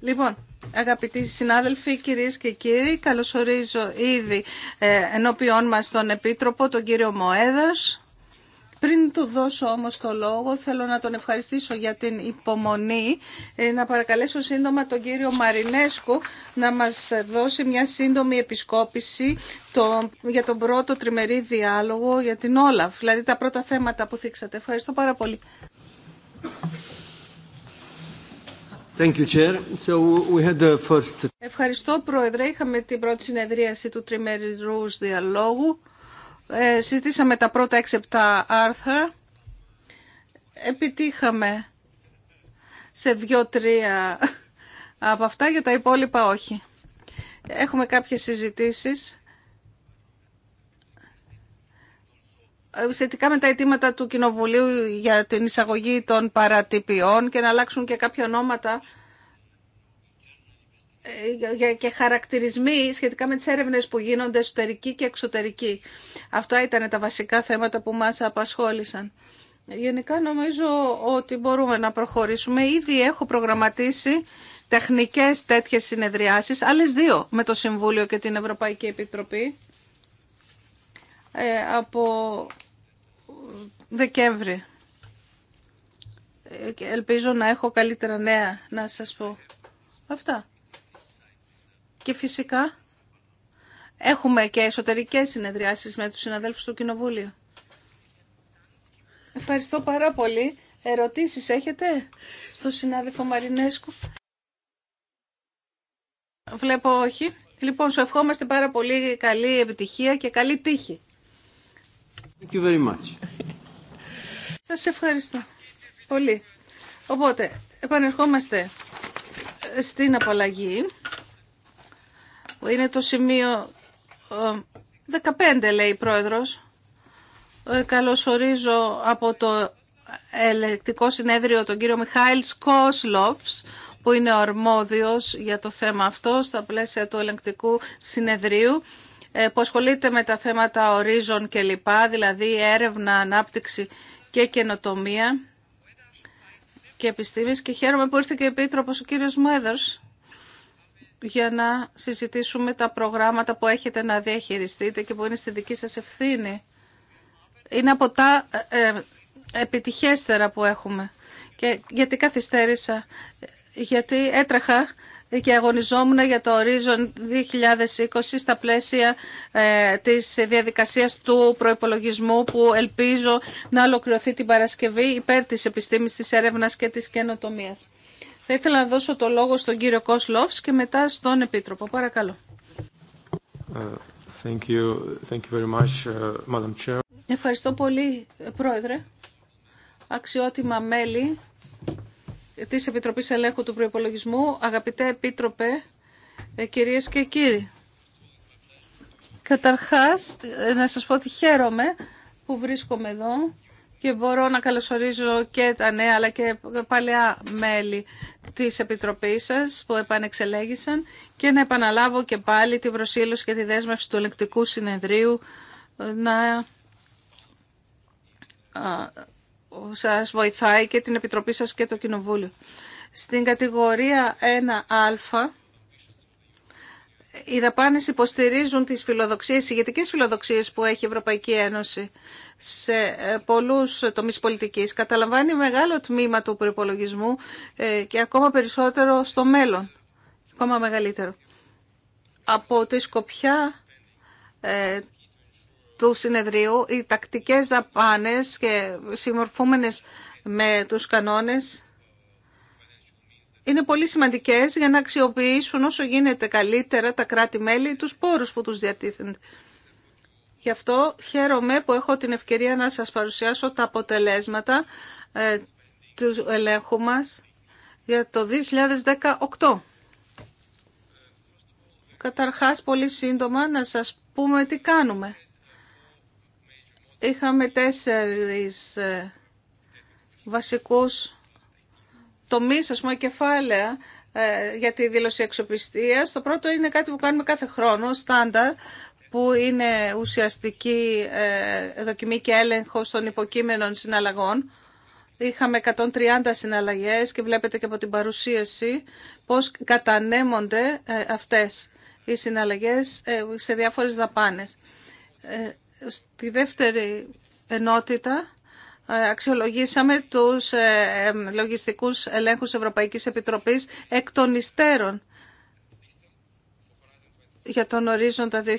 Λοιπόν, αγαπητοί συνάδελφοι, κυρίε και κύριοι, καλωσορίζω ήδη ε, ενώπιόν μας τον Επίτροπο, τον κύριο Μοέδας. Πριν του δώσω όμως το λόγο, θέλω να τον ευχαριστήσω για την υπομονή. Ε, να παρακαλέσω σύντομα τον κύριο Μαρινέσκου να μας δώσει μια σύντομη επισκόπηση για τον πρώτο τριμερή διάλογο για την Όλαφ, δηλαδή τα πρώτα θέματα που θίξατε. Ευχαριστώ πάρα πολύ. Thank you, Chair. So Ευχαριστώ, Πρόεδρε. Είχαμε την πρώτη συνεδρίαση του Τριμέρου διαλόγου. Ε, συζητήσαμε τα πρωτα έξεπτα άρθρα. Επιτύχαμε σε δύο-τρία από αυτά, για τα υπόλοιπα όχι. Έχουμε κάποιες συζητήσεις Ε, σχετικά με τα αιτήματα του Κοινοβουλίου για την εισαγωγή των παρατυπιών και να αλλάξουν και κάποια ονόματα ε, και χαρακτηρισμοί σχετικά με τις έρευνες που γίνονται εσωτερική και εξωτερική. Αυτά ήταν τα βασικά θέματα που μας απασχόλησαν. Γενικά νομίζω ότι μπορούμε να προχωρήσουμε. Ήδη έχω προγραμματίσει τεχνικές τέτοιες συνεδριάσεις, άλλες δύο με το Συμβούλιο και την Ευρωπαϊκή Επιτροπή ε, από Δεκέμβρη. Ε, ελπίζω να έχω καλύτερα νέα να σας πω. Αυτά. Και φυσικά έχουμε και εσωτερικές συνεδριάσεις με τους συναδέλφους του Κοινοβούλιο. Ευχαριστώ πάρα πολύ. Ερωτήσεις έχετε στο συνάδελφο Μαρινέσκου. Βλέπω όχι. Λοιπόν, σου ευχόμαστε πάρα πολύ καλή επιτυχία και καλή τύχη. Thank you very much. Σας ευχαριστώ πολύ. Οπότε, επανερχόμαστε στην απαλλαγή, που είναι το σημείο 15, ε, λέει η Πρόεδρος. Ε, καλωσορίζω από το ελεκτικό συνέδριο τον κύριο Μιχάηλ Σκόσλοφς, που είναι ορμόδιος για το θέμα αυτό στα πλαίσια του ελεκτικού συνεδρίου. Ε, που ασχολείται με τα θέματα ορίζων και λοιπά, δηλαδή έρευνα, ανάπτυξη και καινοτομία και επιστήμης και χαίρομαι που ήρθε και ο Επίτροπος ο κύριος Μουέδερς, για να συζητήσουμε τα προγράμματα που έχετε να διαχειριστείτε και που είναι στη δική σας ευθύνη. Είναι από τα ε, ε επιτυχέστερα που έχουμε. Και γιατί καθυστέρησα, ε, γιατί έτρεχα και αγωνιζόμουν για το ορίζον 2020 στα πλαίσια ε, της διαδικασίας του προϋπολογισμού που ελπίζω να ολοκληρωθεί την Παρασκευή υπέρ της επιστήμης, της έρευνας και της καινοτομίας. Θα ήθελα να δώσω το λόγο στον κύριο Κόσλοφς και μετά στον Επίτροπο. Παρακαλώ. Ευχαριστώ πολύ, Πρόεδρε. Αξιότιμα μέλη της Επιτροπής Ελέγχου του Προϋπολογισμού, αγαπητέ Επίτροπε, ε, κυρίες και κύριοι. Καταρχάς, ε, να σας πω ότι χαίρομαι που βρίσκομαι εδώ και μπορώ να καλωσορίζω και τα νέα αλλά και παλιά μέλη της Επιτροπής σας που επανεξελέγησαν και να επαναλάβω και πάλι την προσήλωση και τη δέσμευση του ελεκτικού συνεδρίου ε, να σας βοηθάει και την Επιτροπή σας και το Κοινοβούλιο. Στην κατηγορία 1α, οι δαπάνες υποστηρίζουν τις φιλοδοξίες, ηγετικές φιλοδοξίες που έχει η Ευρωπαϊκή Ένωση σε ε, πολλούς τομείς πολιτικής. Καταλαμβάνει μεγάλο τμήμα του προπολογισμού ε, και ακόμα περισσότερο στο μέλλον, ακόμα μεγαλύτερο. Από τη σκοπιά ε, του συνεδρίου οι τακτικές δαπάνες και συμμορφούμενες με τους κανόνες είναι πολύ σημαντικές για να αξιοποιήσουν όσο γίνεται καλύτερα τα κράτη-μέλη τους πόρους που τους διατίθενται. Γι' αυτό χαίρομαι που έχω την ευκαιρία να σας παρουσιάσω τα αποτελέσματα ε, του ελέγχου μας για το 2018. Καταρχάς, πολύ σύντομα να σας πούμε τι κάνουμε είχαμε τέσσερις ε, βασικούς τομείς, ας πούμε, κεφάλαια ε, για τη δήλωση εξοπιστίας. Το πρώτο είναι κάτι που κάνουμε κάθε χρόνο, στάνταρ, που είναι ουσιαστική ε, δοκιμή και έλεγχο των υποκείμενων συναλλαγών. Είχαμε 130 συναλλαγές και βλέπετε και από την παρουσίαση πώς κατανέμονται αυτές οι συναλλαγές σε διάφορες δαπάνες. Στη δεύτερη ενότητα ε, αξιολογήσαμε τους ε, λογιστικούς ελέγχους Ευρωπαϊκής Επιτροπής εκ των υστέρων για τον ορίζοντα 2020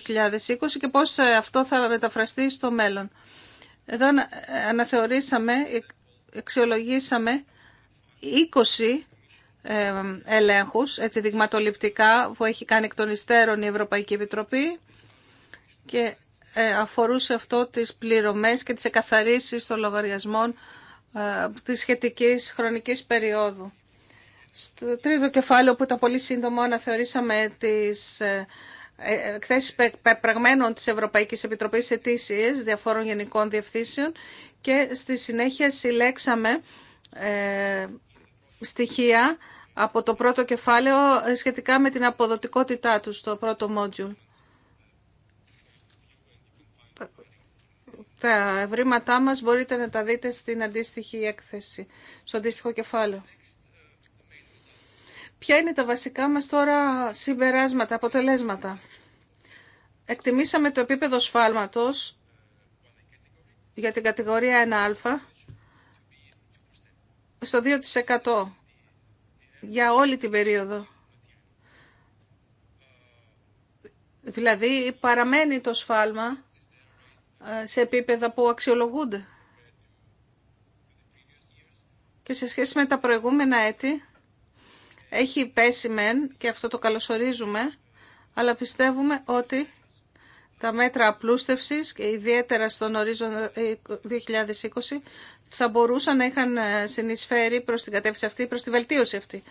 και πώς ε, αυτό θα μεταφραστεί στο μέλλον. Εδώ αναθεωρήσαμε, αξιολογήσαμε 20 ελέγχους, έτσι δειγματοληπτικά, που έχει κάνει εκ των υστέρων η Ευρωπαϊκή Επιτροπή και ε, αφορούσε αυτό τις πληρωμές και τις εκαθαρίσεις των λογαριασμών ε, της σχετικής χρονικής περίοδου. Στο τρίτο κεφάλαιο που ήταν πολύ σύντομο αναθεωρήσαμε τις ε, εκθέσεις πεπραγμένων της Ευρωπαϊκής Επιτροπής Ετήσιες διαφόρων γενικών διευθύνσεων και στη συνέχεια συλλέξαμε στοιχεία από το πρώτο κεφάλαιο σχετικά με την αποδοτικότητά του στο πρώτο module. Τα ευρήματά μας μπορείτε να τα δείτε στην αντίστοιχη έκθεση, στο αντίστοιχο κεφάλαιο. Ποια είναι τα βασικά μας τώρα συμπεράσματα, αποτελέσματα. Εκτιμήσαμε το επίπεδο σφάλματος για την κατηγορία 1α στο 2% για όλη την περίοδο. Δηλαδή παραμένει το σφάλμα σε επίπεδα που αξιολογούνται. Και σε σχέση με τα προηγούμενα έτη, έχει πέσει μεν και αυτό το καλωσορίζουμε, αλλά πιστεύουμε ότι τα μέτρα απλούστευσης και ιδιαίτερα στον ορίζοντα 2020 θα μπορούσαν να είχαν συνεισφέρει προς την κατεύθυνση αυτή, προς τη βελτίωση αυτή.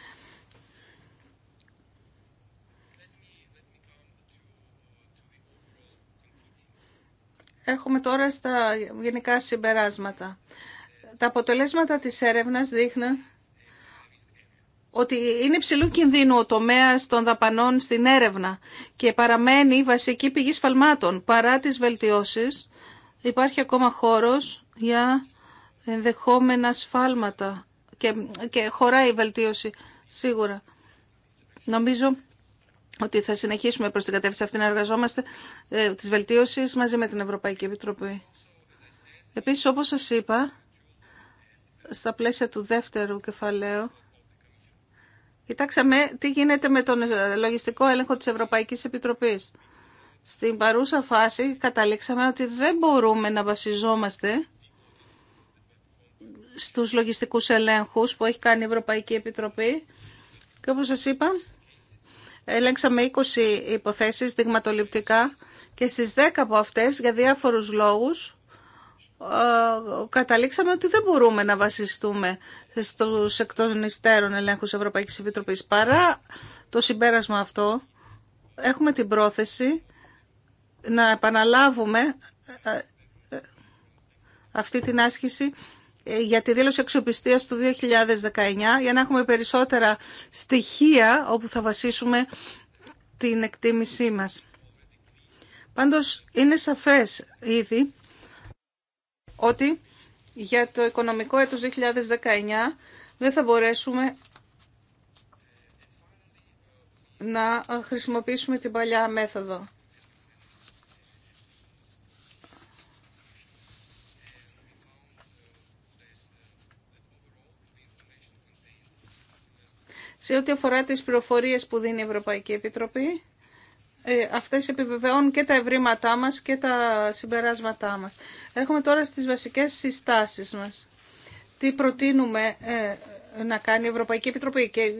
Έρχομαι τώρα στα γενικά συμπεράσματα. Τα αποτελέσματα της έρευνας δείχνουν ότι είναι υψηλού κινδύνου ο τομέας των δαπανών στην έρευνα και παραμένει η βασική πηγή σφαλμάτων. Παρά τις βελτιώσεις υπάρχει ακόμα χώρος για ενδεχόμενα σφάλματα και, και χωράει η βελτίωση σίγουρα. Νομίζω ότι θα συνεχίσουμε προς την κατεύθυνση αυτή να εργαζόμαστε ε, της βελτίωσης μαζί με την Ευρωπαϊκή Επιτροπή. Επίσης, όπως σας είπα, στα πλαίσια του δεύτερου κεφαλαίου, κοιτάξαμε τι γίνεται με τον λογιστικό έλεγχο της Ευρωπαϊκής Επιτροπής. Στην παρούσα φάση καταλήξαμε ότι δεν μπορούμε να βασιζόμαστε στους λογιστικούς ελέγχους που έχει κάνει η Ευρωπαϊκή Επιτροπή και όπως σας είπα, Ελέγξαμε 20 υποθέσεις δειγματοληπτικά και στις 10 από αυτές για διάφορους λόγους ε, καταλήξαμε ότι δεν μπορούμε να βασιστούμε στους εκ των υστέρων ελέγχους Ευρωπαϊκής Επιτροπής. Παρά το συμπέρασμα αυτό, έχουμε την πρόθεση να επαναλάβουμε ε, ε, αυτή την άσκηση ε, για τη δήλωση αξιοπιστίας του 2019 για να έχουμε περισσότερα στοιχεία όπου θα βασίσουμε την εκτίμησή μας. Πάντως είναι σαφές ήδη ότι για το οικονομικό έτος 2019 δεν θα μπορέσουμε να χρησιμοποιήσουμε την παλιά μέθοδο. Σε ό,τι αφορά τις πληροφορίες που δίνει η Ευρωπαϊκή Επιτροπή, ε, αυτές επιβεβαιώνουν και τα ευρήματά μας και τα συμπεράσματά μας. Έχουμε τώρα στις βασικές συστάσεις μας. Τι προτείνουμε ε, να κάνει η Ευρωπαϊκή Επιτροπή και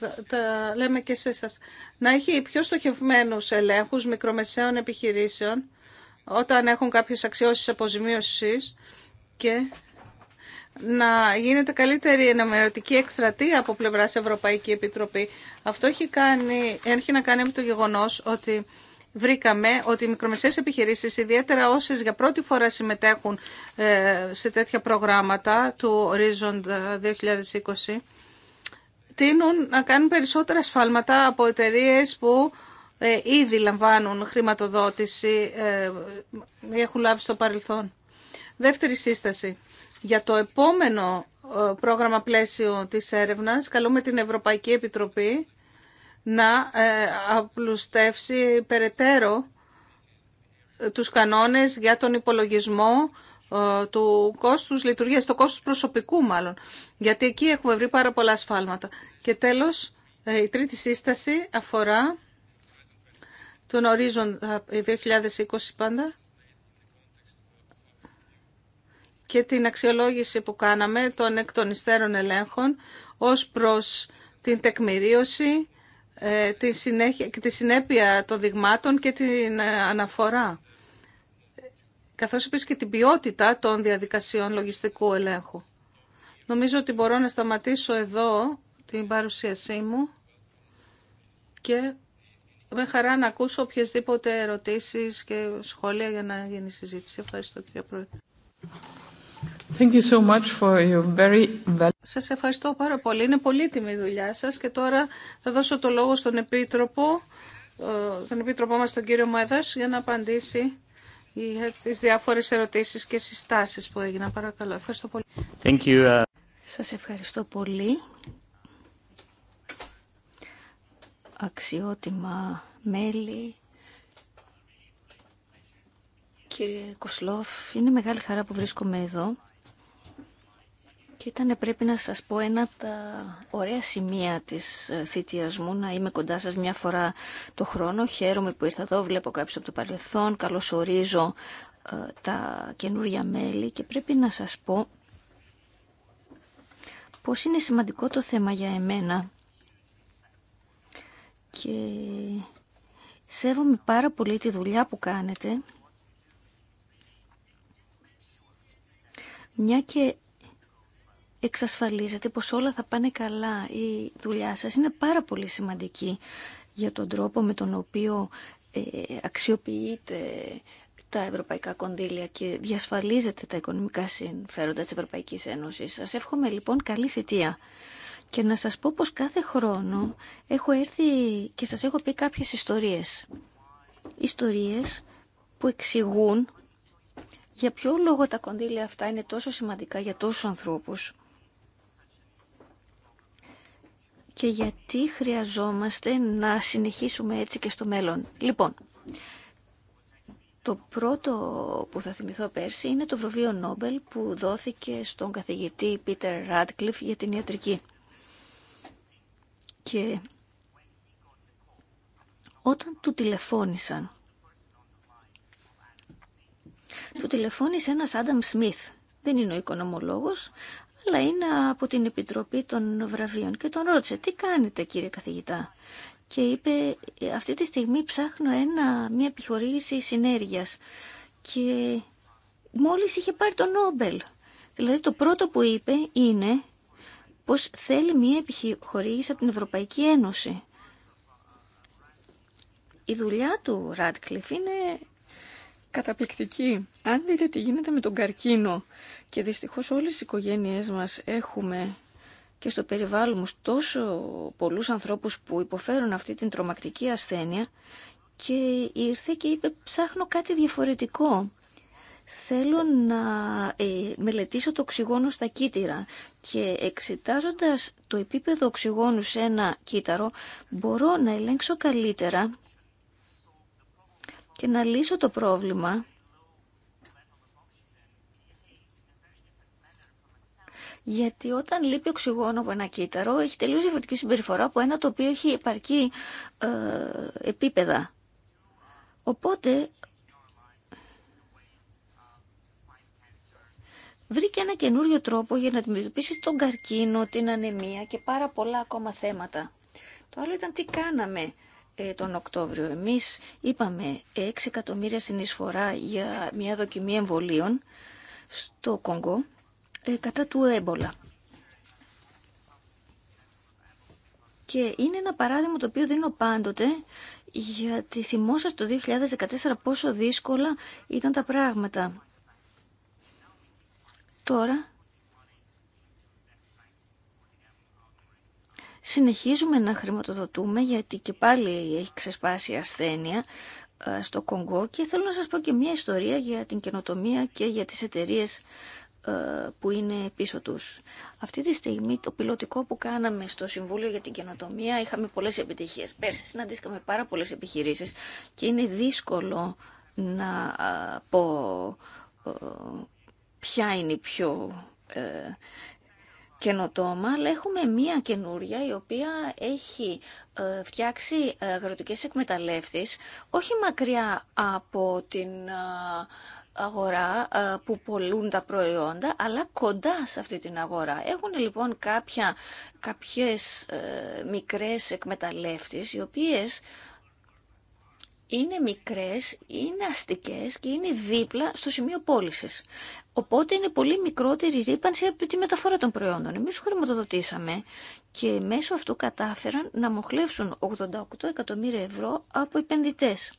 τα, τα λέμε και σε εσάς. Να έχει πιο στοχευμένους ελέγχους μικρομεσαίων επιχειρήσεων όταν έχουν κάποιες αξιώσεις αποζημίωσης και να γίνεται καλύτερη ενημερωτική εκστρατεία από πλευράς Ευρωπαϊκή Επιτροπή. Αυτό έχει, κάνει, έχει να κάνει με το γεγονός ότι βρήκαμε ότι οι μικρομεσαίες επιχειρήσεις, ιδιαίτερα όσες για πρώτη φορά συμμετέχουν ε, σε τέτοια προγράμματα του Horizon 2020, τείνουν να κάνουν περισσότερα σφάλματα από εταιρείε που ε, ήδη λαμβάνουν χρηματοδότηση ή ε, έχουν λάβει στο παρελθόν. Δεύτερη σύσταση. Για το επόμενο ε, πρόγραμμα πλαίσιο της έρευνας καλούμε την Ευρωπαϊκή Επιτροπή να ε, απλουστεύσει περαιτέρω ε, τους κανόνες για τον υπολογισμό του κόστους λειτουργίας, το κόστος προσωπικού μάλλον, γιατί εκεί έχουμε βρει πάρα πολλά σφάλματα. Και τέλος, η τρίτη σύσταση αφορά τον ορίζοντα 2020 πάντα και την αξιολόγηση που κάναμε των εκ των ελέγχων ως προς την τεκμηρίωση, ε, τη, συνέχεια, τη συνέπεια των δειγμάτων και την ε, αναφορά, καθώς επίσης και την ποιότητα των διαδικασιών λογιστικού ελέγχου. Νομίζω ότι μπορώ να σταματήσω εδώ την παρουσίασή μου και με χαρά να ακούσω οποιασδήποτε ερωτήσεις και σχόλια για να γίνει συζήτηση. Ευχαριστώ κύριε Πρόεδρε. Thank you so much for your very... Σας ευχαριστώ πάρα πολύ. Είναι πολύτιμη η δουλειά σας και τώρα θα δώσω το λόγο στον Επίτροπο, ε, τον Επίτροπο μας τον κύριο Μέδας για να απαντήσει για τις διάφορες ερωτήσεις και συστάσεις που έγιναν. Παρακαλώ. Ευχαριστώ πολύ. Thank you. Uh, σας ευχαριστώ πολύ. Αξιότιμα μέλη, Κύριε Κοσλόφ, είναι μεγάλη χαρά που βρίσκομαι εδώ ήταν πρέπει να σας πω ένα από τα ωραία σημεία της ε, θητείας μου να είμαι κοντά σας μια φορά το χρόνο. Χαίρομαι που ήρθα εδώ, βλέπω κάποιους από το παρελθόν, καλωσορίζω ε, τα καινούργια μέλη και πρέπει να σας πω πως είναι σημαντικό το θέμα για εμένα και σέβομαι πάρα πολύ τη δουλειά που κάνετε μια και εξασφαλίζετε πως όλα θα πάνε καλά. Η δουλειά σας είναι πάρα πολύ σημαντική για τον τρόπο με τον οποίο ε, αξιοποιείτε τα ευρωπαϊκά κονδύλια και διασφαλίζετε τα οικονομικά συμφέροντα της Ευρωπαϊκής Ένωσης. Σας εύχομαι λοιπόν καλή θητεία. Και να σας πω πως κάθε χρόνο έχω έρθει και σας έχω πει κάποιες ιστορίες. Ιστορίες που εξηγούν για ποιο λόγο τα κονδύλια αυτά είναι τόσο σημαντικά για τόσους ανθρώπους. και γιατί χρειαζόμαστε να συνεχίσουμε έτσι και στο μέλλον. Λοιπόν, το πρώτο που θα θυμηθώ πέρσι είναι το βραβείο Νόμπελ που δόθηκε στον καθηγητή Πίτερ Ράτκλιφ για την ιατρική. Και όταν του τηλεφώνησαν, του τηλεφώνησε ένας Άνταμ Σμιθ. Δεν είναι ο οικονομολόγος, αλλά είναι από την Επιτροπή των Βραβείων και τον ρώτησε τι κάνετε κύριε καθηγητά και είπε αυτή τη στιγμή ψάχνω ένα, μια επιχορήγηση συνέργειας και μόλις είχε πάρει το Νόμπελ. Δηλαδή το πρώτο που είπε είναι πως θέλει μια επιχορήγηση από την Ευρωπαϊκή Ένωση. Η δουλειά του Ράτκλιφ είναι καταπληκτική. Αν δείτε τι γίνεται με τον καρκίνο και δυστυχώς όλες οι οικογένειές μας έχουμε και στο περιβάλλον μας τόσο πολλούς ανθρώπους που υποφέρουν αυτή την τρομακτική ασθένεια και ήρθε και είπε ψάχνω κάτι διαφορετικό. Θέλω να ε, μελετήσω το οξυγόνο στα κύτταρα και εξετάζοντας το επίπεδο οξυγόνου σε ένα κύτταρο μπορώ να ελέγξω καλύτερα και να λύσω το πρόβλημα Γιατί όταν λείπει οξυγόνο από ένα κύτταρο, έχει τελείως διαφορετική συμπεριφορά από ένα το οποίο έχει επαρκή ε, επίπεδα. Οπότε, βρήκε ένα καινούριο τρόπο για να αντιμετωπίσει τον καρκίνο, την ανεμία και πάρα πολλά ακόμα θέματα. Το άλλο ήταν τι κάναμε ε, τον Οκτώβριο. Εμείς είπαμε 6 εκατομμύρια συνεισφορά για μια δοκιμή εμβολίων στο Κονγκό ε, κατά του έμπολα. Και είναι ένα παράδειγμα το οποίο δίνω πάντοτε γιατί θυμόσαστε το 2014 πόσο δύσκολα ήταν τα πράγματα. Τώρα συνεχίζουμε να χρηματοδοτούμε γιατί και πάλι έχει ξεσπάσει ασθένεια ε, στο Κονγκό και θέλω να σας πω και μια ιστορία για την καινοτομία και για τις εταιρείε ε, που είναι πίσω τους. Αυτή τη στιγμή το πιλωτικό που κάναμε στο Συμβούλιο για την Καινοτομία είχαμε πολλές επιτυχίες. Πέρσι συναντήσαμε πάρα πολλές επιχειρήσεις και είναι δύσκολο να ε, πω ποια είναι η πιο καινοτόμα, αλλά έχουμε μία καινούρια η οποία έχει ε, φτιάξει ε, αγροτικές εκμεταλλεύσεις, όχι μακριά από την ε, αγορά που πολλούν τα προϊόντα, αλλά κοντά σε αυτή την αγορά. Έχουν λοιπόν κάποια, κάποιες μικρές εκμεταλλεύσεις, οι οποίες είναι μικρές, είναι αστικές και είναι δίπλα στο σημείο πώληση. Οπότε είναι πολύ μικρότερη ρήπανση από τη μεταφορά των προϊόντων. Εμείς χρηματοδοτήσαμε και μέσω αυτού κατάφεραν να μοχλεύσουν 88 εκατομμύρια ευρώ από επενδυτές.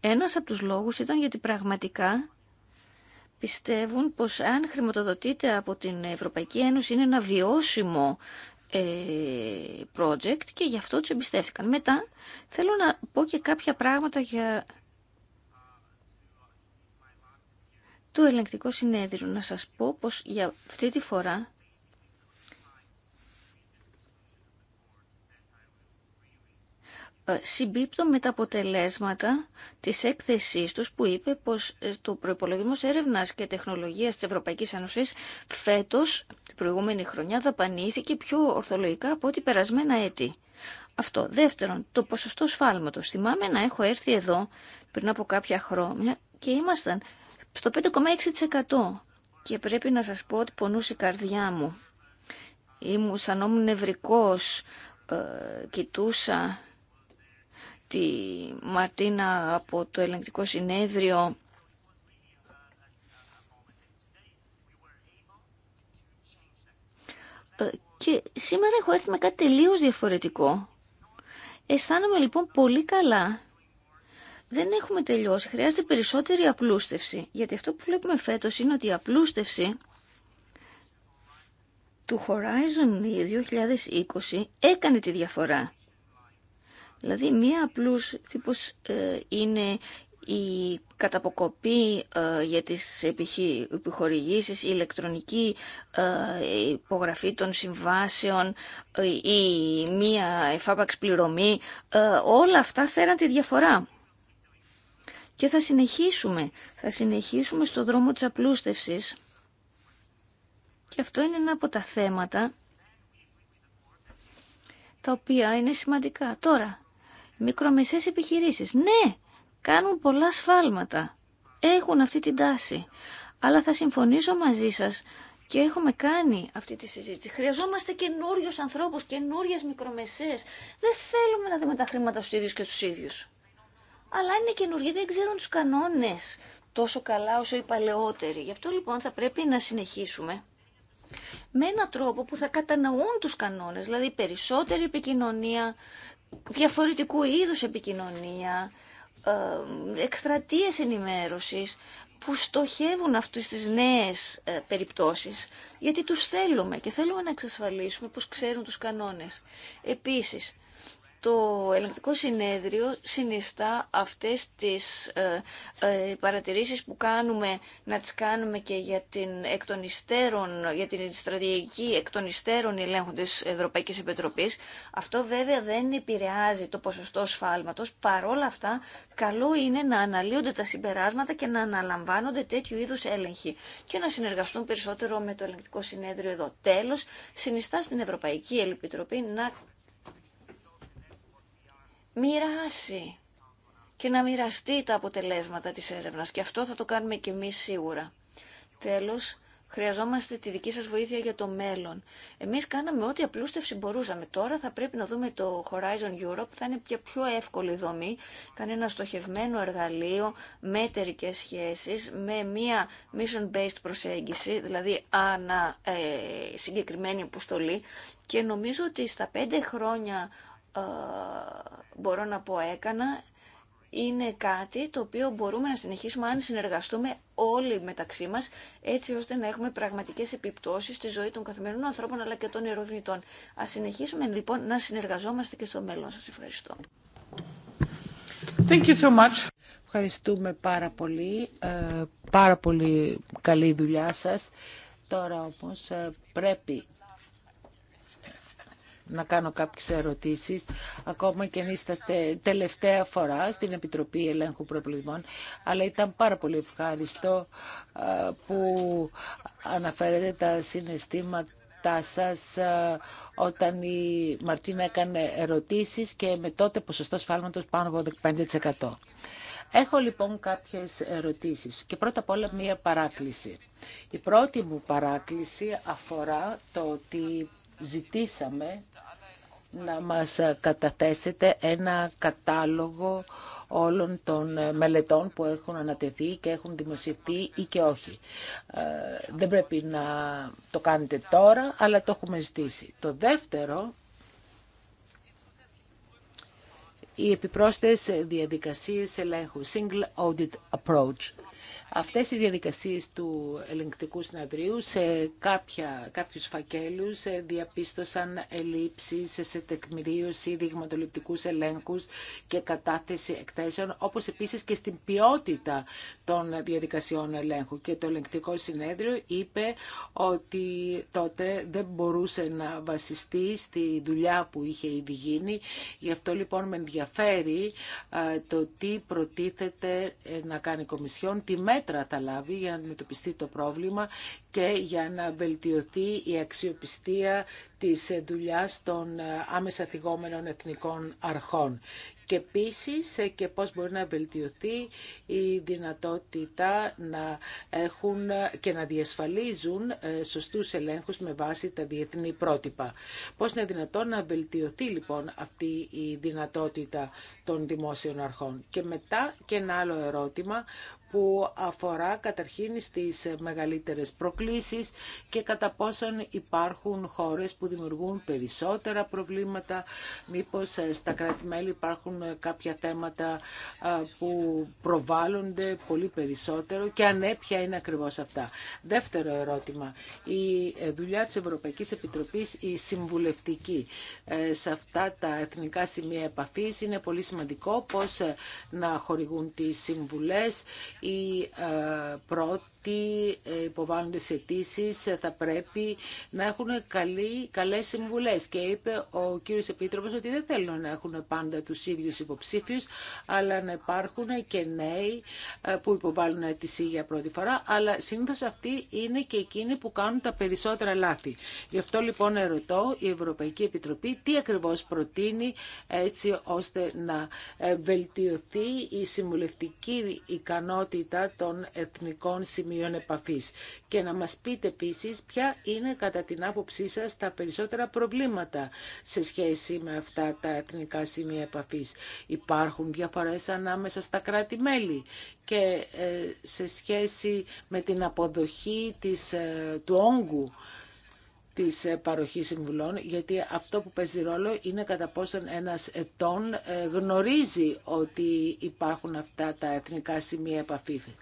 Ένας από τους λόγους ήταν γιατί πραγματικά πιστεύουν πως αν χρηματοδοτείται από την Ευρωπαϊκή Ένωση είναι ένα βιώσιμο ε, project και γι' αυτό τους εμπιστεύτηκαν. Μετά θέλω να πω και κάποια πράγματα για το ελεγκτικό συνέδριο. Να σας πω πως για αυτή τη φορά Ε, συμπίπτω με τα αποτελέσματα της έκθεσής τους που είπε πως ε, το προϋπολογισμός έρευνας και τεχνολογίας της Ευρωπαϊκής Ένωσης φέτος, την προηγούμενη χρονιά, δαπανήθηκε πιο ορθολογικά από ό,τι περασμένα έτη. Αυτό. Δεύτερον, το ποσοστό σφάλματος. Θυμάμαι να έχω έρθει εδώ πριν από κάποια χρόνια και ήμασταν στο 5,6%. Και πρέπει να σας πω ότι πονούσε η καρδιά μου. Ήμουν σαν όμουν νευρικός, ε, κοιτούσα τη Μαρτίνα από το ελεγκτικό συνέδριο ε, και σήμερα έχω έρθει με κάτι τελείως διαφορετικό. Αισθάνομαι λοιπόν πολύ καλά. Δεν έχουμε τελειώσει. Χρειάζεται περισσότερη απλούστευση. Γιατί αυτό που βλέπουμε φέτος είναι ότι η απλούστευση του Horizon 2020 έκανε τη διαφορά. Δηλαδή μία απλούς τύπος ε, είναι η καταποκοπή ε, για τις επιχορηγήσεις, η ηλεκτρονική ε, υπογραφή των συμβάσεων, η μία εφάπαξ πληρωμή, όλα αυτά φέραν τη διαφορά. Και θα συνεχίσουμε, θα συνεχίσουμε στο δρόμο της απλούστευσης. Και αυτό είναι ένα από τα θέματα τα οποία είναι σημαντικά. Τώρα, Μικρομεσαίες επιχειρήσεις. Ναι, κάνουν πολλά σφάλματα. Έχουν αυτή την τάση. Αλλά θα συμφωνήσω μαζί σας και έχουμε κάνει αυτή τη συζήτηση. Χρειαζόμαστε καινούριου ανθρώπου, καινούριε μικρομεσαίε. Δεν θέλουμε να δούμε τα χρήματα στου ίδιου και στου ίδιου. Αλλά είναι καινούργοι, δεν ξέρουν του κανόνε τόσο καλά όσο οι παλαιότεροι. Γι' αυτό λοιπόν θα πρέπει να συνεχίσουμε με έναν τρόπο που θα κατανοούν τους κανόνες, δηλαδή περισσότερη επικοινωνία, διαφορετικού είδους επικοινωνία, ε, εκστρατείες ενημέρωσης που στοχεύουν αυτές τις νέες ε, περιπτώσεις, γιατί τους θέλουμε και θέλουμε να εξασφαλίσουμε πως ξέρουν τους κανόνες. Επίσης, το ελεγκτικό συνέδριο συνιστά αυτές τις ε, ε, παρατηρήσεις που κάνουμε να τις κάνουμε και για την, εκ για την στρατηγική εκ των υστέρων ελέγχου της Ευρωπαϊκής Επιτροπής. Αυτό βέβαια δεν επηρεάζει το ποσοστό σφάλματος. Παρόλα αυτά, καλό είναι να αναλύονται τα συμπεράσματα και να αναλαμβάνονται τέτοιου είδους έλεγχοι και να συνεργαστούν περισσότερο με το ελεγκτικό συνέδριο εδώ. Τέλος, συνιστά στην Ευρωπαϊκή Επιτροπή να μοιράσει και να μοιραστεί τα αποτελέσματα της έρευνας. Και αυτό θα το κάνουμε και εμείς σίγουρα. Τέλος, χρειαζόμαστε τη δική σας βοήθεια για το μέλλον. Εμείς κάναμε ό,τι απλούστευση μπορούσαμε. Τώρα θα πρέπει να δούμε το Horizon Europe, θα είναι πια πιο εύκολη δομή, θα είναι ένα στοχευμένο εργαλείο με εταιρικέ σχέσεις, με μια mission-based προσέγγιση, δηλαδή ανα ε, συγκεκριμένη αποστολή. Και νομίζω ότι στα πέντε χρόνια ε, μπορώ να πω έκανα είναι κάτι το οποίο μπορούμε να συνεχίσουμε αν συνεργαστούμε όλοι μεταξύ μας έτσι ώστε να έχουμε πραγματικές επιπτώσεις στη ζωή των καθημερινών ανθρώπων αλλά και των ερευνητών. Ας συνεχίσουμε λοιπόν να συνεργαζόμαστε και στο μέλλον. Σας ευχαριστώ. Thank you so much. Ευχαριστούμε πάρα πολύ. Ε, πάρα πολύ καλή δουλειά σας. Τώρα όμως ε, πρέπει να κάνω κάποιες ερωτήσεις, ακόμα και αν είστε τελευταία φορά στην Επιτροπή Ελέγχου Προβλημών αλλά ήταν πάρα πολύ ευχάριστο που αναφέρετε τα συναισθήματα σας όταν η Μαρτίνα έκανε ερωτήσεις και με τότε ποσοστό σφάλματος πάνω από 15%. Έχω λοιπόν κάποιες ερωτήσεις και πρώτα απ' όλα μία παράκληση. Η πρώτη μου παράκληση αφορά το ότι ζητήσαμε να μας καταθέσετε ένα κατάλογο όλων των μελετών που έχουν ανατεθεί και έχουν δημοσιευτεί ή και όχι. Ε, δεν πρέπει να το κάνετε τώρα, αλλά το έχουμε ζητήσει. Το δεύτερο, οι επιπρόσθετες διαδικασίες ελέγχου, single audit approach. Αυτές οι διαδικασίες του ελεγκτικού συναδρίου σε κάποια, κάποιους φακέλους ε, διαπίστωσαν ελλείψεις σε τεκμηρίωση δειγματοληπτικούς ελέγχους και κατάθεση εκθέσεων, όπως επίσης και στην ποιότητα των διαδικασιών ελέγχου. Και το ελεγκτικό συνέδριο είπε ότι τότε δεν μπορούσε να βασιστεί στη δουλειά που είχε ήδη γίνει. Γι' αυτό λοιπόν με ενδιαφέρει ε, το τι προτίθεται ε, να κάνει η Κομισιόν, τι μέτρα για να αντιμετωπιστεί το πρόβλημα και για να βελτιωθεί η αξιοπιστία της δουλειάς των άμεσα θυγόμενων εθνικών αρχών και επίσης και πώς μπορεί να βελτιωθεί η δυνατότητα να έχουν και να διασφαλίζουν ε, σωστούς ελέγχους με βάση τα διεθνή πρότυπα. Πώς είναι δυνατόν να βελτιωθεί λοιπόν αυτή η δυνατότητα των δημόσιων αρχών. Και μετά και ένα άλλο ερώτημα που αφορά καταρχήν στις μεγαλύτερες προκλήσεις και κατά πόσον υπάρχουν χώρες που δημιουργούν περισσότερα προβλήματα, μήπως ε, στα κράτη-μέλη υπάρχουν ε, κάποια θέματα ε, που προβάλλονται πολύ περισσότερο και αν ποια είναι ακριβώς αυτά. Δεύτερο ερώτημα, η δουλειά της Ευρωπαϊκής Επιτροπής, η συμβουλευτική σε αυτά τα εθνικά σημεία επαφής είναι πολύ σημαντικό πώς να χορηγούν τις συμβουλές η ε, πρώτη τι ε, υποβάλλονται σε αιτήσει ε, θα πρέπει να έχουν καλή, καλές συμβουλές. Και είπε ο κύριος Επίτροπος ότι δεν θέλουν να έχουν πάντα τους ίδιους υποψήφιους, αλλά να υπάρχουν και νέοι ε, που υποβάλλουν αίτηση για πρώτη φορά, αλλά συνήθως αυτοί είναι και εκείνοι που κάνουν τα περισσότερα λάθη. Γι' αυτό λοιπόν ερωτώ η Ευρωπαϊκή Επιτροπή τι ακριβώς προτείνει έτσι ώστε να βελτιωθεί η συμβουλευτική ικανότητα των εθνικών σημείων επαφής και να μας πείτε επίση ποια είναι κατά την άποψή σας τα περισσότερα προβλήματα σε σχέση με αυτά τα εθνικά σημεία επαφής. Υπάρχουν διαφορές ανάμεσα στα κράτη-μέλη και ε, σε σχέση με την αποδοχή της, ε, του όγκου της ε, παροχή συμβουλών, γιατί αυτό που παίζει ρόλο είναι κατά πόσον ένας ετών ε, γνωρίζει ότι υπάρχουν αυτά τα εθνικά σημεία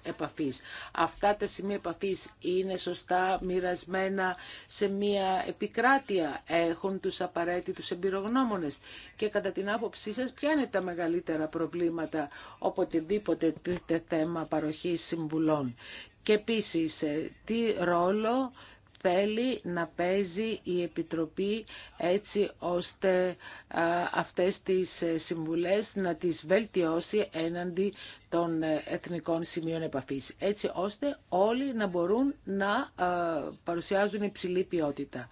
επαφής. Αυτά τα σημεία επαφής είναι σωστά μοιρασμένα σε μια επικράτεια, έχουν τους απαραίτητους εμπειρογνώμονες και κατά την άποψή σας ποια είναι τα μεγαλύτερα προβλήματα οποτεδήποτε θέμα παροχής συμβουλών. Και επίσης, ε, τι ρόλο θέλει να παίζει η Επιτροπή έτσι ώστε αυτές τις ε, συμβουλές να τις βελτιώσει έναντι των ε, εθνικών σημείων επαφής, έτσι ώστε όλοι να μπορούν να παρουσιάζουν υψηλή ποιότητα.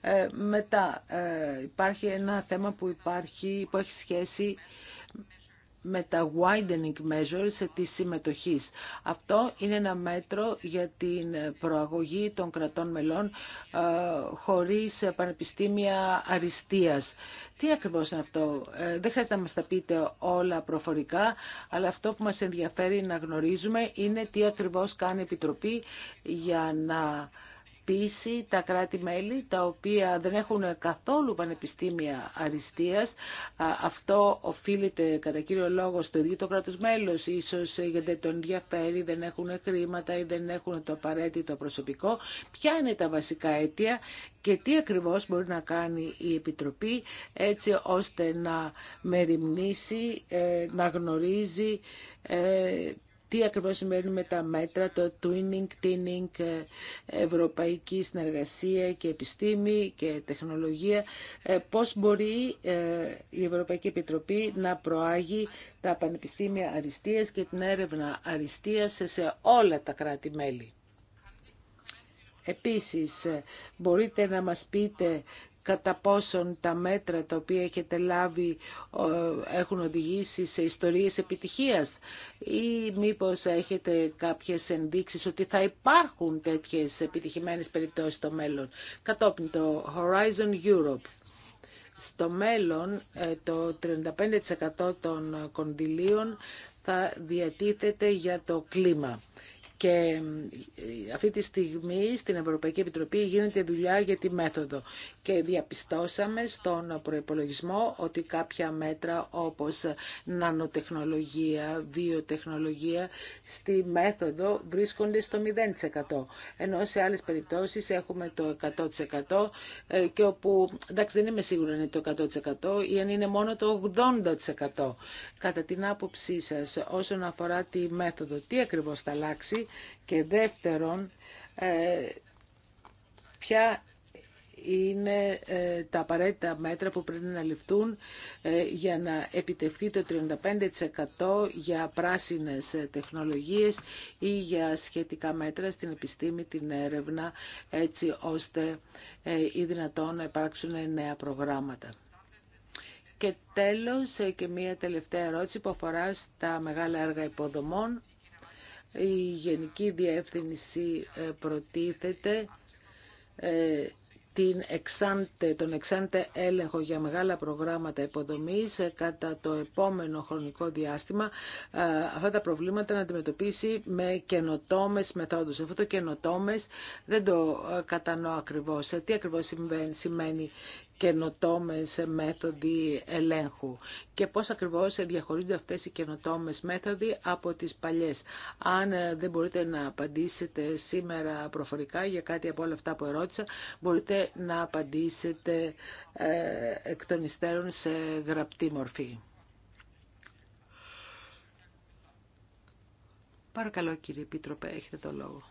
Ε, μετά υπάρχει ένα θέμα που, υπάρχει, που έχει σχέση με τα widening measures της συμμετοχής. Αυτό είναι ένα μέτρο για την προαγωγή των κρατών μελών ε, χωρίς πανεπιστήμια αριστείας. Τι ακριβώς είναι αυτό. Ε, δεν χρειάζεται να μας τα πείτε όλα προφορικά, αλλά αυτό που μας ενδιαφέρει να γνωρίζουμε είναι τι ακριβώς κάνει η Επιτροπή για να πείσει τα κράτη-μέλη τα οποία δεν έχουν καθόλου πανεπιστήμια αριστείας. Αυτό οφείλεται κατά κύριο λόγο στο ίδιο το κράτος μέλος. Ίσως γιατί τον ενδιαφέρει, δεν έχουν χρήματα ή δεν έχουν το απαραίτητο προσωπικό. Ποια είναι τα βασικά αίτια και τι ακριβώς μπορεί να κάνει η Επιτροπή έτσι ώστε να μεριμνήσει, ε, να γνωρίζει ε, τι ακριβώς συμβαίνουν με τα μέτρα, το twinning, tinning, ε, ευρωπαϊκή συνεργασία και επιστήμη και τεχνολογία, ε, πώς μπορεί ε, η Ευρωπαϊκή Επιτροπή να προάγει τα πανεπιστήμια αριστείας και την έρευνα αριστείας σε όλα τα κράτη-μέλη. Επίσης, μπορείτε να μας πείτε κατά πόσον τα μέτρα τα οποία έχετε λάβει έχουν οδηγήσει σε ιστορίες επιτυχίας ή μήπως έχετε κάποιες ενδείξεις ότι θα υπάρχουν τέτοιες επιτυχημένες περιπτώσεις στο μέλλον. Κατόπιν το Horizon Europe. Στο μέλλον ε, το 35% των κονδυλίων θα διατίθεται για το κλίμα. Και ε, αυτή τη στιγμή στην Ευρωπαϊκή Επιτροπή γίνεται δουλειά για τη μέθοδο. Και διαπιστώσαμε στον προπολογισμό ότι κάποια μέτρα όπως νανοτεχνολογία, βιοτεχνολογία, στη μέθοδο βρίσκονται στο 0%. Ενώ σε άλλες περιπτώσεις έχουμε το 100% ε, και όπου, εντάξει δεν είμαι σίγουρη αν είναι το 100% ή αν είναι μόνο το 80%. Κατά την άποψή σα όσον αφορά τη μέθοδο, τι ακριβώ θα αλλάξει και δεύτερον, ε, ποια είναι ε, τα απαραίτητα μέτρα που πρέπει να ληφθούν ε, για να επιτευχθεί το 35% για πράσινες τεχνολογίες ή για σχετικά μέτρα στην επιστήμη, την έρευνα, έτσι ώστε ή δυνατόν να υπάρξουν νέα προγράμματα. Και τέλος και μία τελευταία ερώτηση που αφορά στα μεγάλα έργα υποδομών η Γενική Διεύθυνση ε, προτίθεται ε, την εξάντε, τον εξάντε έλεγχο για μεγάλα προγράμματα υποδομής ε, κατά το επόμενο χρονικό διάστημα αυτά τα προβλήματα να αντιμετωπίσει με καινοτόμε μεθόδους. Αυτό το καινοτόμε δεν το κατανοώ ακριβώς. Τι ακριβώς σημαίνει καινοτόμες μέθοδοι ελέγχου και πώς ακριβώς διαχωρίζονται αυτές οι καινοτόμες μέθοδοι από τις παλιές. Αν ε, δεν μπορείτε να απαντήσετε σήμερα προφορικά για κάτι από όλα αυτά που ερώτησα, μπορείτε να απαντήσετε ε, εκ των υστέρων σε γραπτή μορφή. Παρακαλώ κύριε Επίτροπε, έχετε το λόγο.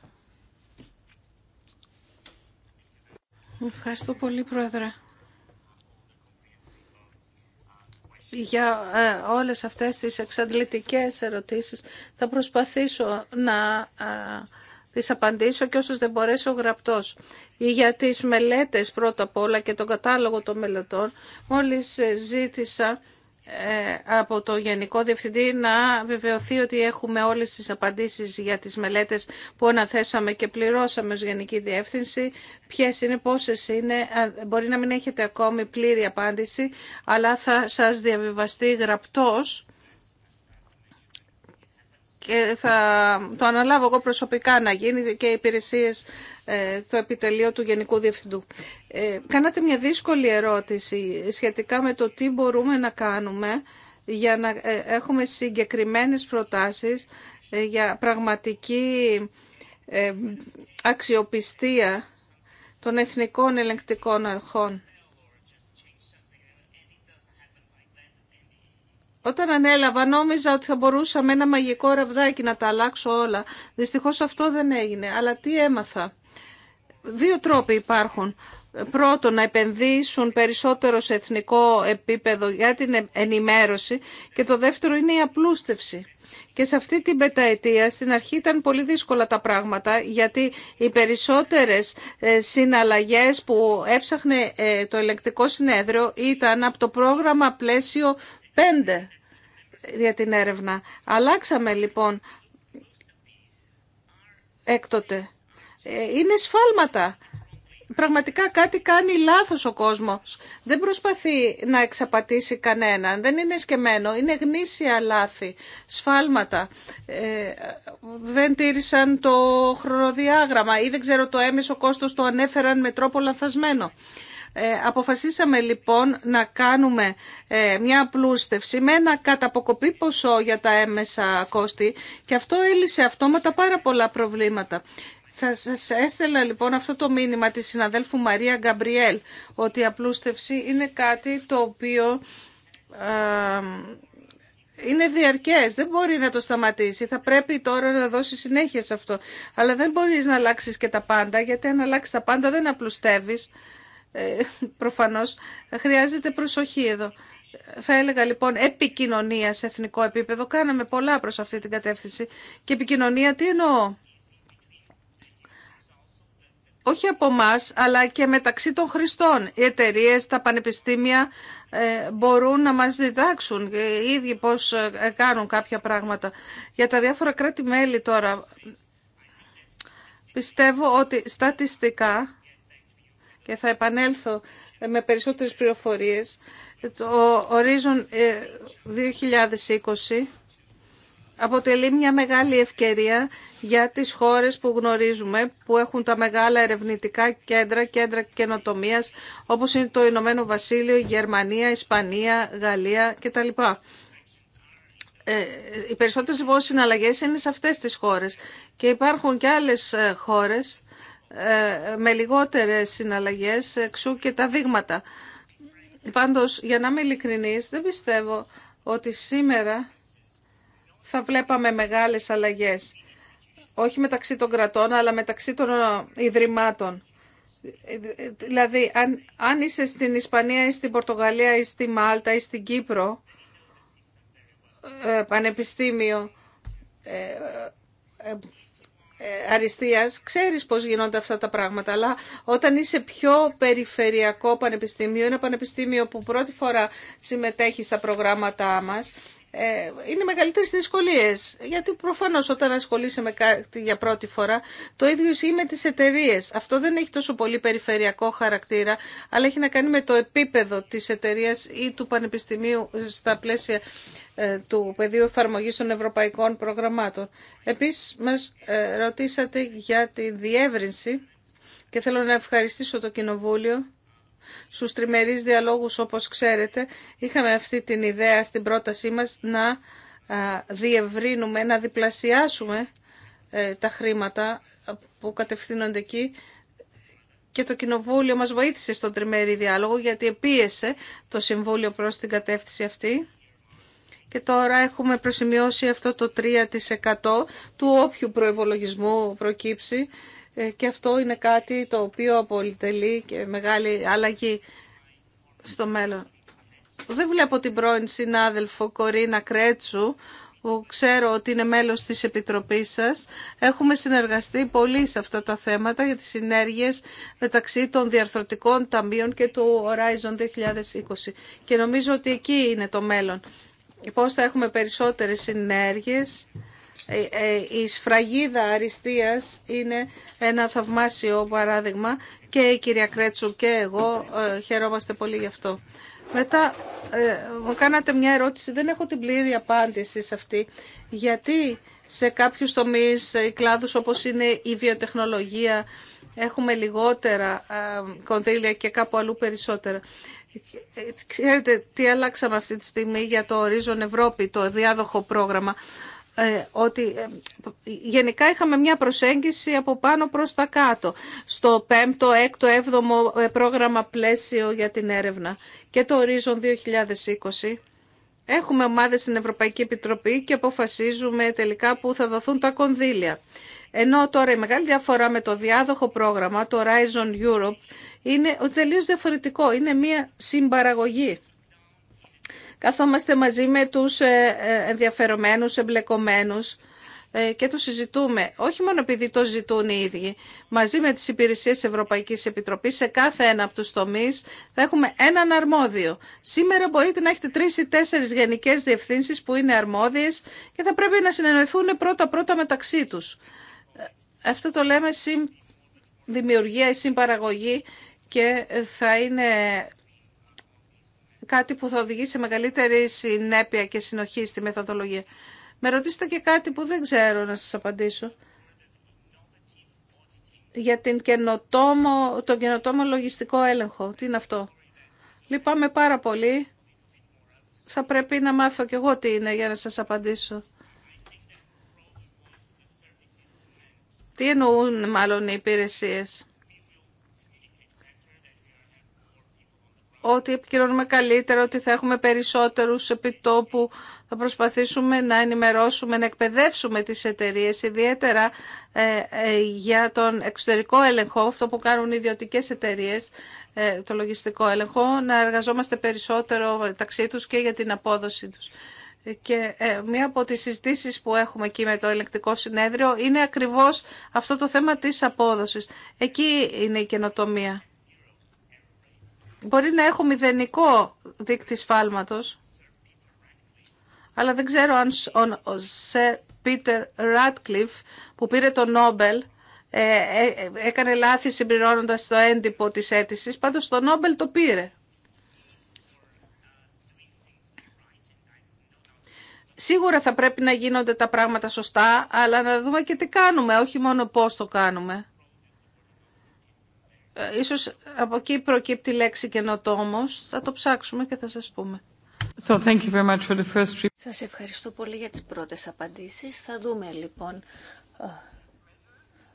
Ευχαριστώ πολύ Πρόεδρε. για ε, όλες αυτές τις εξαντλητικές ερωτήσεις. Θα προσπαθήσω να ε, τις απαντήσω και όσες δεν μπορέσω γραπτός. Για τις μελέτες πρώτα απ' όλα και τον κατάλογο των μελετών, μόλις ε, ζήτησα ε, από το Γενικό Διευθυντή να βεβαιωθεί ότι έχουμε όλες τις απαντήσεις για τις μελέτες που αναθέσαμε και πληρώσαμε ως Γενική Διεύθυνση. Ποιες είναι, πόσες είναι. Μπορεί να μην έχετε ακόμη πλήρη απάντηση, αλλά θα σας διαβιβαστεί γραπτός και θα το αναλάβω εγώ προσωπικά να γίνει και οι υπηρεσίες ε, το επιτελείο του Γενικού Διευθυντού. Ε, κάνατε μια δύσκολη ερώτηση σχετικά με το τι μπορούμε να κάνουμε για να ε, έχουμε συγκεκριμένες προτάσεις ε, για πραγματική αξιοπιστία των εθνικών ελεγκτικών αρχών. Όταν ανέλαβα νόμιζα ότι θα μπορούσα με ένα μαγικό ραβδάκι να τα αλλάξω όλα. Δυστυχώς αυτό δεν έγινε. Αλλά τι έμαθα. Δύο τρόποι υπάρχουν. Πρώτον, να επενδύσουν περισσότερο σε εθνικό επίπεδο για την ε, ενημέρωση και το δεύτερο είναι η απλούστευση. Και σε αυτή την πενταετία στην αρχή ήταν πολύ δύσκολα τα πράγματα γιατί οι περισσότερες ε, συναλλαγές που έψαχνε ε, το ελεκτικό συνέδριο ήταν από το πρόγραμμα πλαίσιο πέντε για την έρευνα. Αλλάξαμε λοιπόν έκτοτε. Ε, είναι σφάλματα. Πραγματικά κάτι κάνει λάθος ο κόσμος. Δεν προσπαθεί να εξαπατήσει κανέναν. Δεν είναι σκεμμένο. Είναι γνήσια λάθη. Σφάλματα. Ε, δεν τήρησαν το χρονοδιάγραμμα ή δεν ξέρω το έμεσο κόστος το ανέφεραν με τρόπο λανθασμένο. Ε, αποφασίσαμε λοιπόν να κάνουμε ε, μια απλούστευση με ένα καταποκοπή ποσό για τα έμεσα κόστη και αυτό έλυσε αυτόματα πάρα πολλά προβλήματα. Θα σας έστελα λοιπόν αυτό το μήνυμα της συναδέλφου Μαρία Γκαμπριέλ ότι η απλούστευση είναι κάτι το οποίο είναι διαρκές, δεν μπορεί να το σταματήσει. Θα πρέπει τώρα να δώσει συνέχεια σε αυτό. Αλλά δεν μπορείς να αλλάξεις και τα πάντα, γιατί αν αλλάξεις τα πάντα δεν απλουστεύεις. Ε, προφανώς, χρειάζεται προσοχή εδώ. Θα έλεγα λοιπόν επικοινωνία σε εθνικό επίπεδο. Κάναμε πολλά προς αυτή την κατεύθυνση. Και επικοινωνία τι εννοώ. Όχι από εμά, αλλά και μεταξύ των χρηστών. Οι εταιρείε, τα πανεπιστήμια ε, μπορούν να μας διδάξουν ε, οι ίδιοι πώς κάνουν κάποια πράγματα. Για τα διάφορα κράτη-μέλη τώρα, πιστεύω ότι στατιστικά και θα επανέλθω με περισσότερες πληροφορίες. Το Horizon 2020 ε, αποτελεί μια μεγάλη ευκαιρία για τις χώρες που γνωρίζουμε, που έχουν τα μεγάλα ερευνητικά κέντρα, κέντρα καινοτομία, όπως είναι το Ηνωμένο Βασίλειο, η Γερμανία, η Ισπανία, η Γαλλία κτλ. Ε, οι περισσότερες λοιπόν συναλλαγές είναι σε αυτές τις χώρες και υπάρχουν και άλλες ε, χώρες ε, με λιγότερες συναλλαγές, εξού και τα δείγματα. Πάντως, για να είμαι ειλικρινής, δεν πιστεύω ότι σήμερα θα βλέπαμε μεγάλες αλλαγές. Όχι μεταξύ των κρατών, αλλά μεταξύ των ιδρυμάτων. Δηλαδή, αν, αν είσαι στην Ισπανία ή στην Πορτογαλία ή στη Μάλτα ή στην Κύπρο, ε, πανεπιστήμιο, ε, ε, αριστείας, ξέρεις πώς γινόνται αυτά τα πράγματα, αλλά όταν είσαι πιο περιφερειακό πανεπιστήμιο, ένα πανεπιστήμιο που πρώτη φορά συμμετέχει στα προγράμματά μας, ε, είναι μεγαλύτερες δυσκολίε, Γιατί προφανώς όταν ασχολείσαι με κάτι για πρώτη φορά, το ίδιο ισχύει με τι εταιρείε. Αυτό δεν έχει τόσο πολύ περιφερειακό χαρακτήρα, αλλά έχει να κάνει με το επίπεδο τη εταιρεία ή του πανεπιστημίου στα πλαίσια ε, του πεδίου εφαρμογή των ευρωπαϊκών προγραμμάτων. Επίσης, μας ε, ρωτήσατε για τη διεύρυνση και θέλω να ευχαριστήσω το Κοινοβούλιο στους τριμερείς διαλόγους, όπως ξέρετε, είχαμε αυτή την ιδέα στην πρότασή μας να διευρύνουμε, να διπλασιάσουμε ε, τα χρήματα που κατευθύνονται εκεί και το Κοινοβούλιο μας βοήθησε στον τριμερή διάλογο γιατί επίεσε το Συμβούλιο προς την κατεύθυνση αυτή και τώρα έχουμε προσημειώσει αυτό το 3% του όποιου προϋπολογισμού προκύψει ε, και αυτό είναι κάτι το οποίο απολυτελεί και μεγάλη αλλαγή στο μέλλον. Δεν βλέπω την πρώην συνάδελφο Κορίνα Κρέτσου, που ξέρω ότι είναι μέλος της Επιτροπής σας. Έχουμε συνεργαστεί πολύ σε αυτά τα θέματα για τις συνέργειες μεταξύ των διαρθρωτικών ταμείων και του Horizon 2020. Και νομίζω ότι εκεί είναι το μέλλον. Πώς θα έχουμε περισσότερες συνέργειες ε, ε, η σφραγίδα αριστείας είναι ένα θαυμάσιο παράδειγμα και η κυρία Κρέτσου και εγώ ε, χαιρόμαστε πολύ γι' αυτό. Μετά μου κάνατε μια ερώτηση, δεν έχω την πλήρη απάντηση σε αυτή, γιατί σε κάποιους τομείς, κλάδους όπως είναι η βιοτεχνολογία, έχουμε λιγότερα κονδύλια και κάπου αλλού περισσότερα. Ξέρετε τι αλλάξαμε αυτή τη στιγμή για το Horizon Ευρώπη, το διάδοχο πρόγραμμα. Ε, ότι ε, γενικά είχαμε μια προσέγγιση από πάνω προς τα κάτω στο 5ο, 6ο, 7ο πρόγραμμα πλαίσιο για την έρευνα και το Horizon 2020. Έχουμε ομάδες στην Ευρωπαϊκή Επιτροπή και αποφασίζουμε τελικά που θα δοθούν τα κονδύλια. Ενώ τώρα η μεγάλη διαφορά με το διάδοχο πρόγραμμα, το Horizon Europe, είναι τελείως διαφορετικό. Είναι μια συμπαραγωγή καθόμαστε μαζί με τους ε, ε, ενδιαφερομένους, εμπλεκομένους ε, και το συζητούμε, όχι μόνο επειδή το ζητούν οι ίδιοι, μαζί με τις υπηρεσίες της Ευρωπαϊκής Επιτροπής, σε κάθε ένα από τους τομείς θα έχουμε έναν αρμόδιο. Σήμερα μπορείτε να έχετε τρεις ή τέσσερις γενικές διευθύνσεις που είναι αρμόδιες και θα πρέπει να συνεννοηθούν πρώτα-πρώτα μεταξύ τους. Αυτό το λέμε συμ... δημιουργία ή συμπαραγωγή και θα είναι κάτι που θα οδηγήσει σε μεγαλύτερη συνέπεια και συνοχή στη μεθοδολογία. Με ρωτήσετε και κάτι που δεν ξέρω να σας απαντήσω για την καινοτόμο, τον καινοτόμο λογιστικό έλεγχο. Τι είναι αυτό. Λυπάμαι πάρα πολύ. Θα πρέπει να μάθω κι εγώ τι είναι για να σας απαντήσω. Τι εννοούν μάλλον οι υπηρεσίες. ότι επικοινωνούμε καλύτερα, ότι θα έχουμε περισσότερους επιτόπου, θα προσπαθήσουμε να ενημερώσουμε, να εκπαιδεύσουμε τις εταιρείες, ιδιαίτερα ε, ε, για τον εξωτερικό έλεγχο, αυτό που κάνουν οι ιδιωτικές εταιρείες, ε, το λογιστικό έλεγχο, να εργαζόμαστε περισσότερο μεταξύ τους και για την απόδοση τους. Και μία από τις συζητήσεις που έχουμε εκεί με το ελεκτικό συνέδριο είναι ακριβώς αυτό το θέμα της απόδοσης. Εκεί είναι η καινοτομία. Μπορεί να έχω μηδενικό δείκτη φάλματος, αλλά δεν ξέρω αν ο Σερ Πίτερ Ράτκλιφ που πήρε το Νόμπελ ε, ε, ε, έκανε λάθη συμπληρώνοντας το έντυπο της αίτησης, πάντως το Νόμπελ το πήρε. Σίγουρα θα πρέπει να γίνονται τα πράγματα σωστά, αλλά να δούμε και τι κάνουμε, όχι μόνο πώς το κάνουμε. Ε, ίσως από εκεί προκύπτει η λέξη καινοτόμος. Θα το ψάξουμε και θα σας πούμε. So, thank you very much for the first... Σας ευχαριστώ πολύ για τις πρώτες απαντήσεις. Θα δούμε λοιπόν ε,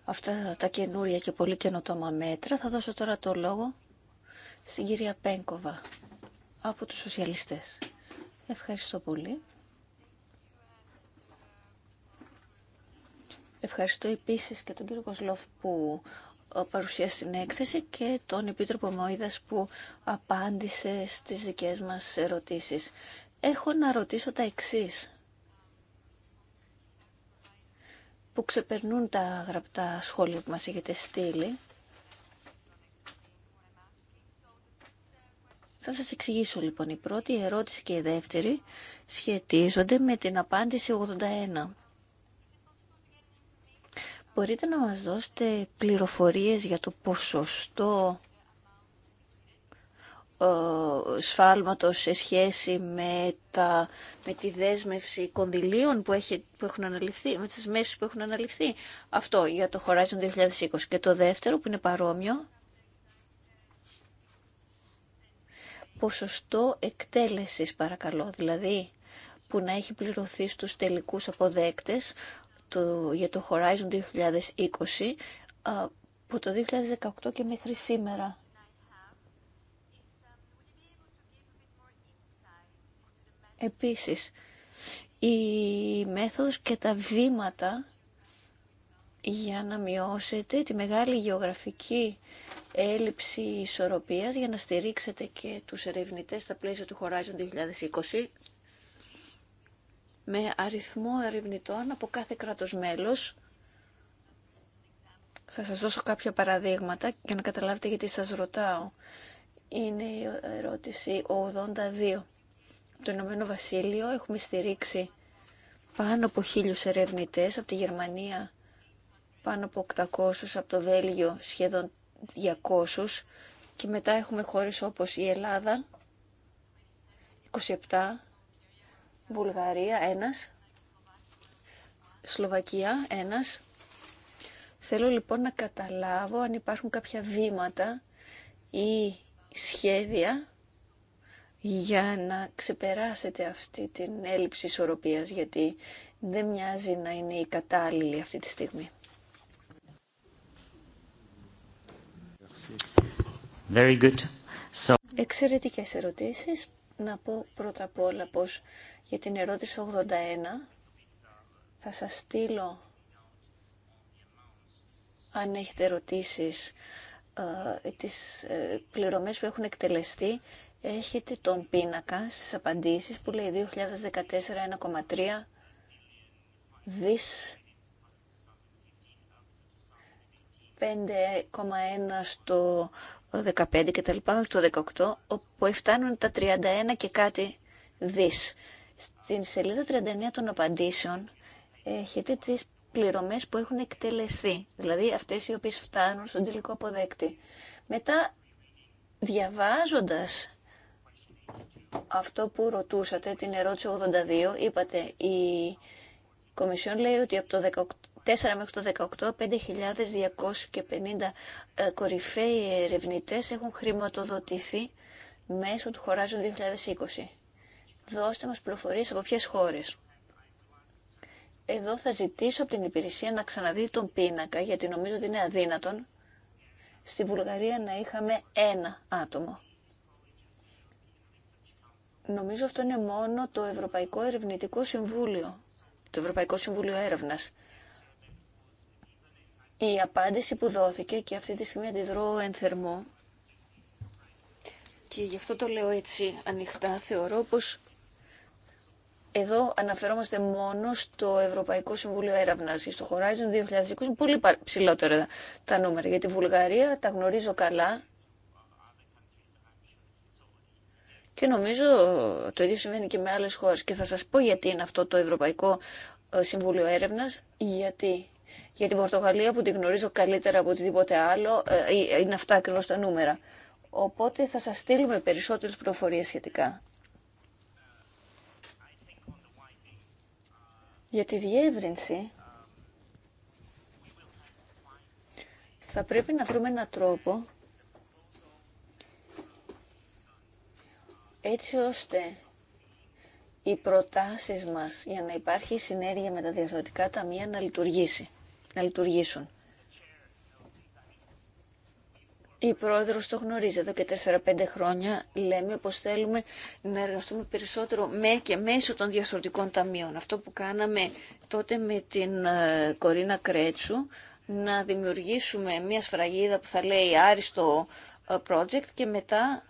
αυτά τα καινούρια και πολύ καινοτόμα μέτρα. Θα δώσω τώρα το λόγο στην κυρία Πένκοβα από τους σοσιαλιστές. Ευχαριστώ πολύ. Ευχαριστώ επίσης και τον κύριο Κοσλόφ που Παρουσία στην έκθεση και τον Επίτροπο Μόιδας που απάντησε στις δικές μας ερωτήσεις. Έχω να ρωτήσω τα εξής που ξεπερνούν τα γραπτά σχόλια που μας έχετε στείλει. Θα σας εξηγήσω λοιπόν. Η πρώτη ερώτηση και η δεύτερη σχετίζονται με την απάντηση 81 μπορείτε να μας δώσετε πληροφορίες για το ποσοστό ε, σφάλματος σε σχέση με, τα, με τη δέσμευση κονδυλίων που, έχει, που έχουν αναλυφθεί, με τις μέσεις που έχουν αναλυφθεί. Αυτό για το Horizon 2020. Και το δεύτερο που είναι παρόμοιο, ποσοστό εκτέλεσης παρακαλώ, δηλαδή που να έχει πληρωθεί στους τελικούς αποδέκτες το, για το Horizon 2020 από το 2018 και μέχρι σήμερα. Επίσης, η μέθοδος και τα βήματα για να μειώσετε τη μεγάλη γεωγραφική έλλειψη ισορροπίας για να στηρίξετε και τους ερευνητές στα πλαίσια του Horizon 2020 με αριθμό ερευνητών από κάθε κράτος μέλος. Θα σας δώσω κάποια παραδείγματα για να καταλάβετε γιατί σας ρωτάω. Είναι η ερώτηση 82. Από το Ηνωμένο Βασίλειο έχουμε στηρίξει πάνω από χίλιους ερευνητές από τη Γερμανία, πάνω από 800, από το Βέλγιο σχεδόν 200 και μετά έχουμε χώρες όπως η Ελλάδα, 27, Βουλγαρία ένας, Σλοβακία ένας. Θέλω λοιπόν να καταλάβω αν υπάρχουν κάποια βήματα ή σχέδια για να ξεπεράσετε αυτή την έλλειψη ισορροπίας, γιατί δεν μοιάζει να είναι η κατάλληλη αυτή τη στιγμή. Εξαιρετικές ερωτήσεις. Να πω πρώτα απ' όλα πως για την ερώτηση 81 θα σας στείλω αν έχετε ερωτήσεις ε, τις ε, πληρωμές που έχουν εκτελεστεί έχετε τον πίνακα στις απαντήσεις που λέει 2014 1,3 δις 5,1 στο 15 και τα λοιπά το 18 όπου φτάνουν τα 31 και κάτι δις. Στην σελίδα 39 των απαντήσεων έχετε τις πληρωμές που έχουν εκτελεστεί, δηλαδή αυτές οι οποίες φτάνουν στον τελικό αποδέκτη. Μετά, διαβάζοντας αυτό που ρωτούσατε, την ερώτηση 82, είπατε η Κομισιόν λέει ότι από το 4 μέχρι το 18, 5.250 ε, κορυφαίοι ερευνητές έχουν χρηματοδοτηθεί μέσω του Horizon 2020 δώστε μας πληροφορίες από ποιες χώρες. Εδώ θα ζητήσω από την υπηρεσία να ξαναδεί τον πίνακα, γιατί νομίζω ότι είναι αδύνατον στη Βουλγαρία να είχαμε ένα άτομο. Νομίζω αυτό είναι μόνο το Ευρωπαϊκό Ερευνητικό Συμβούλιο, το Ευρωπαϊκό Συμβούλιο Έρευνας. Η απάντηση που δόθηκε και αυτή τη στιγμή αντιδρώ εν θερμό και γι' αυτό το λέω έτσι ανοιχτά, θεωρώ πως εδώ αναφερόμαστε μόνο στο Ευρωπαϊκό Συμβούλιο Έρευνα ή στο Horizon 2020. πολύ ψηλότερα τα νούμερα. Για τη Βουλγαρία τα γνωρίζω καλά. Και νομίζω το ίδιο συμβαίνει και με άλλες χώρες. Και θα σας πω γιατί είναι αυτό το Ευρωπαϊκό ε, Συμβούλιο Έρευνας. Γιατί για την Πορτογαλία που την γνωρίζω καλύτερα από οτιδήποτε άλλο, ε, ε, είναι αυτά ακριβώς τα νούμερα. Οπότε θα σας στείλουμε περισσότερες πληροφορίες σχετικά. Για τη διεύρυνση θα πρέπει να βρούμε έναν τρόπο έτσι ώστε οι προτάσεις μας για να υπάρχει συνέργεια με τα διαφορετικά ταμεία να λειτουργήσει, να λειτουργήσουν. Η πρόεδρος το γνωρίζει εδώ και 4-5 χρόνια. Λέμε πως θέλουμε να εργαστούμε περισσότερο με και μέσω των διαφορετικών ταμείων. Αυτό που κάναμε τότε με την ε, Κορίνα Κρέτσου, να δημιουργήσουμε μια σφραγίδα που θα λέει άριστο ε, project και μετά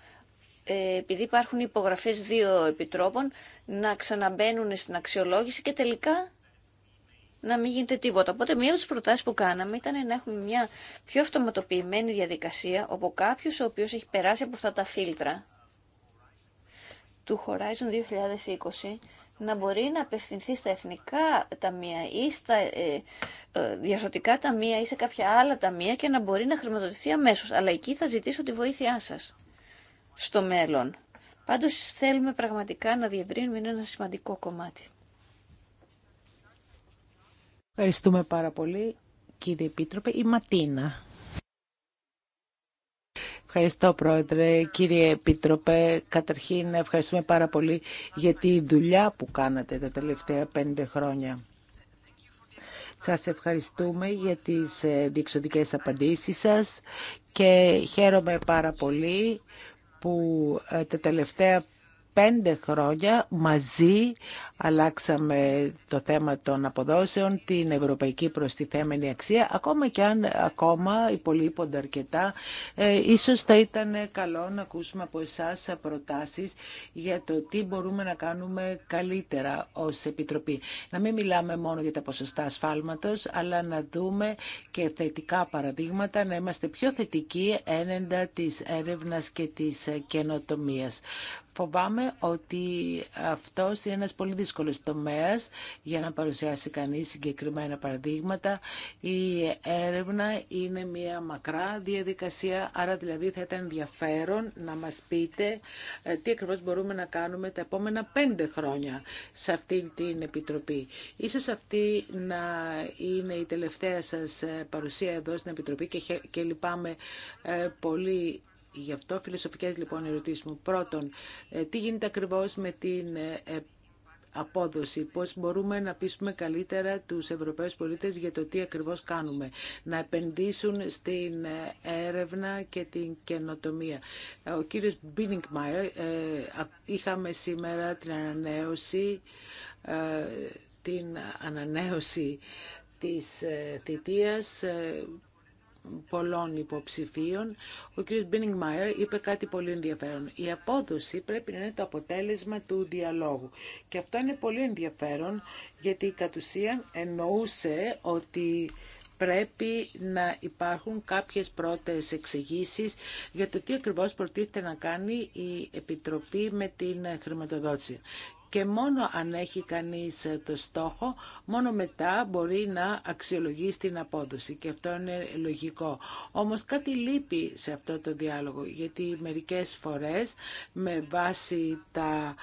ε, επειδή υπάρχουν υπογραφές δύο επιτρόπων να ξαναμπαίνουν στην αξιολόγηση και τελικά να μην γίνεται τίποτα. Οπότε μία από τι προτάσει που κάναμε ήταν να έχουμε μια πιο αυτοματοποιημένη διαδικασία όπου κάποιο ο οποίο έχει περάσει από αυτά τα φίλτρα του Horizon 2020 να μπορεί να απευθυνθεί στα εθνικά ταμεία ή στα ε, ε, διαρθωτικά ταμεία ή σε κάποια άλλα ταμεία και να μπορεί να χρηματοδοτηθεί αμέσω. Αλλά εκεί θα ζητήσω τη βοήθειά σα στο μέλλον. Πάντως θέλουμε πραγματικά να διευρύνουμε ένα σημαντικό κομμάτι. Ευχαριστούμε πάρα πολύ, κύριε Επίτροπε. Η Ματίνα. Ευχαριστώ Πρόεδρε, κύριε Επίτροπε. Καταρχήν ευχαριστούμε πάρα πολύ για τη δουλειά που κάνατε τα τελευταία πέντε χρόνια. Σας ευχαριστούμε για τις ε, διεξοδικές απαντήσεις σας και χαίρομαι πάρα πολύ που ε, τα τελευταία πέντε χρόνια μαζί αλλάξαμε το θέμα των αποδόσεων, την ευρωπαϊκή προστιθέμενη αξία, ακόμα και αν ακόμα υπολείπονται αρκετά. Ε, ίσως θα ήταν καλό να ακούσουμε από εσάς προτάσεις για το τι μπορούμε να κάνουμε καλύτερα ως Επιτροπή. Να μην μιλάμε μόνο για τα ποσοστά ασφάλματος, αλλά να δούμε και θετικά παραδείγματα, να είμαστε πιο θετικοί έναντα της έρευνας και της καινοτομίας. Φοβάμαι ότι αυτό είναι ένας πολύ δύσκολος τομέας για να παρουσιάσει κανείς συγκεκριμένα παραδείγματα. Η έρευνα είναι μια μακρά διαδικασία, άρα δηλαδή θα ήταν ενδιαφέρον να μας πείτε ε, τι ακριβώς μπορούμε να κάνουμε τα επόμενα πέντε χρόνια σε αυτή την Επιτροπή. Ίσως αυτή να είναι η τελευταία σας παρουσία εδώ στην Επιτροπή και, και λυπάμαι ε, πολύ Γι' αυτό φιλοσοφικές λοιπόν ερωτήσεις μου. Πρώτον, ε, τι γίνεται ακριβώς με την ε, ε, απόδοση, πώς μπορούμε να πείσουμε καλύτερα τους Ευρωπαίους πολίτες για το τι ακριβώς κάνουμε. Να επενδύσουν στην έρευνα και την καινοτομία. Ο κύριος Μπίνιγκμαϊρ, είχαμε σήμερα την ανανέωση, την ανανέωση της θητείας πολλών υποψηφίων, ο κ. Μπίνιγκμαϊρ είπε κάτι πολύ ενδιαφέρον. Η απόδοση πρέπει να είναι το αποτέλεσμα του διαλόγου. Και αυτό είναι πολύ ενδιαφέρον, γιατί η κατουσία εννοούσε ότι πρέπει να υπάρχουν κάποιες πρώτες εξηγήσει για το τι ακριβώς προτίθεται να κάνει η Επιτροπή με την χρηματοδότηση και μόνο αν έχει κανείς ε, το στόχο, μόνο μετά μπορεί να αξιολογήσει την απόδοση και αυτό είναι λογικό. Όμως κάτι λείπει σε αυτό το διάλογο, γιατί μερικές φορές με βάση τα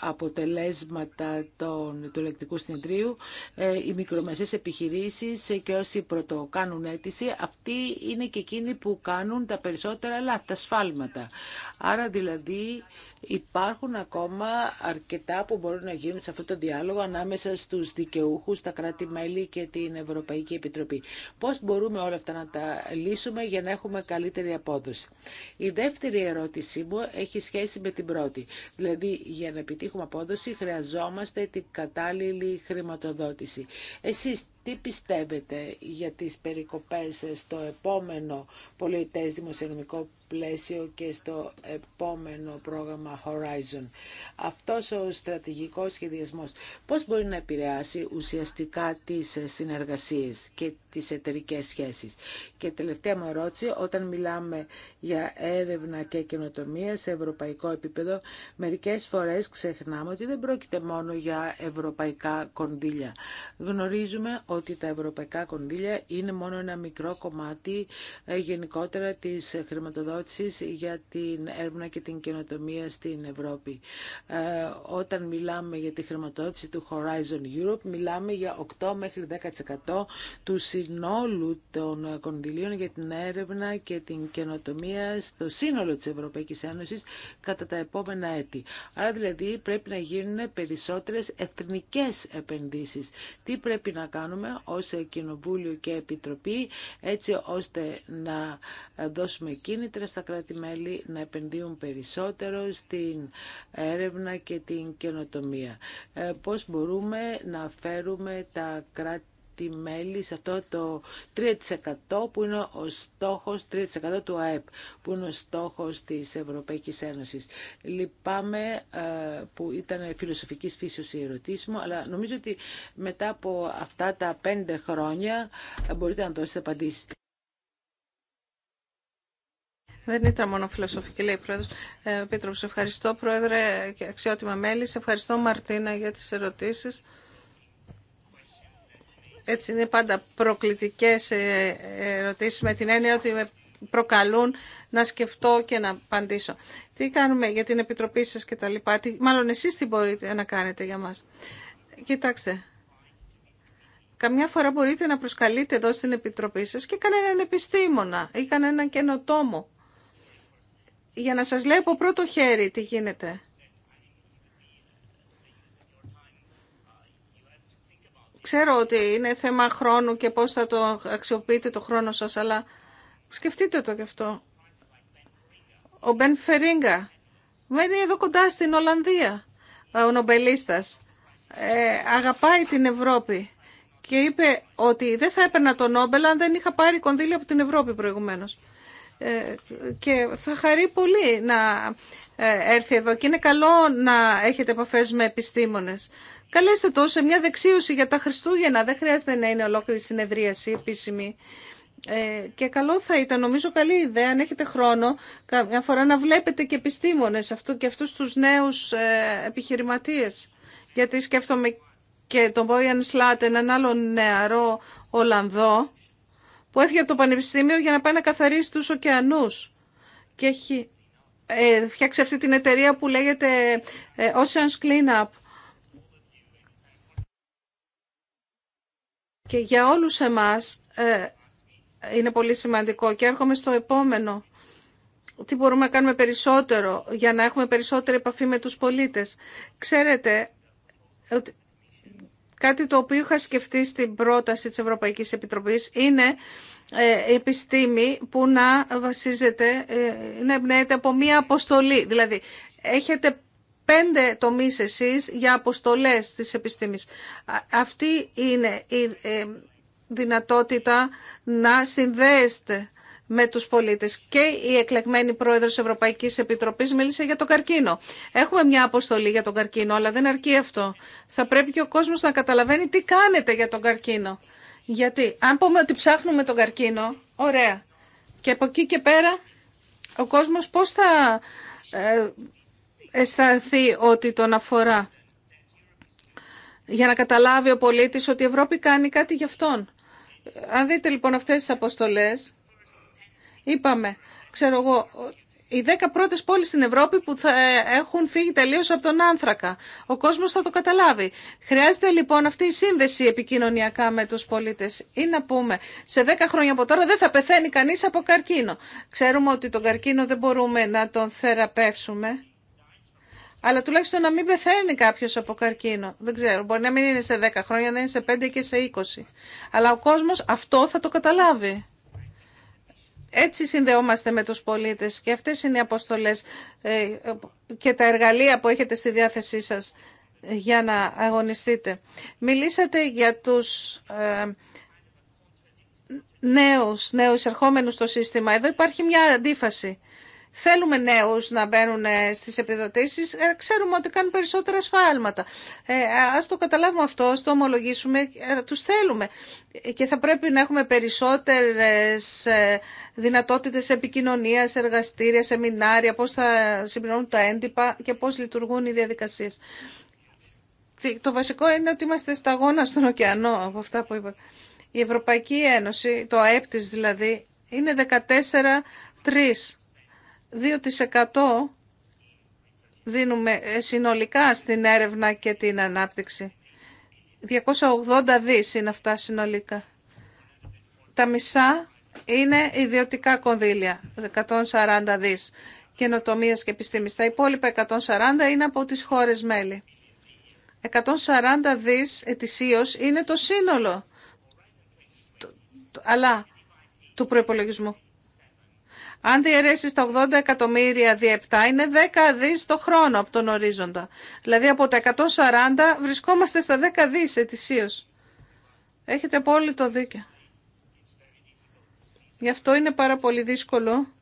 αποτελέσματα των, του Λεκτικού συνεδρίου, ε, οι μικρομεσαίες επιχειρήσεις ε, και όσοι πρωτοκάνουν αίτηση, αυτοί είναι και εκείνοι που κάνουν τα περισσότερα λάθη, τα σφάλματα. Άρα δηλαδή Υπάρχουν ακόμα αρκετά που μπορούν να γίνουν σε αυτό το διάλογο ανάμεσα στους δικαιούχους, τα κράτη-μέλη και την Ευρωπαϊκή Επιτροπή. Πώς μπορούμε όλα αυτά να τα λύσουμε για να έχουμε καλύτερη απόδοση. Η δεύτερη ερώτησή μου έχει σχέση με την πρώτη. Δηλαδή, για να επιτύχουμε απόδοση χρειαζόμαστε την κατάλληλη χρηματοδότηση. Εσείς τι πιστεύετε για τις περικοπές στο επόμενο πολιτές δημοσιονομικό πλαίσιο και στο επόμενο πρόγραμμα Horizon. Αυτός ο στρατηγικός σχεδιασμός πώς μπορεί να επηρεάσει ουσιαστικά τις συνεργασίες και τις εταιρικές σχέσεις. Και τελευταία μου ερώτηση, όταν μιλάμε για έρευνα και καινοτομία σε ευρωπαϊκό επίπεδο, μερικές φορές ξεχνάμε ότι δεν πρόκειται μόνο για ευρωπαϊκά κονδύλια. Γνωρίζουμε ότι τα ευρωπαϊκά κονδύλια είναι μόνο ένα μικρό κομμάτι ε, γενικότερα της χρηματοδότησης για την έρευνα και την καινοτομία στην Ευρώπη. Ε, όταν μιλάμε για τη χρηματοδότηση του Horizon Europe, μιλάμε για 8 μέχρι 10% του συνόλου των κονδυλίων για την έρευνα και την καινοτομία στο σύνολο της Ευρωπαϊκής Ένωσης κατά τα επόμενα έτη. Άρα δηλαδή πρέπει να γίνουν περισσότερες εθνικές επενδύσεις. Τι πρέπει να κάνουμε ως Κοινοβούλιο και Επιτροπή έτσι ώστε να δώσουμε κίνητρα στα κράτη-μέλη να επενδύουν περισσότερο στην έρευνα και την καινοτομία. Ε, πώς μπορούμε να φέρουμε τα κράτη τη μελη σε αυτό το 3% που είναι ο στόχος 3% του ΑΕΠ, που είναι ο στόχος της Ευρωπαϊκής Ένωσης. Λυπάμαι ε, που ήταν φιλοσοφικής φύσεως η ερωτήση μου, αλλά νομίζω ότι μετά από αυτά τα πέντε χρόνια ε, μπορείτε να δώσετε απαντήσεις. Δεν ήταν μόνο φιλοσοφική, λέει η Πρόεδρος. Ε, Πίτρο, σε ευχαριστώ, Πρόεδρε και αξιότιμα μέλη. Σε ευχαριστώ, Μαρτίνα, για τις ερωτήσεις. Έτσι είναι πάντα προκλητικές ε, ερωτήσεις με την έννοια ότι με προκαλούν να σκεφτώ και να απαντήσω. Τι κάνουμε για την επιτροπή σας και τα λοιπά. Τι, μάλλον εσείς τι μπορείτε να κάνετε για μας. Κοιτάξτε. Καμιά φορά μπορείτε να προσκαλείτε εδώ στην επιτροπή σας και κανέναν επιστήμονα ή κανέναν καινοτόμο για να σας λέω από πρώτο χέρι τι γίνεται. Ξέρω ότι είναι θέμα χρόνου και πώς θα το αξιοποιείτε το χρόνο σας, αλλά σκεφτείτε το γι' αυτό. Ο Μπεν Φερίγκα μένει εδώ κοντά στην Ολλανδία, ε, ο νομπελίστας. Ε, αγαπάει την Ευρώπη και είπε ότι δεν θα έπαιρνα τον Νόμπελ αν δεν είχα πάρει κονδύλια από την Ευρώπη προηγουμένως. Ε, και θα χαρεί πολύ να ε, έρθει εδώ και είναι καλό να έχετε επαφές με επιστήμονες. Καλέστε το σε μια δεξίωση για τα Χριστούγεννα. Δεν χρειάζεται να είναι ολόκληρη συνεδρίαση επίσημη. Ε, και καλό θα ήταν, νομίζω καλή ιδέα, αν έχετε χρόνο, καμιά φορά να βλέπετε και επιστήμονες αυτού και αυτούς τους νέους ε, επιχειρηματίες. Γιατί σκέφτομαι και τον Μπόιαν Σλάτ, έναν άλλο νεαρό Ολλανδό, που έφυγε από το Πανεπιστήμιο για να πάει να καθαρίσει του ωκεανού. Και έχει ε, φτιάξει αυτή την εταιρεία που λέγεται ε, Oceans Cleanup. Και για όλους εμάς ε, είναι πολύ σημαντικό και έρχομαι στο επόμενο. Τι μπορούμε να κάνουμε περισσότερο για να έχουμε περισσότερη επαφή με τους πολίτες. Ξέρετε, ότι κάτι το οποίο είχα σκεφτεί στην πρόταση της Ευρωπαϊκής Επιτροπής είναι ε, επιστήμη που να βασίζεται, ε, να εμπνέεται από μία αποστολή. Δηλαδή, έχετε πέντε τομείς εσείς για αποστολές της επιστήμης. Αυτή είναι η ε, δυνατότητα να συνδέεστε με τους πολίτες. Και η εκλεγμένη πρόεδρος Ευρωπαϊκής Επιτροπής μίλησε για τον καρκίνο. Έχουμε μια αποστολή για τον καρκίνο, αλλά δεν αρκεί αυτό. Θα πρέπει και ο κόσμος να καταλαβαίνει τι κάνετε για τον καρκίνο. Γιατί αν πούμε ότι ψάχνουμε τον καρκίνο, ωραία. Και από εκεί και πέρα ο κόσμος πώς θα ε, αισθανθεί ότι τον αφορά. Για να καταλάβει ο πολίτης ότι η Ευρώπη κάνει κάτι γι' αυτόν. Αν δείτε λοιπόν αυτές τις αποστολές, είπαμε, ξέρω εγώ, οι δέκα πρώτες πόλεις στην Ευρώπη που θα έχουν φύγει τελείως από τον άνθρακα. Ο κόσμος θα το καταλάβει. Χρειάζεται λοιπόν αυτή η σύνδεση επικοινωνιακά με τους πολίτες. Ή να πούμε, σε δέκα χρόνια από τώρα δεν θα πεθαίνει κανείς από καρκίνο. Ξέρουμε ότι τον καρκίνο δεν μπορούμε να τον θεραπεύσουμε. Αλλά τουλάχιστον να μην πεθαίνει κάποιος από καρκίνο. Δεν ξέρω, μπορεί να μην είναι σε 10 χρόνια, να είναι σε 5 και σε 20. Αλλά ο κόσμος αυτό θα το καταλάβει. Έτσι συνδεόμαστε με τους πολίτες και αυτές είναι οι αποστολές ε, και τα εργαλεία που έχετε στη διάθεσή σας για να αγωνιστείτε. Μιλήσατε για τους ε, νέους, νέους ερχόμενους στο σύστημα. Εδώ υπάρχει μια αντίφαση. Θέλουμε νέους να μπαίνουν ε, στις επιδοτήσεις, ε, ξέρουμε ότι κάνουν περισσότερα σφάλματα. Ε, ας το καταλάβουμε αυτό, ας το ομολογήσουμε, ε, τους θέλουμε. Και θα πρέπει να έχουμε περισσότερες δυνατότητες επικοινωνίας, εργαστήρια, σεμινάρια, πώς θα συμπληρώνουν τα έντυπα και πώς λειτουργούν οι διαδικασίες. Το βασικό είναι ότι είμαστε σταγόνα στον ωκεανό από αυτά που είπατε. Η Ευρωπαϊκή Ένωση, το ΑΕΠ της δηλαδή, είναι 14-3. 2% δίνουμε ε, συνολικά στην έρευνα και την ανάπτυξη. 280 δις είναι αυτά συνολικά. Τα μισά είναι ιδιωτικά κονδύλια, 140 δις καινοτομίας και επιστήμης. Τα υπόλοιπα 140 είναι από τις χώρες μέλη. 140 δις ετησίως είναι το σύνολο αλλά του προϋπολογισμού. Αν διαιρέσεις τα 80 εκατομμύρια διεπτά είναι 10 δις το χρόνο από τον ορίζοντα. Δηλαδή από τα 140 βρισκόμαστε στα 10 δις ετησίως. Έχετε απόλυτο δίκιο. Γι' αυτό είναι πάρα πολύ δύσκολο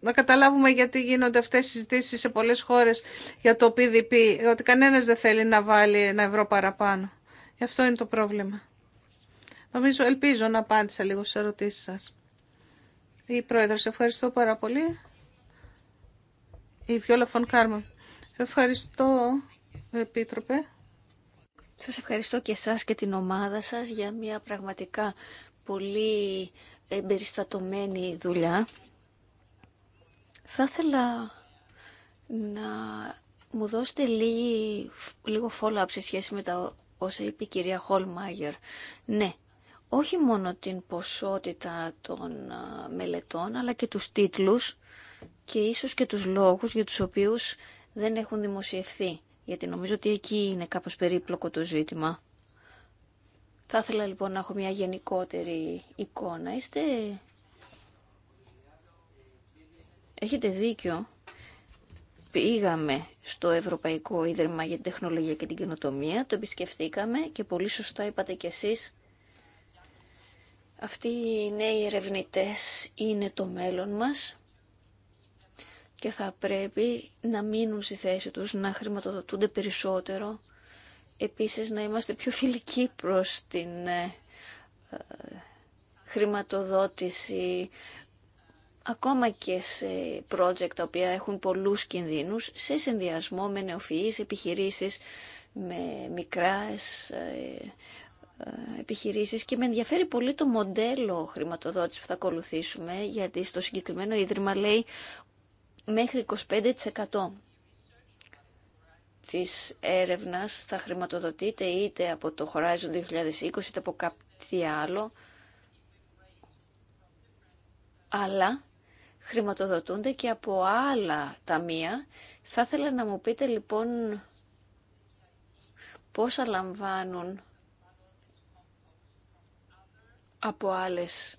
να καταλάβουμε γιατί γίνονται αυτές οι συζητήσεις σε πολλές χώρες για το PDP, ότι κανένας δεν θέλει να βάλει ένα ευρώ παραπάνω. Γι' αυτό είναι το πρόβλημα. Νομίζω, ελπίζω να απάντησα λίγο στις ερωτήσεις σας. Η Πρόεδρος, ευχαριστώ πάρα πολύ. Η Βιόλα Φων Κάρμα. Ευχαριστώ, Επίτροπε. Σας ευχαριστώ και εσάς και την ομάδα σας για μια πραγματικά πολύ εμπεριστατωμένη δουλειά. Θα ήθελα να μου δωσετε λίγη, λίγο follow-up σε σχέση με τα όσα είπε η κυρία Χολμάγερ. Ναι, όχι μόνο την ποσότητα των μελετών, αλλά και τους τίτλους και ίσως και τους λόγους για τους οποίους δεν έχουν δημοσιευθεί. Γιατί νομίζω ότι εκεί είναι κάπως περίπλοκο το ζήτημα. Θα ήθελα λοιπόν να έχω μια γενικότερη εικόνα. Είστε... Έχετε δίκιο. Πήγαμε στο Ευρωπαϊκό Ίδρυμα για την Τεχνολογία και την Καινοτομία, το επισκεφθήκαμε και πολύ σωστά είπατε κι εσείς αυτοί οι νέοι ερευνητέ είναι το μέλλον μας και θα πρέπει να μείνουν στη θέση τους, να χρηματοδοτούνται περισσότερο. Επίσης να είμαστε πιο φιλικοί προς την ε, ε, χρηματοδότηση ακόμα και σε project τα οποία έχουν πολλούς κινδύνους σε συνδυασμό με νεοφυείς επιχειρήσεις, με μικράς ε, ε, επιχειρήσεις και με ενδιαφέρει πολύ το μοντέλο χρηματοδότηση που θα ακολουθήσουμε γιατί στο συγκεκριμένο ίδρυμα λέει μέχρι 25% της έρευνας θα χρηματοδοτείται είτε από το Horizon 2020 είτε από κάτι άλλο αλλά χρηματοδοτούνται και από άλλα ταμεία. Θα ήθελα να μου πείτε λοιπόν πόσα λαμβάνουν από άλλες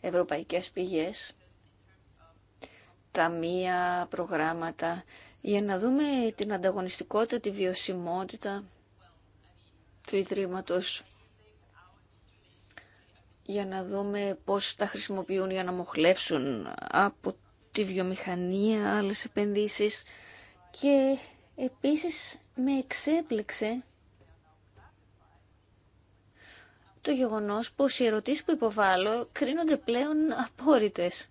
ευρωπαϊκές πηγές, ταμεία, προγράμματα, για να δούμε την ανταγωνιστικότητα, τη βιωσιμότητα του Ιδρύματος, για να δούμε πώς τα χρησιμοποιούν για να μοχλεύσουν από τη βιομηχανία, άλλες επενδύσεις και επίσης με εξέπληξε το γεγονός πως οι ερωτήσεις που υποβάλλω κρίνονται πλέον απόρριτες.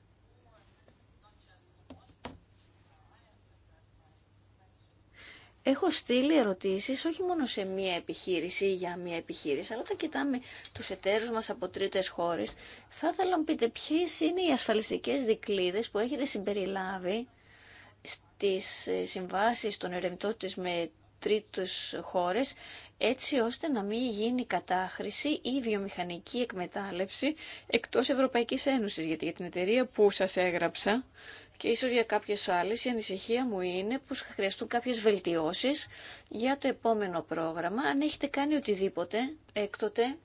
Έχω στείλει ερωτήσεις όχι μόνο σε μία επιχείρηση ή για μία επιχείρηση, αλλά τα κοιτάμε τους εταίρους μας από τρίτες χώρες, θα ήθελα να πείτε ποιες είναι οι ασφαλιστικές δικλείδες που έχετε συμπεριλάβει στις συμβάσεις των ερευνητών με τρίτους χώρες έτσι ώστε να μην γίνει κατάχρηση ή βιομηχανική εκμετάλλευση εκτός Ευρωπαϊκής Ένωσης. Γιατί για την εταιρεία που σας έγραψα και ίσως για κάποιες άλλες η ανησυχία μου είναι πως χρειαστούν κάποιες βελτιώσεις για το επόμενο πρόγραμμα. Αν έχετε κάνει οτιδήποτε έκτοτε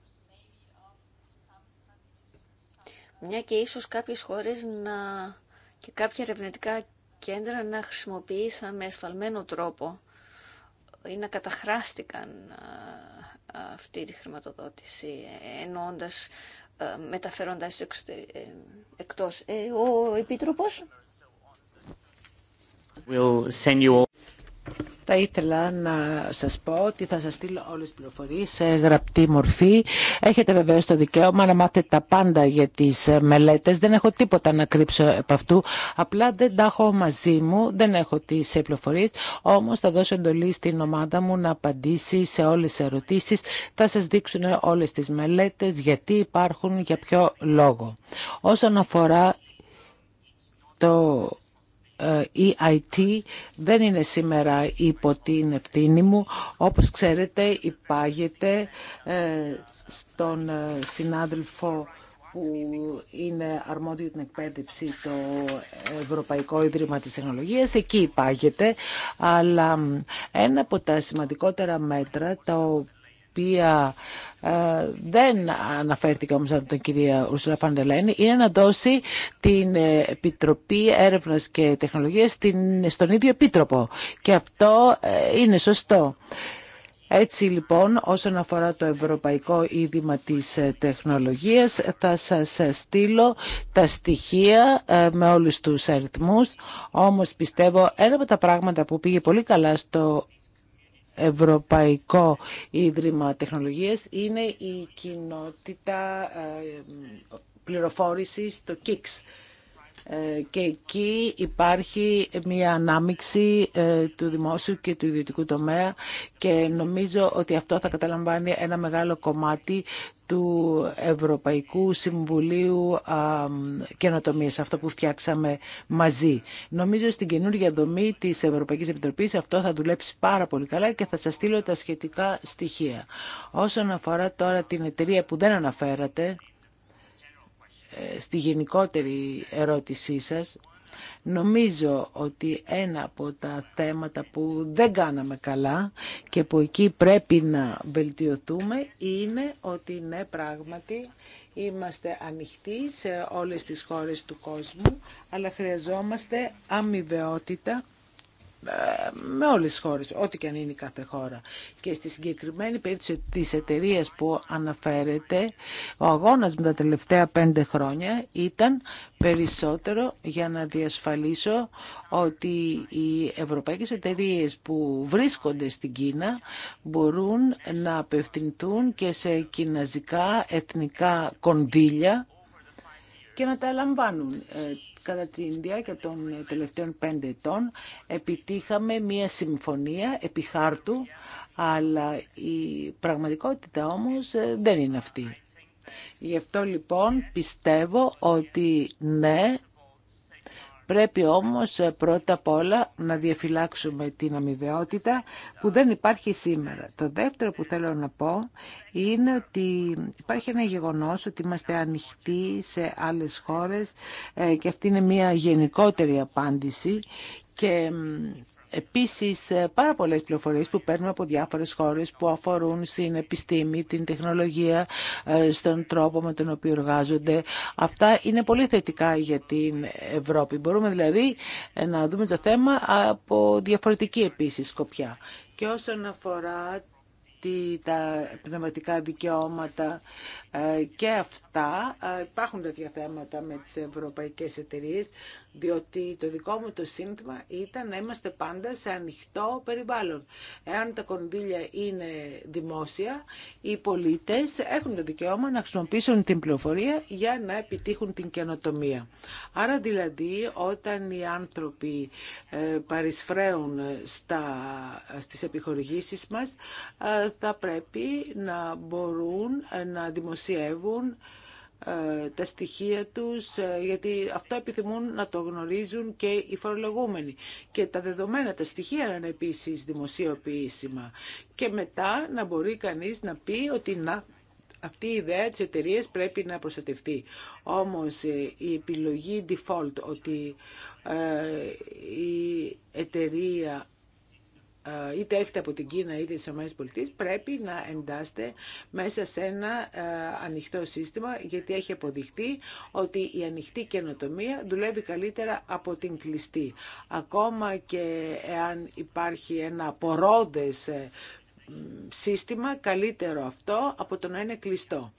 μια και ίσως κάποιες χώρες να... και κάποια ερευνητικά κέντρα να χρησιμοποιήσαν με ασφαλμένο τρόπο ή να καταχράστηκαν αυτή τη χρηματοδότηση ενώντας, μεταφέροντας ε, εκτός. Ε, ο Επίτροπος. Θα ήθελα να σας πω ότι θα σας στείλω όλες τις πληροφορίες σε γραπτή μορφή. Έχετε βεβαίως το δικαίωμα να μάθετε τα πάντα για τις μελέτες. Δεν έχω τίποτα να κρύψω από αυτού. Απλά δεν τα έχω μαζί μου, δεν έχω τις πληροφορίες. Όμως θα δώσω εντολή στην ομάδα μου να απαντήσει σε όλες τις ερωτήσεις. Θα σας δείξουν όλες τις μελέτες, γιατί υπάρχουν, για ποιο λόγο. Όσον αφορά το ε, η δεν είναι σήμερα υπό την ευθύνη μου. Όπως ξέρετε υπάγεται ε, στον ε, συνάδελφο που είναι αρμόδιο την εκπαίδευση το Ευρωπαϊκό Ίδρυμα της Τεχνολογίας. Εκεί υπάγεται, αλλά ένα από τα σημαντικότερα μέτρα το οποία ε, δεν αναφέρθηκε όμως από τον κυρία Ουρσουλα Φαντελένη είναι να δώσει την ε, Επιτροπή Έρευνας και Τεχνολογίας στον ίδιο Επίτροπο και αυτό ε, είναι σωστό. Έτσι λοιπόν, όσον αφορά το Ευρωπαϊκό Ίδρυμα της Τεχνολογίας, θα σας στείλω τα στοιχεία με όλους τους αριθμούς. Όμως πιστεύω ένα από τα πράγματα που πήγε πολύ καλά στο Ευρωπαϊκό Ίδρυμα Τεχνολογίας είναι η κοινότητα ε, πληροφόρησης, το KICS ε, και εκεί υπάρχει μια ανάμιξη ε, του δημόσιου και του ιδιωτικού τομέα και νομίζω ότι αυτό θα καταλαμβάνει ένα μεγάλο κομμάτι του Ευρωπαϊκού Συμβουλίου Καινοτομίας, αυτό που φτιάξαμε μαζί. Νομίζω στην καινούργια δομή της Ευρωπαϊκής Επιτροπής αυτό θα δουλέψει πάρα πολύ καλά και θα σας στείλω τα σχετικά στοιχεία. Όσον αφορά τώρα την εταιρεία που δεν αναφέρατε, στη γενικότερη ερώτησή σας, Νομίζω ότι ένα από τα θέματα που δεν κάναμε καλά και που εκεί πρέπει να βελτιωθούμε είναι ότι ναι πράγματι είμαστε ανοιχτοί σε όλες τις χώρες του κόσμου αλλά χρειαζόμαστε αμοιβαιότητα ε, με όλες τις χώρες, ό,τι και αν είναι κάθε χώρα. Και στη συγκεκριμένη περίπτωση της εταιρεία που αναφέρεται, ο αγώνας με τα τελευταία πέντε χρόνια ήταν περισσότερο για να διασφαλίσω ότι οι ευρωπαϊκές εταιρείε που βρίσκονται στην Κίνα μπορούν να απευθυνθούν και σε κιναζικά εθνικά κονδύλια και να τα λαμβάνουν. Ε, κατά τη διάρκεια των τελευταίων πέντε ετών επιτύχαμε μία συμφωνία επί χάρτου, αλλά η πραγματικότητα όμως ε, δεν είναι αυτή. Γι' αυτό λοιπόν πιστεύω ότι ναι, Πρέπει όμως ε, πρώτα απ' όλα να διαφυλάξουμε την αμοιβαιότητα που δεν υπάρχει σήμερα. Το δεύτερο που θέλω να πω είναι ότι υπάρχει ένα γεγονός ότι είμαστε ανοιχτοί σε άλλες χώρες ε, και αυτή είναι μια γενικότερη απάντηση και Επίσης, ε, πάρα πολλές πληροφορίες που παίρνουμε από διάφορες χώρες που αφορούν στην επιστήμη, την τεχνολογία, ε, στον τρόπο με τον οποίο εργάζονται. Αυτά είναι πολύ θετικά για την Ευρώπη. Μπορούμε δηλαδή ε, να δούμε το θέμα από διαφορετική επίσης σκοπιά. Και όσον αφορά τα πνευματικά δικαιώματα ε, και αυτά ε, υπάρχουν τέτοια θέματα με τις ευρωπαϊκές εταιρείες, διότι το δικό μου το σύνθημα ήταν να είμαστε πάντα σε ανοιχτό περιβάλλον. Εάν τα κονδύλια είναι δημόσια, οι πολίτες έχουν το δικαίωμα να χρησιμοποιήσουν την πληροφορία για να επιτύχουν την καινοτομία. Άρα δηλαδή όταν οι άνθρωποι ε, παρισφρέουν στα, στις επιχορηγήσεις μας, θα πρέπει να μπορούν να δημοσιεύουν δημοσιεύουν ε, τα στοιχεία τους, ε, γιατί αυτό επιθυμούν να το γνωρίζουν και οι φορολογούμενοι. Και τα δεδομένα, τα στοιχεία να είναι επίσης δημοσιοποιήσιμα. Και μετά να μπορεί κανείς να πει ότι να, αυτή η ιδέα της εταιρεία πρέπει να προστατευτεί. Όμως ε, η επιλογή default ότι η εταιρεία ε, είτε έρχεται από την Κίνα είτε τις ΗΠΑ, πρέπει να εντάσσεται μέσα σε ένα ε, ανοιχτό σύστημα, γιατί έχει αποδειχτεί ότι η ανοιχτή καινοτομία δουλεύει καλύτερα από την κλειστή. Ακόμα και εάν υπάρχει ένα πορώδες σύστημα καλύτερο αυτό από το να είναι κλειστό.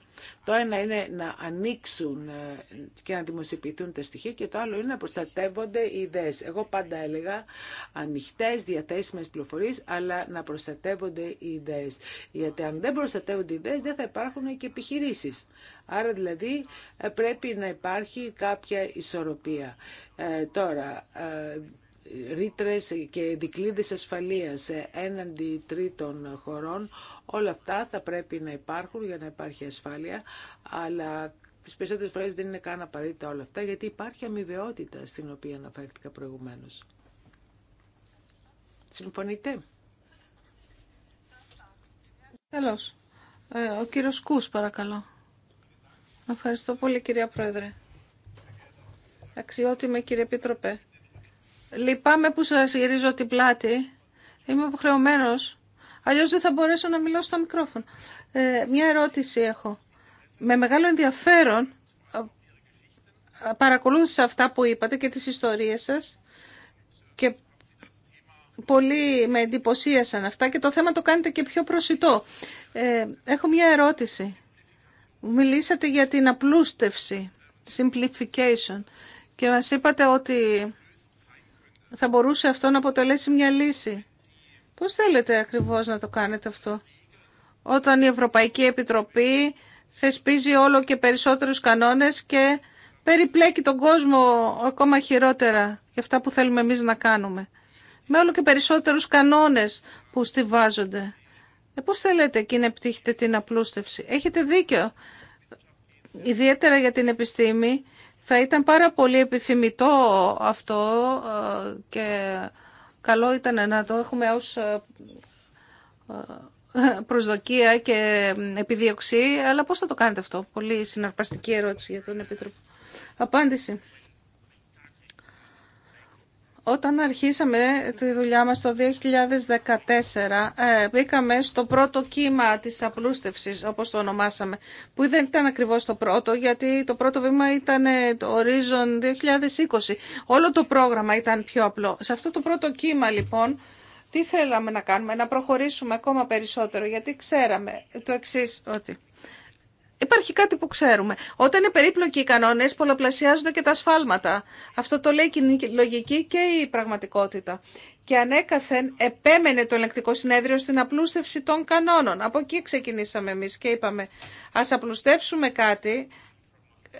Το ένα είναι να ανοίξουν ε, και να δημοσιοποιηθούν τα στοιχεία και το άλλο είναι να προστατεύονται οι ιδέες. Εγώ πάντα έλεγα ανοιχτές, διαθέσιμες πληροφορίες, αλλά να προστατεύονται οι ιδέες. Γιατί αν δεν προστατεύονται οι ιδέες δεν θα υπάρχουν και επιχειρήσεις. Άρα δηλαδή ε, πρέπει να υπάρχει κάποια ισορροπία. Ε, τώρα, ε, ρήτρε και δικλείδες ασφαλείας έναντι τρίτων χωρών. Όλα αυτά θα πρέπει να υπάρχουν για να υπάρχει ασφάλεια, αλλά τις περισσότερες φορές δεν είναι καν απαραίτητα όλα αυτά, γιατί υπάρχει αμοιβαιότητα στην οποία αναφέρθηκα προηγουμένως. Συμφωνείτε? Καλώς. Ε, ο κύριος Κούς, παρακαλώ. Ευχαριστώ πολύ, κυρία Πρόεδρε. Αξιότιμε, κύριε Επίτροπε. Λυπάμαι που σας γυρίζω την πλάτη. Είμαι υποχρεωμένος. Αλλιώς δεν θα μπορέσω να μιλώ στο μικρόφωνο. Ε, μια ερώτηση έχω. Με μεγάλο ενδιαφέρον παρακολούθησα αυτά που είπατε και τις ιστορίες σας και πολύ με εντυπωσίασαν αυτά και το θέμα το κάνετε και πιο προσιτό. Ε, έχω μια ερώτηση. Μιλήσατε για την απλούστευση, simplification και μας είπατε ότι θα μπορούσε αυτό να αποτελέσει μια λύση. Πώς θέλετε ακριβώς να το κάνετε αυτό. Όταν η Ευρωπαϊκή Επιτροπή θεσπίζει όλο και περισσότερους κανόνες και περιπλέκει τον κόσμο ακόμα χειρότερα για αυτά που θέλουμε εμείς να κάνουμε. Με όλο και περισσότερους κανόνες που στηβάζονται. Ε, πώς θέλετε εκεί να επιτύχετε την απλούστευση. Έχετε δίκιο. Ιδιαίτερα για την επιστήμη θα ήταν πάρα πολύ επιθυμητό αυτό ε, και καλό ήταν να το έχουμε ως ε, ε, προσδοκία και επιδίωξη, αλλά πώς θα το κάνετε αυτό. Πολύ συναρπαστική ερώτηση για τον Επίτροπο. Απάντηση. Όταν αρχίσαμε τη δουλειά μας το 2014, ε, μπήκαμε στο πρώτο κύμα της απλούστευσης, όπως το ονομάσαμε, που δεν ήταν ακριβώς το πρώτο, γιατί το πρώτο βήμα ήταν ε, το Horizon 2020. Όλο το πρόγραμμα ήταν πιο απλό. Σε αυτό το πρώτο κύμα, λοιπόν, τι θέλαμε να κάνουμε, να προχωρήσουμε ακόμα περισσότερο, γιατί ξέραμε το εξής, ότι... Υπάρχει κάτι που ξέρουμε. Όταν είναι περίπλοκοι οι κανόνες, πολλαπλασιάζονται και τα σφάλματα. Αυτό το λέει και η λογική και η πραγματικότητα. Και ανέκαθεν επέμενε το ελεκτικό συνέδριο στην απλούστευση των κανόνων. Από εκεί ξεκινήσαμε εμείς και είπαμε ας απλουστεύσουμε κάτι ε,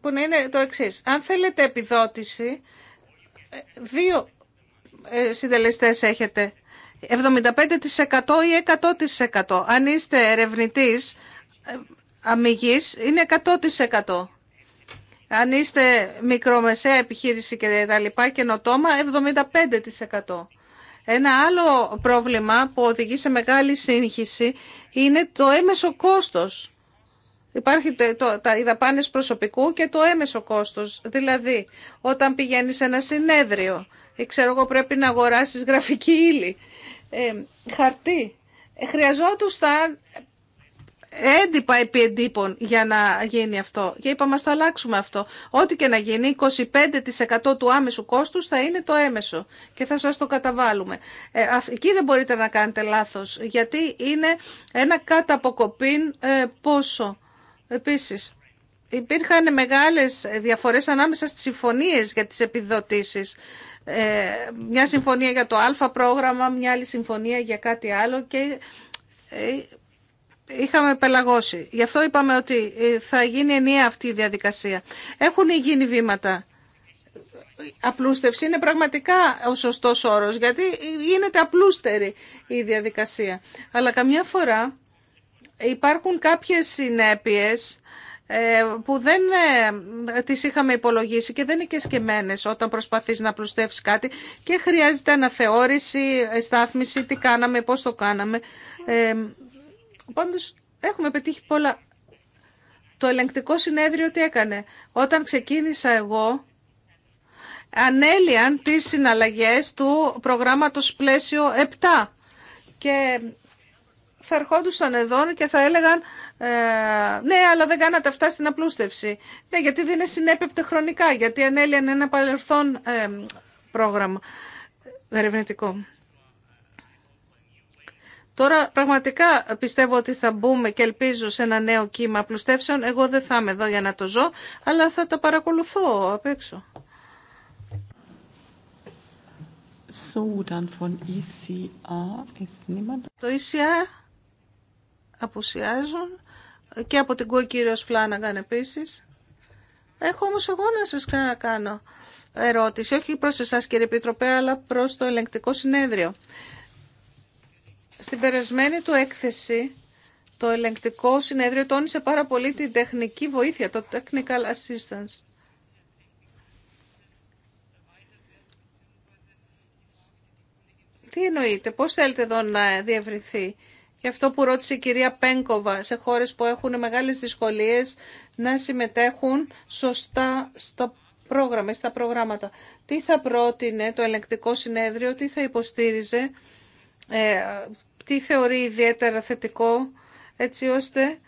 που να είναι το εξή. Αν θέλετε επιδότηση, ε, δύο ε, συντελεστέ έχετε. 75% ή 100%. Αν είστε ερευνητής, αμυγής είναι 100%. Αν είστε μικρομεσαία επιχείρηση και τα λοιπά καινοτόμα, 75%. Ένα άλλο πρόβλημα που οδηγεί σε μεγάλη σύγχυση είναι το έμεσο κόστος. Υπάρχει το, τα, οι δαπάνες προσωπικού και το έμεσο κόστος. Δηλαδή, όταν πηγαίνεις σε ένα συνέδριο, ξέρω εγώ πρέπει να αγοράσεις γραφική ύλη, ε, χαρτί. Ε, Χρειαζόντουσαν έντυπα επί εντύπων για να γίνει αυτό. Και είπαμε ας το αλλάξουμε αυτό. Ό,τι και να γίνει, 25% του άμεσου κόστους θα είναι το έμεσο και θα σας το καταβάλουμε. Ε, εκεί δεν μπορείτε να κάνετε λάθος, γιατί είναι ένα κατά αποκοπήν ε, πόσο. Επίσης, υπήρχαν μεγάλες διαφορές ανάμεσα στις συμφωνίες για τις επιδοτήσεις. Ε, μια συμφωνία για το α πρόγραμμα, μια άλλη συμφωνία για κάτι άλλο και ε, είχαμε πελαγώσει. Γι' αυτό είπαμε ότι ε, θα γίνει ενιαία αυτή η διαδικασία. Έχουν γίνει βήματα. Απλούστευση είναι πραγματικά ο σωστός όρος, γιατί γίνεται απλούστερη η διαδικασία. Αλλά καμιά φορά υπάρχουν κάποιες συνέπειες ε, που δεν ε, τις είχαμε υπολογίσει και δεν είναι και σκεμμένες όταν προσπαθείς να απλουστεύσεις κάτι και χρειάζεται αναθεώρηση, στάθμιση, τι κάναμε, πώς το κάναμε. Πάντω έχουμε πετύχει πολλά. Το ελεγκτικό συνέδριο τι έκανε. Όταν ξεκίνησα εγώ, ανέλυαν τις συναλλαγές του προγράμματος πλαίσιο 7 και θα ερχόντουσαν εδώ και θα έλεγαν ε, ναι, αλλά δεν κάνατε αυτά στην απλούστευση. Ναι, γιατί δεν είναι συνέπεπτε χρονικά, γιατί ανέλυαν ένα παρελθόν ε, πρόγραμμα ερευνητικό. Τώρα πραγματικά πιστεύω ότι θα μπούμε και ελπίζω σε ένα νέο κύμα πλουστεύσεων. Εγώ δεν θα είμαι εδώ για να το ζω, αλλά θα τα παρακολουθώ απ' έξω. von ECR ist niemand. Το ECR απουσιάζουν και από την ΚΟΕ κύριος Φλάναγκαν επίσης. Έχω όμως εγώ να σας κάνω ερώτηση, όχι προς εσάς κύριε Επιτροπέ, αλλά προς το ελεγκτικό συνέδριο. Στην περασμένη του έκθεση, το ελεγκτικό συνέδριο τόνισε πάρα πολύ την τεχνική βοήθεια, το technical assistance. Τι εννοείτε, πώς θέλετε εδώ να διευρυθεί. Γι' αυτό που ρώτησε η κυρία Πένκοβα, σε χώρες που έχουν μεγάλες δυσκολίες να συμμετέχουν σωστά στο πρόγραμμα, στα προγράμματα. Τι θα πρότεινε το ελεγκτικό συνέδριο, τι θα υποστήριζε ε, τι θεωρεί ιδιαίτερα θετικό έτσι ώστε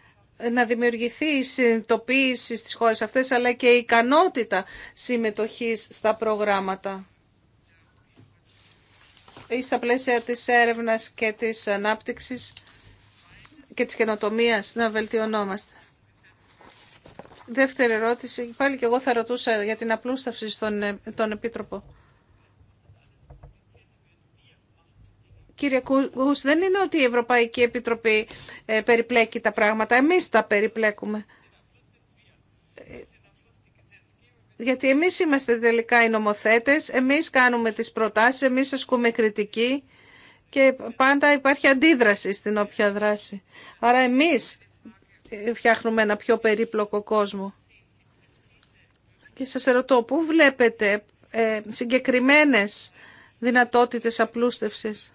να δημιουργηθεί η συνειδητοποίηση στις χώρες αυτές αλλά και η ικανότητα συμμετοχής στα προγράμματα ή στα πλαίσια της έρευνας και της ανάπτυξης και της καινοτομίας να βελτιωνόμαστε. Δεύτερη ερώτηση, πάλι και εγώ θα ρωτούσα για την απλούσταυση στον, ε, τον Επίτροπο. Κύριε Κούς, δεν είναι ότι η Ευρωπαϊκή Επιτροπή ε, περιπλέκει τα πράγματα. Εμείς τα περιπλέκουμε. Γιατί εμείς είμαστε τελικά οι νομοθέτες, εμείς κάνουμε τις προτάσεις, εμείς ασκούμε κριτική και πάντα υπάρχει αντίδραση στην όποια δράση. Άρα εμείς ε, φτιάχνουμε ένα πιο περίπλοκο κόσμο. Και σας ερωτώ, πού βλέπετε ε, συγκεκριμένες δυνατότητες απλούστευσης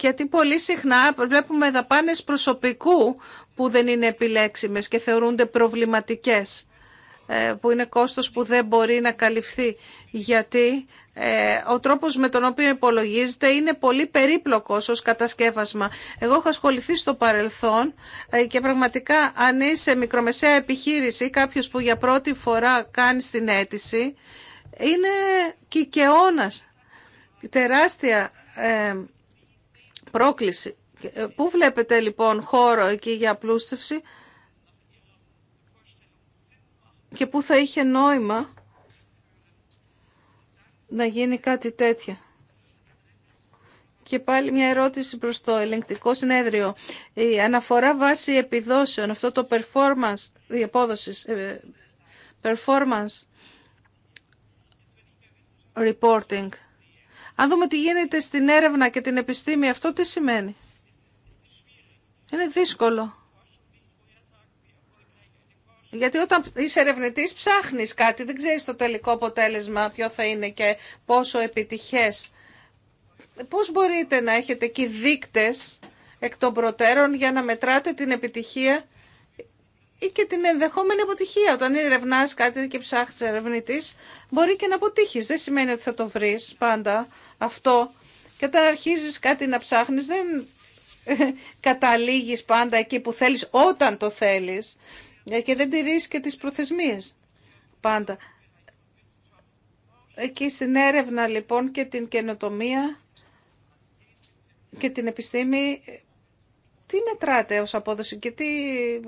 γιατί πολύ συχνά βλέπουμε δαπάνες προσωπικού που δεν είναι επιλέξιμες και θεωρούνται προβληματικές, ε, που είναι κόστος που δεν μπορεί να καλυφθεί, γιατί ε, ο τρόπος με τον οποίο υπολογίζεται είναι πολύ περίπλοκος ως κατασκεύασμα. Εγώ έχω ασχοληθεί στο παρελθόν ε, και πραγματικά αν είσαι μικρομεσαία επιχείρηση ή κάποιος που για πρώτη φορά κάνει την αίτηση, είναι κικαιώνας, τεράστια πρόκληση. Ε, πού βλέπετε λοιπόν χώρο εκεί για απλούστευση και πού θα είχε νόημα να γίνει κάτι τέτοιο. Και πάλι μια ερώτηση προς το ελεγκτικό συνέδριο. Η αναφορά βάση επιδόσεων, αυτό το performance, η ε, performance reporting. Αν δούμε τι γίνεται στην έρευνα και την επιστήμη, αυτό τι σημαίνει. Είναι δύσκολο. Γιατί όταν είσαι ερευνητή, ψάχνει κάτι, δεν ξέρει το τελικό αποτέλεσμα, ποιο θα είναι και πόσο επιτυχέ. Πώ μπορείτε να έχετε εκεί δείκτε εκ των προτέρων για να μετράτε την επιτυχία ή και την ενδεχόμενη αποτυχία. Όταν ερευνά κάτι και ψάχνει ερευνητή, μπορεί και να αποτύχει. Δεν σημαίνει ότι θα το βρει πάντα αυτό. Και όταν αρχίζει κάτι να ψάχνει, δεν καταλήγει πάντα εκεί που θέλει, όταν το θέλει. Ε, και δεν τηρείς και τις προθεσμίες πάντα. Εκεί στην έρευνα λοιπόν και την καινοτομία και την επιστήμη τι μετράτε ως απόδοση και τι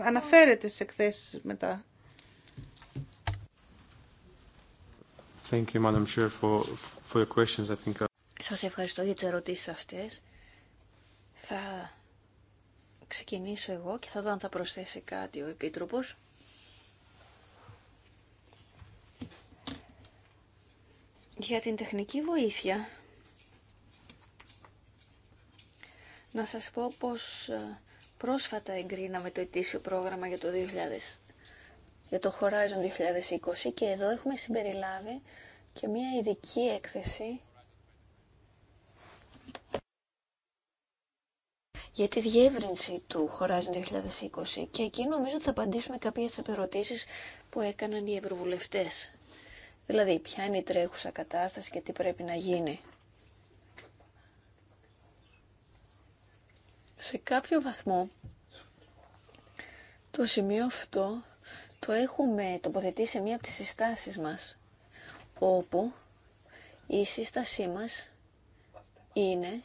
αναφέρετε στις εκθέσεις μετά. Thank you, for, for your questions. I think... Uh, Σας ευχαριστώ για τις ερωτήσεις αυτές. Θα ξεκινήσω εγώ και θα δω αν θα προσθέσει κάτι ο Επίτροπος. Για την τεχνική βοήθεια Να σας πω πως ε, πρόσφατα εγκρίναμε το ετήσιο πρόγραμμα για το 2000 για το Horizon 2020 και εδώ έχουμε συμπεριλάβει και μια ειδική έκθεση για τη διεύρυνση του Horizon 2020 και εκεί νομίζω ότι θα απαντήσουμε κάποιες ερωτήσει που έκαναν οι ευρωβουλευτές. Δηλαδή, ποια είναι η τρέχουσα κατάσταση και τι πρέπει να γίνει. σε κάποιο βαθμό το σημείο αυτό το έχουμε τοποθετήσει σε μία από τις συστάσεις μας, όπου η σύστασή μας είναι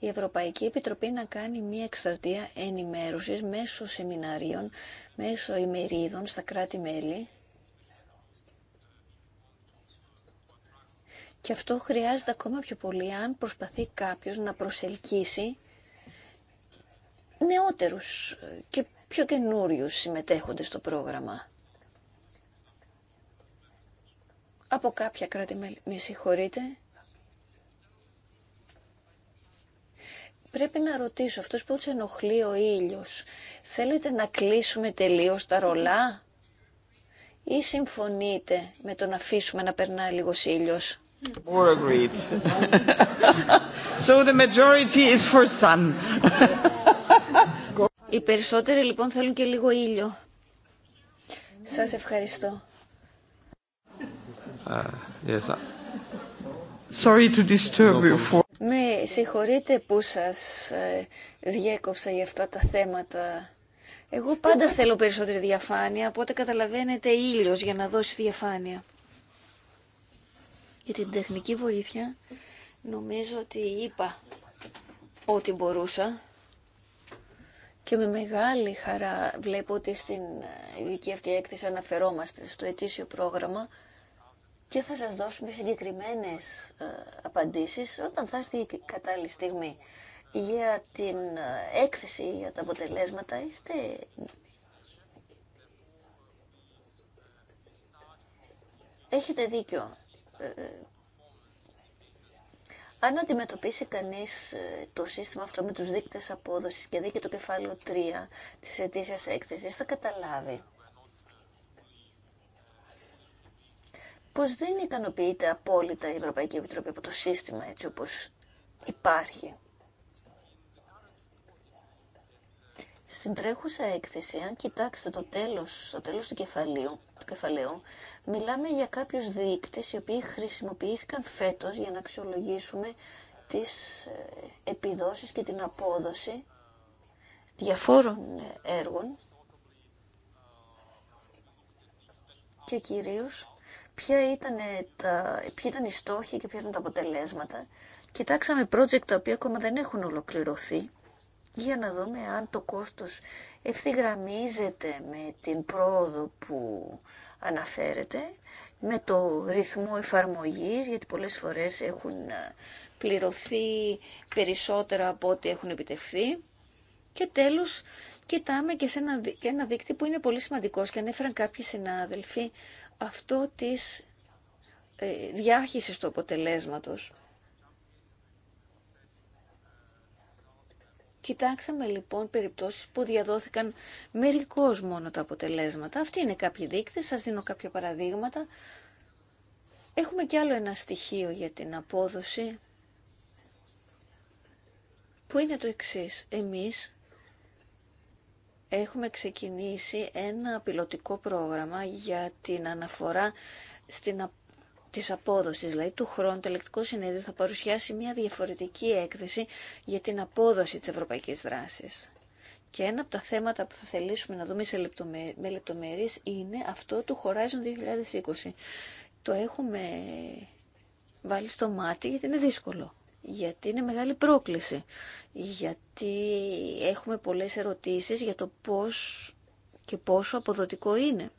η Ευρωπαϊκή Επιτροπή να κάνει μία εκστρατεία ενημέρωσης μέσω σεμιναρίων, μέσω ημερίδων στα κράτη-μέλη, Και αυτό χρειάζεται ακόμα πιο πολύ αν προσπαθεί κάποιος να προσελκύσει νεότερους και πιο καινούριους συμμετέχοντες στο πρόγραμμα. Από κάποια κράτη, με συγχωρείτε, πρέπει να ρωτήσω Αυτός που τους ενοχλεί ο ήλιος. Θέλετε να κλείσουμε τελείως τα ρολά ή συμφωνείτε με το να αφήσουμε να περνάει λίγο ήλιος. so the majority is for sun. Οι περισσότεροι λοιπόν θέλουν και λίγο ήλιο. Σας ευχαριστώ. Ah, ah. Με συγχωρείτε που σας ε, διέκοψα για αυτά τα θέματα. Εγώ πάντα θέλω περισσότερη διαφάνεια, οπότε καταλαβαίνετε ήλιο για να δώσει διαφάνεια. Για την τεχνική βοήθεια νομίζω ότι είπα ό,τι μπορούσα και με μεγάλη χαρά βλέπω ότι στην ε, ειδική αυτή έκθεση αναφερόμαστε στο ετήσιο πρόγραμμα και θα σας δώσουμε συγκεκριμένες ε, απαντήσεις όταν θα έρθει η κατάλληλη στιγμή. Για την ε, έκθεση, για τα αποτελέσματα, είστε Έχετε δίκιο. Αν αντιμετωπίσει κανείς ε, το σύστημα αυτό με τους δείκτες απόδοσης και δει και το κεφάλαιο 3 της ετήσιας έκθεσης, θα καταλάβει πως δεν ικανοποιείται απόλυτα η Ευρωπαϊκή Επιτροπή από το σύστημα έτσι όπως υπάρχει. Στην τρέχουσα έκθεση, αν κοιτάξετε το τέλος, το τέλος του κεφαλαίου, του μιλάμε για κάποιους δείκτες οι οποίοι χρησιμοποιήθηκαν φέτος για να αξιολογήσουμε τις ε, επιδόσεις και την απόδοση διαφόρων ε, έργων και κυρίως ποια ήταν ε, τα, ποιοι ήταν οι στόχοι και ποια ήταν τα αποτελέσματα. Κοιτάξαμε project τα οποία ακόμα δεν έχουν ολοκληρωθεί για να δούμε αν το κόστος ευθυγραμμίζεται με την πρόοδο που αναφέρεται, με το ρυθμό εφαρμογής, γιατί πολλές φορές έχουν ε, πληρωθεί περισσότερα από ό,τι έχουν επιτευχθεί. Και τέλος, κοιτάμε και σε ένα, δίκτυο που είναι πολύ σημαντικός και ανέφεραν κάποιοι συνάδελφοι αυτό της ε, διάχυσης του αποτελέσματος. Κοιτάξαμε λοιπόν περιπτώσεις που διαδόθηκαν μερικώ μόνο τα αποτελέσματα. Αυτοί είναι κάποιοι δείκτες, σα δίνω κάποια παραδείγματα. Έχουμε και άλλο ένα στοιχείο για την απόδοση που είναι το εξής. Εμείς έχουμε ξεκινήσει ένα πιλωτικό πρόγραμμα για την αναφορά στην απόδοση Τη απόδοση, δηλαδή του χρόνου, το ελεκτικό συνέδριο θα παρουσιάσει μια διαφορετική έκθεση για την απόδοση τη Ευρωπαϊκή Δράση. Και ένα από τα θέματα που θα θελήσουμε να δούμε σε με λεπτομέρειε είναι αυτό του Horizon 2020. Το έχουμε βάλει στο μάτι γιατί είναι δύσκολο, γιατί είναι μεγάλη πρόκληση, γιατί έχουμε πολλές ερωτήσεις για το πώς και πόσο αποδοτικό είναι.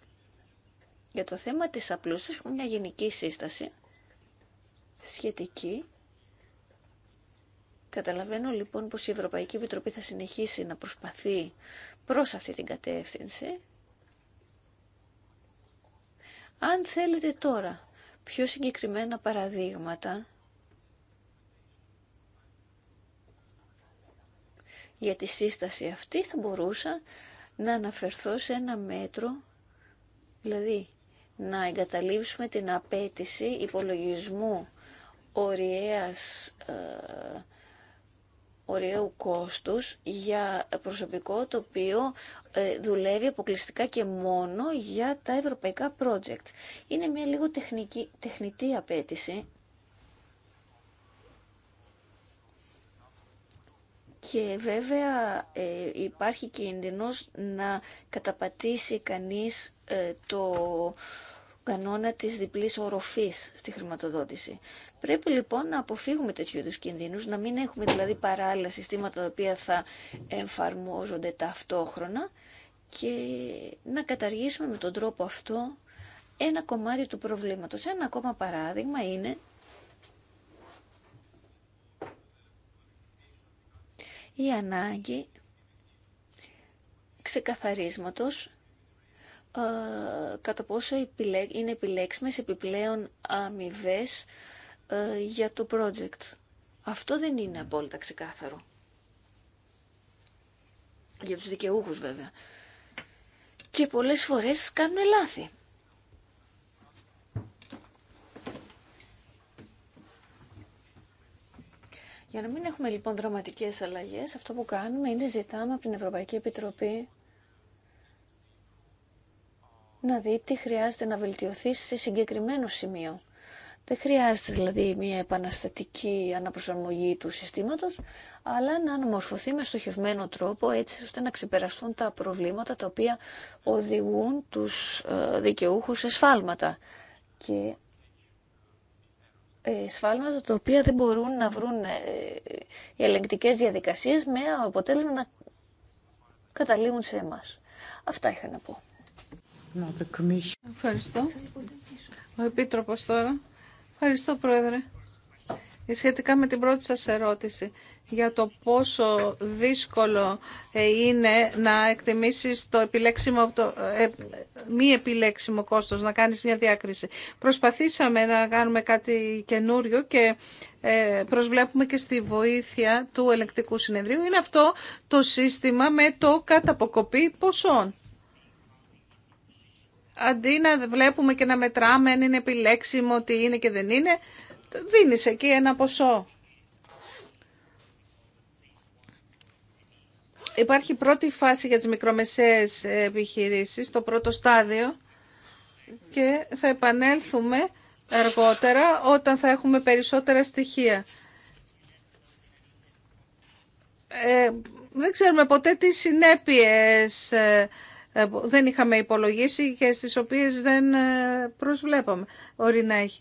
Για το θέμα της απλούστασης έχουμε μια γενική σύσταση σχετική. Καταλαβαίνω λοιπόν πως η Ευρωπαϊκή Επιτροπή θα συνεχίσει να προσπαθεί προς αυτή την κατεύθυνση. Αν θέλετε τώρα πιο συγκεκριμένα παραδείγματα για τη σύσταση αυτή θα μπορούσα να αναφερθώ σε ένα μέτρο, δηλαδή να εγκαταλείψουμε την απέτηση υπολογισμού ωριαίου ε, κόστους για προσωπικό το οποίο ε, δουλεύει αποκλειστικά και μόνο για τα ευρωπαϊκά project. Είναι μια λίγο τεχνική, τεχνητή απέτηση και βέβαια ε, υπάρχει κίνδυνος να καταπατήσει κανείς ε, το κανόνα της διπλής οροφής στη χρηματοδότηση. Πρέπει λοιπόν να αποφύγουμε τέτοιου είδους κινδύνους, να μην έχουμε δηλαδή παράλληλα συστήματα τα οποία θα εμφαρμόζονται ταυτόχρονα και να καταργήσουμε με τον τρόπο αυτό ένα κομμάτι του προβλήματος. Ένα ακόμα παράδειγμα είναι η ανάγκη ξεκαθαρίσματος ε, κατά πόσο είναι επιλέξιμες επιπλέον αμοιβέ ε, για το project. Αυτό δεν είναι απόλυτα ξεκάθαρο. Για τους δικαιούχους βέβαια. Και πολλές φορές κάνουν λάθη. Για να μην έχουμε λοιπόν δραματικές αλλαγές, αυτό που κάνουμε είναι ζητάμε από την Ευρωπαϊκή Επιτροπή να δει τι χρειάζεται να βελτιωθεί σε συγκεκριμένο σημείο. Δεν χρειάζεται δηλαδή μια επαναστατική αναπροσαρμογή του συστήματος, αλλά να αναμορφωθεί με στοχευμένο τρόπο έτσι ώστε να ξεπεραστούν τα προβλήματα τα οποία οδηγούν τους ε, δικαιούχους σε σφάλματα. Και ε, σφάλματα τα οποία δεν μπορούν να βρουν ε, οι ελεγκτικές διαδικασίες με αποτέλεσμα να καταλήγουν σε εμάς. Αυτά είχα να πω. Ευχαριστώ. Ο επίτροπο τώρα. Ευχαριστώ, Πρόεδρε. Ε, σχετικά με την πρώτη σας ερώτηση για το πόσο δύσκολο ε, είναι να εκτιμήσεις το, επιλέξιμο, το ε, μη επιλέξιμο κόστος, να κάνεις μια διάκριση. Προσπαθήσαμε να κάνουμε κάτι καινούριο και προσβλέπουμε και στη βοήθεια του ελεκτικού συνεδρίου. Είναι αυτό το σύστημα με το καταποκοπή ποσών αντί να βλέπουμε και να μετράμε αν είναι επιλέξιμο, τι είναι και δεν είναι, δίνεις εκεί ένα ποσό. Υπάρχει πρώτη φάση για τις μικρομεσαίες επιχειρήσεις, το πρώτο στάδιο και θα επανέλθουμε αργότερα όταν θα έχουμε περισσότερα στοιχεία. Ε, δεν ξέρουμε ποτέ τι συνέπειες ε, ε, δεν είχαμε υπολογίσει και στις οποίες δεν ε, προσβλέπαμε να έχει.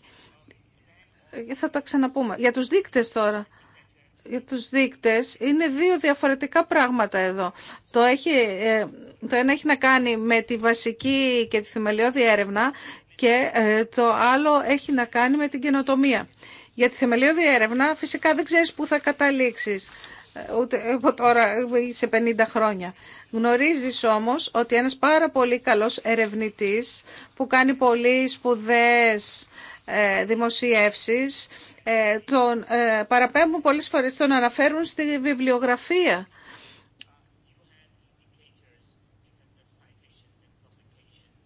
Ε, θα τα ξαναπούμε. Για τους δείκτες τώρα. Για τους δείκτες είναι δύο διαφορετικά πράγματα εδώ. Το, έχει, το ένα έχει να κάνει με τη βασική και τη θεμελιώδη έρευνα και το άλλο έχει να κάνει με την καινοτομία. Για τη θεμελιώδη έρευνα φυσικά δεν ξέρεις πού θα καταλήξεις ούτε από τώρα σε 50 χρόνια. Γνωρίζεις όμως ότι ένας πάρα πολύ καλός ερευνητής που κάνει πολύ σπουδαίες ε, δημοσιεύσεις, ε, τον ε, παραπέμπουν πολλές φορές, τον αναφέρουν στη βιβλιογραφία.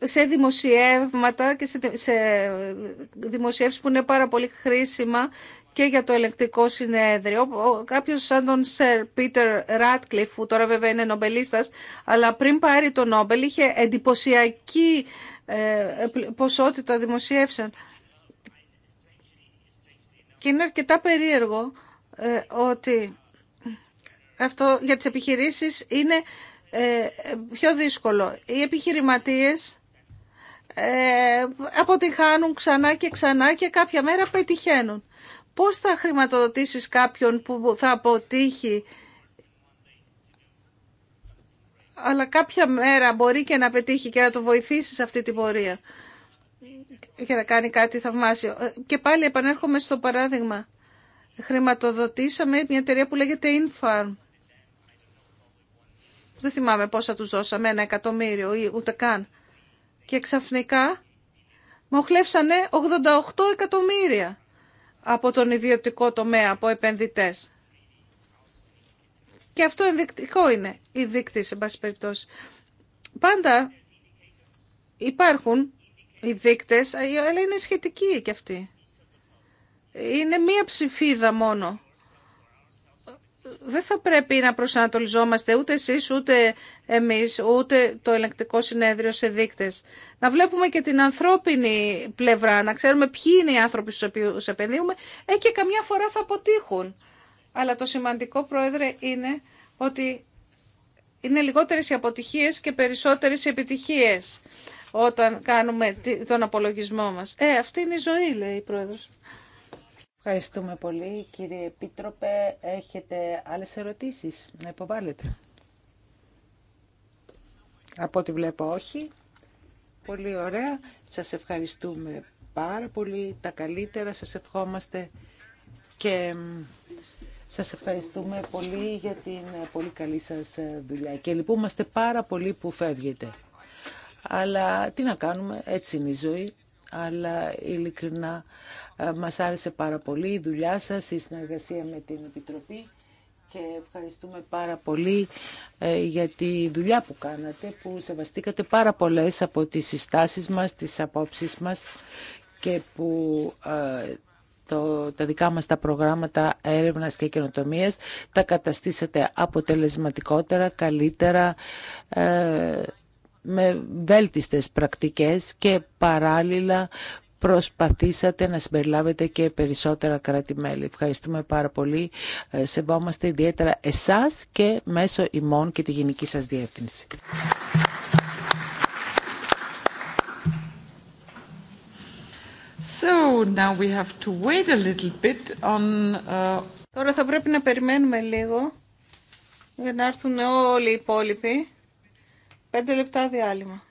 σε δημοσιεύματα και σε δημοσιεύσεις που είναι πάρα πολύ χρήσιμα και για το ελεκτικό συνέδριο. Κάποιο σαν τον Σερ Πίτερ Ράτκλιφ, που τώρα βέβαια είναι νομπελίστας, αλλά πριν πάρει τον Νόμπελ είχε εντυπωσιακή ε, ποσότητα δημοσιεύσεων. Και είναι αρκετά περίεργο ε, ότι αυτό για τις επιχειρήσεις είναι ε, πιο δύσκολο. Οι επιχειρηματίες αποτυχάνουν ξανά και ξανά και κάποια μέρα πετυχαίνουν. Πώς θα χρηματοδοτήσεις κάποιον που θα αποτύχει αλλά κάποια μέρα μπορεί και να πετύχει και να το βοηθήσει σε αυτή την πορεία για να κάνει κάτι θαυμάσιο. Ε, και πάλι επανέρχομαι στο παράδειγμα. Χρηματοδοτήσαμε μια εταιρεία που λέγεται InFarm. Δεν θυμάμαι πόσα τους δώσαμε, ένα εκατομμύριο ή ούτε καν. Και ξαφνικά μοχλεύσανε 88 εκατομμύρια από τον ιδιωτικό τομέα, από επενδυτές. Και αυτό ενδεικτικό είναι, οι δείκτες, σε πάση περιπτώσει. Πάντα υπάρχουν οι δείκτες, αλλά είναι σχετικοί και αυτοί. Είναι μία ψηφίδα μόνο δεν θα πρέπει να προσανατολιζόμαστε ούτε εσείς, ούτε εμείς, ούτε το ελεγκτικό συνέδριο σε δείκτες. Να βλέπουμε και την ανθρώπινη πλευρά, να ξέρουμε ποιοι είναι οι άνθρωποι στους οποίους επενδύουμε ε, και καμιά φορά θα αποτύχουν. Αλλά το σημαντικό, Πρόεδρε, είναι ότι είναι λιγότερες οι αποτυχίες και περισσότερες οι επιτυχίες όταν κάνουμε τον απολογισμό μας. Ε, αυτή είναι η ζωή, λέει η Πρόεδρος. Ευχαριστούμε πολύ. Κύριε Επίτροπε, έχετε άλλες ερωτήσεις να υποβάλλετε. Από ό,τι βλέπω όχι. Πολύ ωραία. Σας ευχαριστούμε πάρα πολύ. Τα καλύτερα σας ευχόμαστε και σας ευχαριστούμε πολύ για την ε, πολύ καλή σας ε, δουλειά και λυπούμαστε πάρα πολύ που φεύγετε. Αλλά τι να κάνουμε, έτσι είναι η ζωή αλλά ειλικρινά ε, μας άρεσε πάρα πολύ η δουλειά σας, η συνεργασία με την Επιτροπή και ευχαριστούμε πάρα πολύ ε, για τη δουλειά που κάνατε, που σεβαστήκατε πάρα πολλές από τις συστάσεις μας, τις απόψεις μας και που ε, το, τα δικά μας τα προγράμματα έρευνας και καινοτομίας τα καταστήσατε αποτελεσματικότερα, καλύτερα, με βέλτιστες πρακτικές και παράλληλα προσπαθήσατε να συμπεριλάβετε και περισσότερα κράτη-μέλη. Ευχαριστούμε πάρα πολύ. Ε, σεβόμαστε ιδιαίτερα εσάς και μέσω ημών και τη γενική σας διεύθυνση. So, now we have to wait a little bit on, uh, Τώρα θα πρέπει να περιμένουμε λίγο για να έρθουν όλοι οι υπόλοιποι. 5 λεπτά διάλειμμα.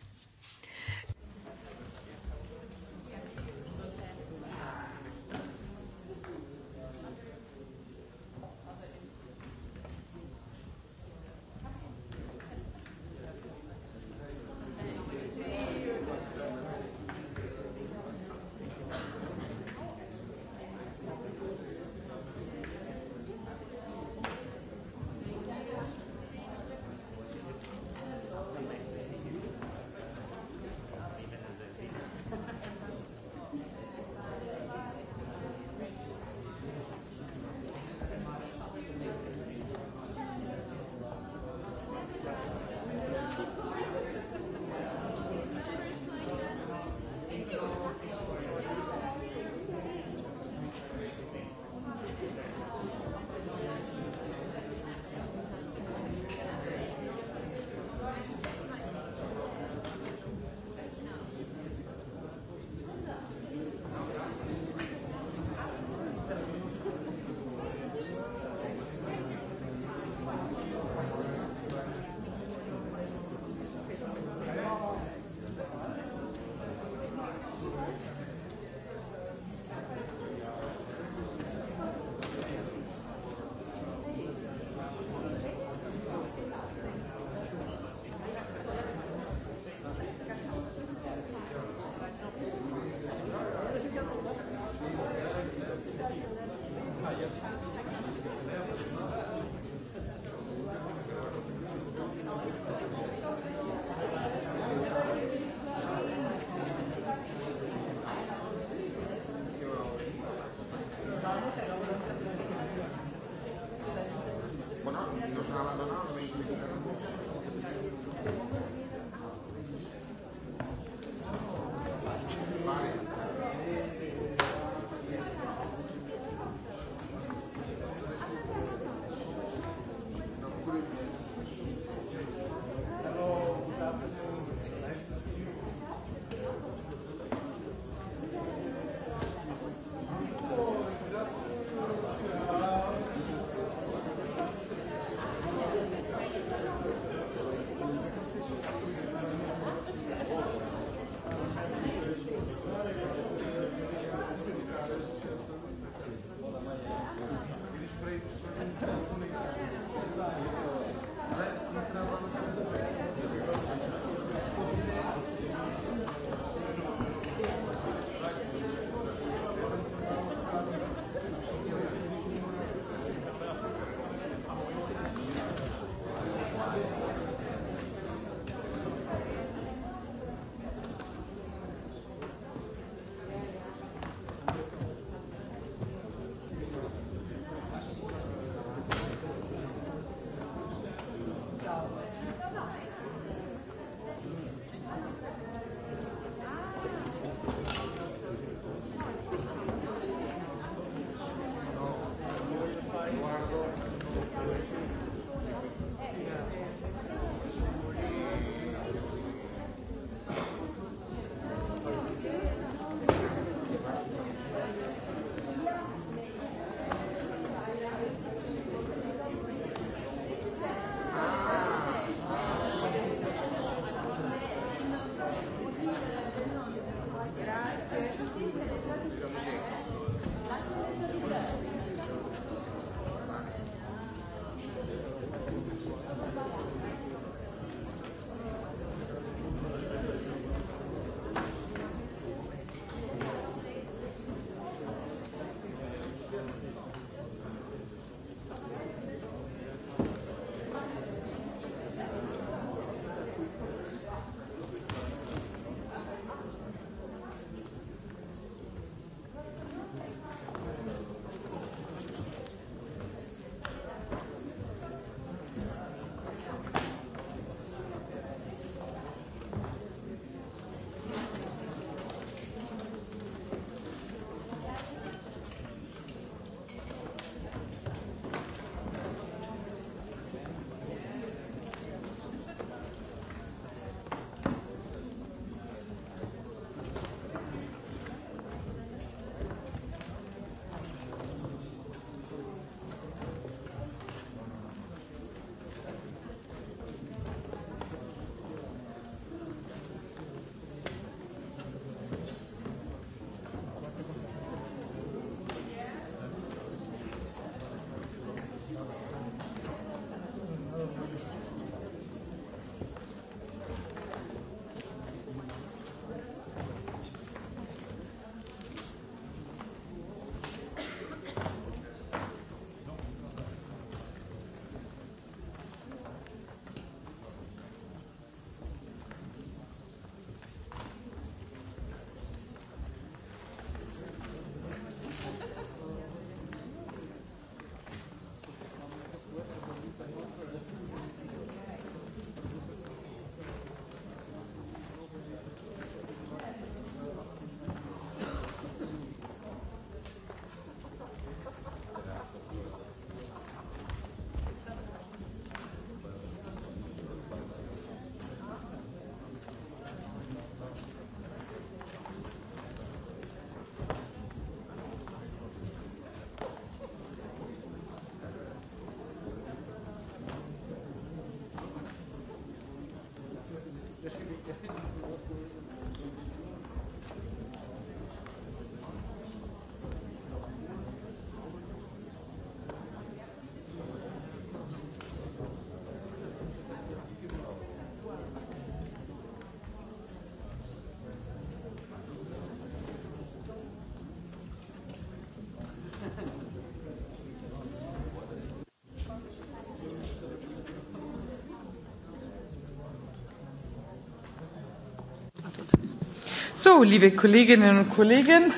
So, liebe Kolleginnen und Kollegen,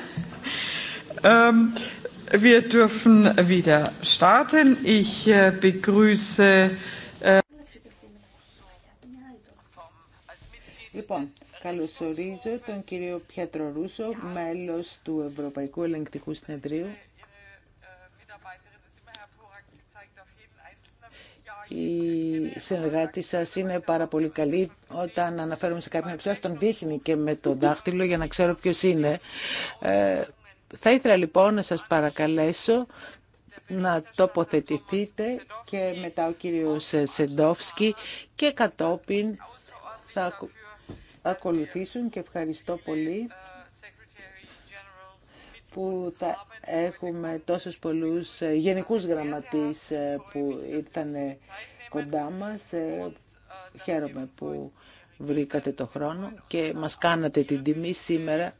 ähm, wir dürfen wieder starten. Ich äh, begrüße. Äh, λοιπόν, καλωσορίζω τον κύριο Πιατρορούσο, μέλος του Ευρωπαϊκού Ελεγκτικού Συνεδρίου η συνεργάτη σα είναι πάρα πολύ καλή όταν αναφέρομαι σε κάποιον από τον δείχνει και με το δάχτυλο για να ξέρω ποιο είναι. Ε, θα ήθελα λοιπόν να σας παρακαλέσω να τοποθετηθείτε και μετά ο κύριο Σεντόφσκι και κατόπιν θα ακολουθήσουν και ευχαριστώ πολύ που τα έχουμε τόσους πολλούς ε, γενικούς γραμματείς ε, που ήρθαν κοντά μας. Ε, χαίρομαι που βρήκατε το χρόνο και μας κάνατε την τιμή σήμερα.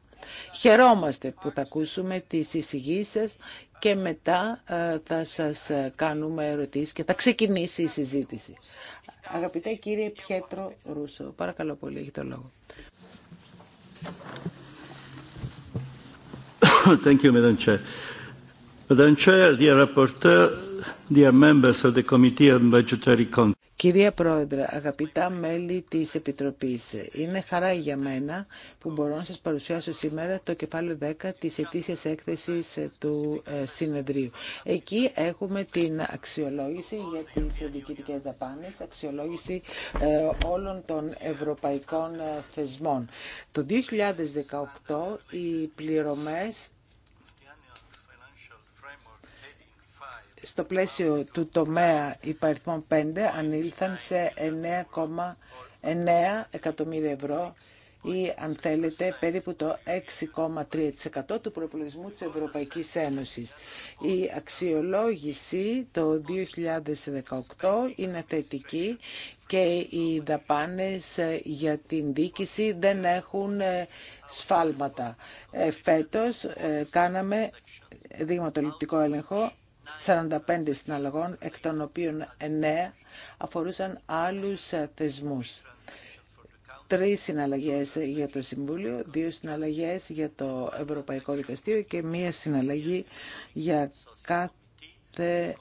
Χαιρόμαστε που θα ακούσουμε τις σα και μετά θα σας κάνουμε ερωτήσεις και θα ξεκινήσει η συζήτηση. Αγαπητέ κύριε Πιέτρο Ρούσο, παρακαλώ πολύ, έχει το λόγο. Thank you, Madam Chair. Madam Chair, dear Rapporteur, Κυρία Πρόεδρε, αγαπητά μέλη της Επιτροπής, είναι χαρά για μένα που μπορώ να σας παρουσιάσω σήμερα το κεφάλαιο 10 της ετήσιας έκθεσης του ε, συνεδρίου. Εκεί έχουμε την αξιολόγηση για τις διοικητικές δαπάνες, αξιολόγηση ε, όλων των ευρωπαϊκών ε, θεσμών. Το 2018 οι πληρωμές στο πλαίσιο του τομέα υπαριθμών 5 ανήλθαν σε 9,9 εκατομμύρια ευρώ ή αν θέλετε περίπου το 6,3% του προπολογισμού της Ευρωπαϊκής Ένωσης. Η αξιολόγηση το 2018 είναι θετική και οι δαπάνες για την δίκηση δεν έχουν ε, σφάλματα. Ε, φέτος ε, κάναμε δειγματοληπτικό έλεγχο 45 συναλλαγών, εκ των οποίων 9 αφορούσαν άλλους θεσμούς. Τρεις συναλλαγές για το Συμβούλιο, δύο συναλλαγές για το Ευρωπαϊκό Δικαστήριο και μία συναλλαγή για κάθε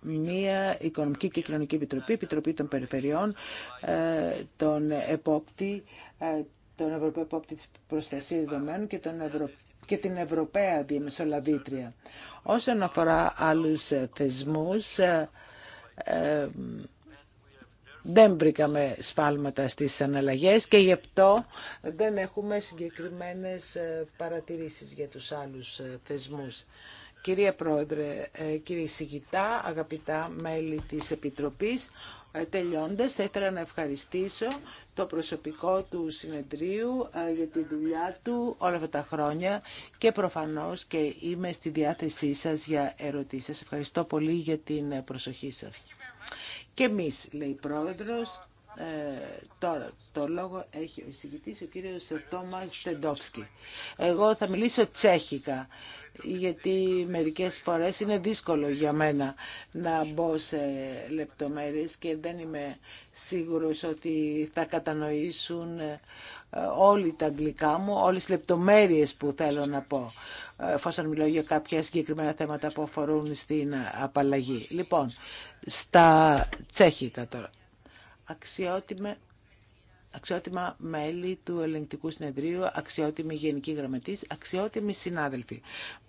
μία Οικονομική και Κοινωνική Επιτροπή, Επιτροπή των Περιφερειών, ε, τον επόπτη, ε, τον Ευρωπαϊκό Επόπτη της Προστασίας Δεδομένων και τον Ευρωπαϊκό και την Ευρωπαία διαμεσολαβήτρια. Όσον αφορά άλλους θεσμούς, ε, ε, δεν βρήκαμε σφάλματα στις αναλλαγές και γι' αυτό δεν έχουμε συγκεκριμένες ε, παρατηρήσεις για τους άλλους θεσμούς. Κυρία Πρόεδρε, ε, κύριε Συγητά, αγαπητά μέλη της Επιτροπής, ε, τελειώντας θα ήθελα να ευχαριστήσω το προσωπικό του συνεδρίου ε, για τη δουλειά του όλα αυτά τα χρόνια και προφανώς και είμαι στη διάθεσή σας για ερωτήσεις. ευχαριστώ πολύ για την προσοχή σας. Και εμείς, λέει η Πρόεδρος, ε, τώρα, το λόγο έχει ο εισηγητής, ο κύριος Τόμας Τεντόφσκι Εγώ θα μιλήσω τσέχικα, γιατί μερικές φορές είναι δύσκολο για μένα να μπω σε λεπτομέρειες και δεν είμαι σίγουρος ότι θα κατανοήσουν ε, όλοι τα αγγλικά μου, όλες τις λεπτομέρειες που θέλω να πω, ε, εφόσον μιλώ για κάποια συγκεκριμένα θέματα που αφορούν στην απαλλαγή. Λοιπόν, στα τσέχικα τώρα αξιότιμε αξιότιμα μέλη του ελεγκτικού συνεδρίου, αξιότιμη γενική γραμματής, αξιότιμοι συνάδελφοι.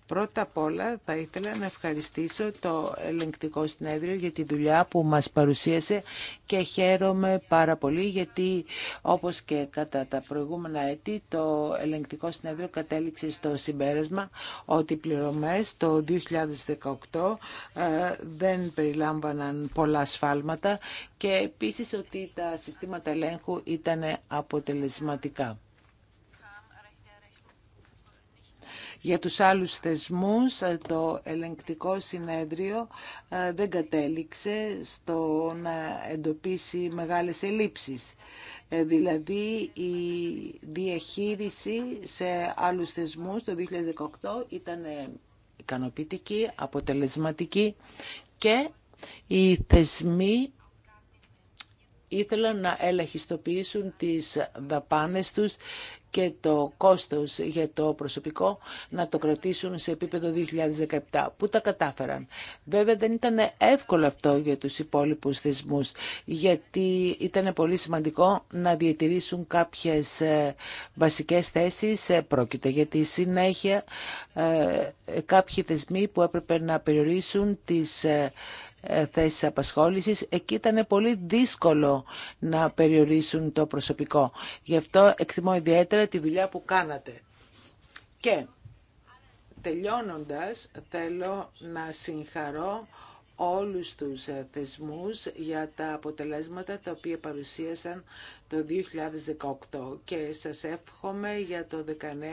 Πρώτα απ' όλα θα ήθελα να ευχαριστήσω το ελεγκτικό συνέδριο για τη δουλειά που μας παρουσίασε και χαίρομαι πάρα πολύ γιατί όπως και κατά τα προηγούμενα έτη το ελεγκτικό συνέδριο κατέληξε στο συμπέρασμα ότι οι πληρωμές το 2018 ε, δεν περιλάμβαναν πολλά σφάλματα και επίσης ότι τα συστήματα ελέγχου ήταν αποτελεσματικά. Για τους άλλους θεσμούς ε, το ελεγκτικό συνέδριο ε, δεν κατέληξε στο να εντοπίσει μεγάλες ελλείψεις. Ε, δηλαδή η διαχείριση σε άλλους θεσμούς το 2018 ήταν ικανοποιητική, αποτελεσματική και οι θεσμοί ήθελαν να ελαχιστοποιήσουν τις δαπάνες τους και το κόστος για το προσωπικό να το κρατήσουν σε επίπεδο 2017, που τα κατάφεραν. Βέβαια δεν ήταν εύκολο αυτό για τους υπόλοιπους θεσμούς, γιατί ήταν πολύ σημαντικό να διατηρήσουν κάποιες ε, βασικές θέσεις. Ε, πρόκειται για τη συνέχεια ε, κάποιοι θεσμοί που έπρεπε να περιορίσουν τις ε, θέσεις απασχόλησης, εκεί ήταν πολύ δύσκολο να περιορίσουν το προσωπικό. Γι' αυτό εκτιμώ ιδιαίτερα τη δουλειά που κάνατε. Και τελειώνοντας θέλω να συγχαρώ όλους τους ε, θεσμούς για τα αποτελέσματα τα οποία παρουσίασαν το 2018 και σας εύχομαι για το 19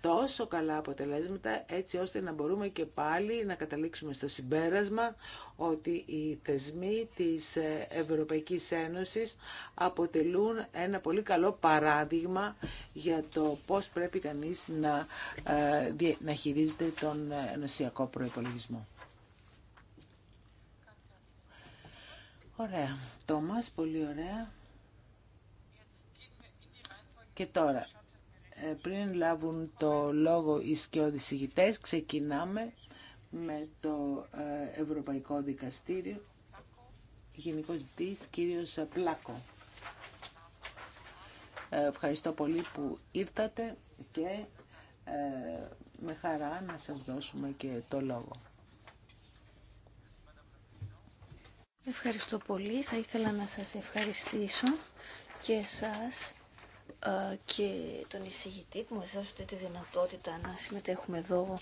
τόσο καλά αποτελέσματα έτσι ώστε να μπορούμε και πάλι να καταλήξουμε στο συμπέρασμα ότι οι θεσμοί της Ευρωπαϊκής Ένωσης αποτελούν ένα πολύ καλό παράδειγμα για το πώς πρέπει κανείς να, ε, να χειρίζεται τον ενωσιακό προϋπολογισμό. Ωραία. Τόμας, πολύ ωραία. Και τώρα, πριν λάβουν το λόγο οι σκιώδεις ξεκινάμε με το ε, Ευρωπαϊκό Δικαστήριο, Γενικός Διευθυντής, κύριος Πλάκο. Ε, ευχαριστώ πολύ που ήρθατε και ε, με χαρά να σας δώσουμε και το λόγο. Ευχαριστώ πολύ. Θα ήθελα να σας ευχαριστήσω και εσάς και τον εισηγητή που μας δώσετε τη δυνατότητα να συμμετέχουμε εδώ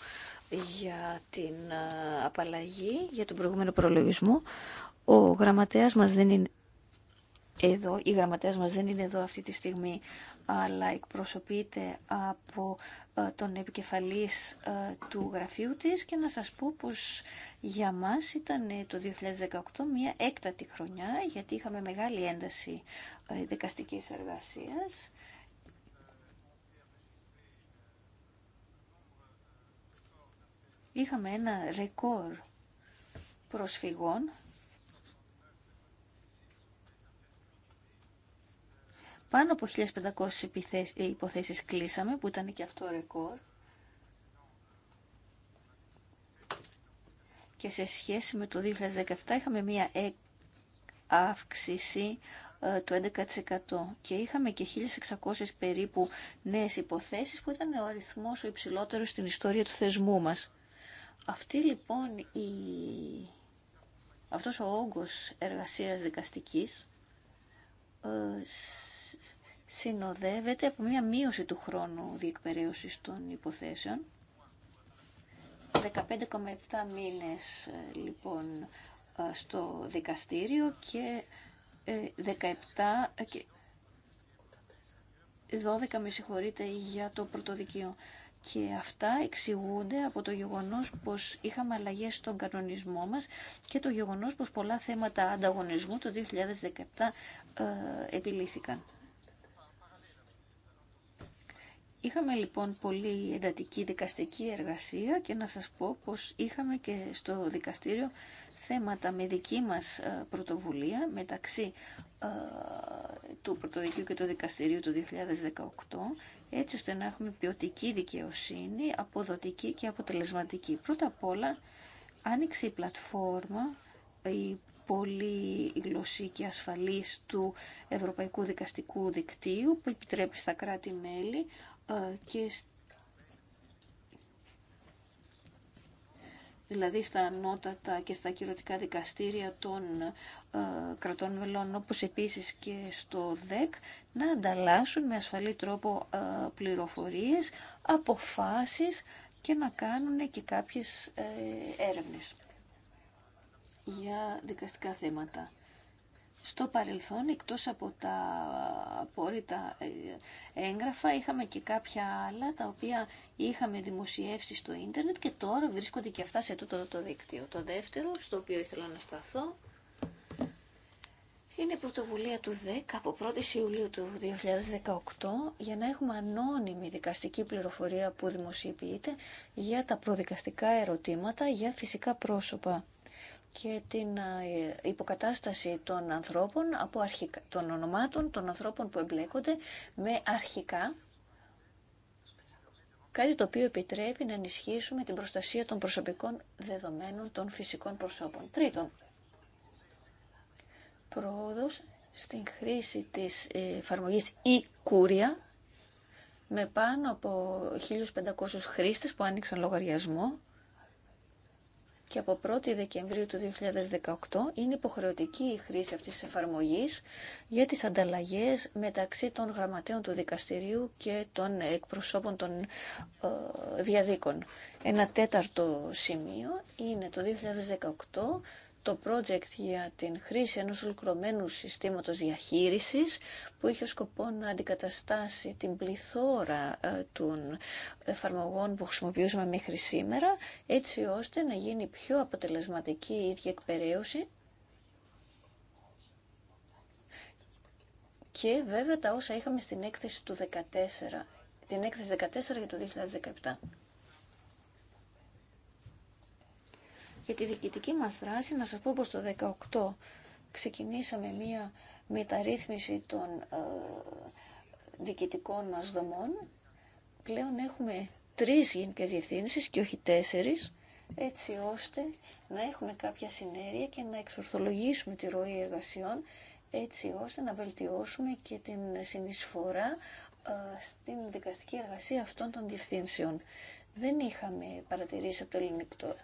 για την απαλλαγή, για τον προηγούμενο προλογισμό. Ο γραμματέας μας δεν είναι εδώ, οι γραμματέας μας δεν είναι εδώ αυτή τη στιγμή, αλλά εκπροσωπείται από ε, τον επικεφαλής ε, του γραφείου της και να σας πω πως για μας ήταν ε, το 2018 μια έκτατη χρονιά γιατί είχαμε μεγάλη ένταση δικαστικής εργασίας. Είχαμε ένα ρεκόρ προσφυγών Πάνω από 1.500 ε, υποθέσεις κλείσαμε, που ήταν και αυτό ρεκόρ. Και σε σχέση με το 2017 είχαμε μία ε, αύξηση ε, του 11% και είχαμε και 1.600 περίπου νέες υποθέσεις που ήταν ο αριθμός ο υψηλότερος στην ιστορία του θεσμού μας. Αυτή λοιπόν η... αυτός ο όγκος εργασίας δικαστικής συνοδεύεται από μια μείωση του χρόνου διεκπαιρέωσης των υποθέσεων. 15,7 μήνες ε, λοιπόν ε, στο δικαστήριο και 17 ε, και 12 με συγχωρείτε για το πρωτοδικείο. Και αυτά εξηγούνται από το γεγονός πως είχαμε αλλαγές στον κανονισμό μας και το γεγονός πως πολλά θέματα ανταγωνισμού το 2017 επιλύθηκαν. Είχαμε λοιπόν πολύ εντατική δικαστική εργασία και να σας πω πως είχαμε και στο δικαστήριο θέματα με δική μας ε, πρωτοβουλία μεταξύ ε, του Πρωτοδικείου και του Δικαστηρίου του 2018 έτσι ώστε να έχουμε ποιοτική δικαιοσύνη, αποδοτική και αποτελεσματική. Πρώτα απ' όλα άνοιξε η πλατφόρμα η πολύ γλωσσή και ασφαλής του Ευρωπαϊκού Δικαστικού Δικτύου που επιτρέπει στα κράτη-μέλη και δηλαδή στα ανώτατα και στα κυρωτικά δικαστήρια των ε, κρατών μελών, όπως επίσης και στο ΔΕΚ, να ανταλλάσσουν με ασφαλή τρόπο ε, πληροφορίες, αποφάσεις και να κάνουν και κάποιες ε, έρευνες για δικαστικά θέματα στο παρελθόν, εκτός από τα απόρριτα ε, έγγραφα, είχαμε και κάποια άλλα, τα οποία είχαμε δημοσιεύσει στο ίντερνετ και τώρα βρίσκονται και αυτά σε τούτο το δίκτυο. Το δεύτερο, στο οποίο ήθελα να σταθώ, είναι η πρωτοβουλία του 10 από 1η Ιουλίου του 2018 για να έχουμε ανώνυμη δικαστική πληροφορία που δημοσιοποιείται για τα προδικαστικά ερωτήματα για φυσικά πρόσωπα και την ε, υποκατάσταση των ανθρώπων από αρχικά, των ονομάτων των ανθρώπων που εμπλέκονται με αρχικά κάτι το οποίο επιτρέπει να ενισχύσουμε την προστασία των προσωπικών δεδομένων των φυσικών προσώπων. Τρίτον, πρόοδος στην χρήση της ε, εφαρμογής κούρια με πάνω από 1.500 χρήστες που άνοιξαν λογαριασμό και από 1η Δεκεμβρίου του 2018 είναι υποχρεωτική η χρήση αυτής της εφαρμογής για τις ανταλλαγές μεταξύ των γραμματέων του δικαστηρίου και των εκπροσώπων των ε, διαδίκων. Ένα τέταρτο σημείο είναι το 2018 το project για την χρήση ενός ολοκληρωμένου συστήματος διαχείρισης που είχε σκοπό να αντικαταστάσει την πληθώρα ε, των εφαρμογών που χρησιμοποιούσαμε μέχρι σήμερα έτσι ώστε να γίνει πιο αποτελεσματική η ίδια εκπαιρέωση και βέβαια τα όσα είχαμε στην έκθεση του 14, την έκθεση 14 για το 2017. Για τη διοικητική μας δράση να σας πω πως το 2018 ξεκινήσαμε μία μεταρρύθμιση των ε, διοικητικών μας δομών. Πλέον έχουμε τρεις γενικές διευθύνσεις και όχι τέσσερις, έτσι ώστε να έχουμε κάποια συνέργεια και να εξορθολογήσουμε τη ροή εργασιών, έτσι ώστε να βελτιώσουμε και την συνεισφορά ε, στην δικαστική εργασία αυτών των διευθύνσεων δεν είχαμε παρατηρήσει από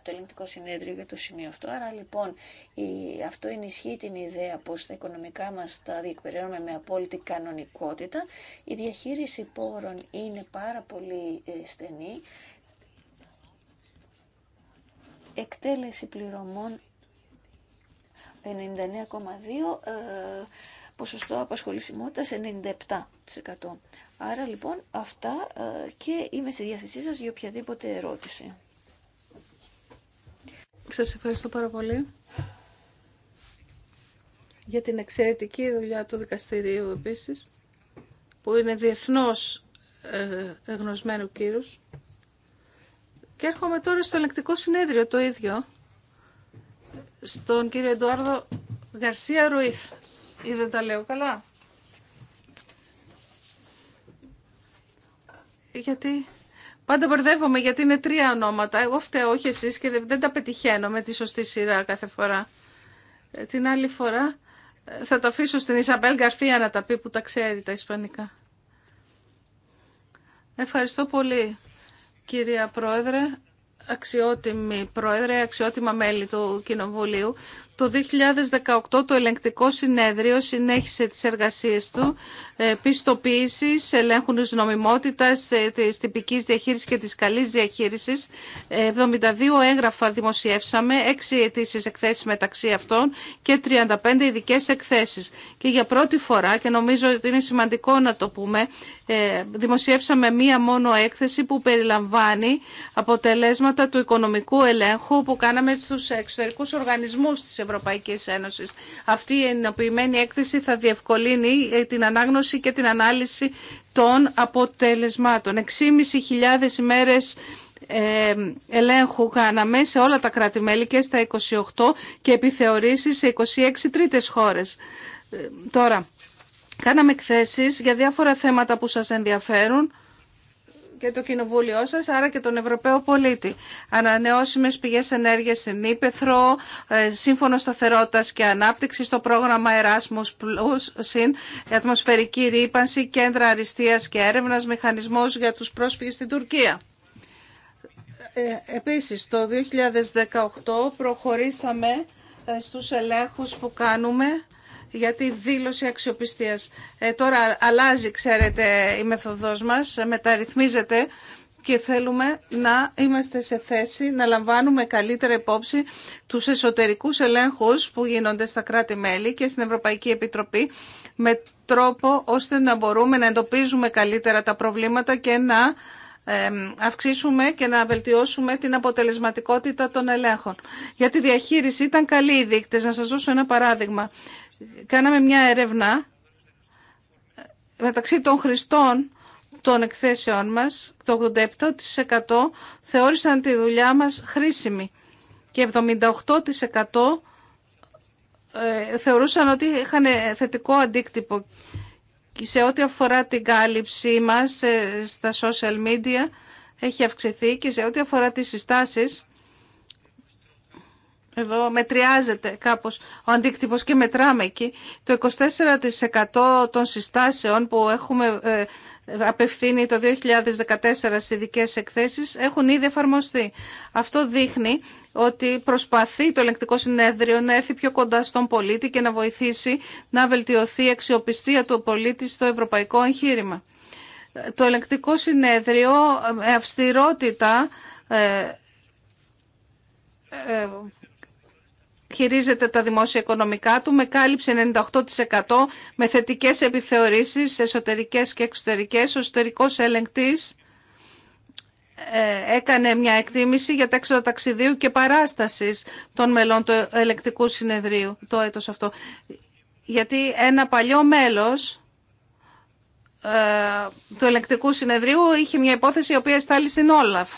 το, ελληνικό, το συνέδριο για το σημείο αυτό. Άρα λοιπόν η, αυτό ενισχύει την ιδέα πως τα οικονομικά μας τα διεκπαιρεώνουμε με απόλυτη κανονικότητα. Η διαχείριση πόρων είναι πάρα πολύ ε, στενή. Εκτέλεση πληρωμών 99,2, ε, ποσοστό απασχολησιμότητας 97%. Άρα λοιπόν αυτά ε, και είμαι στη διάθεσή σας για οποιαδήποτε ερώτηση. Σας ευχαριστώ πάρα πολύ για την εξαιρετική δουλειά του δικαστηρίου επίσης, που είναι διεθνώς ε, γνωσμένου κύρους. Και έρχομαι τώρα στο ελεκτικό συνέδριο το ίδιο, στον κύριο Εντουάρδο Γκαρσία Ρουίθ. Ή τα λέω καλά. γιατί πάντα μπερδεύομαι γιατί είναι τρία ονόματα. Εγώ φταίω, όχι εσείς και δεν τα πετυχαίνω με τη σωστή σειρά κάθε φορά. Ε, την άλλη φορά ε, θα τα αφήσω στην Ισαμπέλ Γκαρθία να τα πει που τα ξέρει τα Ισπανικά. Ευχαριστώ πολύ κυρία Πρόεδρε, αξιότιμη Πρόεδρε, αξιότιμα μέλη του Κοινοβουλίου. Το 2018 το ελεγκτικό συνέδριο συνέχισε τις εργασίες του ε, πιστοποίησης, ελέγχουν της νομιμότητας, ε, της τυπικής διαχείρισης και της καλής διαχείρισης. 72 έγγραφα δημοσιεύσαμε, 6 αιτήσει εκθέσεις μεταξύ αυτών και 35 ειδικέ εκθέσεις. Και για πρώτη φορά, και νομίζω ότι είναι σημαντικό να το πούμε, ε, δημοσιεύσαμε μία μόνο έκθεση που περιλαμβάνει αποτελέσματα του οικονομικού ελέγχου που κάναμε στους εξωτερικούς οργανισμούς της Ευρωπαϊκής Ένωσης. Αυτή η ενοποιημένη έκθεση θα διευκολύνει ε, την ανάγνωση και την ανάλυση των αποτελεσμάτων. 6.500 ημέρες ε, ελέγχου κάναμε σε όλα τα κράτη-μέλη και στα 28 και επιθεωρήσεις σε 26 τρίτες χώρες. Ε, τώρα, κάναμε εκθέσεις για διάφορα θέματα που σας ενδιαφέρουν και το κοινοβούλιο σα, άρα και τον Ευρωπαίο πολίτη. Ανανεώσιμε πηγές ενέργειας στην Ήπεθρο, ε, σύμφωνο σταθερότητα και ανάπτυξη στο πρόγραμμα Erasmus συν ατμοσφαιρική ρήπανση, κέντρα αριστεία και έρευνας, μηχανισμό για τους πρόσφυγες στην Τουρκία. Ε, επίσης, το 2018 προχωρήσαμε ε, στους ελέγχους που κάνουμε για τη δήλωση αξιοπιστίας. Ε, τώρα αλλάζει, ξέρετε, η μεθοδός μας, μεταρρυθμίζεται και θέλουμε να είμαστε σε θέση να λαμβάνουμε καλύτερα υπόψη τους εσωτερικούς ελέγχους που γίνονται στα κράτη-μέλη και στην Ευρωπαϊκή Επιτροπή με τρόπο ώστε να μπορούμε να εντοπίζουμε καλύτερα τα προβλήματα και να αυξήσουμε και να βελτιώσουμε την αποτελεσματικότητα των ελέγχων. Για τη διαχείριση ήταν καλοί οι δείκτες. Να σας δώσω ένα παράδειγμα κάναμε μια έρευνα μεταξύ των χρηστών των εκθέσεών μας, το 87% θεώρησαν τη δουλειά μας χρήσιμη και 78% ε, θεωρούσαν ότι είχαν θετικό αντίκτυπο σε ό,τι αφορά την κάλυψή μας ε, στα social media έχει αυξηθεί και σε ό,τι αφορά τις συστάσεις εδώ μετριάζεται κάπως ο αντίκτυπος και μετράμε εκεί. Το 24% των συστάσεων που έχουμε ε, απευθύνει το 2014 σε ειδικέ εκθέσεις έχουν ήδη εφαρμοστεί. Αυτό δείχνει ότι προσπαθεί το ελεγκτικό συνέδριο να έρθει πιο κοντά στον πολίτη και να βοηθήσει να βελτιωθεί η αξιοπιστία του πολίτη στο ευρωπαϊκό εγχείρημα. Το ελεγκτικό συνέδριο ε, με αυστηρότητα ε, χειρίζεται τα δημόσια οικονομικά του με κάλυψη 98% με θετικές επιθεωρήσεις εσωτερικές και εξωτερικές. Ο εσωτερικός ελεγκτής ε, έκανε μια εκτίμηση για τα έξοδα ταξιδίου και παράστασης των μελών του ελεκτικού συνεδρίου το έτος αυτό. Γιατί ένα παλιό μέλος ε, του ελεκτικού συνεδρίου είχε μια υπόθεση η οποία στάλει στην Όλαφ.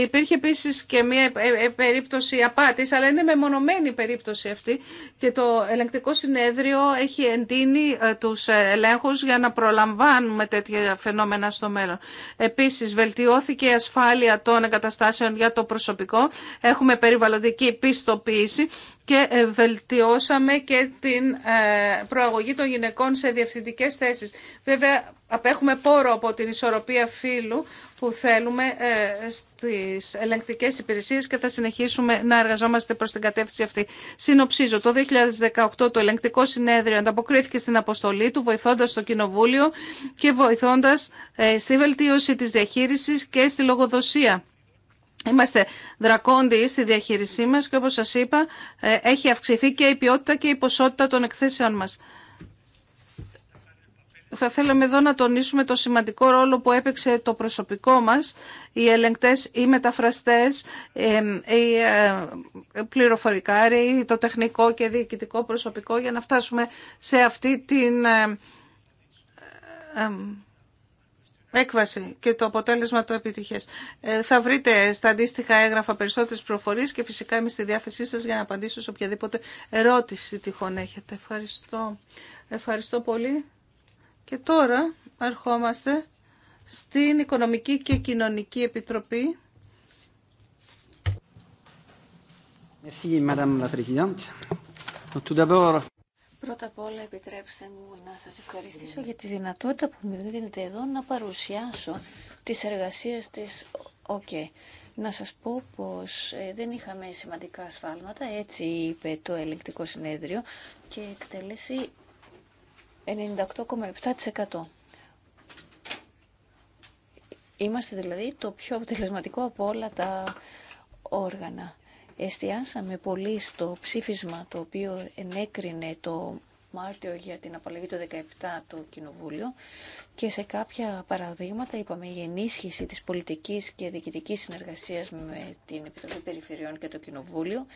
Υπήρχε επίση και μια ε, ε, περίπτωση απάτης, αλλά είναι μεμονωμένη η περίπτωση αυτή και το ελεγκτικό συνέδριο έχει εντείνει ε, τους ελέγχους για να προλαμβάνουμε τέτοια φαινόμενα στο μέλλον. Επίσης, βελτιώθηκε η ασφάλεια των εγκαταστάσεων για το προσωπικό. Έχουμε περιβαλλοντική πιστοποίηση και ε, βελτιώσαμε και την ε, προαγωγή των γυναικών σε διευθυντικές θέσεις. Βέβαια, απέχουμε πόρο από την ισορροπία φύλου που θέλουμε ε, στις ελεγκτικές υπηρεσίες και θα συνεχίσουμε να εργαζόμαστε προς την κατεύθυνση αυτή. Συνοψίζω, το 2018 το ελεγκτικό συνέδριο ανταποκρίθηκε στην αποστολή του, βοηθώντας το Κοινοβούλιο και βοηθώντας στη βελτίωση της διαχείρισης και στη λογοδοσία Είμαστε δρακόντιοι στη διαχείρισή μας και όπως σας είπα ε, έχει αυξηθεί και η ποιότητα και η ποσότητα των εκθέσεων μας. Θα θέλαμε εδώ να τονίσουμε το σημαντικό ρόλο που έπαιξε το προσωπικό μας, οι ελεγκτές, οι μεταφραστές, ε, οι ε, πληροφορικάροι, το τεχνικό και διοικητικό προσωπικό για να φτάσουμε σε αυτή την έκβαση και το αποτέλεσμα του επιτυχές. Ε, θα βρείτε στα αντίστοιχα έγγραφα περισσότερες προφορίες και φυσικά είμαι στη διάθεσή σας για να απαντήσω σε οποιαδήποτε ερώτηση τυχόν έχετε. Ευχαριστώ. Ευχαριστώ πολύ. Και τώρα αρχόμαστε στην Οικονομική και Κοινωνική Επιτροπή. Πρώτα απ' όλα επιτρέψτε μου να σας ευχαριστήσω για τη δυνατότητα που μου δίνετε εδώ να παρουσιάσω τις εργασίες της ΟΚΕ. Να σας πω πως ε, δεν είχαμε σημαντικά ασφάλματα, έτσι είπε το ελεγκτικό συνέδριο και εκτέλεση 98,7%. Είμαστε δηλαδή το πιο αποτελεσματικό από όλα τα όργανα εστιάσαμε πολύ στο ψήφισμα το οποίο ενέκρινε το Μάρτιο για την απαλλαγή του 17 του Κοινοβούλιο και σε κάποια παραδείγματα είπαμε η ενίσχυση της πολιτικής και διοικητικής συνεργασίας με την Επιτροπή Περιφερειών και το Κοινοβούλιο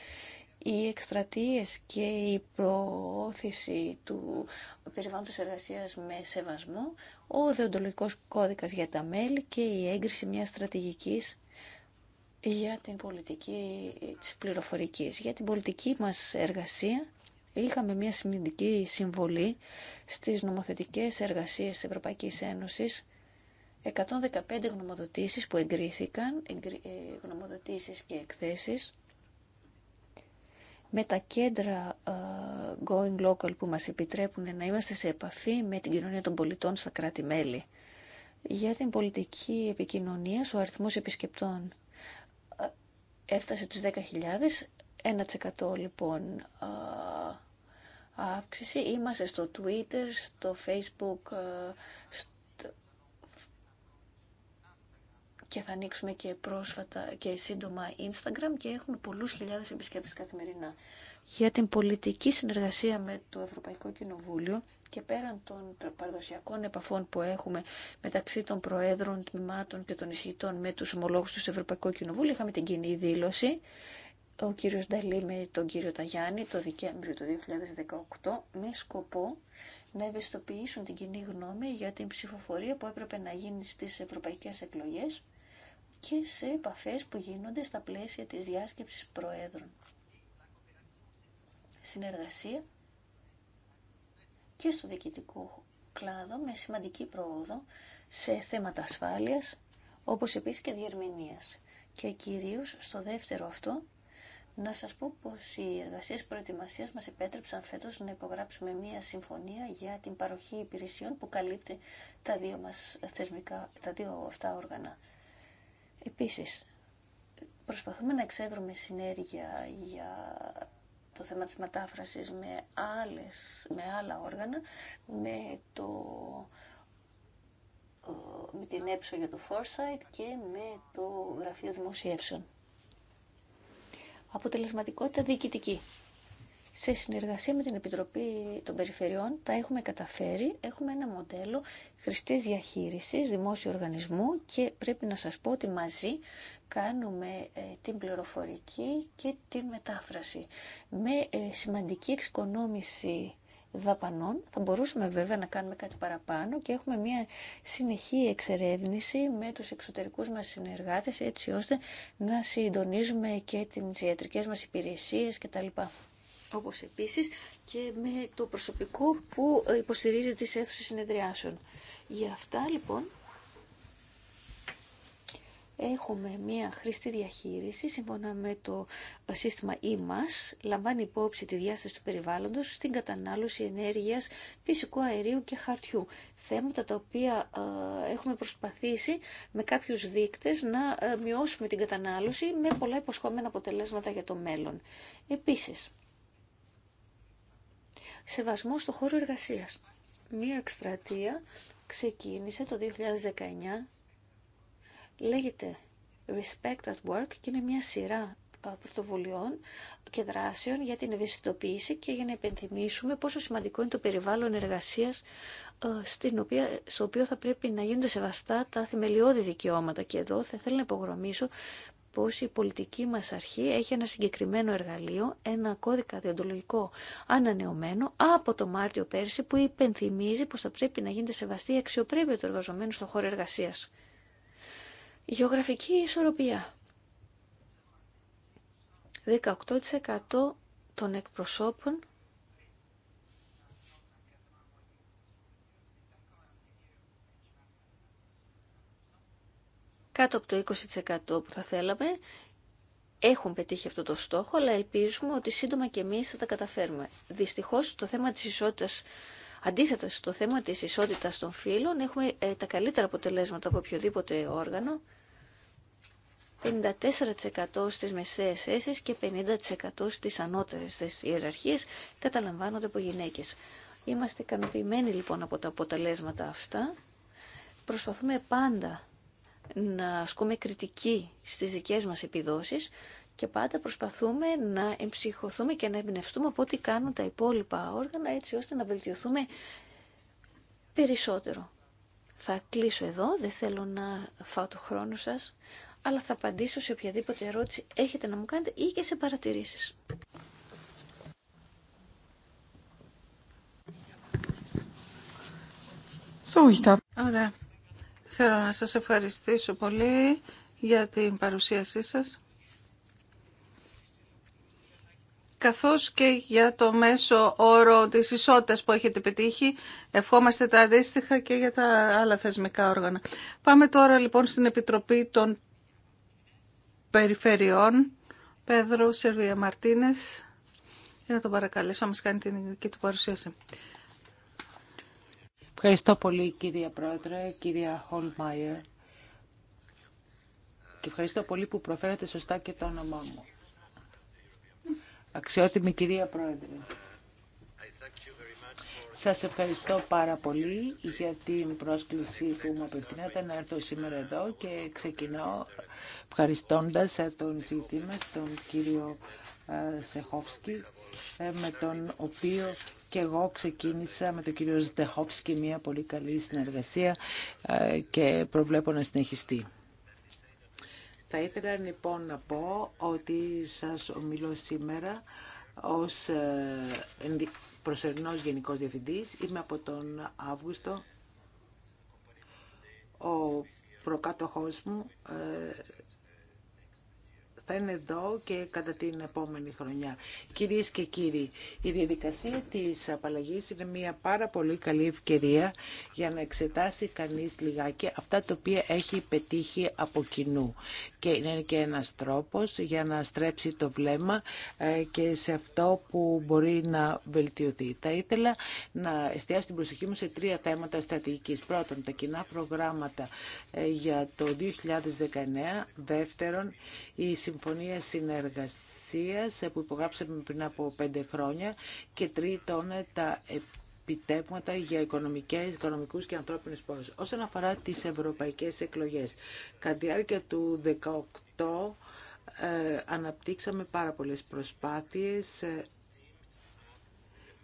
οι εκστρατείες και η προώθηση του περιβάλλοντος εργασίας με σεβασμό, ο δεοντολογικός κώδικας για τα μέλη και η έγκριση μιας στρατηγικής για την πολιτική της πληροφορικής. Για την πολιτική μας εργασία είχαμε μια σημαντική συμβολή στις νομοθετικές εργασίες της Ευρωπαϊκής Ένωσης 115 γνωμοδοτήσεις που εγκρίθηκαν, ε, γνωμοδοτήσεις και εκθέσεις με τα κέντρα ε, Going Local που μας επιτρέπουν να είμαστε σε επαφή με την κοινωνία των πολιτών στα κράτη-μέλη. Για την πολιτική επικοινωνία, ο αριθμός επισκεπτών έφτασε τους 10.000, 1% λοιπόν αύξηση. Είμαστε στο Twitter, στο Facebook και θα ανοίξουμε και πρόσφατα και σύντομα Instagram και έχουμε πολλούς χιλιάδες επισκέπτες καθημερινά. Για την πολιτική συνεργασία με το Ευρωπαϊκό Κοινοβούλιο και πέραν των παραδοσιακών επαφών που έχουμε μεταξύ των Προέδρων Τμήματων και των Ισχυτών με τους ομολόγους του Ευρωπαϊκού Κοινοβούλου, είχαμε την κοινή δήλωση ο κύριος Νταλή με τον κύριο Ταγιάννη το Δεκέμβριο του 2018 με σκοπό να ευαισθητοποιήσουν την κοινή γνώμη για την ψηφοφορία που έπρεπε να γίνει στις ευρωπαϊκές εκλογές και σε επαφές που γίνονται στα πλαίσια της διάσκεψης προέδρων. Συνεργασία και στο διοικητικό κλάδο με σημαντική προόδο σε θέματα ασφάλειας, όπως επίσης και διερμηνίας. Και κυρίως στο δεύτερο αυτό, να σας πω πως οι εργασίες προετοιμασίας μας επέτρεψαν φέτος να υπογράψουμε μία συμφωνία για την παροχή υπηρεσιών που καλύπτει τα δύο, μας θεσμικά, τα δύο αυτά όργανα. Επίσης, προσπαθούμε να εξεύρουμε συνέργεια για το θέμα της μετάφρασης με, άλλες, με άλλα όργανα, με, το, με την έψο για το Foresight και με το Γραφείο Δημοσιεύσεων. Αποτελεσματικότητα διοικητική σε συνεργασία με την Επιτροπή των Περιφερειών τα έχουμε καταφέρει. Έχουμε ένα μοντέλο χρηστής διαχείρισης δημόσιου οργανισμού και πρέπει να σας πω ότι μαζί κάνουμε ε, την πληροφορική και την μετάφραση. Με ε, σημαντική εξοικονόμηση δαπανών. Θα μπορούσαμε βέβαια να κάνουμε κάτι παραπάνω και έχουμε μια συνεχή εξερεύνηση με τους εξωτερικούς μας συνεργάτες έτσι ώστε να συντονίζουμε και τις ιατρικές μας υπηρεσίες κτλ όπως επίσης και με το προσωπικό που υποστηρίζει τις αίθουσες συνεδριάσεων. Για αυτά λοιπόν έχουμε μια χρηστή διαχείριση σύμφωνα με το σύστημα EMAS, λαμβάνει υπόψη τη διάσταση του περιβάλλοντος στην κατανάλωση ενέργειας, φυσικού αερίου και χαρτιού. Θέματα τα οποία ε, έχουμε προσπαθήσει με κάποιους δείκτες να ε, μειώσουμε την κατανάλωση με πολλά υποσχόμενα αποτελέσματα για το μέλλον. Επίσης, σεβασμό στο χώρο εργασίας. Μία εκστρατεία ξεκίνησε το 2019, λέγεται Respect at Work και είναι μια σειρά πρωτοβουλειών και δράσεων για την ευαισθητοποίηση και για να επενθυμίσουμε πόσο σημαντικό είναι το περιβάλλον εργασίας στην οποία, στο οποίο θα πρέπει να γίνονται σεβαστά τα θεμελιώδη δικαιώματα. Και εδώ θα ήθελα να υπογραμμίσω πως η πολιτική μας αρχή έχει ένα συγκεκριμένο εργαλείο, ένα κώδικα διοντολογικό ανανεωμένο από το Μάρτιο πέρσι που υπενθυμίζει πως θα πρέπει να γίνεται σεβαστή η αξιοπρέπεια του εργαζομένου στον χώρο εργασίας. Γεωγραφική ισορροπία. 18% των εκπροσώπων κάτω από το 20% που θα θέλαμε. Έχουν πετύχει αυτό το στόχο, αλλά ελπίζουμε ότι σύντομα και εμείς θα τα καταφέρουμε. Δυστυχώς, το θέμα της ισότητας, αντίθετα στο θέμα της ισότητας των φύλων, έχουμε ε, τα καλύτερα αποτελέσματα από οποιοδήποτε όργανο. 54% στις μεσαίες θέσεις και 50% στις ανώτερες ιεραρχίες καταλαμβάνονται από γυναίκες. Είμαστε ικανοποιημένοι λοιπόν από τα αποτελέσματα αυτά. Προσπαθούμε πάντα να ασκούμε κριτική στις δικές μας επιδόσεις και πάντα προσπαθούμε να εμψυχωθούμε και να εμπνευστούμε από ό,τι κάνουν τα υπόλοιπα όργανα έτσι ώστε να βελτιωθούμε περισσότερο. Θα κλείσω εδώ, δεν θέλω να φάω το χρόνο σας, αλλά θα απαντήσω σε οποιαδήποτε ερώτηση έχετε να μου κάνετε ή και σε παρατηρήσεις. Θέλω να σας ευχαριστήσω πολύ για την παρουσίασή σας καθώς και για το μέσο όρο της ισότητας που έχετε πετύχει. Ευχόμαστε τα αντίστοιχα και για τα άλλα θεσμικά όργανα. Πάμε τώρα λοιπόν στην Επιτροπή των Περιφερειών. Πέδρο Σερβία Μαρτίνεθ. Για να τον παρακαλέσω μας κάνει την ειδική του παρουσίαση. Ευχαριστώ πολύ κυρία Πρόεδρε, κυρία Χολμάιερ. Και ευχαριστώ πολύ που προφέρατε σωστά και το όνομά μου. Αξιότιμη κυρία Πρόεδρε. Σας ευχαριστώ πάρα πολύ για την πρόσκληση που μου απευθυνέται να έρθω σήμερα εδώ και ξεκινώ ευχαριστώντας τον συζητή τον κύριο ε, Σεχόφσκι, ε, με τον οποίο και εγώ ξεκίνησα με τον κύριο και μια πολύ καλή συνεργασία ε, και προβλέπω να συνεχιστεί. Θα ήθελα λοιπόν να πω ότι σας ομιλώ σήμερα ως ε, προσωρινός Γενικός Διευθυντής. Είμαι από τον Αύγουστο. Ο προκάτοχός μου ε, θα είναι εδώ και κατά την επόμενη χρονιά. Κυρίε και κύριοι, η διαδικασία της απαλλαγή είναι μια πάρα πολύ καλή ευκαιρία για να εξετάσει κανείς λιγάκι αυτά τα οποία έχει πετύχει από κοινού. Και είναι και ένα τρόπο για να στρέψει το βλέμμα ε, και σε αυτό που μπορεί να βελτιωθεί. Θα ήθελα να εστιάσω την προσοχή μου σε τρία θέματα στρατηγική. Πρώτον, τα κοινά προγράμματα ε, για το 2019. Δεύτερον, η Συμφωνία Συνεργασίας ε, που υπογράψαμε πριν από πέντε χρόνια και τρίτον ε, τα επιτεύγματα για οικονομικές, οικονομικούς και ανθρώπινους πόρους. Όσον αφορά τις ευρωπαϊκές εκλογές, κατά τη διάρκεια του 2018 ε, αναπτύξαμε πάρα πολλές προσπάθειες,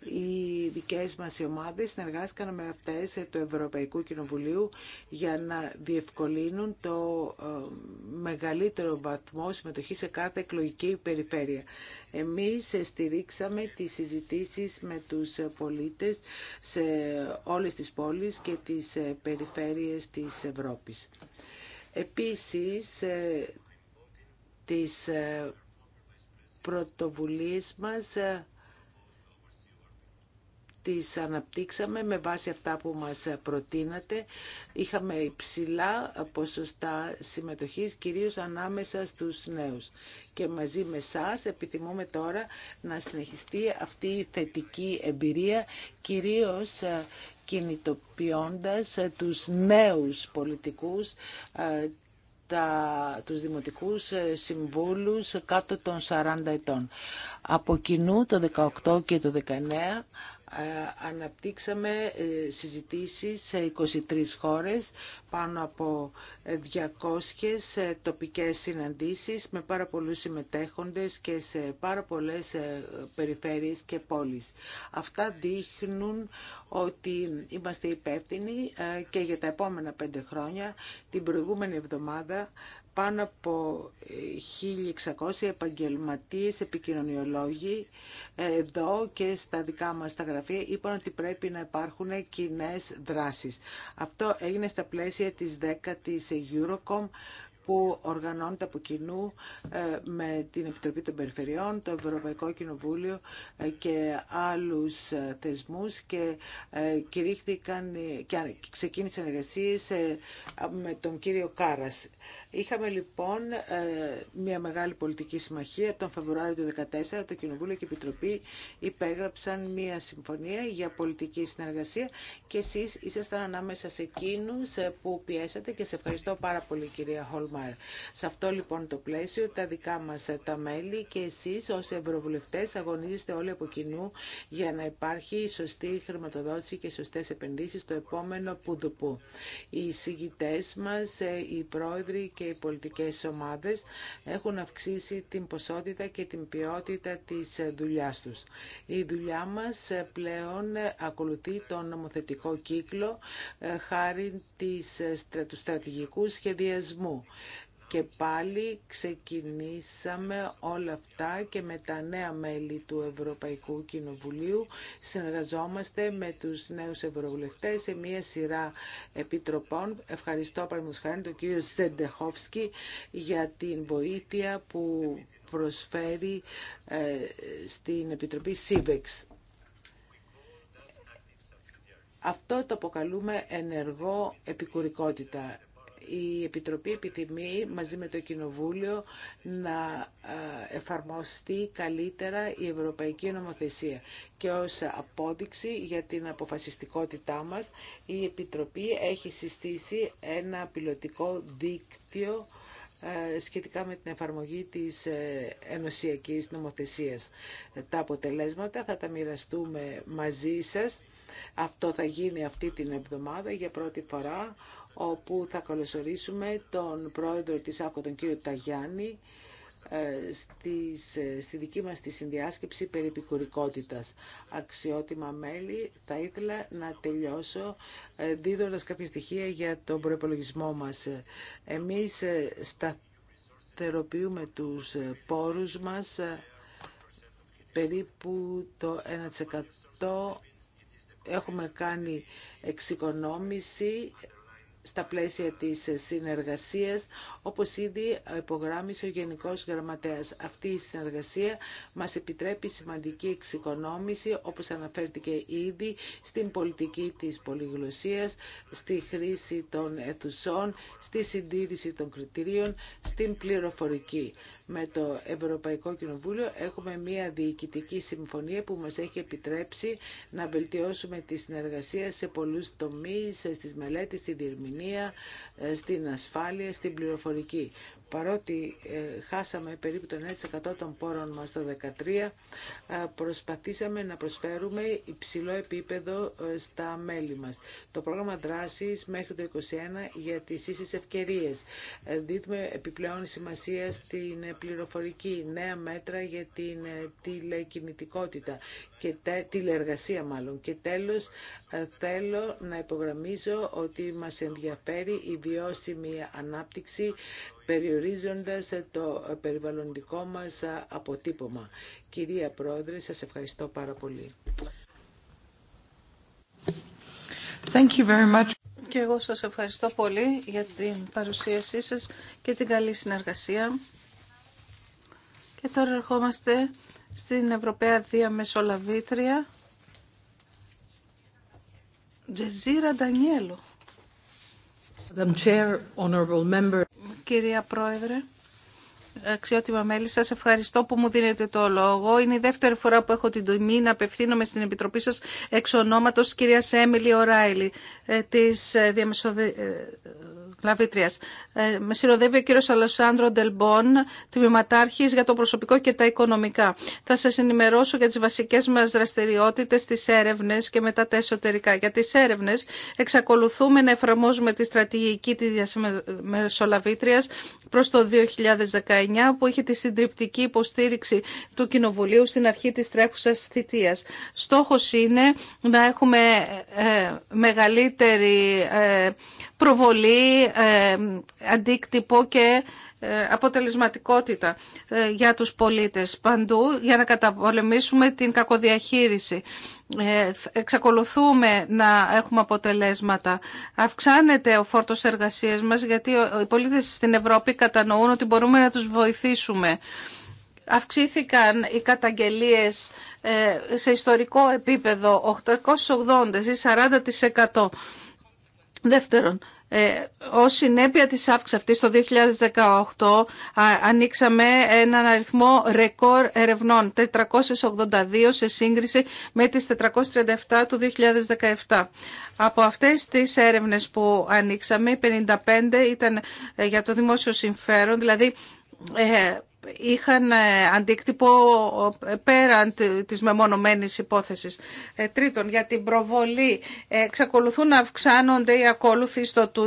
οι δικές μας ομάδε συνεργάστηκαν με αυτές του Ευρωπαϊκού Κοινοβουλίου για να διευκολύνουν το ε, μεγαλύτερο βαθμό συμμετοχή σε κάθε εκλογική περιφέρεια. Εμείς στηρίξαμε τις συζητήσεις με τους πολίτες σε όλες τις πόλεις και τις περιφέρειες της Ευρώπης. Επίσης, ε, τις ε, πρωτοβουλίες μας τις αναπτύξαμε με βάση αυτά που μας προτείνατε. Είχαμε υψηλά ποσοστά συμμετοχής, κυρίως ανάμεσα στους νέους. Και μαζί με σας επιθυμούμε τώρα να συνεχιστεί αυτή η θετική εμπειρία, κυρίως ε, κινητοποιώντας ε, τους νέους πολιτικούς, ε, τα, τους δημοτικούς συμβούλους κάτω των 40 ετών. Από κοινού το 18 και το 19 ε, αναπτύξαμε ε, συζητήσεις σε 23 χώρες, πάνω από 200 ε, τοπικές συναντήσεις με πάρα πολλούς συμμετέχοντες και σε πάρα πολλές περιφέρειες και πόλεις. Αυτά δείχνουν ότι είμαστε υπεύθυνοι και για τα επόμενα πέντε χρόνια. Την προηγούμενη εβδομάδα πάνω από 1.600 επαγγελματίες, επικοινωνιολόγοι ε, εδώ και στα δικά μας τα γραφεία είπαν ότι πρέπει να υπάρχουν κοινέ δράσεις. Αυτό έγινε στα πλαίσια της 10 ης Eurocom που οργανώνεται από κοινού ε, με την Επιτροπή των Περιφερειών, το Ευρωπαϊκό Κοινοβούλιο ε, και άλλους θεσμούς και και ξεκίνησαν εργασίες με τον κύριο Κάρας. Είχαμε λοιπόν ε, μια μεγάλη πολιτική συμμαχία. Τον Φεβρουάριο του 2014 το Κοινοβούλιο και η Επιτροπή υπέγραψαν μια συμφωνία για πολιτική συνεργασία και εσείς ήσασταν ανάμεσα σε εκείνους ε, που πιέσατε και σε ευχαριστώ πάρα πολύ κυρία Χολμάρ. Σε αυτό λοιπόν το πλαίσιο τα δικά μας ε, τα μέλη και εσείς ως ευρωβουλευτέ αγωνίζεστε όλοι από κοινού για να υπάρχει σωστή χρηματοδότηση και σωστές επενδύσεις στο επόμενο πουδουπού. Οι μας, οι πρόεδροι και οι πολιτικές ομάδες έχουν αυξήσει την ποσότητα και την ποιότητα της δουλειάς τους. Η δουλειά μας πλέον ακολουθεί τον νομοθετικό κύκλο ε, χάρη ε, του στρατηγικού σχεδιασμού. Και πάλι ξεκινήσαμε όλα αυτά και με τα νέα μέλη του Ευρωπαϊκού Κοινοβουλίου συνεργαζόμαστε με τους νέους ευρωβουλευτές σε μία σειρά επιτροπών. Ευχαριστώ παραδείγματος τον κύριο Σεντεχόφσκι για την βοήθεια που προσφέρει ε, στην Επιτροπή ΣΥΒΕΞ. Αυτό το αποκαλούμε ενεργό επικουρικότητα η Επιτροπή επιθυμεί μαζί με το Κοινοβούλιο να ε, εφαρμοστεί καλύτερα η Ευρωπαϊκή Νομοθεσία. Και ως απόδειξη για την αποφασιστικότητά μας, η Επιτροπή έχει συστήσει ένα πιλωτικό δίκτυο ε, σχετικά με την εφαρμογή της ε, ενωσιακής νομοθεσίας. Τα αποτελέσματα θα τα μοιραστούμε μαζί σας. Αυτό θα γίνει αυτή την εβδομάδα για πρώτη φορά όπου θα καλωσορίσουμε τον πρόεδρο της ΑΚΟ, τον κύριο Ταγιάννη, ε, ε, στη δική μας τη συνδιάσκεψη περί επικουρικότητας. Αξιότιμα μέλη, θα ήθελα να τελειώσω ε, δίδοντας κάποια στοιχεία για τον προϋπολογισμό μας. Εμείς σταθεροποιούμε τους πόρους μας περίπου το 1% έχουμε κάνει εξοικονόμηση στα πλαίσια της συνεργασίας, όπως ήδη υπογράμμισε ο Γενικός Γραμματέας. Αυτή η συνεργασία μας επιτρέπει σημαντική εξοικονόμηση, όπως αναφέρθηκε ήδη, στην πολιτική της πολυγλωσίας, στη χρήση των αιθουσών, στη συντήρηση των κριτηρίων, στην πληροφορική με το Ευρωπαϊκό Κοινοβούλιο έχουμε μια διοικητική συμφωνία που μας έχει επιτρέψει να βελτιώσουμε τη συνεργασία σε πολλούς τομείς, στις μελέτες, στη διερμηνία, ε, στην ασφάλεια, στην πληροφορική παρότι ε, χάσαμε περίπου το 9% των πόρων μας το 2013, ε, προσπαθήσαμε να προσφέρουμε υψηλό επίπεδο ε, στα μέλη μας. Το πρόγραμμα δράσης μέχρι το 2021 για τις ίσες ευκαιρίες. Δίδουμε επιπλέον σημασία στην πληροφορική, νέα μέτρα για την τηλεκινητικότητα και τε, τηλεεργασία μάλλον. Και τέλος θέλω να υπογραμμίζω ότι μας ενδιαφέρει η βιώσιμη ανάπτυξη περιορίζοντας το περιβαλλοντικό μας αποτύπωμα. Κυρία Πρόεδρε, σας ευχαριστώ πάρα πολύ. Thank you very much. Και εγώ σας ευχαριστώ πολύ για την παρουσίασή σας και την καλή συνεργασία. Και τώρα ερχόμαστε στην Ευρωπαία Διαμεσολαβήτρια Τζεζίρα Ντανιέλου. Κυρία Πρόεδρε, αξιότιμα μέλη, σας ευχαριστώ που μου δίνετε το λόγο. Είναι η δεύτερη φορά που έχω την τιμή να απευθύνομαι στην Επιτροπή σας εξ ονόματος της κυρίας Έμιλι Οράιλι, ε, της ε, διαμεσοδη... Ε, ε, με συνοδεύει ο κύριος Αλεσάνδρο Ντελμπον, τμήματάρχης για το προσωπικό και τα οικονομικά. Θα σας ενημερώσω για τις βασικές μας δραστηριότητες, τις έρευνες και μετά τα εσωτερικά. Για τις έρευνες εξακολουθούμε να εφαρμόζουμε τη στρατηγική της διαμεσολαβήτριας προς το 2019 που είχε τη συντριπτική υποστήριξη του Κοινοβουλίου στην αρχή της τρέχουσας θητείας. Στόχος είναι να έχουμε ε, μεγαλύτερη ε, προβολή αντίκτυπο και ε, αποτελεσματικότητα ε, για τους πολίτες παντού για να καταπολεμήσουμε την κακοδιαχείριση. Ε, εξακολουθούμε να έχουμε αποτελέσματα. Αυξάνεται ο φόρτος εργασίας μας γιατί οι πολίτες στην Ευρώπη κατανοούν ότι μπορούμε να τους βοηθήσουμε. Αυξήθηκαν οι καταγγελίες σε ιστορικό επίπεδο 880 ή 40%. Δεύτερον, ε, ως συνέπεια της αύξησης αυτής το 2018 ανοίξαμε έναν αριθμό ρεκόρ ερευνών 482 σε σύγκριση με τις 437 του 2017. Από αυτές τις έρευνες που ανοίξαμε 55 ήταν ε, για το δημόσιο συμφέρον δηλαδή ε, είχαν ε, αντίκτυπο ε, πέραν της μεμονωμένης υπόθεσης. Ε, τρίτον, για την προβολή εξακολουθούν να αυξάνονται οι ακόλουθοι στο Twitter,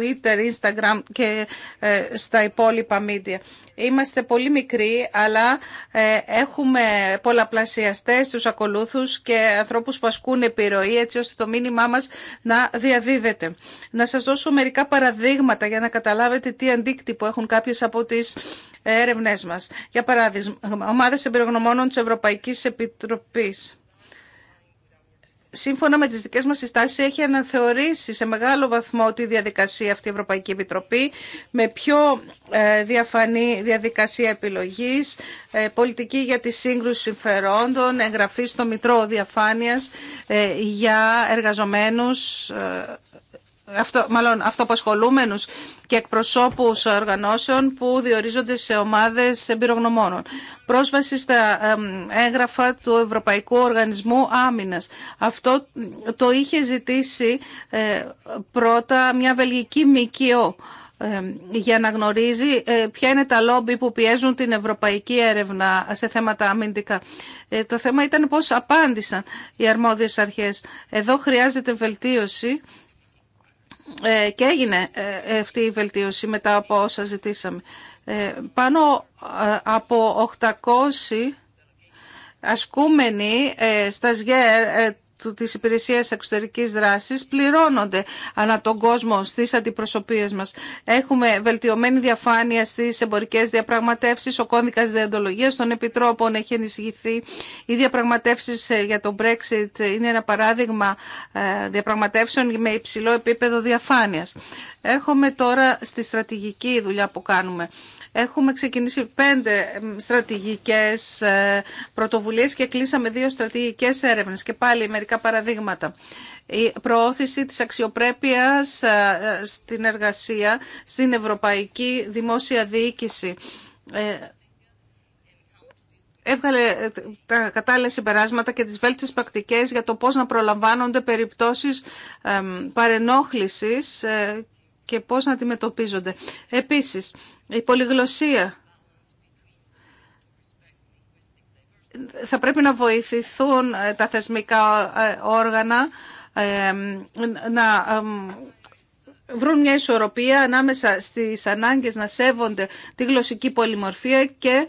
Instagram και στα υπόλοιπα μίντια. Είμαστε πολύ μικροί, αλλά ε, έχουμε πολλαπλασιαστές τους ακολούθους και ανθρώπους που ασκούν επιρροή, έτσι ώστε το μήνυμά μας να διαδίδεται. Να σας δώσω μερικά παραδείγματα για να καταλάβετε τι αντίκτυπο έχουν κάποιες από τις έρευνές μας. Για παράδειγμα, ομάδες εμπειρογνωμόνων της Ευρωπαϊκής Επιτροπής σύμφωνα με τις δικές μας συστάσεις έχει αναθεωρήσει σε μεγάλο βαθμό τη διαδικασία αυτή η Ευρωπαϊκή Επιτροπή με πιο ε, διαφανή διαδικασία επιλογής, ε, πολιτική για τη σύγκρουση συμφερόντων, εγγραφή στο Μητρό Διαφάνειας ε, για εργαζομένους αυτό, μάλλον αυτοπασχολούμενους και εκπροσώπους οργανώσεων που διορίζονται σε ομάδες εμπειρογνωμόνων. Πρόσβαση στα έγγραφα του Ευρωπαϊκού Οργανισμού Άμυνας. Αυτό το είχε ζητήσει ε, πρώτα μια βελγική ΜΚΟ ε, για να γνωρίζει ε, ποια είναι τα λόμπι που πιέζουν την ευρωπαϊκή έρευνα σε θέματα αμυντικά. Το θέμα ήταν πώς απάντησαν οι αρμόδιες αρχές. Εδώ χρειάζεται βελτίωση ε, και έγινε ε, αυτή η βελτίωση μετά από όσα ζητήσαμε. Ε, πάνω από 800 ασκούμενοι στα ΣΓΕΡ της Υπηρεσίας Εξωτερικής Δράσης πληρώνονται ανά τον κόσμο στις αντιπροσωπείες μας. Έχουμε βελτιωμένη διαφάνεια στις εμπορικές διαπραγματεύσεις, ο κώδικας διαντολογίας των επιτρόπων έχει ενισχυθεί. Οι διαπραγματεύσεις ε, για τον Brexit είναι ένα παράδειγμα ε, διαπραγματεύσεων με υψηλό επίπεδο διαφάνειας. Έρχομαι τώρα στη στρατηγική δουλειά που κάνουμε. Έχουμε ξεκινήσει πέντε στρατηγικές ε, πρωτοβουλίες και κλείσαμε δύο στρατηγικές έρευνες και πάλι μερικά παραδείγματα. Η προώθηση της αξιοπρέπειας ε, ε, στην εργασία, στην ευρωπαϊκή δημόσια διοίκηση έβγαλε τα κατάλληλα συμπεράσματα και τις βέλτιστες πρακτικές για το πώς να προλαμβάνονται περιπτώσεις παρενόχληση και πώς να αντιμετωπίζονται. Επίσης, η πολυγλωσία θα πρέπει να βοηθηθούν ε, τα θεσμικά ε, όργανα ε, να βρουν μια ισορροπία ανάμεσα στις ανάγκες να σέβονται τη γλωσσική πολυμορφία και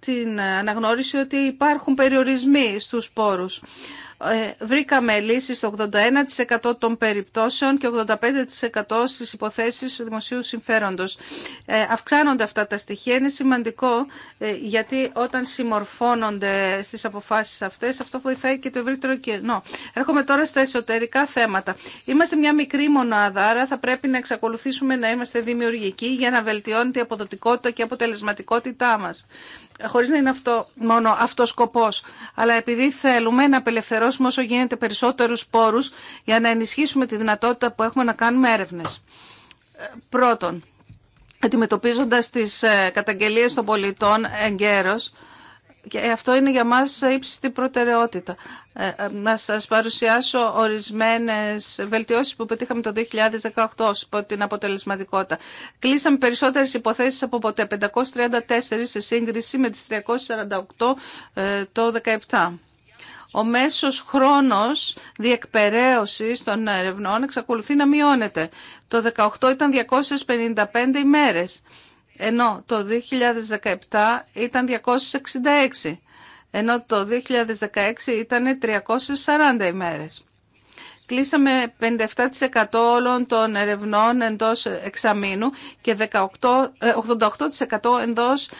την αναγνώριση ότι υπάρχουν περιορισμοί στους πόρους. Ε, βρήκαμε λύσεις στο 81% των περιπτώσεων και 85% στις υποθέσεις δημοσίου συμφέροντος. Ε, αυξάνονται αυτά τα στοιχεία, είναι σημαντικό ε, γιατί όταν συμμορφώνονται στις αποφάσεις αυτές αυτό βοηθάει και το ευρύτερο κοινό. Έρχομαι τώρα στα εσωτερικά θέματα. Είμαστε μια μικρή μονάδα, άρα θα πρέπει να εξακολουθήσουμε να είμαστε δημιουργικοί για να βελτιώνεται η αποδοτικότητα και η αποτελεσματικότητά μας. Χωρί να είναι αυτό, μόνο αυτό σκοπός, αλλά επειδή θέλουμε να απελευθερώσουμε όσο γίνεται περισσότερους πόρους για να ενισχύσουμε τη δυνατότητα που έχουμε να κάνουμε έρευνες. Ε, πρώτον, αντιμετωπίζοντα τις ε, καταγγελίες των πολιτών εγκαίρω, και αυτό είναι για μας ύψιστη προτεραιότητα. Ε, ε, να σας παρουσιάσω ορισμένες βελτιώσεις που πετύχαμε το 2018 από την αποτελεσματικότητα. Κλείσαμε περισσότερες υποθέσεις από ποτέ, 534 σε σύγκριση με τις 348 ε, το 2017. Ο μέσος χρόνος διεκπεραίωσης των ερευνών εξακολουθεί να μειώνεται. Το 18 ήταν 255 ημέρες ενώ το 2017 ήταν 266, ενώ το 2016 ήταν 340 ημέρες κλείσαμε 57% όλων των ερευνών εντός εξαμήνου και 18, 88% ε, εντός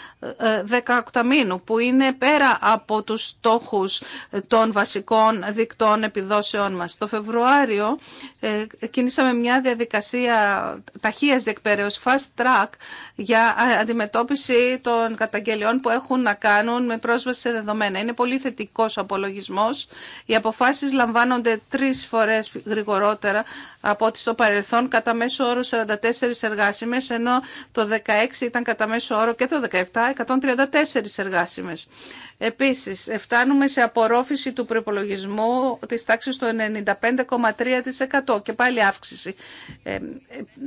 18 ε, μήνου, που είναι πέρα από τους στόχους ε, των βασικών δικτών επιδόσεών μας. Το Φεβρουάριο κινήσαμε μια διαδικασία ταχείας διεκπαιρέως, fast track, για αντιμετώπιση των καταγγελιών που έχουν να κάνουν με πρόσβαση σε δεδομένα. Είναι πολύ θετικός ο απολογισμός. Οι αποφάσεις λαμβάνονται τρεις φορές γρηγορότερα από ό,τι στο παρελθόν, κατά μέσο όρο 44 εργάσιμες, ενώ το 16 ήταν κατά μέσο όρο και το 17 134 εργάσιμες. Επίσης, φτάνουμε σε απορρόφηση του προπολογισμού της τάξης του 95,3% και πάλι αύξηση. Ε,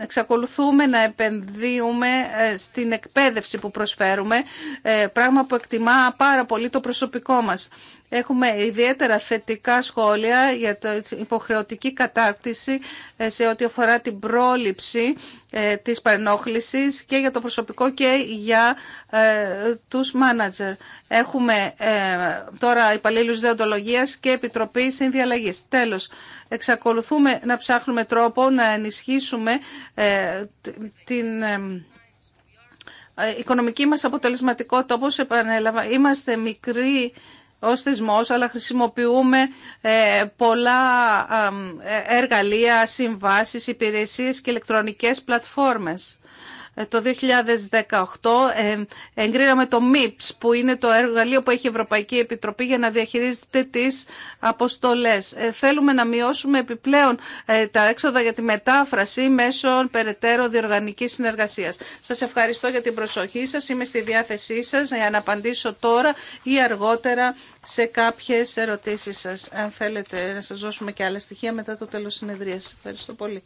εξακολουθούμε να επενδύουμε ε, στην εκπαίδευση που προσφέρουμε, ε, πράγμα που εκτιμά πάρα πολύ το προσωπικό μας. Έχουμε ιδιαίτερα θετικά σχόλια για την υποχρεωτική κατάρτιση ε, σε ό,τι αφορά την πρόληψη ε, της παρενόχλησης και για το προσωπικό και για ε, τους μάνατζερ. Έχουμε τώρα υπαλλήλους δεοντολογίας και επιτροπή συνδιαλλαγής. Τέλος, εξακολουθούμε να ψάχνουμε τρόπο να ενισχύσουμε την οικονομική μας αποτελεσματικότητα. Όπως επανέλαβα, είμαστε μικροί ως θεσμός, αλλά χρησιμοποιούμε ε, πολλά ε, εργαλεία, συμβάσεις, υπηρεσίες και ηλεκτρονικές πλατφόρμες. Ε, το 2018 ε, εγκρίναμε το MIPS που είναι το εργαλείο που έχει η Ευρωπαϊκή Επιτροπή για να διαχειρίζεται τις αποστολές. Ε, θέλουμε να μειώσουμε επιπλέον τα έξοδα για τη μετάφραση μέσω περαιτέρω διοργανικής συνεργασίας. Σας ευχαριστώ για την προσοχή σας. Είμαι στη διάθεσή σας για να απαντήσω τώρα ή αργότερα σε κάποιες ερωτήσεις σας. Αν θέλετε να σας δώσουμε και άλλα στοιχεία μετά το τέλος συνεδρίας. Ευχαριστώ πολύ.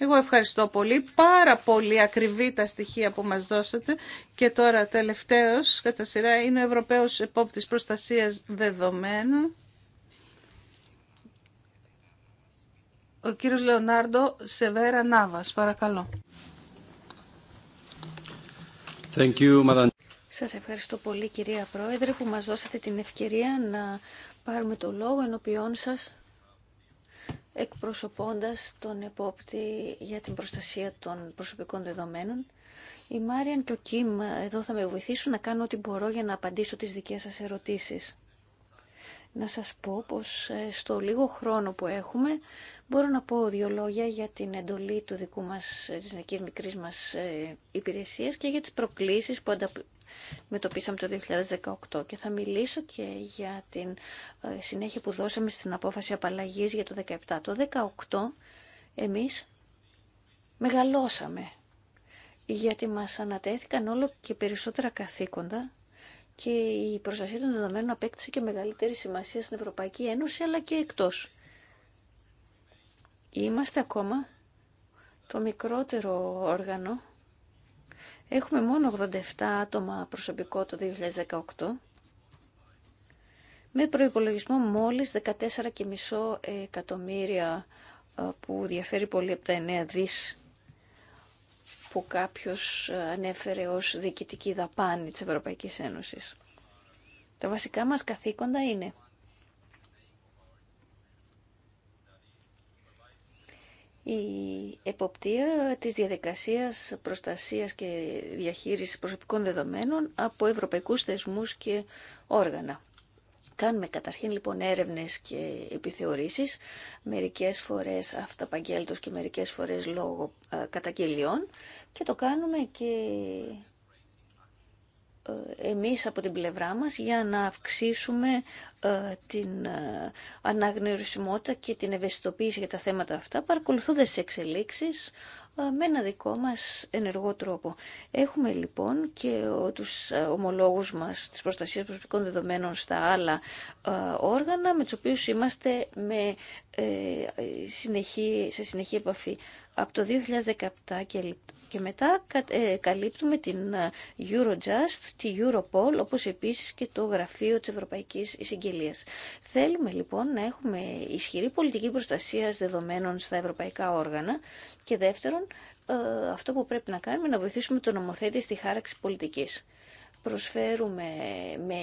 Εγώ ευχαριστώ πολύ. Πάρα πολύ ακριβή τα στοιχεία που μας δώσατε. Και τώρα τελευταίος κατά σειρά είναι ο Ευρωπαίος Επόπτης Προστασίας Δεδομένων. Ο κύριος Λεωνάρντο Σεβέρα Νάβας. Παρακαλώ. Thank you, Σας ευχαριστώ πολύ κυρία Πρόεδρε που μας δώσατε την ευκαιρία να πάρουμε το λόγο ενώπιόν σας εκπροσωπώντας τον επόπτη για την προστασία των προσωπικών δεδομένων. Η Μάριαν και ο Κιμ ε, εδώ θα με βοηθήσουν να κάνω ό,τι μπορώ για να απαντήσω τις δικές σας ερωτήσεις να σας πω πως ε, στο λίγο χρόνο που έχουμε μπορώ να πω δύο λόγια για την εντολή του δικού μας, ε, της δικής μικρής μας ε, υπηρεσίας και για τις προκλήσεις που αντιμετωπίσαμε το 2018 και θα μιλήσω και για την συνέχεια που δώσαμε στην απόφαση απαλλαγής για το 2017. Το 2018 εμείς μεγαλώσαμε γιατί μας ανατέθηκαν όλο και περισσότερα καθήκοντα και η προστασία των δεδομένων απέκτησε και μεγαλύτερη σημασία στην Ευρωπαϊκή Ένωση αλλά και εκτός. Είμαστε ακόμα το μικρότερο όργανο. Έχουμε μόνο 87 άτομα προσωπικό το 2018 με προϋπολογισμό μόλις 14,5 εκατομμύρια ε, που διαφέρει πολύ από τα 9 δις που κάποιος ε, ανέφερε ως διοικητική δαπάνη της Ευρωπαϊκής Ένωσης. Τα βασικά μας καθήκοντα είναι η εποπτεία της διαδικασίας προστασίας και διαχείρισης προσωπικών δεδομένων από ευρωπαϊκούς θεσμούς και όργανα. Κάνουμε καταρχήν λοιπόν έρευνες και επιθεωρήσεις, μερικές φορές αυταπαγγέλτος και μερικές φορές λόγω ε, καταγγελιών και το κάνουμε και ε, εμείς από την πλευρά μας για να αυξήσουμε ε, την ε, αναγνωρισιμότητα και την ευαισθητοποίηση για τα θέματα αυτά, παρακολουθώντας τις εξελίξεις ε, με ένα δικό μας ενεργό τρόπο. Έχουμε λοιπόν και τους ομολόγους μας της προστασίας προσωπικών δεδομένων στα άλλα όργανα, με τους οποίους είμαστε με, συνεχή, σε συνεχή επαφή. Από το 2017 και, και μετά καλύπτουμε την Eurojust, τη Europol, όπως επίσης και το Γραφείο της Ευρωπαϊκής Συγκέντρωσης Θέλουμε λοιπόν να έχουμε ισχυρή πολιτική προστασίας δεδομένων στα ευρωπαϊκά όργανα και δεύτερον ε, αυτό που πρέπει να κάνουμε είναι να βοηθήσουμε τον νομοθέτη στη χάραξη πολιτικής προσφέρουμε με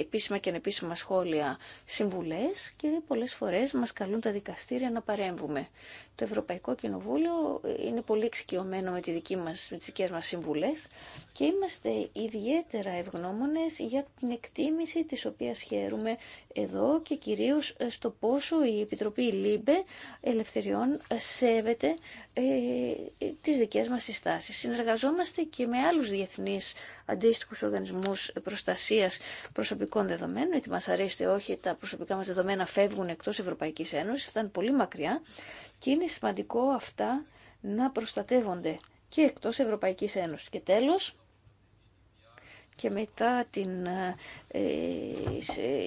επίσημα και ανεπίσημα σχόλια συμβουλές και πολλές φορές μας καλούν τα δικαστήρια να παρέμβουμε. Το Ευρωπαϊκό Κοινοβούλιο ε, είναι πολύ εξοικειωμένο με, τη δική μας, με τις δικές μας συμβουλές και είμαστε ιδιαίτερα ευγνώμονες για την εκτίμηση της οποίας χαίρουμε εδώ και κυρίως ε, στο πόσο η Επιτροπή ΛΥΜΠΕ Ελευθεριών ε, σέβεται ε, τις δικές μας συστάσεις. Συνεργαζόμαστε και με άλλους διεθνείς αντίστοιχους οργανισμούς προστασίας προσωπικών δεδομένων, είτε μας αρέσει όχι, τα προσωπικά μας δεδομένα φεύγουν εκτός Ευρωπαϊκής Ένωσης, φτάνουν πολύ μακριά και είναι σημαντικό αυτά να προστατεύονται και εκτός Ευρωπαϊκής Ένωσης. Και τέλος, και μετά την ε,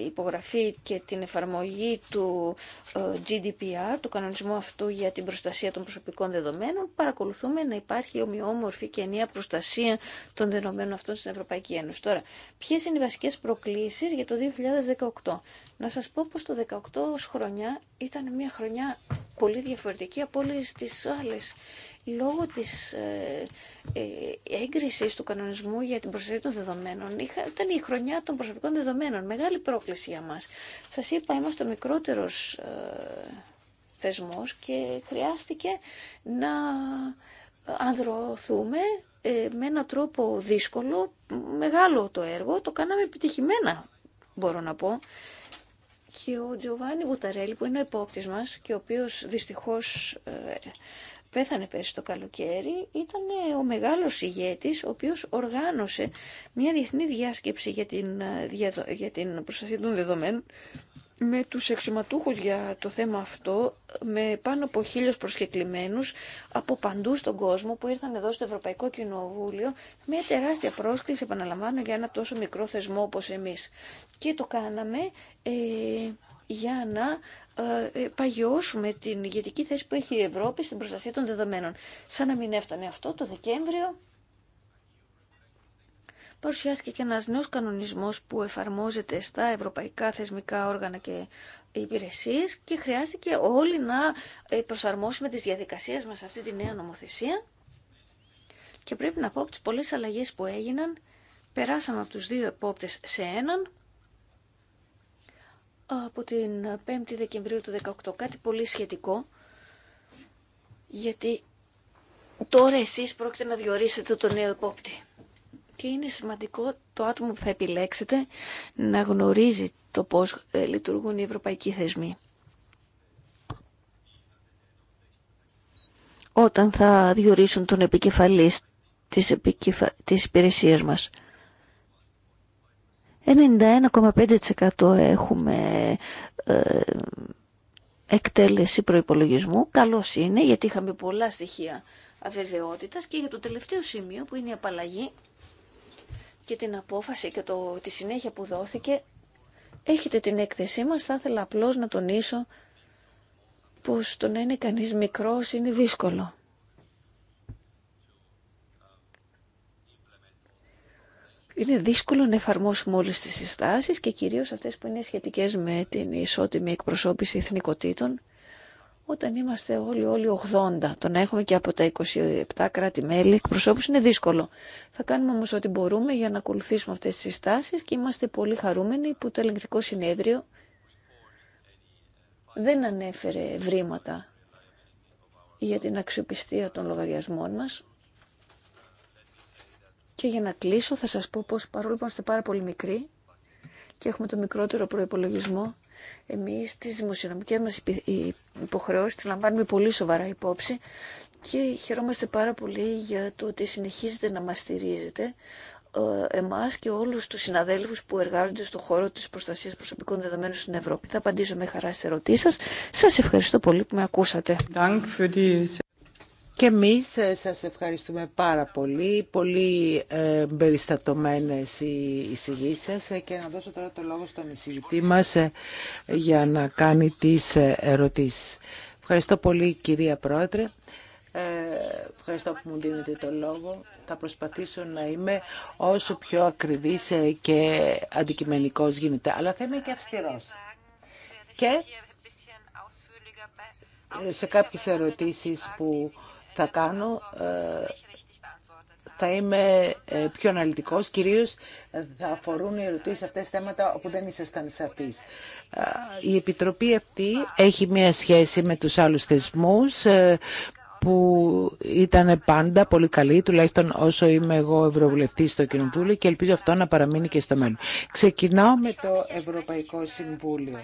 υπογραφή και την εφαρμογή του ε, GDPR, του κανονισμού αυτού για την προστασία των προσωπικών δεδομένων, παρακολουθούμε να υπάρχει ομοιόμορφη και ενιαία προστασία των δεδομένων αυτών στην Ευρωπαϊκή Ένωση. Τώρα, ποιε είναι οι βασικέ προκλήσει για το 2018. Να σα πω πω το 18 χρονιά ήταν μια χρονιά πολύ διαφορετική από όλε τι άλλε λόγω της ε, ε, έγκρισης του κανονισμού για την προστασία των δεδομένων ήταν η χρονιά των προσωπικών δεδομένων. Μεγάλη πρόκληση για μας. Σας είπα, είμαστε ο μικρότερος ε, θεσμός και χρειάστηκε να ανδρωθούμε ε, με έναν τρόπο δύσκολο, μεγάλο το έργο, το κάναμε επιτυχημένα μπορώ να πω. Και ο Τζοβάνι Βουταρέλη που είναι ο υπόπτης μας και ο οποίος δυστυχώς ε, πέθανε πέρσι το καλοκαίρι, ήταν ο μεγάλος ηγέτης ο οποίος οργάνωσε μια διεθνή διάσκεψη για την, ε, για την προστασία των δεδομένων με τους εξηματούχους για το θέμα αυτό, με πάνω από χίλιους προσκεκλημένους από παντού στον κόσμο που ήρθαν εδώ στο Ευρωπαϊκό Κοινοβούλιο, με τεράστια πρόσκληση, επαναλαμβάνω, για ένα τόσο μικρό θεσμό όπως εμείς. Και το κάναμε ε, για να ε, ε, παγιώσουμε την ηγετική θέση που έχει η Ευρώπη στην προστασία των δεδομένων. Σαν να μην έφτανε αυτό το Δεκέμβριο. Παρουσιάστηκε και ένας νέος κανονισμός που εφαρμόζεται στα ευρωπαϊκά θεσμικά όργανα και υπηρεσίες και χρειάστηκε όλοι να ε, προσαρμόσουμε τις διαδικασίες μας σε αυτή τη νέα νομοθεσία. Και πρέπει να πω από τις πολλές αλλαγές που έγιναν, περάσαμε από τους δύο επόπτες σε έναν, από την 5η Δεκεμβρίου του 2018. Κάτι πολύ σχετικό, γιατί τώρα εσείς πρόκειται να διορίσετε το νέο υπόπτη. Και είναι σημαντικό το άτομο που θα επιλέξετε να γνωρίζει το πώς ε, λειτουργούν οι ευρωπαϊκοί θεσμοί. Όταν θα διορίσουν τον επικεφαλής της, υπηρεσία μας. 91,5% έχουμε ε, εκτέλεση προϋπολογισμού. Καλώς είναι, γιατί είχαμε πολλά στοιχεία αβεβαιότητας και για το τελευταίο σημείο που είναι η απαλλαγή και την απόφαση και το, τη συνέχεια που δόθηκε. Έχετε την έκθεσή μας, θα ήθελα απλώς να τονίσω πως το να είναι κανείς μικρός είναι δύσκολο. είναι δύσκολο να εφαρμόσουμε όλες τις συστάσεις και κυρίως αυτές που είναι σχετικές με την ισότιμη εκπροσώπηση εθνικοτήτων όταν είμαστε όλοι όλοι 80, το να έχουμε και από τα 27 κράτη-μέλη εκπροσώπους είναι δύσκολο. Θα κάνουμε όμως ό,τι μπορούμε για να ακολουθήσουμε αυτές τις συστάσεις και είμαστε πολύ χαρούμενοι που το ελεγκτικό συνέδριο δεν ανέφερε βρήματα για την αξιοπιστία των λογαριασμών μας και για να κλείσω θα σας πω πως παρόλο που είμαστε πάρα πολύ μικροί και έχουμε το μικρότερο προϋπολογισμό, εμείς τις δημοσιονομικές μας υποχρεώσεις τις λαμβάνουμε πολύ σοβαρά υπόψη και χαιρόμαστε πάρα πολύ για το ότι συνεχίζετε να μας στηρίζετε ε, εμάς και όλους τους συναδέλφους που εργάζονται στον χώρο της προστασίας προσωπικών δεδομένων στην Ευρώπη. Θα απαντήσω με χαρά στις ερωτήσεις σας. Σας ευχαριστώ πολύ που με ακούσατε. Και εμείς ε, σας ευχαριστούμε πάρα πολύ. Πολύ ε, περιστατωμένες οι εισηγήσεις σας ε, και να δώσω τώρα το λόγο στον εισηγητή μας ε, για να κάνει τις ερωτήσεις. Ευχαριστώ πολύ κυρία Πρόεδρε. ευχαριστώ που μου δίνετε το λόγο. Θα προσπαθήσω να είμαι όσο πιο ακριβής και αντικειμενικός γίνεται. Αλλά θα είμαι και αυστηρός. Και σε κάποιες ερωτήσεις που θα κάνω ε, θα είμαι ε, πιο αναλυτικός, κυρίως ε, θα αφορούν οι ερωτήσεις αυτές θέματα όπου δεν ήσασταν σαφείς. Η Επιτροπή αυτή έχει μία σχέση με τους άλλους θεσμούς που ήταν πάντα πολύ καλή, τουλάχιστον όσο είμαι εγώ Ευρωβουλευτή στο Κοινοβούλιο και ελπίζω αυτό να παραμείνει και στο μέλλον. Ξεκινάω με το Ευρωπαϊκό Συμβούλιο.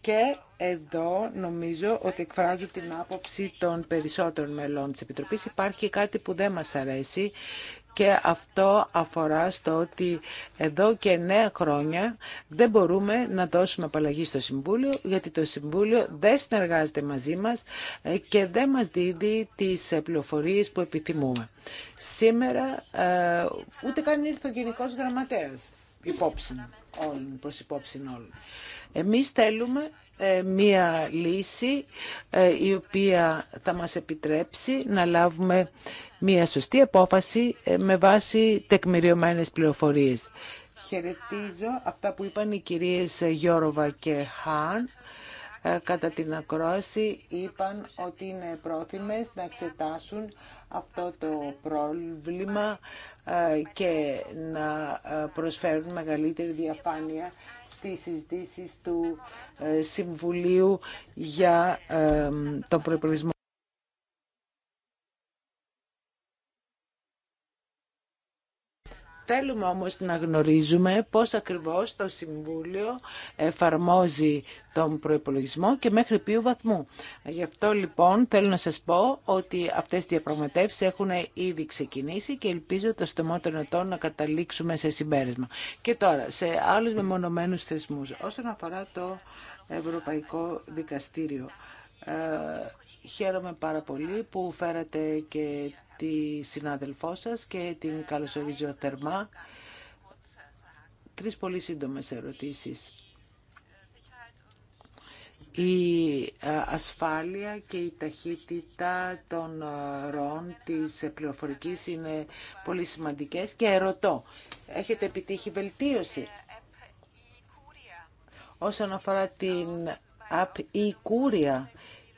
Και εδώ νομίζω ότι εκφράζω την άποψη των περισσότερων μελών της Επιτροπής. Υπάρχει κάτι που δεν μας αρέσει και αυτό αφορά στο ότι εδώ και εννέα χρόνια δεν μπορούμε να δώσουμε απαλλαγή στο Συμβούλιο γιατί το Συμβούλιο δεν συνεργάζεται μαζί μας ε, και δεν μας δίδει τις ε, πληροφορίες που επιθυμούμε. Σήμερα ε, ούτε καν ήρθε ο Γενικός Γραμματέας υπόψη όλων, προς υπόψη όλων. Εμείς θέλουμε ε, μία λύση ε, η οποία θα μας επιτρέψει να λάβουμε μία σωστή απόφαση ε, με βάση τεκμηριωμένες πληροφορίες. Χαιρετίζω αυτά που είπαν οι κυρίες Γιώροβα και Χάν κατά την ακρόαση είπαν ότι είναι πρόθυμες να εξετάσουν αυτό το πρόβλημα ε, και να ε, προσφέρουν μεγαλύτερη διαφάνεια στις συζητήσεις του ε, Συμβουλίου για τον προϋπολογισμό. Θέλουμε όμως να γνωρίζουμε πώς ακριβώς το Συμβούλιο εφαρμόζει τον προϋπολογισμό και μέχρι ποιου βαθμού. Γι' αυτό λοιπόν θέλω να σας πω ότι αυτές οι διαπραγματεύσεις έχουν ήδη ξεκινήσει και ελπίζω το στομό των ετών να καταλήξουμε σε συμπέρασμα. Και τώρα, σε άλλους μεμονωμένους θεσμούς, όσον αφορά το Ευρωπαϊκό Δικαστήριο, ε, χαίρομαι πάρα πολύ που φέρατε και τη συνάδελφό σας και την καλωσορίζω θερμά. Τρεις πολύ σύντομες ερωτήσεις. Η ε, ασφάλεια και η ταχύτητα των ε, ροών της πληροφορικής είναι πολύ σημαντικές και ερωτώ, έχετε επιτύχει βελτίωση όσον αφορά την App ή Κούρια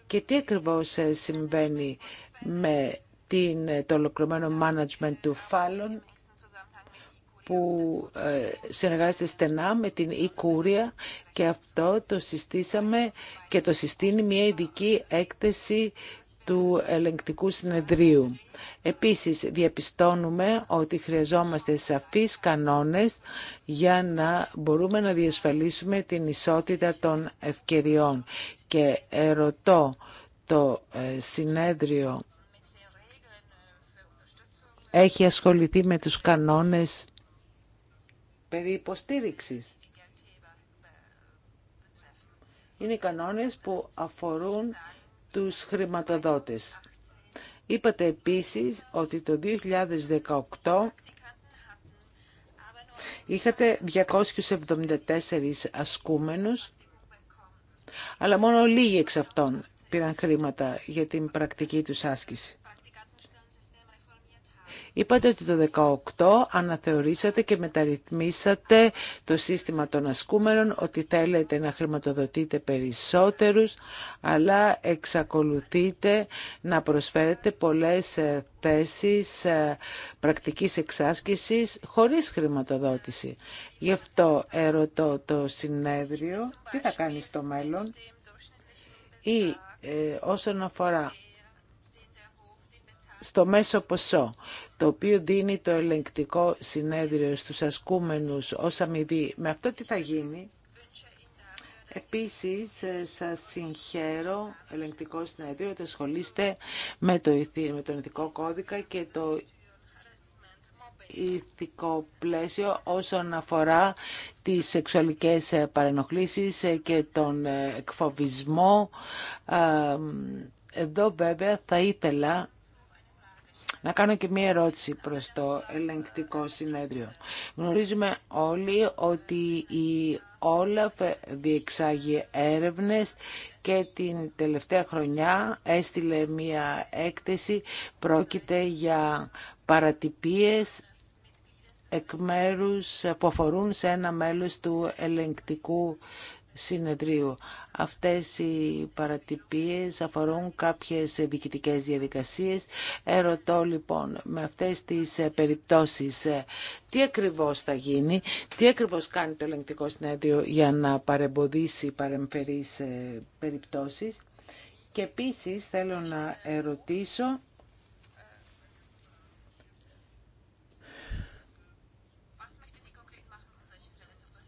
και τι ακριβώς ε, συμβαίνει με την, ε, το ολοκληρωμένο management του φάλων που ε, συνεργάζεται στενά με την Ικούρια και αυτό το συστήσαμε και το συστήνει μια ειδική έκθεση του ελεγκτικού συνεδρίου. Επίσης, διαπιστώνουμε ότι χρειαζόμαστε σαφείς κανόνες για να μπορούμε να διασφαλίσουμε την ισότητα των ευκαιριών. Και ερωτώ το ε, συνέδριο έχει ασχοληθεί με τους κανόνες περί υποστήριξης. Είναι οι κανόνες που αφορούν τους χρηματοδότες. Είπατε επίσης ότι το 2018 είχατε 274 ασκούμενους, αλλά μόνο λίγοι εξ αυτών πήραν χρήματα για την πρακτική τους άσκηση. Είπατε ότι το 2018 αναθεωρήσατε και μεταρρυθμίσατε το σύστημα των ασκούμενων, ότι θέλετε να χρηματοδοτείτε περισσότερους, αλλά εξακολουθείτε να προσφέρετε πολλές ε, θέσεις ε, πρακτικής εξάσκησης χωρίς χρηματοδότηση. Γι' αυτό ερωτώ το συνέδριο, τι θα κάνει στο μέλλον ή ε, όσον αφορά στο μέσο ποσό, το οποίο δίνει το ελεγκτικό συνέδριο στους ασκούμενους ως αμοιβή. Με αυτό τι θα γίνει. Επίσης, ε, σας συγχαίρω, ελεγκτικό συνέδριο, ότι ασχολείστε με, το, με τον ηθικό κώδικα και το ηθικό πλαίσιο όσον αφορά τις σεξουαλικές ε, παρενοχλήσεις ε, και τον εκφοβισμό. Εδώ βέβαια θα ήθελα να κάνω και μία ερώτηση προς το ελεγκτικό συνέδριο. Γνωρίζουμε όλοι ότι η Όλαφ διεξάγει έρευνες και την τελευταία χρονιά έστειλε μία έκθεση. Πρόκειται για παρατυπίες εκ μέρους που αφορούν σε ένα μέλος του ελεγκτικού συνεδρίου. Αυτές οι παρατυπίες αφορούν κάποιες διοικητικές διαδικασίες. Ερωτώ λοιπόν με αυτές τις ε, περιπτώσεις ε, τι ακριβώς θα γίνει, τι ακριβώς κάνει το ελεγκτικό συνέδριο για να παρεμποδίσει παρεμφερείς ε, περιπτώσεις. Και επίσης θέλω να ερωτήσω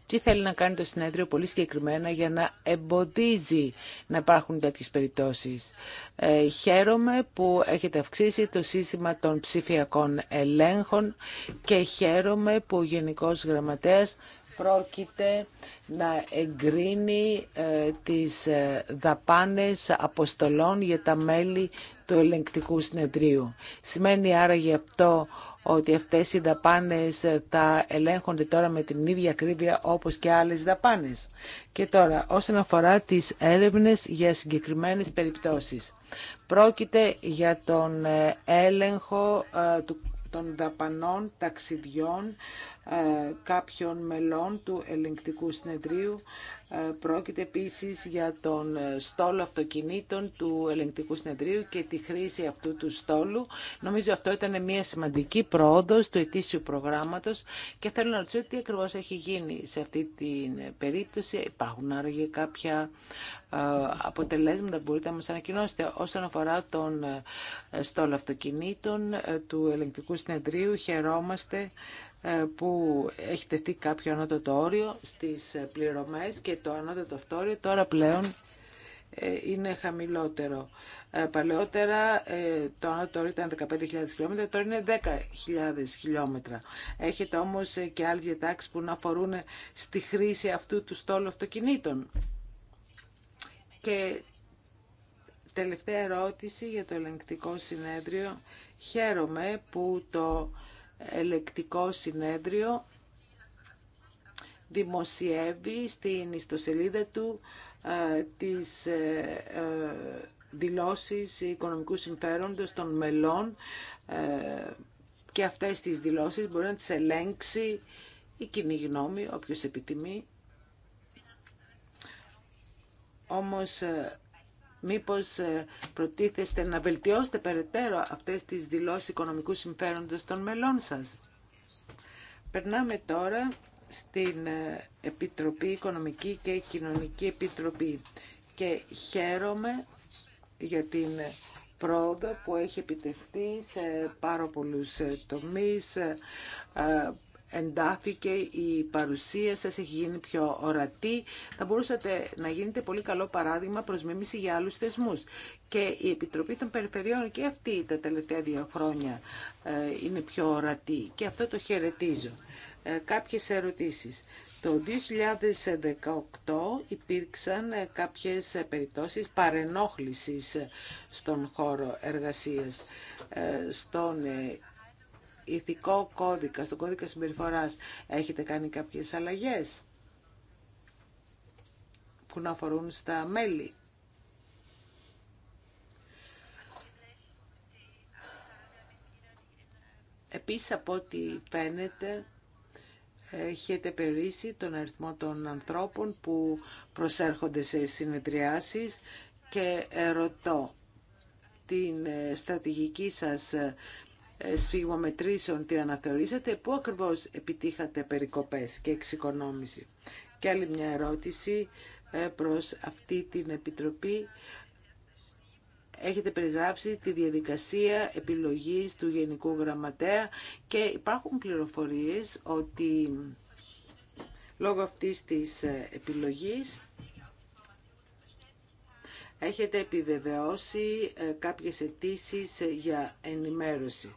τι θέλει να κάνει το συνέδριο πολύ συγκεκριμένα για να εμποδίζει να υπάρχουν τέτοιες περιπτώσεις. Ε, χαίρομαι που έχετε αυξήσει το σύστημα των ψηφιακών ελέγχων και χαίρομαι που ο Γενικός Γραμματέας πρόκειται να εγκρίνει ε, τις ε, δαπάνες αποστολών για τα μέλη του ελεγκτικού συνεδρίου. Σημαίνει άραγε αυτό ότι αυτές οι δαπάνες θα ελέγχονται τώρα με την ίδια ακρίβεια όπως και άλλες δαπάνες. Και τώρα, όσον αφορά τις έρευνες για συγκεκριμένες περιπτώσεις. Πρόκειται για τον ε, έλεγχο ε, των δαπανών ταξιδιών ε, κάποιων μελών του ελεγκτικού συνεδρίου ε, πρόκειται επίσης για τον ε, στόλο αυτοκινήτων του ελεγκτικού συνεδρίου και τη χρήση αυτού του στόλου. Νομίζω αυτό ήταν μια σημαντική πρόοδος του ετήσιου προγράμματος και θέλω να ρωτήσω τι ακριβώς έχει γίνει σε αυτή την περίπτωση. Υπάρχουν άραγε κάποια ε, αποτελέσματα που μπορείτε να μας ανακοινώσετε όσον αφορά τον στόλο αυτοκινήτων του ελεγκτικού συνεδρίου. Χαιρόμαστε ε, που έχει τεθεί κάποιο ανώτατο όριο στις ε, πληρωμές και το ανώτατο αυτό όριο τώρα πλέον ε, είναι χαμηλότερο. Παλαιότερα το ανώτατο ήταν 15.000 χιλιόμετρα, τώρα είναι 10.000 χιλιόμετρα. Έχετε όμως και άλλες διατάξεις που να αφορούν στη χρήση αυτού του στόλου αυτοκινήτων. Και τελευταία ερώτηση για το ελεγκτικό συνέδριο. Χαίρομαι που το ελεκτικό συνέδριο δημοσιεύει στην ιστοσελίδα του ε, τις ε, ε, δηλώσεις οικονομικού συμφέροντος των μελών και αυτές τις δηλώσεις μπορεί να τις ελέγξει η κοινή γνώμη, όποιος επιτιμεί. Όμως Μήπως ε, προτίθεστε να βελτιώσετε περαιτέρω αυτές τις δηλώσεις οικονομικού συμφέροντος των μελών σας. Περνάμε τώρα στην ε, Επιτροπή Οικονομική και Κοινωνική Επιτροπή και χαίρομαι για την πρόοδο που έχει επιτευχθεί σε πάρα πολλούς ε, τομείς εντάθηκε η παρουσία σας, έχει γίνει πιο ορατή. Θα μπορούσατε να γίνετε πολύ καλό παράδειγμα προς μίμηση για άλλους θεσμούς. Και η Επιτροπή των Περιφερειών και αυτή τα τελευταία δύο χρόνια ε, είναι πιο ορατή και αυτό το χαιρετίζω. Ε, κάποιες ερωτήσεις. Το 2018 υπήρξαν ε, κάποιες περιπτώσεις παρενόχλησης στον χώρο εργασίας. Στον ηθικό κώδικα, στον κώδικα συμπεριφοράς, έχετε κάνει κάποιες αλλαγές που να αφορούν στα μέλη. Επίσης, από ό,τι φαίνεται, έχετε περιορίσει τον αριθμό των ανθρώπων που προσέρχονται σε συνεδριάσεις και ρωτώ την ε, στρατηγική σας σφιγμομετρήσεων τι αναθεωρήσατε, πού ακριβώς επιτύχατε περικοπές και εξοικονόμηση. Και άλλη μια ερώτηση ε, προς αυτή την Επιτροπή. Έχετε περιγράψει τη διαδικασία επιλογής του Γενικού Γραμματέα και υπάρχουν πληροφορίες ότι λόγω αυτής της ε, επιλογής έχετε επιβεβαιώσει ε, κάποιες αιτήσει για ενημέρωση.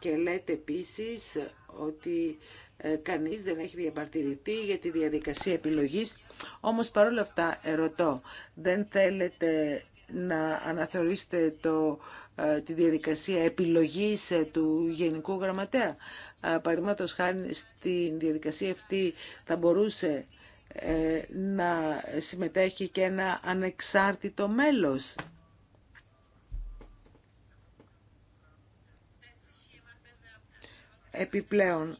Και λέτε επίσης ότι ε, κανείς δεν έχει διαμαρτυρηθεί για τη διαδικασία επιλογής. Όμως παρόλα αυτά ερωτώ, δεν θέλετε να αναθεωρήσετε το, ε, τη διαδικασία επιλογής ε, του Γενικού Γραμματέα. Παραδείγματο χάρη στη διαδικασία αυτή θα μπορούσε να συμμετέχει και ένα ανεξάρτητο μέλος. επιπλέον.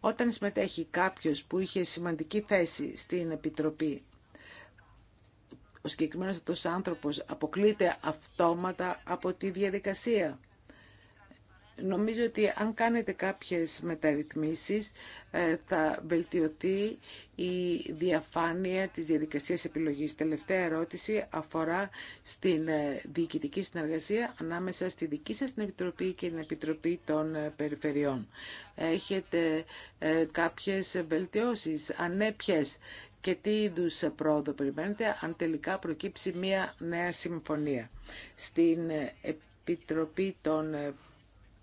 Όταν συμμετέχει κάποιος που είχε σημαντική θέση στην Επιτροπή, ο συγκεκριμένος αυτός άνθρωπος αποκλείται αυτόματα από τη διαδικασία. Νομίζω ότι αν κάνετε κάποιες μεταρρυθμίσεις ε, θα βελτιωθεί η διαφάνεια της διαδικασίας επιλογής. Τελευταία ερώτηση αφορά στην ε, διοικητική συνεργασία ανάμεσα στη δική σας την Επιτροπή και την Επιτροπή των ε, Περιφερειών. Έχετε κάποιες βελτιώσεις, ανέπιες ναι, και τι είδου πρόοδο περιμένετε αν τελικά προκύψει μια νέα συμφωνία. Στην Επιτροπή των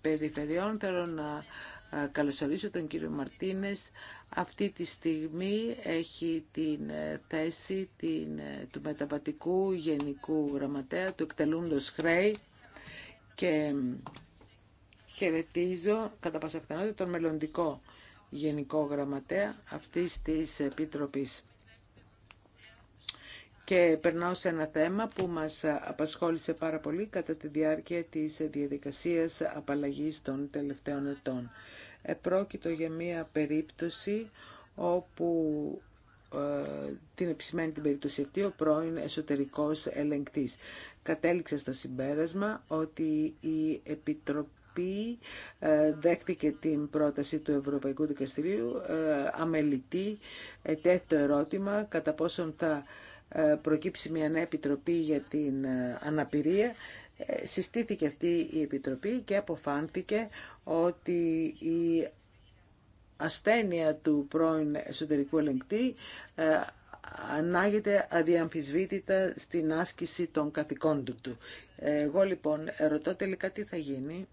περιφερειών. Θέλω να ε, καλωσορίσω τον κύριο Μαρτίνες. Αυτή τη στιγμή έχει την ε, θέση ε, του μεταβατικού γενικού γραμματέα, του εκτελούντος χρέη και χαιρετίζω κατά πάσα τον μελλοντικό γενικό γραμματέα αυτής της Επίτροπης. Και περνάω σε ένα θέμα που μας απασχόλησε πάρα πολύ κατά τη διάρκεια της διαδικασίας απαλλαγής των τελευταίων ετών. Επρόκειτο για μία περίπτωση όπου ε, την επισημαίνει την περίπτωση αυτή ο πρώην εσωτερικός ελεγκτής. Κατέληξε στο συμπέρασμα ότι η Επιτροπή ε, δέχτηκε την πρόταση του Ευρωπαϊκού Δικαστηρίου ε, αμελητή Τέτοιο ερώτημα κατά πόσον θα ε, προκύψει μια νέα επιτροπή για την ε, αναπηρία. Ε, συστήθηκε αυτή η επιτροπή και αποφάνθηκε ότι η ασθένεια του πρώην εσωτερικού ελεγκτή ανάγεται αδιαμφισβήτητα στην άσκηση των καθηκόντων του. Εγώ λοιπόν ρωτώ τελικά τι θα γίνει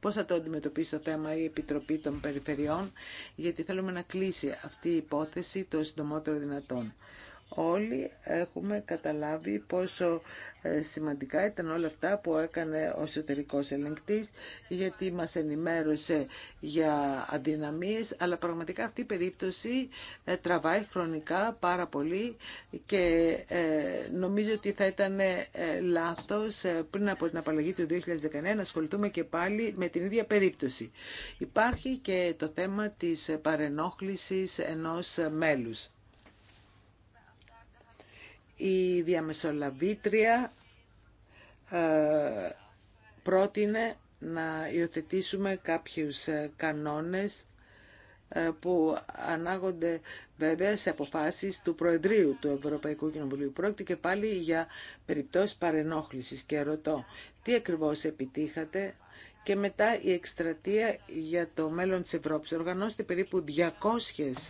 πώς θα το αντιμετωπίσει το θέμα η Επιτροπή των Περιφερειών, γιατί θέλουμε να κλείσει αυτή η υπόθεση το συντομότερο δυνατόν όλοι έχουμε καταλάβει πόσο ε, σημαντικά ήταν όλα αυτά που έκανε ο εσωτερικό ελεγκτής γιατί μας ενημέρωσε για αδυναμίες αλλά πραγματικά αυτή η περίπτωση ε, τραβάει χρονικά πάρα πολύ και ε, νομίζω ότι θα ήταν λάθος πριν από την απαλλαγή του 2019 να ασχοληθούμε και πάλι με την ίδια περίπτωση. Υπάρχει και το θέμα της παρενόχλησης ενός μέλους. Η διαμεσολαβήτρια ε, πρότεινε να υιοθετήσουμε κάποιους ε, κανόνες ε, που ανάγονται βέβαια σε αποφάσεις του Προεδρείου του Ευρωπαϊκού Κοινοβουλίου. Πρόκειται και πάλι για περιπτώσεις παρενόχλησης και ρωτώ τι ακριβώς επιτύχατε και μετά η εκστρατεία για το μέλλον της Ευρώπης. Οργανώστε περίπου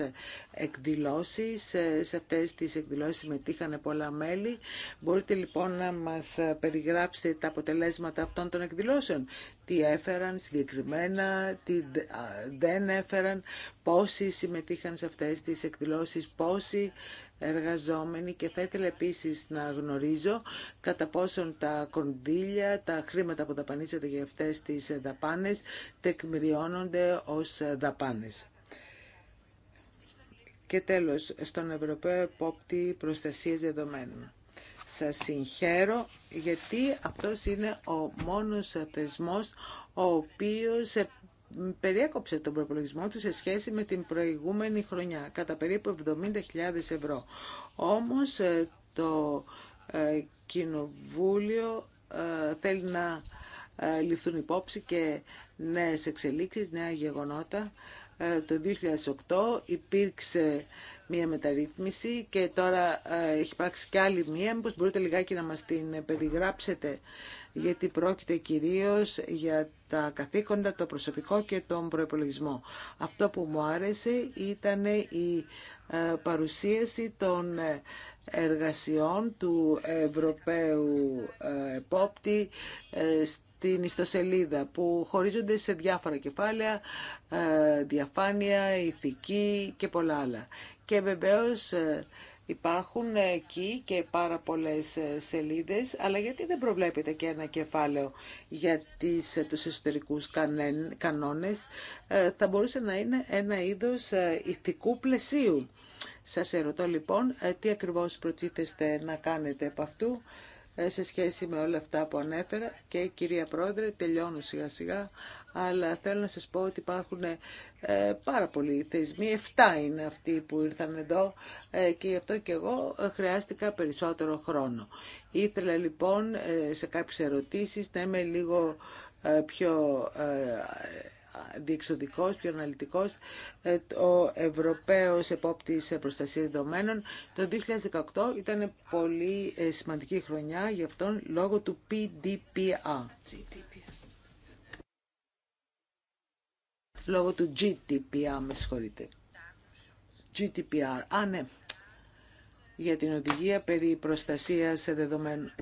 200 εκδηλώσεις. Σε αυτές τις εκδηλώσεις συμμετείχαν πολλά μέλη. Μπορείτε λοιπόν να μας περιγράψετε τα αποτελέσματα αυτών των εκδηλώσεων. Τι έφεραν συγκεκριμένα, τι δεν έφεραν, πόσοι συμμετείχαν σε αυτές τις εκδηλώσεις, πόσοι εργαζόμενοι και θα ήθελα επίσης να γνωρίζω κατά πόσον τα κονδύλια, τα χρήματα που δαπανίζονται για αυτές τις δαπάνες τεκμηριώνονται ως δαπάνες. Και τέλος, στον Ευρωπαίο Επόπτη Προστασίας Δεδομένων. Σας συγχαίρω γιατί αυτός είναι ο μόνος θεσμός ο οποίος περιέκοψε τον προπολογισμό του σε σχέση με την προηγούμενη χρονιά, κατά περίπου 70.000 ευρώ. Όμως ε, το ε, Κοινοβούλιο ε, θέλει να ληφθούν υπόψη και νέες εξελίξεις, νέα γεγονότα. Το 2008 υπήρξε μία μεταρρύθμιση και τώρα έχει υπάρξει και άλλη μία. μπορείτε λιγάκι να μας την περιγράψετε, γιατί πρόκειται κυρίως για τα καθήκοντα, το προσωπικό και τον προεπολογισμό. Αυτό που μου άρεσε ήταν η ε, παρουσίαση των ε, εργασιών του Ευρωπαίου ε, Επόπτη στην ιστοσελίδα που χωρίζονται σε διάφορα κεφάλαια, διαφάνεια, ηθική και πολλά άλλα. Και βεβαίως Υπάρχουν εκεί και πάρα πολλές ε, σελίδες, αλλά γιατί δεν προβλέπετε και ένα κεφάλαιο για τις, ε, τους εσωτερικούς κανόνες. Ε, θα μπορούσε να είναι ένα είδος ηθικού πλαισίου. Σας ερωτώ λοιπόν τι ακριβώς προτίθεστε να κάνετε από αυτού σε σχέση με όλα αυτά που ανέφερα και κυρία Πρόεδρε τελειώνω σιγά σιγά αλλά θέλω να σας πω ότι υπάρχουν ε, πάρα πολλοί θεσμοί, 7 είναι αυτοί που ήρθαν εδώ ε, και γι' αυτό και εγώ χρειάστηκα περισσότερο χρόνο. Ήθελα λοιπόν ε, σε κάποιες ερωτήσεις να είμαι λίγο πιο διεξοδικός, πιο αναλυτικός, ο Ευρωπαίος Επόπτης Προστασίας Δεδομένων. Το 2018 ήταν πολύ σημαντική χρονιά γι' αυτόν λόγω του PDPA. λόγω του GDPR, με συγχωρείτε. GDPR, α ναι, για την οδηγία περί προστασίας δεδομένων.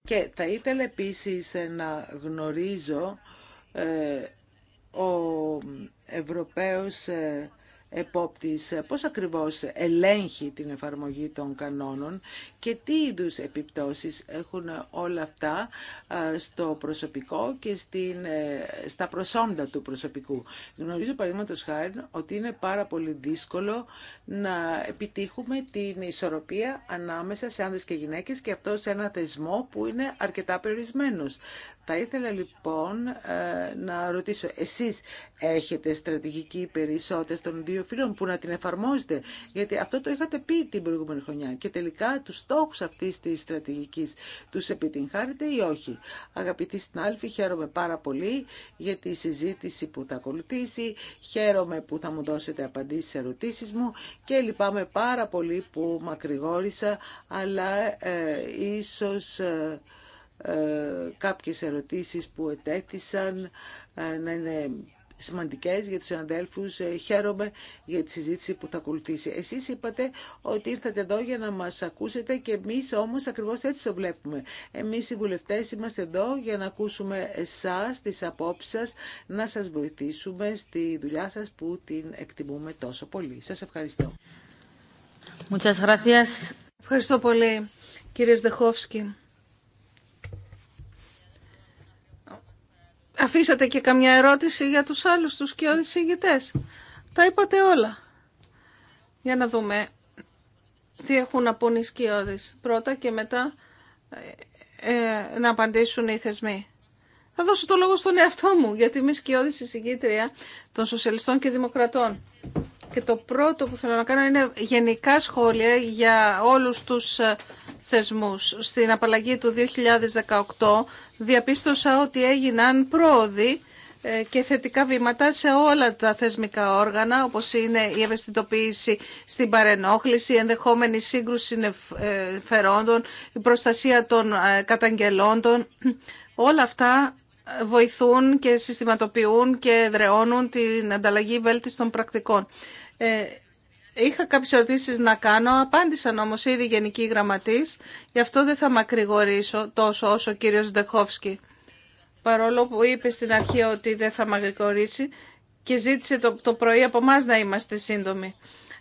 Και θα ήθελα επίσης να γνωρίζω ε, ο Ευρωπαίος ε, επόπτης πώς ακριβώς ελέγχει την εφαρμογή των κανόνων και τι είδους επιπτώσεις έχουν όλα αυτά στο προσωπικό και στην, ε, στα προσόντα του προσωπικού. Γνωρίζω παραδείγματο χάρη ότι είναι πάρα πολύ δύσκολο να επιτύχουμε την ισορροπία ανάμεσα σε άνδρες και γυναίκες και αυτό σε ένα θεσμό που είναι αρκετά περιορισμένος. Θα ήθελα λοιπόν ε, να ρωτήσω, εσείς έχετε στρατηγική περισσότερες των δύο φίλων που να την εφαρμόζετε, γιατί αυτό το είχατε πει την προηγούμενη χρονιά και τελικά τους στόχους αυτής της στρατηγικής τους επιτυγχάρετε ή όχι. Αγαπητοί συνάλφοι, χαίρομαι πάρα πολύ για τη συζήτηση που θα ακολουθήσει, χαίρομαι που θα μου δώσετε απαντήσεις σε ερωτήσεις μου και λυπάμαι πάρα πολύ που μακρηγόρησα, αλλά ε, ίσως... Ε, ε, κάποιες ερωτήσεις που ετέθησαν ε, να είναι σημαντικές για τους αδέλφους. Ε, χαίρομαι για τη συζήτηση που θα ακολουθήσει. Εσείς είπατε ότι ήρθατε εδώ για να μας ακούσετε και εμείς όμως ακριβώς έτσι το βλέπουμε. Εμείς οι βουλευτές είμαστε εδώ για να ακούσουμε εσάς, τις απόψεις σας, να σας βοηθήσουμε στη δουλειά σας που την εκτιμούμε τόσο πολύ. Σας ευχαριστώ. Ευχαριστώ πολύ κύριε Σδεχόφσκι. αφήσατε και καμιά ερώτηση για τους άλλους, τους και συγγητές. Τα είπατε όλα. Για να δούμε τι έχουν να πούν οι σκιώδεις πρώτα και μετά ε, ε, να απαντήσουν οι θεσμοί. Θα δώσω το λόγο στον εαυτό μου, γιατί είμαι σκιώδης εισηγήτρια των Σοσιαλιστών και Δημοκρατών. Και το πρώτο που θέλω να κάνω είναι γενικά σχόλια για όλους τους ε, θεσμούς. Στην απαλλαγή του 2018 διαπίστωσα ότι έγιναν πρόοδοι ε, και θετικά βήματα σε όλα τα θεσμικά όργανα, όπως είναι η ευαισθητοποίηση στην παρενόχληση, η ενδεχόμενη σύγκρουση φερόντων, η προστασία των ε, καταγγελόντων. Όλα αυτά βοηθούν και συστηματοποιούν και δρεώνουν την ανταλλαγή βέλτιστων πρακτικών. Ε, είχα κάποιες ερωτήσεις να κάνω, απάντησαν όμως ήδη Γενική Γραμματής, γι' αυτό δεν θα μακρηγορήσω τόσο όσο ο κύριος Δεχόφσκι. Παρόλο που είπε στην αρχή ότι δεν θα μακρηγορήσει και ζήτησε το, το πρωί από εμά να είμαστε σύντομοι.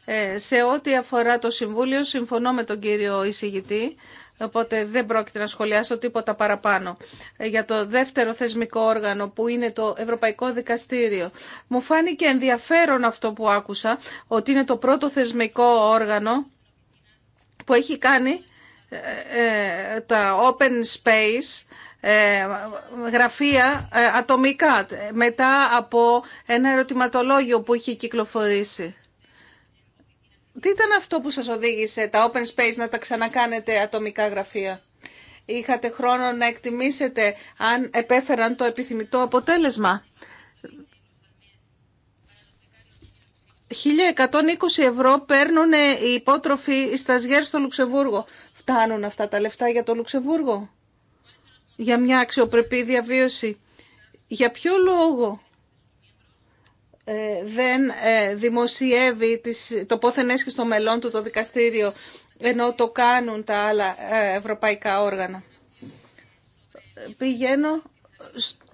Ε, σε ό,τι αφορά το Συμβούλιο, συμφωνώ με τον κύριο εισηγητή Οπότε δεν πρόκειται να σχολιάσω τίποτα παραπάνω. Ε, για το δεύτερο θεσμικό όργανο που είναι το Ευρωπαϊκό Δικαστήριο. Μου φάνηκε ενδιαφέρον αυτό που άκουσα, ότι είναι το πρώτο θεσμικό όργανο που έχει κάνει ε, ε, τα open space γραφεία ατομικά μετά από ένα ερωτηματολόγιο που είχε κυκλοφορήσει. Τι ήταν αυτό που σας οδήγησε τα open space να τα ξανακάνετε ατομικά γραφεία. Είχατε χρόνο να εκτιμήσετε αν επέφεραν το επιθυμητό αποτέλεσμα. 1.120 ευρώ παίρνουν οι υπότροφοι στα ΣΓΕΡ στο Λουξεμβούργο. Φτάνουν αυτά τα λεφτά για το Λουξεμβούργο. Για μια αξιοπρεπή διαβίωση. Για ποιο λόγο ε, δεν ε, δημοσιεύει τις, το πόθεν και στο μελόν του το δικαστήριο ενώ το κάνουν τα άλλα ε, ευρωπαϊκά όργανα. Πηγαίνω στο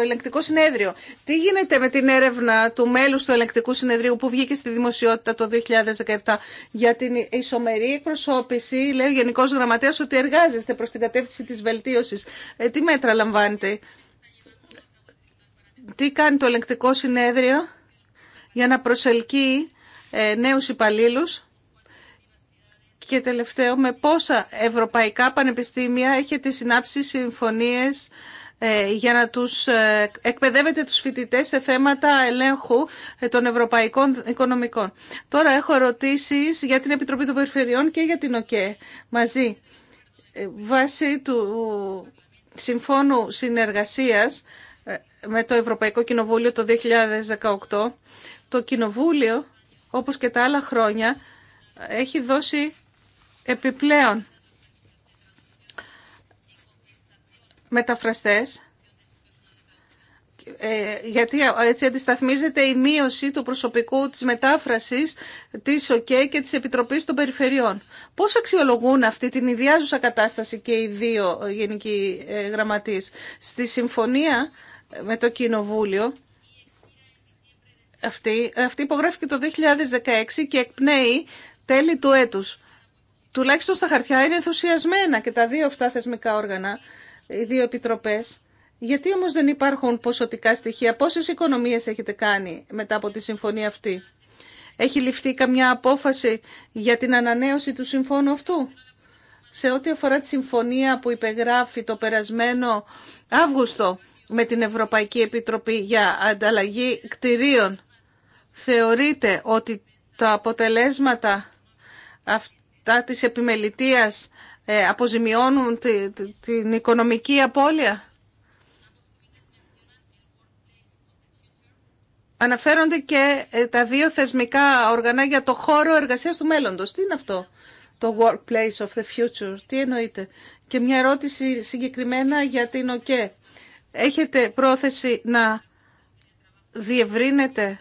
ελεγκτικό συνέδριο. Τι γίνεται με την έρευνα του μέλους του ελεγκτικού συνεδρίου που βγήκε στη δημοσιότητα το 2017 για την ισομερή εκπροσώπηση. Λέει ο Γενικός Γραμματέας ότι εργάζεστε προς την κατεύθυνση της βελτίωσης. τι μέτρα λαμβάνετε. Τι κάνει το ελεγκτικό συνέδριο για να προσελκύει ε, νέους υπαλλήλου και τελευταίο με πόσα ευρωπαϊκά πανεπιστήμια έχετε συνάψει συμφωνίες ε, για να τους ε, εκπαιδεύετε τους φοιτητές σε θέματα ελέγχου των ευρωπαϊκών οικονομικών. Τώρα έχω ερωτήσεις για την Επιτροπή των Περιφερειών και για την ΟΚΕ μαζί. Βάσει του Συμφώνου Συνεργασίας με το Ευρωπαϊκό Κοινοβούλιο το 2018. Το Κοινοβούλιο, όπως και τα άλλα χρόνια, έχει δώσει επιπλέον μεταφραστές ε, γιατί έτσι αντισταθμίζεται η μείωση του προσωπικού της μετάφρασης της ΟΚΕ και της Επιτροπής των Περιφερειών. Πώς αξιολογούν αυτή την ιδιάζουσα κατάσταση και οι δύο γενικοί ε, γραμματείς. Στη συμφωνία με το Κοινοβούλιο. Αυτή, αυτή υπογράφηκε το 2016 και εκπνέει τέλη του έτους. Τουλάχιστον στα χαρτιά είναι ενθουσιασμένα και τα δύο αυτά θεσμικά όργανα, οι δύο επιτροπές. Γιατί όμως δεν υπάρχουν ποσοτικά στοιχεία, πόσες οικονομίες έχετε κάνει μετά από τη συμφωνία αυτή. Έχει ληφθεί καμιά απόφαση για την ανανέωση του συμφώνου αυτού. Σε ό,τι αφορά τη συμφωνία που υπεγράφει το περασμένο Αύγουστο, με την Ευρωπαϊκή Επιτροπή για ανταλλαγή κτηρίων. Θεωρείτε ότι τα αποτελέσματα αυτά της επιμελητίας ε, αποζημιώνουν την οικονομική απώλεια. Αναφέρονται και ε, τα δύο θεσμικά οργανά για το χώρο εργασίας του μέλλοντος. Τι είναι αυτό το workplace of the future, τι εννοείται. Και μια ερώτηση συγκεκριμένα για την ΟΚΕ. Έχετε πρόθεση να διευρύνετε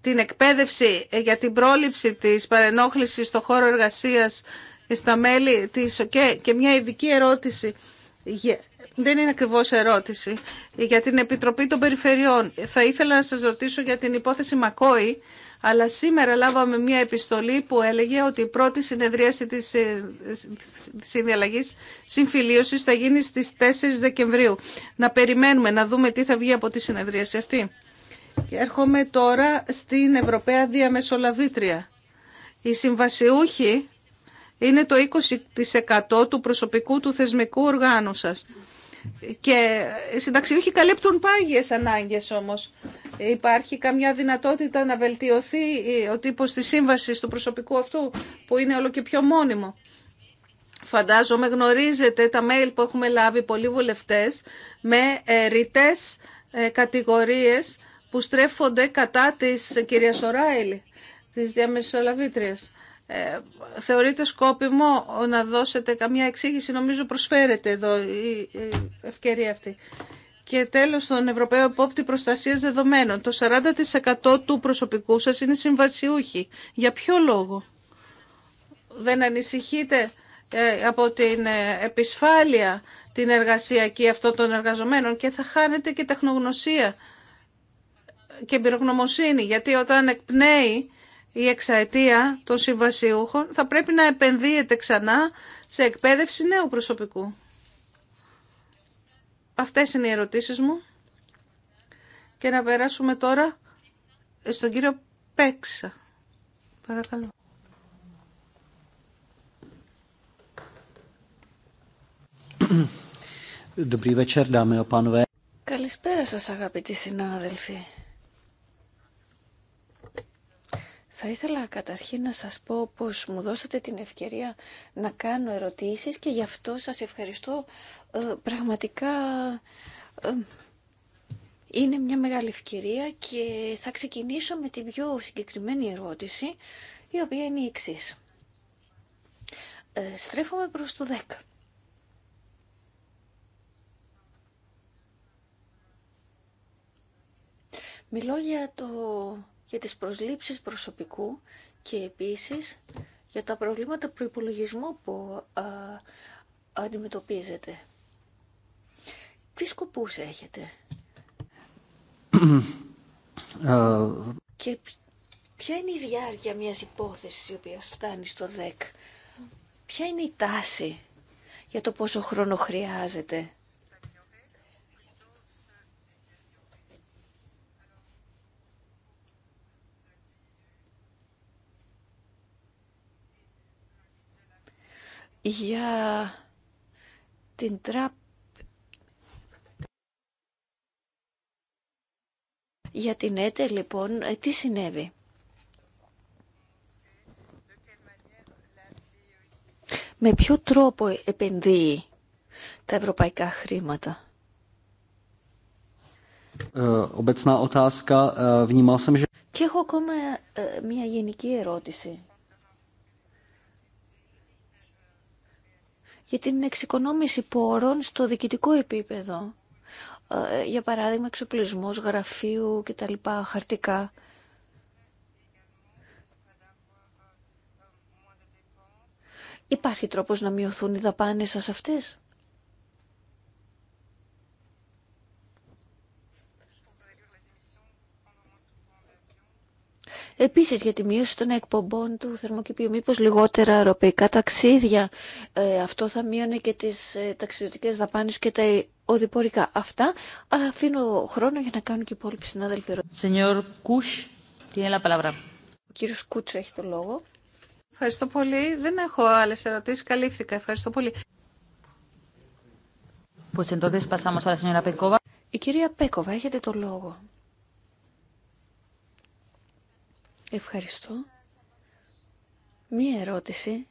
την εκπαίδευση για την πρόληψη της παρενόχλησης στο χώρο εργασίας στα μέλη της ΟΚΕ και μια ειδική ερώτηση δεν είναι ακριβώς ερώτηση για την Επιτροπή των Περιφερειών θα ήθελα να σας ρωτήσω για την υπόθεση Μακόη αλλά σήμερα λάβαμε μια επιστολή που έλεγε ότι η πρώτη συνεδρίαση της ε, συνδιαλλαγής συμφιλίωσης θα γίνει στις 4 Δεκεμβρίου. Να περιμένουμε να δούμε τι θα βγει από τη συνεδρίαση αυτή. Και έρχομαι τώρα στην Ευρωπαία Διαμεσολαβήτρια. Η συμβασιούχοι είναι το 20% του προσωπικού του θεσμικού οργάνου σας. Και συνταξιούχοι καλύπτουν πάγιες ανάγκες όμως. Υπάρχει καμιά δυνατότητα να βελτιωθεί ο τύπος τη σύμβαση του προσωπικού αυτού που είναι όλο και πιο μόνιμο. Φαντάζομαι γνωρίζετε τα mail που έχουμε λάβει πολλοί βουλευτές με ε, ρητές ε, κατηγορίες που στρέφονται κατά της κυρίας Οράιλη, της διαμεσολαβήτριας ε, θεωρείτε σκόπιμο να δώσετε καμία εξήγηση. Νομίζω προσφέρεται εδώ η ευκαιρία αυτή. Και τέλος, τον Ευρωπαίο Επόπτη Προστασίας Δεδομένων. Το 40% του προσωπικού σας είναι συμβασιούχοι. Για ποιο λόγο δεν ανησυχείτε ε, από την ε, επισφάλεια την εργασιακή αυτών των εργαζομένων και θα χάνετε και τεχνογνωσία και εμπειρογνωμοσύνη. Γιατί όταν εκπνέει η εξαετία των συμβασιούχων θα πρέπει να επενδύεται ξανά σε εκπαίδευση νέου προσωπικού. Αυτές είναι οι ερωτήσεις μου. Και να περάσουμε τώρα στον κύριο Πέξα. Παρακαλώ. Καλησπέρα σας αγαπητοί συνάδελφοι. Θα ήθελα καταρχήν να σας πω πως μου δώσατε την ευκαιρία να κάνω ερωτήσεις και γι' αυτό σας ευχαριστώ. Ε, πραγματικά ε, είναι μια μεγάλη ευκαιρία και θα ξεκινήσω με την πιο συγκεκριμένη ερώτηση, η οποία είναι η εξής. Ε, στρέφομαι προς το 10. Μιλώ για το για τις προσλήψεις προσωπικού και επίσης για τα προβλήματα προϋπολογισμού που α, αντιμετωπίζετε. Τι σκοπούς έχετε και ποια είναι η διάρκεια μιας υπόθεσης η οποία φτάνει στο ΔΕΚ. Ποια είναι η τάση για το πόσο χρόνο χρειάζεται για την τραπ... Για την ΕΤΕ λοιπόν, ε, τι συνέβη. Με ποιο τρόπο επενδύει τα ευρωπαϊκά χρήματα. Ε, ε, Και έχω ακόμα μια γενική ερώτηση. για την εξοικονόμηση πόρων στο διοικητικό επίπεδο. Ε, για παράδειγμα, εξοπλισμός, γραφείου κτλ. χαρτικά. Υπάρχει τρόπος να μειωθούν οι δαπάνες σας αυτές. Επίσης για τη μείωση των εκπομπών του θερμοκηπίου, μήπως λιγότερα ευρωπαϊκά ταξίδια. Ε, αυτό θα μείωνε και τις ε, ταξιδιωτικές δαπάνες και τα οδηπορικά. Αυτά αφήνω χρόνο για να κάνουν και οι υπόλοιποι συνάδελφοι. Κούς, τι Ο κύριος Κούτς έχει το λόγο. Ευχαριστώ πολύ. Δεν έχω άλλες ερωτήσεις. Καλύφθηκα. Ευχαριστώ πολύ. Pues entonces pasamos a la señora Η κυρία Πέκοβα, έχετε το λόγο. Ευχαριστώ. Μία ερώτηση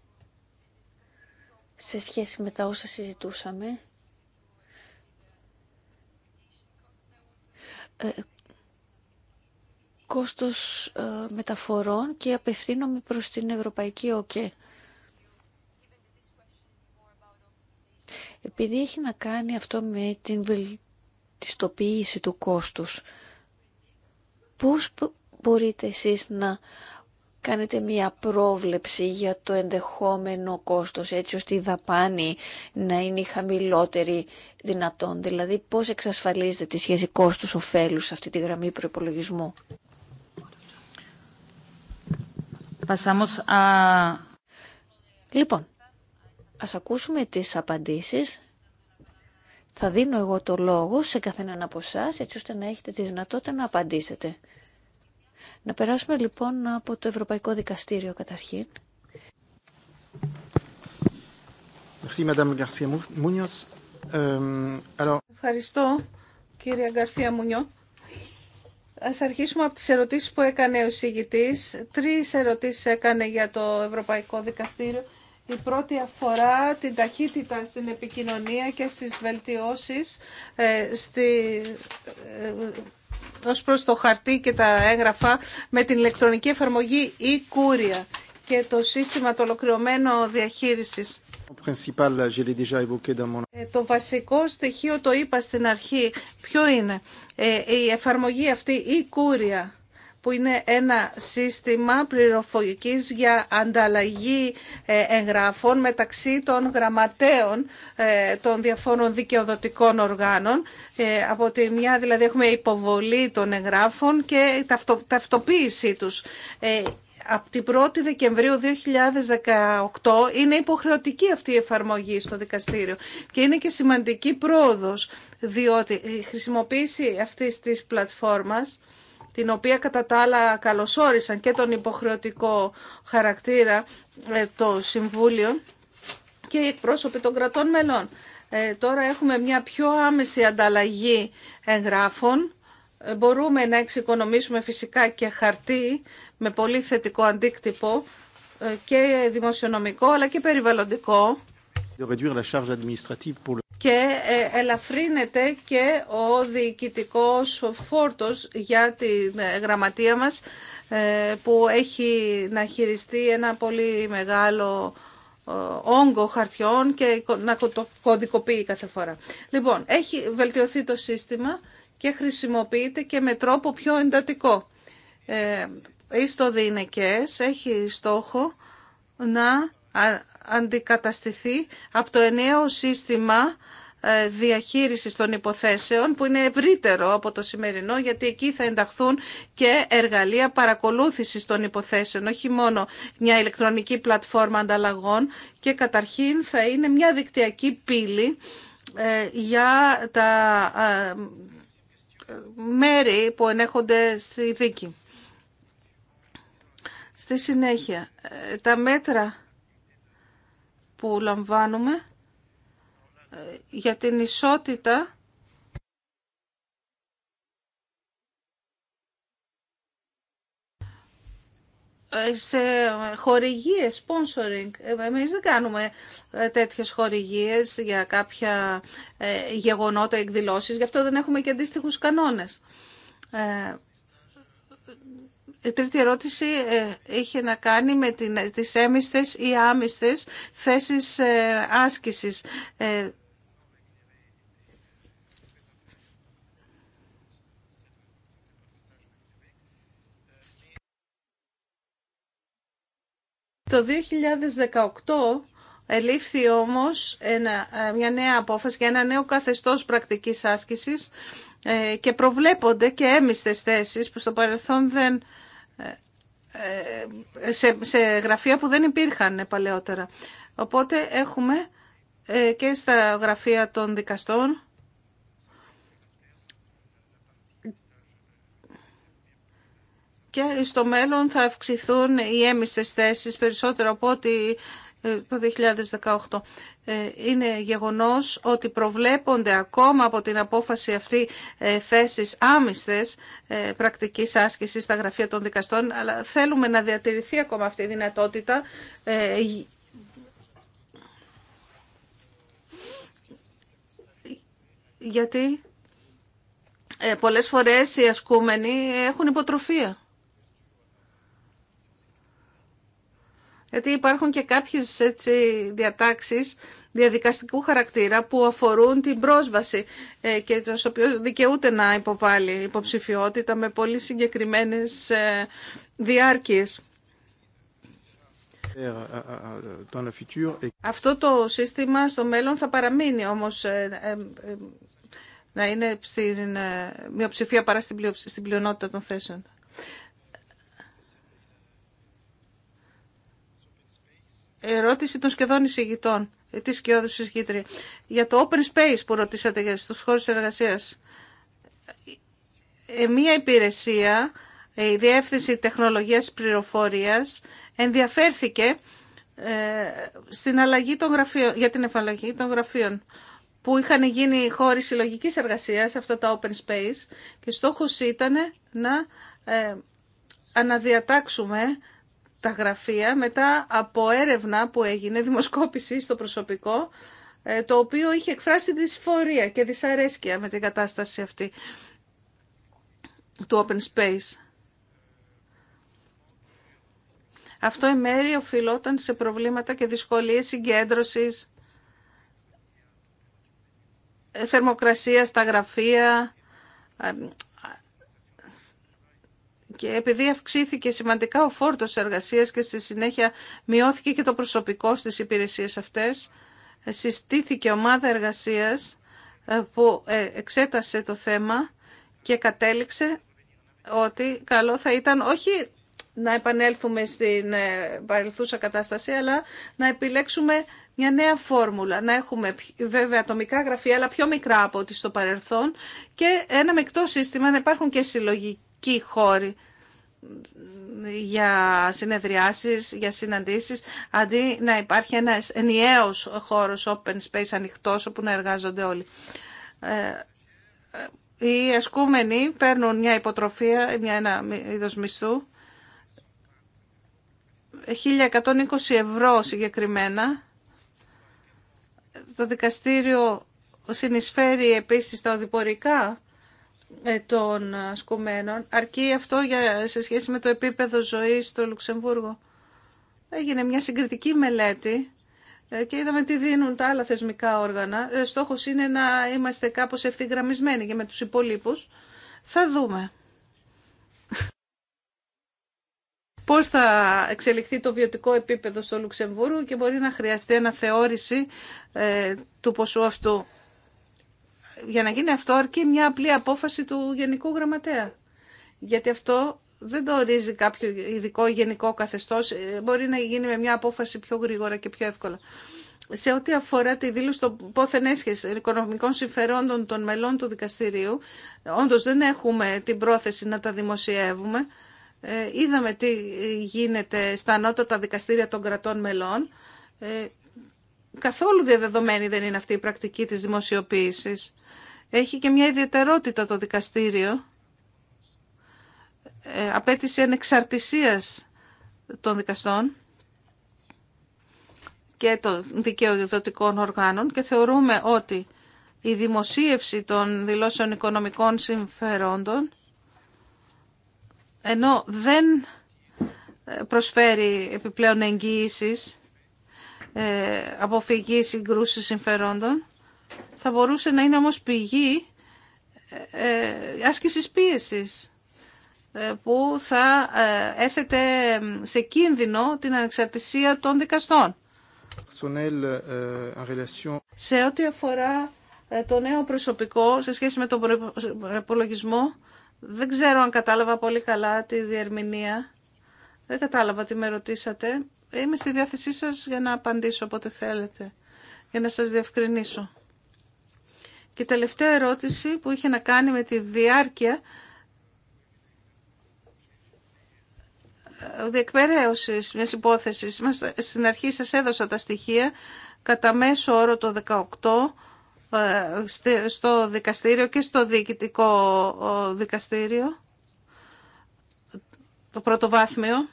σε σχέση με τα όσα συζητούσαμε. Ε, κόστος ε, μεταφορών και απευθύνομαι προς την Ευρωπαϊκή ΟΚΕ. Επειδή έχει να κάνει αυτό με την βελτιστοποίηση του κόστους, πώς μπορείτε εσείς να κάνετε μία πρόβλεψη για το ενδεχόμενο κόστος έτσι ώστε η δαπάνη να είναι η χαμηλότερη δυνατόν. Δηλαδή πώς εξασφαλίζετε τη σχέση κόστους ωφέλους σε αυτή τη γραμμή προπολογισμού. Λοιπόν, ας ακούσουμε τις απαντήσεις. Θα δίνω εγώ το λόγο σε καθέναν από εσά έτσι ώστε να έχετε τη δυνατότητα να απαντήσετε. Να περάσουμε λοιπόν από το Ευρωπαϊκό Δικαστήριο καταρχήν. Ε, Ευχαριστώ, κύριε Γκαρθία Μουνιό. Ας αρχίσουμε από τις ερωτήσεις που έκανε ο εισηγητής. Τρεις ερωτήσεις έκανε για το Ευρωπαϊκό Δικαστήριο η πρώτη αφορά την ταχύτητα στην επικοινωνία και στις βελτιώσεις ε, στη, ε, ως προς το χαρτί και τα έγγραφα με την ηλεκτρονική εφαρμογή ή κούρια και το σύστημα το ολοκληρωμένο διαχείρισης. Ε, το βασικό στοιχείο το είπα στην αρχή. Ποιο είναι ε, η εφαρμογή αυτή ή κούρια που είναι ένα σύστημα πληροφορικής για ανταλλαγή ε, εγγράφων μεταξύ των γραμματέων ε, των διαφόρων δικαιοδοτικών οργάνων. Ε, από τη μια δηλαδή έχουμε υποβολή των εγγράφων και ταυτοποίησή τους. Από την 1η Δεκεμβρίου 2018 είναι υποχρεωτική αυτή η εφαρμογή στο δικαστήριο και είναι και σημαντική πρόοδος διότι η χρησιμοποίηση αυτής της πλατφόρμας την οποία κατά τα άλλα καλωσόρισαν και τον υποχρεωτικό χαρακτήρα ε, το Συμβούλιο και οι εκπρόσωποι των κρατών μελών. Ε, τώρα έχουμε μια πιο άμεση ανταλλαγή εγγράφων. Ε, μπορούμε να εξοικονομήσουμε φυσικά και χαρτί με πολύ θετικό αντίκτυπο και δημοσιονομικό αλλά και περιβαλλοντικό και ε, ελαφρύνεται και ο διοικητικός φόρτος για τη ε, γραμματεία μας ε, που έχει να χειριστεί ένα πολύ μεγάλο όγκο χαρτιών και να το κωδικοποιεί κάθε φορά. Λοιπόν, έχει βελτιωθεί το σύστημα και χρησιμοποιείται και με τρόπο πιο εντατικό. Ε, στο έχει στόχο να αντικαταστηθεί από το ενιαίο σύστημα ε, διαχείρισης των υποθέσεων που είναι ευρύτερο από το σημερινό γιατί εκεί θα ενταχθούν και εργαλεία παρακολούθησης των υποθέσεων όχι μόνο μια ηλεκτρονική πλατφόρμα ανταλλαγών και καταρχήν θα είναι μια δικτυακή πύλη ε, για τα ε, μέρη που ενέχονται στη δίκη. Στη συνέχεια, τα μέτρα που λαμβάνουμε ε, για την ισότητα ε, σε χορηγίες, sponsoring. Ε, εμείς δεν κάνουμε τέτοιες χορηγίες για κάποια γεγονότα, εκδηλώσεις, γι' αυτό δεν έχουμε και αντίστοιχου κανόνες. Η ε, τρίτη ερώτηση ε, είχε να κάνει με τις έμιστες ή άμιστες θέσεις ε, άσκησης. Το 2018 ελήφθη όμως μια νέα απόφαση για ένα νέο καθεστώς πρακτικής άσκησης και προβλέπονται και έμιστες θέσεις που στο παρελθόν δεν ε, ε, σε, σε γραφεία που δεν υπήρχαν παλαιότερα. Οπότε έχουμε ε, και στα γραφεία των δικαστών και στο μέλλον θα αυξηθούν οι έμιστες θέσεις περισσότερο από ό,τι ε, το 2018. Ε, είναι γεγονός ότι προβλέπονται ακόμα από την απόφαση αυτή ε, θέσεις άμυστες πρακτικής άσκησης στα γραφεία των δικαστών, αλλά θέλουμε να διατηρηθεί ακόμα αυτή η δυνατότητα γιατί πολλές φορές οι ασκούμενοι έχουν υποτροφία. γιατί υπάρχουν και κάποιες διατάξει διατάξεις διαδικαστικού χαρακτήρα που αφορούν την πρόσβαση ε, και το οποίο δικαιούται να υποβάλει υποψηφιότητα με πολύ συγκεκριμένες ε, διάρκειες. Ε, Αυτό το σύστημα στο μέλλον θα παραμείνει όμως να είναι στην μειοψηφία παρά στην πλειονότητα των θέσεων. ερώτηση των σχεδόν εισηγητών, ε, τη σκιώδου εισηγήτρια, για το open space που ρωτήσατε για στους χώρους εργασίας. Ε, μία υπηρεσία, ε, η Διεύθυνση Τεχνολογίας Πληροφορίας, ενδιαφέρθηκε ε, στην αλλαγή των γραφείων, για την εφαλλαγή των γραφείων που είχαν γίνει χώροι συλλογική εργασίας, αυτά τα open space, και στόχος ήταν να ε, αναδιατάξουμε τα γραφεία μετά από έρευνα που έγινε, δημοσκόπηση στο προσωπικό, ε, το οποίο είχε εκφράσει δυσφορία και δυσαρέσκεια με την κατάσταση αυτή του open space. Αυτό η μέρη οφειλόταν σε προβλήματα και δυσκολίες συγκέντρωσης, ε, θερμοκρασία στα γραφεία, ε, και επειδή αυξήθηκε σημαντικά ο φόρτος εργασίας και στη συνέχεια μειώθηκε και το προσωπικό στις υπηρεσίες αυτές, ε, συστήθηκε ομάδα εργασίας ε, που ε, εξέτασε το θέμα και κατέληξε ότι καλό θα ήταν όχι να επανέλθουμε στην παρελθούσα κατάσταση, αλλά να επιλέξουμε μια νέα φόρμουλα. Να έχουμε βέβαια ατομικά γραφεία, αλλά πιο μικρά από ό,τι στο παρελθόν και ένα μεικτό σύστημα να υπάρχουν και συλλογικοί ειδικοί χώροι για συνεδριάσεις, για συναντήσεις, αντί να υπάρχει ένας ενιαίος χώρος open space ανοιχτός όπου να εργάζονται όλοι. Ε, ε, οι ασκούμενοι παίρνουν μια υποτροφία, μια, ένα είδος μισθού, 1120 ευρώ συγκεκριμένα. Το δικαστήριο συνεισφέρει επίσης τα οδηπορικά ε, των ασκουμένων. Αρκεί αυτό για, σε σχέση με το επίπεδο ζωής στο Λουξεμβούργο. Έγινε μια συγκριτική μελέτη ε, και είδαμε τι δίνουν τα άλλα θεσμικά όργανα. Ε, στόχος είναι να είμαστε κάπως ευθυγραμμισμένοι και με τους υπολείπους. Θα δούμε. Πώς θα εξελιχθεί το βιωτικό επίπεδο στο Λουξεμβούργο και μπορεί να χρειαστεί αναθεώρηση ε, του ποσού αυτού για να γίνει αυτό αρκεί μια απλή απόφαση του Γενικού Γραμματέα. Γιατί αυτό δεν το ορίζει κάποιο ειδικό γενικό καθεστώς. Ε, μπορεί να γίνει με μια απόφαση πιο γρήγορα και πιο εύκολα. Σε ό,τι αφορά τη δήλωση των πόθεν έσχεση οικονομικών συμφερόντων των μελών του δικαστηρίου, όντως δεν έχουμε την πρόθεση να τα δημοσιεύουμε. Ε, είδαμε τι γίνεται στα ανώτατα δικαστήρια των κρατών μελών ε, καθόλου διαδεδομένη δεν είναι αυτή η πρακτική της δημοσιοποίησης. Έχει και μια ιδιαιτερότητα το δικαστήριο, ε, απέτηση ανεξαρτησίας των δικαστών και των δικαιοδοτικών οργάνων και θεωρούμε ότι η δημοσίευση των δηλώσεων οικονομικών συμφερόντων ενώ δεν προσφέρει επιπλέον εγγύησεις ε, αποφυγή συγκρούσεων συμφερόντων. Θα μπορούσε να είναι όμως πηγή ε, ε, άσκησης πίεσης που θα έθετε σε κίνδυνο την ανεξαρτησία των δικαστών. Σε ό,τι αφορά το νέο προσωπικό σε σχέση με τον προπολογισμό, δεν ξέρω αν κατάλαβα πολύ καλά τη διερμηνία. Δεν κατάλαβα τι με ρωτήσατε. Είμαι στη διάθεσή σας για να απαντήσω όποτε θέλετε, για να σας διευκρινίσω. Και τελευταία ερώτηση που είχε να κάνει με τη διάρκεια ε, διεκπαιρέωσης μιας υπόθεσης. Στην αρχή σας έδωσα τα στοιχεία κατά μέσο όρο το 18 ε, στο δικαστήριο και στο διοικητικό ε, δικαστήριο, το πρώτο βάθμιο.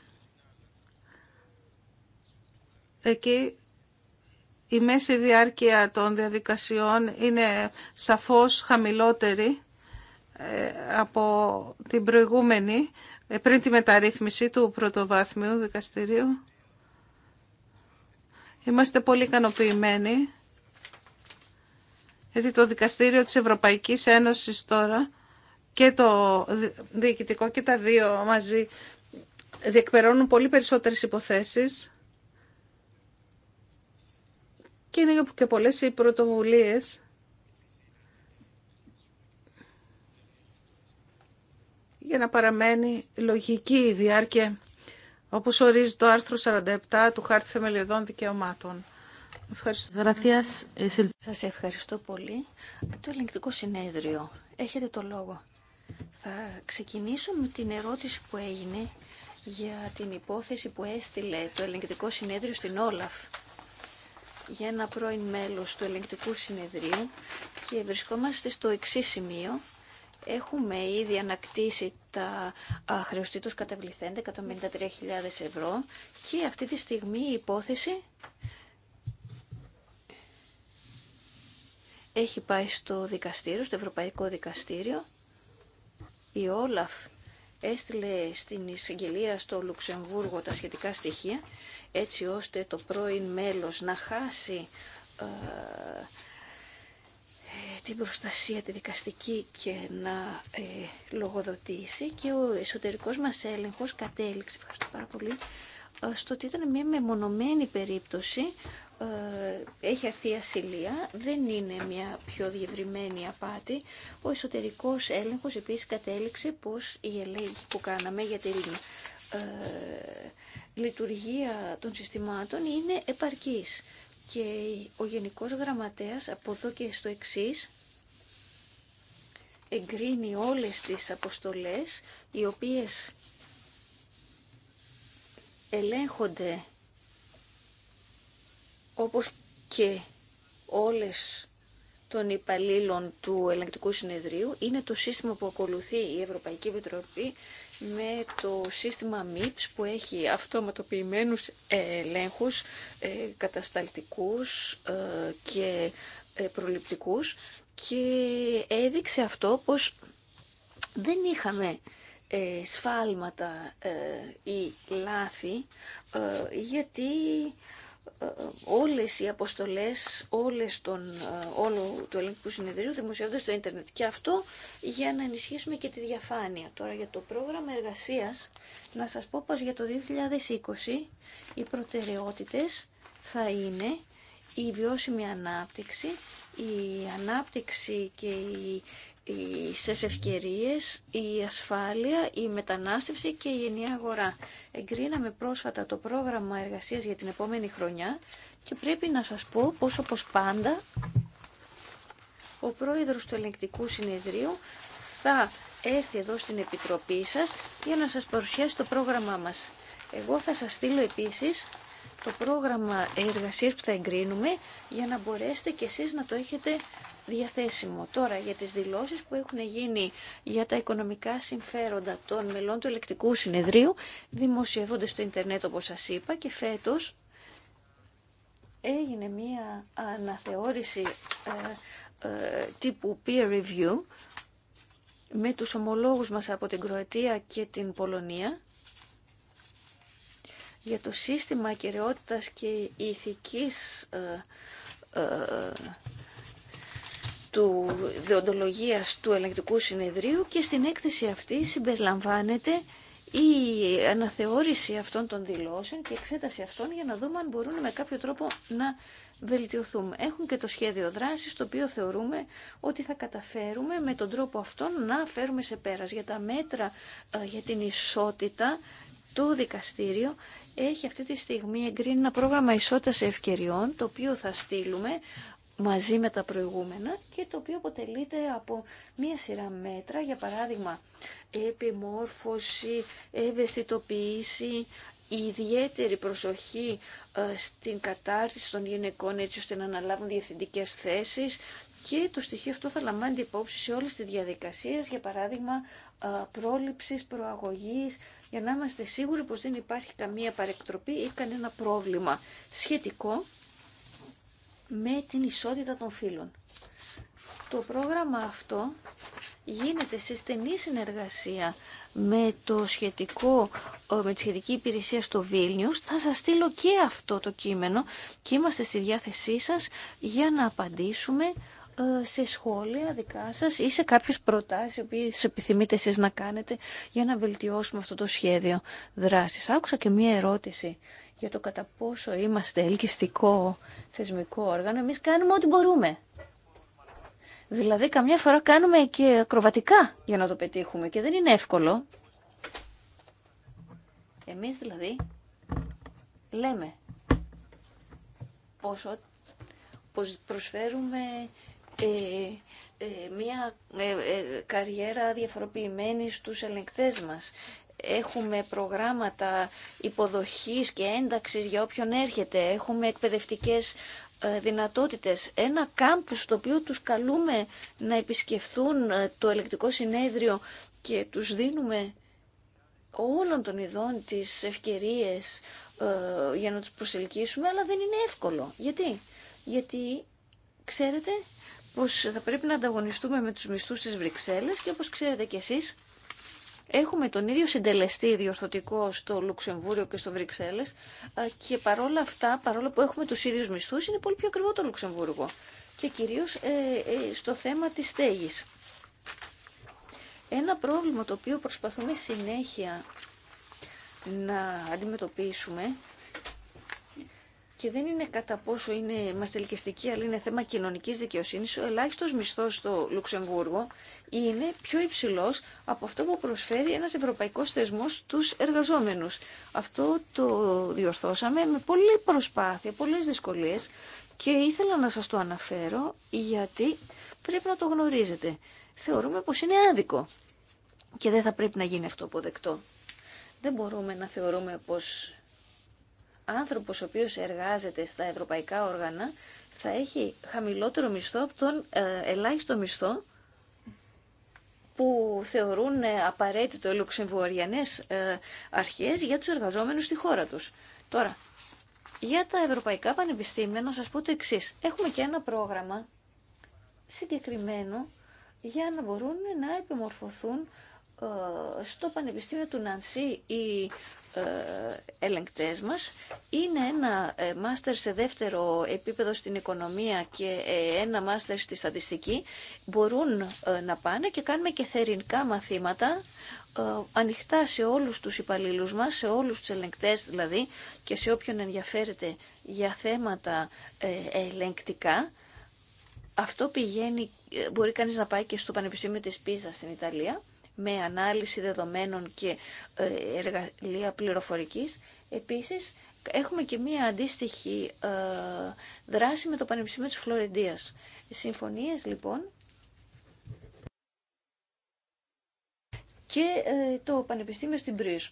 Εκεί η μέση διάρκεια των διαδικασιών είναι σαφώς χαμηλότερη ε, από την προηγούμενη, ε, πριν τη μεταρρύθμιση του πρωτοβάθμιου δικαστηρίου. Είμαστε πολύ ικανοποιημένοι, γιατί το Δικαστήριο της Ευρωπαϊκής Ένωσης τώρα και το διοικητικό και τα δύο μαζί διεκπερώνουν πολύ περισσότερες υποθέσεις και είναι και πολλές οι πρωτοβουλίες για να παραμένει λογική η διάρκεια όπως ορίζει το άρθρο 47 του Χάρτη Θεμελιωδών Δικαιωμάτων. Ευχαριστώ. Ε, Σας ευχαριστώ πολύ. Το ελεγκτικό συνέδριο. Έχετε το λόγο. Θα ξεκινήσω με την ερώτηση που έγινε για την υπόθεση που έστειλε το ελεγκτικό συνέδριο στην Όλαφ για ένα πρώην μέλος του ελεγκτικού συνεδρίου και βρισκόμαστε στο εξή σημείο. Έχουμε ήδη ανακτήσει τα χρεωστή τους καταβληθέντα 153.000 ευρώ και αυτή τη στιγμή η υπόθεση έχει πάει στο δικαστήριο, στο Ευρωπαϊκό Δικαστήριο. Η Όλαφ έστειλε στην εισαγγελία στο Λουξεμβούργο τα σχετικά στοιχεία έτσι ώστε το πρώην μέλος να χάσει ε, την προστασία τη δικαστική και να ε, λογοδοτήσει και ο εσωτερικός μας έλεγχος κατέληξε, ευχαριστώ πάρα πολύ, ε, στο ότι ήταν μια μεμονωμένη περίπτωση, έχει αρθεί ασυλία, δεν είναι μια πιο διευρυμένη απάτη. Ο εσωτερικός έλεγχος επίσης κατέληξε πως η ελέγχη που κάναμε για την λειτουργία των συστημάτων είναι επαρκής και ο Γενικός Γραμματέας από εδώ και στο εξής εγκρίνει όλες τις αποστολές οι οποίες ελέγχονται όπως και όλες των υπαλλήλων του ελεγκτικού συνεδρίου είναι το σύστημα που ακολουθεί η Ευρωπαϊκή Επιτροπή με το σύστημα MIPS που έχει αυτοματοποιημένους ελέγχους ε, κατασταλτικούς ε, και ε, προληπτικούς και έδειξε αυτό πως δεν είχαμε σφάλματα ή λάθη γιατί όλες οι αποστολές όλες των, ε, όλου του ελληνικού συνεδρίου δημοσιεύονται στο ίντερνετ και αυτό για να ενισχύσουμε και τη διαφάνεια. Τώρα για το πρόγραμμα εργασίας να σας πω πως για το 2020 οι προτεραιότητες θα είναι η βιώσιμη ανάπτυξη, η ανάπτυξη και η σε ευκαιρίες, η ασφάλεια, η μετανάστευση και η ενιαία αγορά. Εγκρίναμε πρόσφατα το πρόγραμμα εργασίας για την επόμενη χρονιά και πρέπει να σας πω πως όπως πάντα ο πρόεδρος του ελεγκτικού συνεδρίου θα έρθει εδώ στην επιτροπή σας για να σας παρουσιάσει το πρόγραμμά μας. Εγώ θα σας στείλω επίσης το πρόγραμμα εργασίας που θα εγκρίνουμε για να μπορέσετε κι εσείς να το έχετε διαθέσιμο. Τώρα για τις δηλώσεις που έχουν γίνει για τα οικονομικά συμφέροντα των μελών του ελεκτικού συνεδρίου δημοσιεύονται στο ίντερνετ όπως σας είπα και φέτος έγινε μία αναθεώρηση ε, ε, τύπου peer review με τους ομολόγους μας από την Κροατία και την Πολωνία για το σύστημα ακεραιότητας και ηθικής ε, ε, του δεοντολογίας του ελεγκτικού συνεδρίου και στην έκθεση αυτή συμπεριλαμβάνεται η αναθεώρηση αυτών των δηλώσεων και εξέταση αυτών για να δούμε αν μπορούν με κάποιο τρόπο να βελτιωθούμε. Έχουν και το σχέδιο δράσης το οποίο θεωρούμε ότι θα καταφέρουμε με τον τρόπο αυτό να φέρουμε σε πέρας για τα μέτρα ε, για την ισότητα του δικαστήριο έχει αυτή τη στιγμή εγκρίνει ένα πρόγραμμα ισότητας ευκαιριών, το οποίο θα στείλουμε μαζί με τα προηγούμενα και το οποίο αποτελείται από μία σειρά μέτρα, για παράδειγμα επιμόρφωση, ευαισθητοποίηση, ιδιαίτερη προσοχή ε, στην κατάρτιση των γυναικών έτσι ώστε να αναλάβουν διευθυντικές θέσεις και το στοιχείο αυτό θα λαμβάνει υπόψη σε όλες τις διαδικασίες, για παράδειγμα πρόληψης, προαγωγής, για να είμαστε σίγουροι πως δεν υπάρχει καμία παρεκτροπή ή κανένα πρόβλημα σχετικό με την ισότητα των φύλων. Το πρόγραμμα αυτό γίνεται σε στενή συνεργασία με, το σχετικό, με τη σχετική υπηρεσία στο Βίλνιους. Θα σας στείλω και αυτό το κείμενο και είμαστε στη διάθεσή σας για να απαντήσουμε ε, σε σχόλια δικά σας ή σε κάποιες προτάσεις οι οποίες επιθυμείτε εσείς να κάνετε για να βελτιώσουμε αυτό το σχέδιο δράσης. Άκουσα και μία ερώτηση για το κατά πόσο είμαστε ελκυστικό θεσμικό όργανο. Εμείς κάνουμε ό,τι μπορούμε. Δηλαδή καμιά φορά κάνουμε και ακροβατικά για να το πετύχουμε και δεν είναι εύκολο. Εμείς δηλαδή λέμε πόσο πως προσφέρουμε ε, ε, μια ε, καριέρα διαφοροποιημένη στους ελεγκτές μας. Έχουμε προγράμματα υποδοχής και ένταξης για όποιον έρχεται. Έχουμε εκπαιδευτικές δυνατότητες. Ένα κάμπους στο οποίο τους καλούμε να επισκεφθούν το ελεκτικό συνέδριο και τους δίνουμε όλων των ειδών τις ευκαιρίες για να τους προσελκύσουμε, αλλά δεν είναι εύκολο. Γιατί? Γιατί, ξέρετε, πως θα πρέπει να ανταγωνιστούμε με τους μισθούς της Βρυξέλλες και όπως ξέρετε κι εσείς έχουμε τον ίδιο συντελεστή διορθωτικό στο Λουξεμβούριο και στο Βρυξέλλες και παρόλα αυτά, παρόλο που έχουμε τους ίδιους μισθούς, είναι πολύ πιο ακριβό το Λουξεμβούργο και κυρίως ε, ε στο θέμα της στέγης. Ένα πρόβλημα το οποίο προσπαθούμε συνέχεια να αντιμετωπίσουμε και δεν είναι κατά πόσο είναι, μα αλλά είναι θέμα κοινωνικής δικαιοσύνης. Ο ελάχιστος μισθός στο Λουξεμβούργο είναι πιο υψηλός από αυτό που προσφέρει ένας ευρωπαϊκός θεσμός στους εργαζόμενους. Αυτό το διορθώσαμε με πολλή προσπάθεια, πολλές δυσκολίες και ήθελα να σας το αναφέρω γιατί πρέπει να το γνωρίζετε. Θεωρούμε πως είναι άδικο και δεν θα πρέπει να γίνει αυτό αποδεκτό. Δεν μπορούμε να θεωρούμε πως άνθρωπος ο οποίος εργάζεται στα ευρωπαϊκά όργανα θα έχει χαμηλότερο μισθό από τον ε, ελάχιστο μισθό που θεωρούν ε, απαραίτητο ε, αρχές για τους εργαζόμενους στη χώρα τους. Τώρα, για τα ευρωπαϊκά πανεπιστήμια να σας πω το εξή. Έχουμε και ένα πρόγραμμα συγκεκριμένο για να μπορούν να επιμορφωθούν ε, στο Πανεπιστήμιο του Νανσί οι ε, ελεγκτές μας είναι ένα ε, μάστερ σε δεύτερο επίπεδο στην οικονομία και ένα μάστερ στη στατιστική μπορούν να πάνε και κάνουμε και θερινικά μαθήματα ανοιχτά σε όλους τους υπαλλήλους μας, σε όλους τους ελεγκτές δηλαδή και σε όποιον ενδιαφέρεται για θέματα ελεγκτικά. Αυτό πηγαίνει, μπορεί κανείς να πάει και στο Πανεπιστήμιο της Πίζα στην Ιταλία με ανάλυση δεδομένων και ε, εργαλεία πληροφορικής. Επίσης, έχουμε και μία αντίστοιχη ε, δράση με το Πανεπιστήμιο της Φλωρεντίας. Συμφωνίες, λοιπόν, και ε, το Πανεπιστήμιο στην Πρίζ.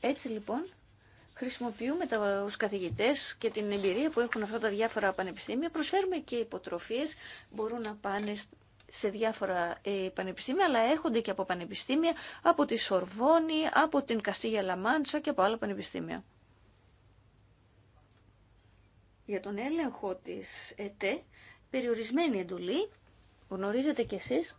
Έτσι, λοιπόν, χρησιμοποιούμε τους καθηγητές και την εμπειρία που έχουν αυτά τα διάφορα πανεπιστήμια. Προσφέρουμε και υποτροφίες, μπορούν να πάνε σε διάφορα ε, πανεπιστήμια, αλλά έρχονται και από πανεπιστήμια, από τη Σορβόνη, από την Καστίγια Λαμάντσα και από άλλα πανεπιστήμια. Για τον έλεγχο της ΕΤΕ, περιορισμένη εντολή, γνωρίζετε κι εσείς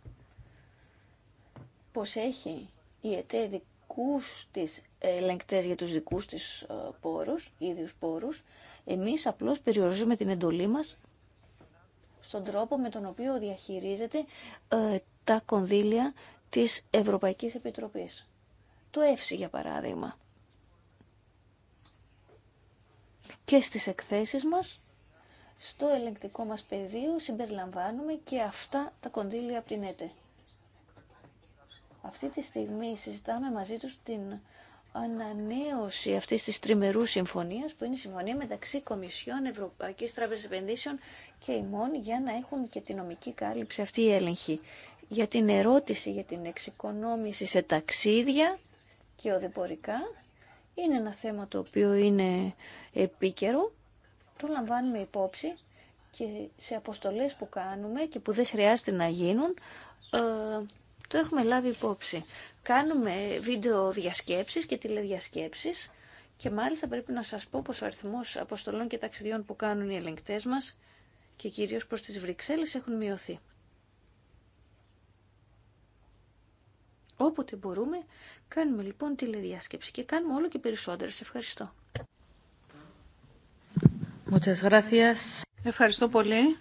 πως έχει η ΕΤΕ δικούς της ελεγκτές για τους δικούς της ε, πόρους, ίδιους πόρους. Εμείς απλώς περιορίζουμε την εντολή μας στον τρόπο με τον οποίο διαχειρίζεται ε, τα κονδύλια της Ευρωπαϊκής Επιτροπής. Το ΕΦΣΙ για παράδειγμα. Και στις εκθέσεις μας, στο ελεγκτικό μας πεδίο συμπεριλαμβάνουμε και αυτά τα κονδύλια από την ΕΤΕ. Αυτή τη στιγμή συζητάμε μαζί τους την ανανέωση αυτή τη τριμερού συμφωνία, που είναι η συμφωνία μεταξύ Κομισιών Ευρωπαϊκή Τράπεζα Επενδύσεων και ημών για να έχουν και τη νομική κάλυψη αυτή η έλεγχη. Για την ερώτηση για την εξοικονόμηση σε ταξίδια και οδηπορικά είναι ένα θέμα το οποίο είναι επίκαιρο. Το λαμβάνουμε υπόψη και σε αποστολές που κάνουμε και που δεν χρειάζεται να γίνουν ε, το έχουμε λάβει υπόψη. Κάνουμε βίντεο διασκέψεις και τηλεδιασκέψεις και μάλιστα πρέπει να σας πω πως ο αριθμός αποστολών και ταξιδιών που κάνουν οι ελεγκτές μας και κυρίως προς τις Βρυξέλλες έχουν μειωθεί. Όποτε μπορούμε, κάνουμε λοιπόν τηλεδιάσκεψη και κάνουμε όλο και περισσότερες. Ευχαριστώ. Muchas Ευχαριστώ πολύ.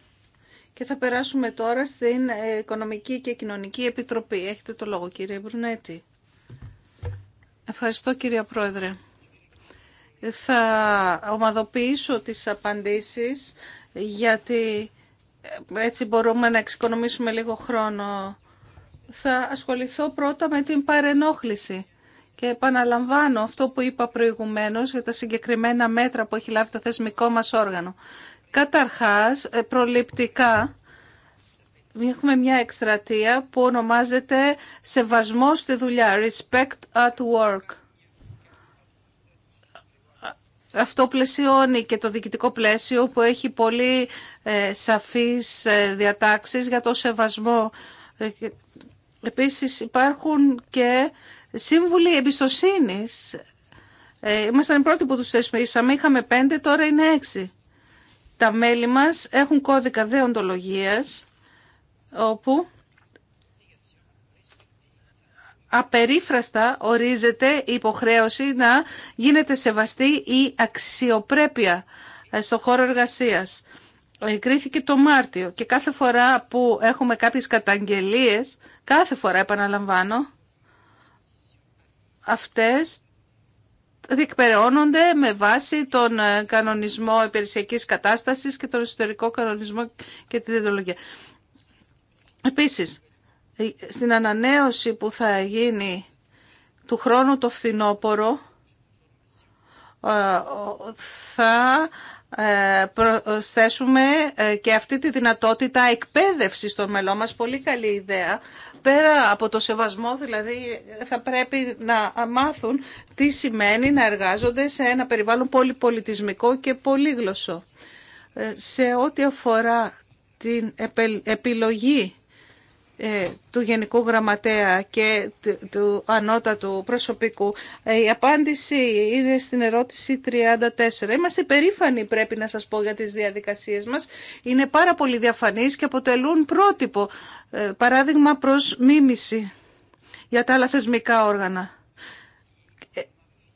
Και θα περάσουμε τώρα στην ε, Οικονομική και Κοινωνική Επιτροπή. Έχετε το λόγο κύριε Μπρουνέτη. Ευχαριστώ κύριε Πρόεδρε. Θα ομαδοποιήσω τις απαντήσεις γιατί ε, έτσι μπορούμε να εξοικονομήσουμε λίγο χρόνο. Θα ασχοληθώ πρώτα με την παρενόχληση. Και επαναλαμβάνω αυτό που είπα προηγουμένως για τα συγκεκριμένα μέτρα που έχει λάβει το θεσμικό μας όργανο. Καταρχάς, ε, προληπτικά, έχουμε μια εκστρατεία που ονομάζεται «Σεβασμό στη δουλειά», «Respect at work». Αυτό πλαισιώνει και το διοικητικό πλαίσιο που έχει πολύ ε, σαφείς ε, διατάξεις για το σεβασμό. Επίσης υπάρχουν και σύμβουλοι εμπιστοσύνης. Ήμασταν οι πρώτοι που τους θεσμίσαμε, είχαμε πέντε, τώρα είναι έξι τα μέλη μας έχουν κώδικα δεοντολογίας όπου απερίφραστα ορίζεται η υποχρέωση να γίνεται σεβαστή η αξιοπρέπεια ε, στο χώρο εργασίας. Εγκρίθηκε το Μάρτιο και κάθε φορά που έχουμε κάποιες καταγγελίες, κάθε φορά επαναλαμβάνω, αυτές διεκπεραιώνονται με βάση τον ε, κανονισμό υπηρεσιακής κατάστασης και τον ιστορικό κανονισμό και τη διδολογία. Επίσης, ε, στην ανανέωση που θα γίνει του χρόνου το φθινόπωρο, ε, θα προσθέσουμε και αυτή τη δυνατότητα εκπαίδευση στο μελό μας. Πολύ καλή ιδέα πέρα από το σεβασμό δηλαδή θα πρέπει να μάθουν τι σημαίνει να εργάζονται σε ένα περιβάλλον πολυπολιτισμικό και πολύγλωσσο. Ε, σε ό,τι αφορά την επιλογή ε, του Γενικού Γραμματέα και του ανώτατου προσωπικού. Ε, η απάντηση είναι στην ερώτηση 34. Είμαστε περήφανοι πρέπει να σας πω για τις διαδικασίες μας. Είναι πάρα πολύ διαφανείς και αποτελούν πρότυπο, ε, παράδειγμα προς μίμηση για τα άλλα θεσμικά όργανα.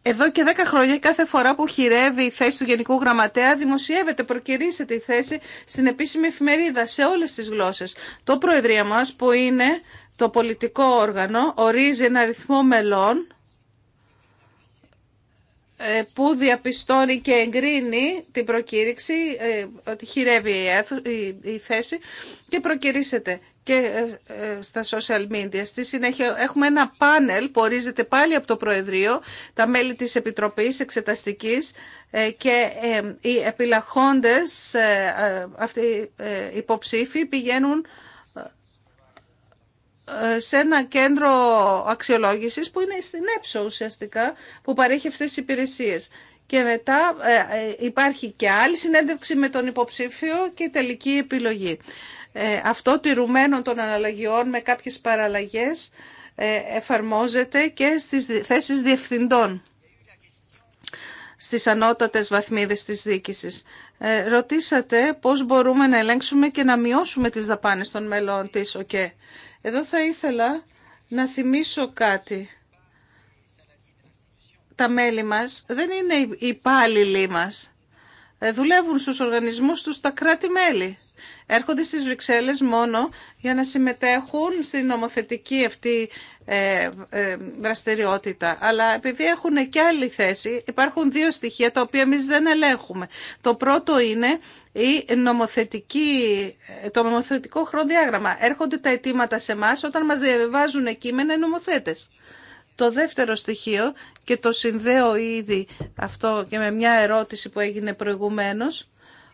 Εδώ και 10 χρόνια κάθε φορά που χειρεύει η θέση του Γενικού Γραμματέα δημοσιεύεται, προκυρήσεται η θέση στην επίσημη εφημερίδα σε όλες τις γλώσσες. Το Προεδρία μας που είναι το πολιτικό όργανο ορίζει ένα αριθμό μελών ε, που διαπιστώνει και εγκρίνει την προκήρυξη, ε, ότι χειρεύει η θέση και προκηρύσσεται και ε, στα social media. Στη συνέχεια έχουμε ένα πάνελ που ορίζεται πάλι από το Προεδρείο, τα μέλη της Επιτροπής Εξεταστικής και οι επιλαχόντες αυτοί υποψήφοι πηγαίνουν ε, σε ένα κέντρο αξιολόγησης που είναι στην έψω ουσιαστικά που παρέχει αυτές τις υπηρεσίες. Και μετά ε, ε, υπάρχει και άλλη συνέντευξη με τον υποψήφιο και τελική επιλογή. Αυτό τηρουμένο των αναλλαγιών με κάποιες παραλλαγές εφαρμόζεται και στις θέσεις διευθυντών στις ανώτατες βαθμίδες της διοίκησης. ρωτήσατε πώς μπορούμε να ελέγξουμε και να μειώσουμε τις δαπάνες των μελών της ΟΚΕ. Εδώ θα ήθελα να θυμίσω κάτι. Τα μέλη μας δεν είναι οι υπάλληλοι μας. Ε, δουλεύουν στους οργανισμούς τους τα κράτη-μέλη έρχονται στις Βρυξέλλες μόνο για να συμμετέχουν στην νομοθετική αυτή ε, ε, δραστηριότητα. Αλλά επειδή έχουν και άλλη θέση, υπάρχουν δύο στοιχεία τα οποία εμείς δεν ελέγχουμε. Το πρώτο είναι η νομοθετική, το νομοθετικό χρονοδιάγραμμα. Έρχονται τα αιτήματα σε εμά όταν μας διαβάζουν κείμενα οι νομοθέτες. Το δεύτερο στοιχείο, και το συνδέω ήδη αυτό και με μια ερώτηση που έγινε προηγουμένως,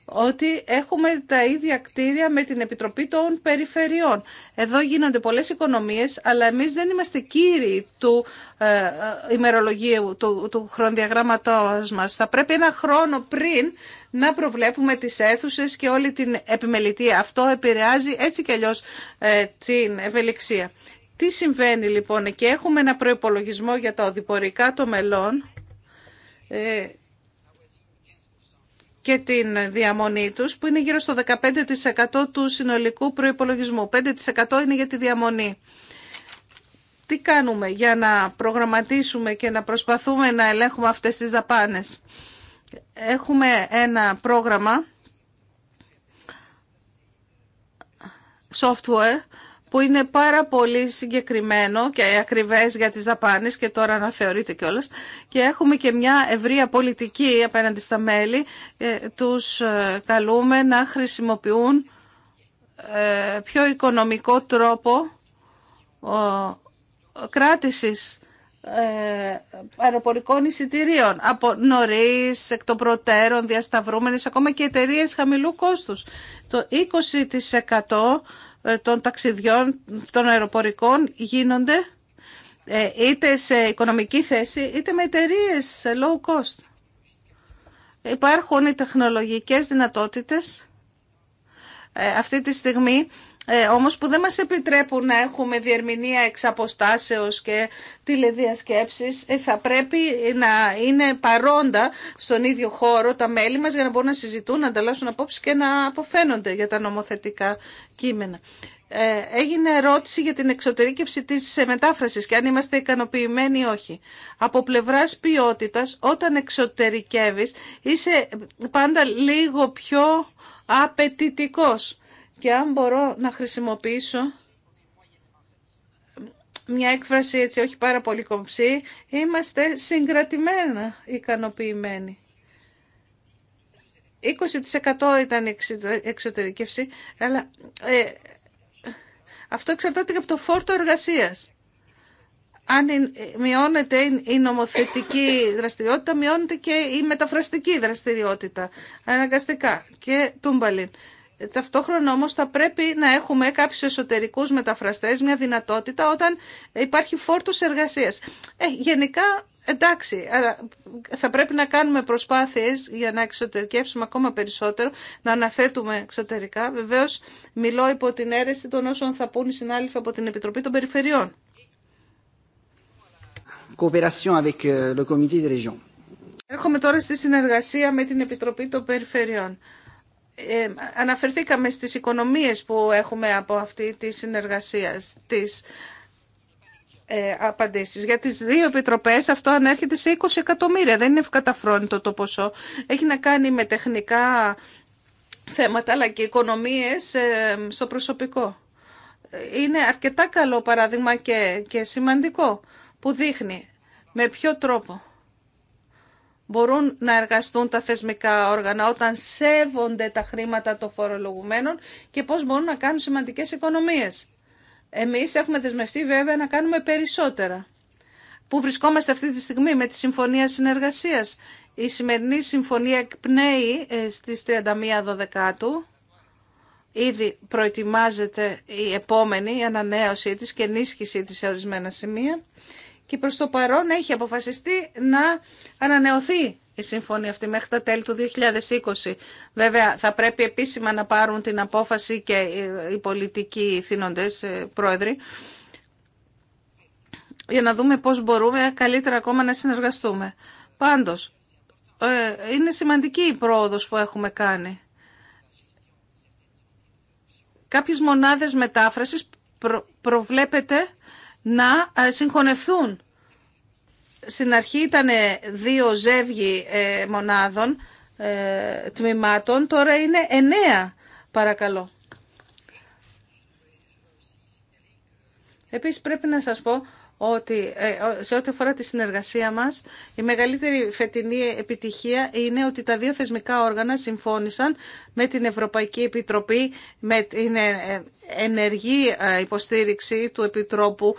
ότι έχουμε τα ίδια κτίρια με την Επιτροπή των Περιφερειών. Εδώ γίνονται πολλές οικονομίες, αλλά εμείς δεν είμαστε κύριοι του ε, ε, ημερολογίου, του, του χρονοδιαγράμματός μας. Θα πρέπει ένα χρόνο πριν να προβλέπουμε τις αίθουσε και όλη την επιμελητία. Αυτό επηρεάζει έτσι κι αλλιώς ε, την ευελιξία. Τι συμβαίνει λοιπόν και έχουμε ένα προϋπολογισμό για τα οδηπορικά των μελών και την διαμονή τους που είναι γύρω στο 15% του συνολικού προϋπολογισμού. 5% είναι για τη διαμονή. Τι κάνουμε για να προγραμματίσουμε και να προσπαθούμε να ελέγχουμε αυτές τις δαπάνες. Έχουμε ένα πρόγραμμα software που είναι πάρα πολύ συγκεκριμένο και ακριβές για τις δαπάνες και τώρα να θεωρείται κιόλας και έχουμε και μια ευρεία πολιτική απέναντι στα μέλη. Ε, τους ε, καλούμε να χρησιμοποιούν ε, πιο οικονομικό τρόπο κράτησης αεροπορικών εισιτηρίων από νωρίς, εκ των προτέρων, διασταυρούμενες, ακόμα και εταιρείε χαμηλού κόστους. Το 20% ε, των ταξιδιών, των αεροπορικών γίνονται ε, είτε σε οικονομική θέση είτε με εταιρείε σε low cost. Υπάρχουν οι τεχνολογικές δυνατότητες ε, αυτή τη στιγμή ε, όμως που δεν μας επιτρέπουν να έχουμε διερμηνία εξ αποστάσεως και τηλεδιασκέψεις, ε, θα πρέπει να είναι παρόντα στον ίδιο χώρο τα μέλη μας για να μπορούν να συζητούν, να ανταλλάσσουν απόψεις και να αποφαίνονται για τα νομοθετικά κείμενα. Ε, έγινε ερώτηση για την εξωτερήκευση της μετάφρασης και αν είμαστε ικανοποιημένοι ή όχι. Από πλευράς ποιότητας, όταν εξωτερικεύεις, είσαι πάντα λίγο πιο απαιτητικός και αν μπορώ να χρησιμοποιήσω μια έκφραση έτσι όχι πάρα πολύ κομψή, είμαστε συγκρατημένα ικανοποιημένοι. 20% ήταν η εξωτερικεύση, αλλά ε, αυτό εξαρτάται και από το φόρτο εργασίας. Αν μειώνεται η νομοθετική δραστηριότητα, μειώνεται και η μεταφραστική δραστηριότητα, αναγκαστικά και τούμπαλιν. Ταυτόχρονα όμως θα πρέπει να έχουμε κάποιους εσωτερικούς μεταφραστές, μια δυνατότητα όταν υπάρχει φόρτο εργασίας. Ε, γενικά Εντάξει, αλλά θα πρέπει να κάνουμε προσπάθειες για να εξωτερικεύσουμε ακόμα περισσότερο, να αναθέτουμε εξωτερικά. Βεβαίως, μιλώ υπό την αίρεση των όσων θα πούν οι συνάλληλοι από την Επιτροπή των Περιφερειών. Euh, Έρχομαι τώρα στη συνεργασία με την Επιτροπή των Περιφερειών αναφερθήκαμε στις οικονομίες που έχουμε από αυτή τη συνεργασία, της ε, απαντήσεις. Για τις δύο επιτροπές αυτό ανέρχεται σε 20 εκατομμύρια. Δεν είναι ευκαταφρόνητο το ποσό. Έχει να κάνει με τεχνικά θέματα αλλά και οικονομίες στο προσωπικό. Είναι αρκετά καλό παράδειγμα και, και σημαντικό που δείχνει με ποιο τρόπο μπορούν να εργαστούν τα θεσμικά όργανα όταν σέβονται τα χρήματα των φορολογουμένων και πώς μπορούν να κάνουν σημαντικές οικονομίες. Εμείς έχουμε δεσμευτεί βέβαια να κάνουμε περισσότερα. Πού βρισκόμαστε αυτή τη στιγμή με τη Συμφωνία Συνεργασίας. Η σημερινή συμφωνία εκπνέει ε, στις 31 Δωδεκάτου. Ήδη προετοιμάζεται η επόμενη ανανέωσή της και ενίσχυσή της σε ορισμένα σημεία και προς το παρόν έχει αποφασιστεί να ανανεωθεί η συμφωνία αυτή μέχρι τα τέλη του 2020. Βέβαια θα πρέπει επίσημα να πάρουν την απόφαση και οι πολιτικοί θύνοντες ε, πρόεδροι για να δούμε πώς μπορούμε καλύτερα ακόμα να συνεργαστούμε. Πάντως, ε, είναι σημαντική η πρόοδος που έχουμε κάνει. Κάποιες μονάδες μετάφρασης προβλέπεται να ε, συγχωνευτούν. Στην αρχή ήταν δύο ζεύγοι ε, μονάδων ε, τμήματων, τώρα είναι εννέα παρακαλώ. Επίσης πρέπει να σας πω ότι ε, σε ό,τι αφορά τη συνεργασία μας, η μεγαλύτερη φετινή επιτυχία είναι ότι τα δύο θεσμικά όργανα συμφώνησαν με την Ευρωπαϊκή Επιτροπή, με την ε, ε, ενεργή υποστήριξη του Επιτρόπου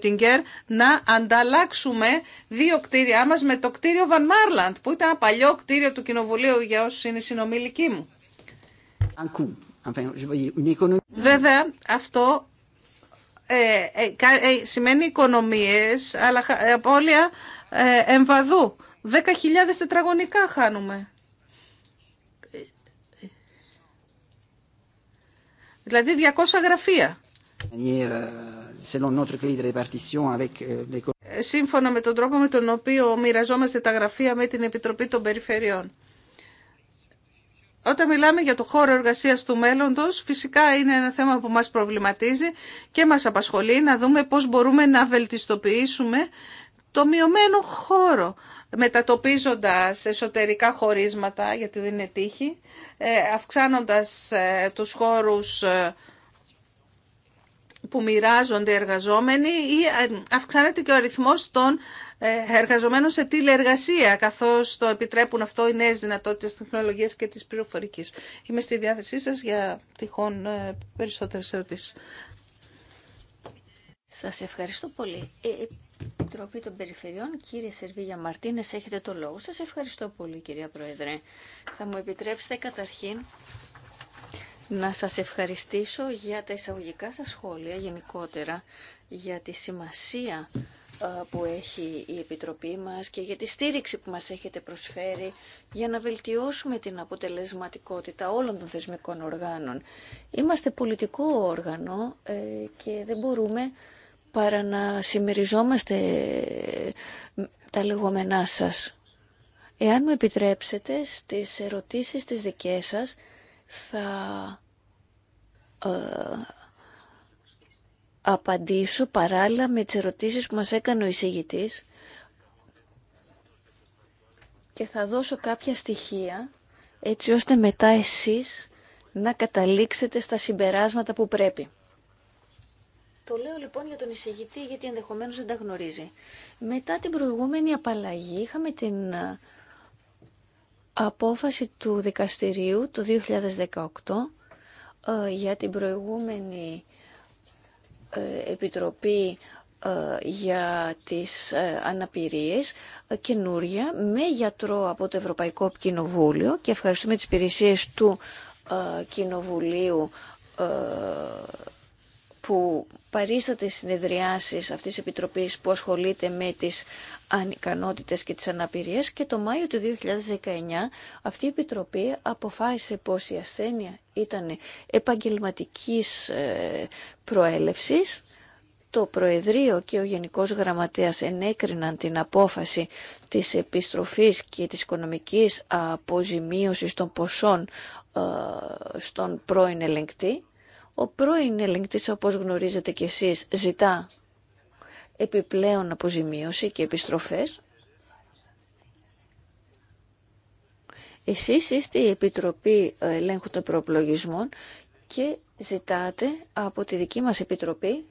Τιγκέρ, να ανταλλάξουμε δύο κτίρια μας με το κτίριο Βαν Μάρλαντ, που ήταν ένα παλιό κτίριο του Κοινοβουλίου για όσους είναι συνομιλικοί μου. Βέβαια, αυτό ε, ε, ε, σημαίνει οικονομίες, αλλά απώλεια εμβαδού. 10.000 τετραγωνικά χάνουμε. Δηλαδή 200 γραφεία. Euh, σύμφωνα με τον τρόπο με τον οποίο μοιραζόμαστε τα γραφεία με την Επιτροπή των Περιφερειών. Όταν μιλάμε για το χώρο εργασία του μέλλοντος, φυσικά είναι ένα θέμα που μας προβληματίζει και μα απασχολεί να δούμε πώς μπορούμε να βελτιστοποιήσουμε το μειωμένο χώρο, μετατοπίζοντας εσωτερικά χωρίσματα, γιατί δεν είναι τύχη, ε, αυξάνοντας ε, τους χώρους ε, που μοιράζονται οι εργαζόμενοι ή αυξάνεται και ο αριθμός των ε, εργαζομένο σε τηλεεργασία, καθώς το επιτρέπουν αυτό οι νέες δυνατότητες τεχνολογίας και της πληροφορική. Είμαι στη διάθεσή σας για τυχόν ε, περισσότερες ερωτήσει. Σας ευχαριστώ πολύ. Ε, Επιτροπή των Περιφερειών, κύριε Σερβίγια Μαρτίνες, έχετε το λόγο. Σας ευχαριστώ πολύ, κυρία Πρόεδρε. Θα μου επιτρέψετε καταρχήν να σας ευχαριστήσω για τα εισαγωγικά σας σχόλια γενικότερα, για τη σημασία ε, που έχει η Επιτροπή μας και για τη στήριξη που μας έχετε προσφέρει για να βελτιώσουμε την αποτελεσματικότητα όλων των θεσμικών οργάνων. Είμαστε πολιτικό όργανο ε, και δεν μπορούμε παρά να συμμεριζόμαστε ε, τα λεγόμενά σας. Εάν μου επιτρέψετε, στις ερωτήσεις της δικές σας θα απαντήσω παράλληλα με τις ερωτήσεις που μας έκανε ο εισηγητής και θα δώσω κάποια στοιχεία έτσι ώστε μετά εσείς να καταλήξετε στα συμπεράσματα που πρέπει. Το λέω λοιπόν για τον εισηγητή γιατί ενδεχομένως δεν τα γνωρίζει. Μετά την προηγούμενη απαλλαγή είχαμε την ε, απόφαση του δικαστηρίου το 2018 ε, για την προηγούμενη ε, Επιτροπή ε, για τις ε, αναπηρίες καινούρια με γιατρό από το Ευρωπαϊκό Κοινοβούλιο και ευχαριστούμε τις υπηρεσίε του Κοινοβουλίου που παρίσταται στις συνεδριάσεις αυτής της Επιτροπής που ασχολείται με τις ανικανότητες και τις αναπηρίες και το Μάιο του 2019 αυτή η Επιτροπή αποφάσισε πως η ασθένεια ήταν επαγγελματικής ε, προέλευσης. Το Προεδρείο και ο Γενικός Γραμματέας ενέκριναν την απόφαση της επιστροφής και της οικονομικής αποζημίωσης των ποσών ε, στον πρώην ελεγκτή. Ο πρώην ελεγκτής, όπως γνωρίζετε κι εσείς, ζητά επιπλέον αποζημίωση και επιστροφές. Εσείς είστε η Επιτροπή Ελέγχου των Προπλογισμών και ζητάτε από τη δική μας Επιτροπή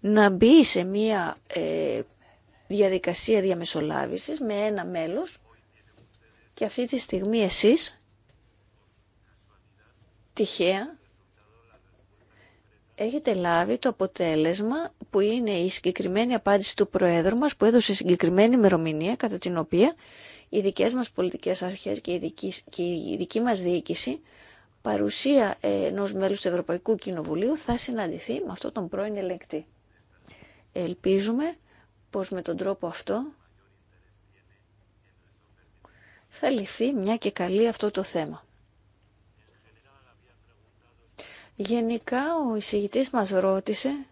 να μπει σε μία ε, διαδικασία διαμεσολάβησης με ένα μέλος και αυτή τη στιγμή εσείς τυχαία έχετε λάβει το αποτέλεσμα που είναι η συγκεκριμένη απάντηση του Προέδρου μας που έδωσε συγκεκριμένη ημερομηνία κατά την οποία οι δικές μας πολιτικές αρχές και η δική, και η μας διοίκηση παρουσία ενό μέλους του Ευρωπαϊκού Κοινοβουλίου θα συναντηθεί με αυτόν τον πρώην ελεγκτή. Ελπίζουμε πως με τον τρόπο αυτό θα λυθεί μια και καλή αυτό το θέμα. Γενικά ο εισηγητής μας ρώτησε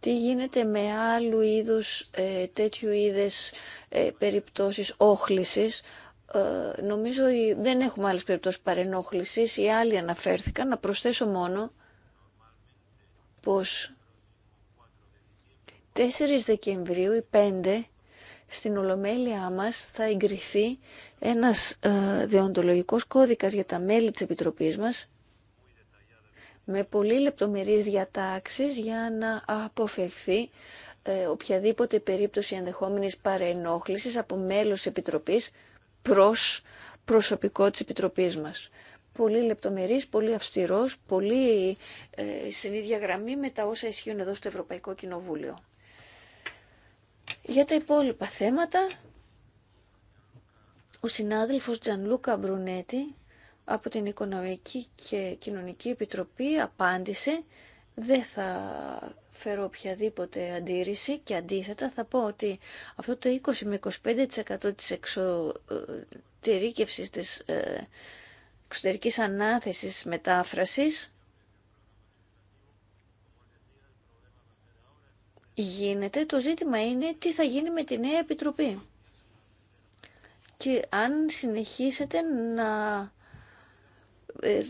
τι γίνεται με άλλου είδους, ε, τέτοιου είδες ε, περιπτώσεις όχλησης. Ε, νομίζω ότι δεν έχουμε άλλες περιπτώσεις παρενόχλησης, οι άλλοι αναφέρθηκαν. Να προσθέσω μόνο πως 4 Δεκεμβρίου ή 5 στην Ολομέλειά μας θα εγκριθεί ένας ε, δεοντολογικός κώδικας για τα μέλη της Επιτροπής μας με πολύ λεπτομερείς διατάξεις για να αποφευθεί ε, οποιαδήποτε περίπτωση ενδεχόμενης παρενόχλησης από μέλος της Επιτροπής προς προσωπικό της Επιτροπής μας. Πολύ λεπτομερής, πολύ αυστηρός, πολύ ε, στην ίδια γραμμή με τα όσα ισχύουν εδώ στο Ευρωπαϊκό Κοινοβούλιο. Για τα υπόλοιπα θέματα, ο συνάδελφος Τζανλούκα Μπρουνέτη από την Οικονομική και Κοινωνική Επιτροπή απάντησε δεν θα φέρω οποιαδήποτε αντίρρηση και αντίθετα θα πω ότι αυτό το 20 με 25% της εξωτερήκευσης ε, της ε, εξωτερικής ανάθεσης μετάφρασης γίνεται. Το ζήτημα είναι τι θα γίνει με τη νέα επιτροπή. Και αν συνεχίσετε να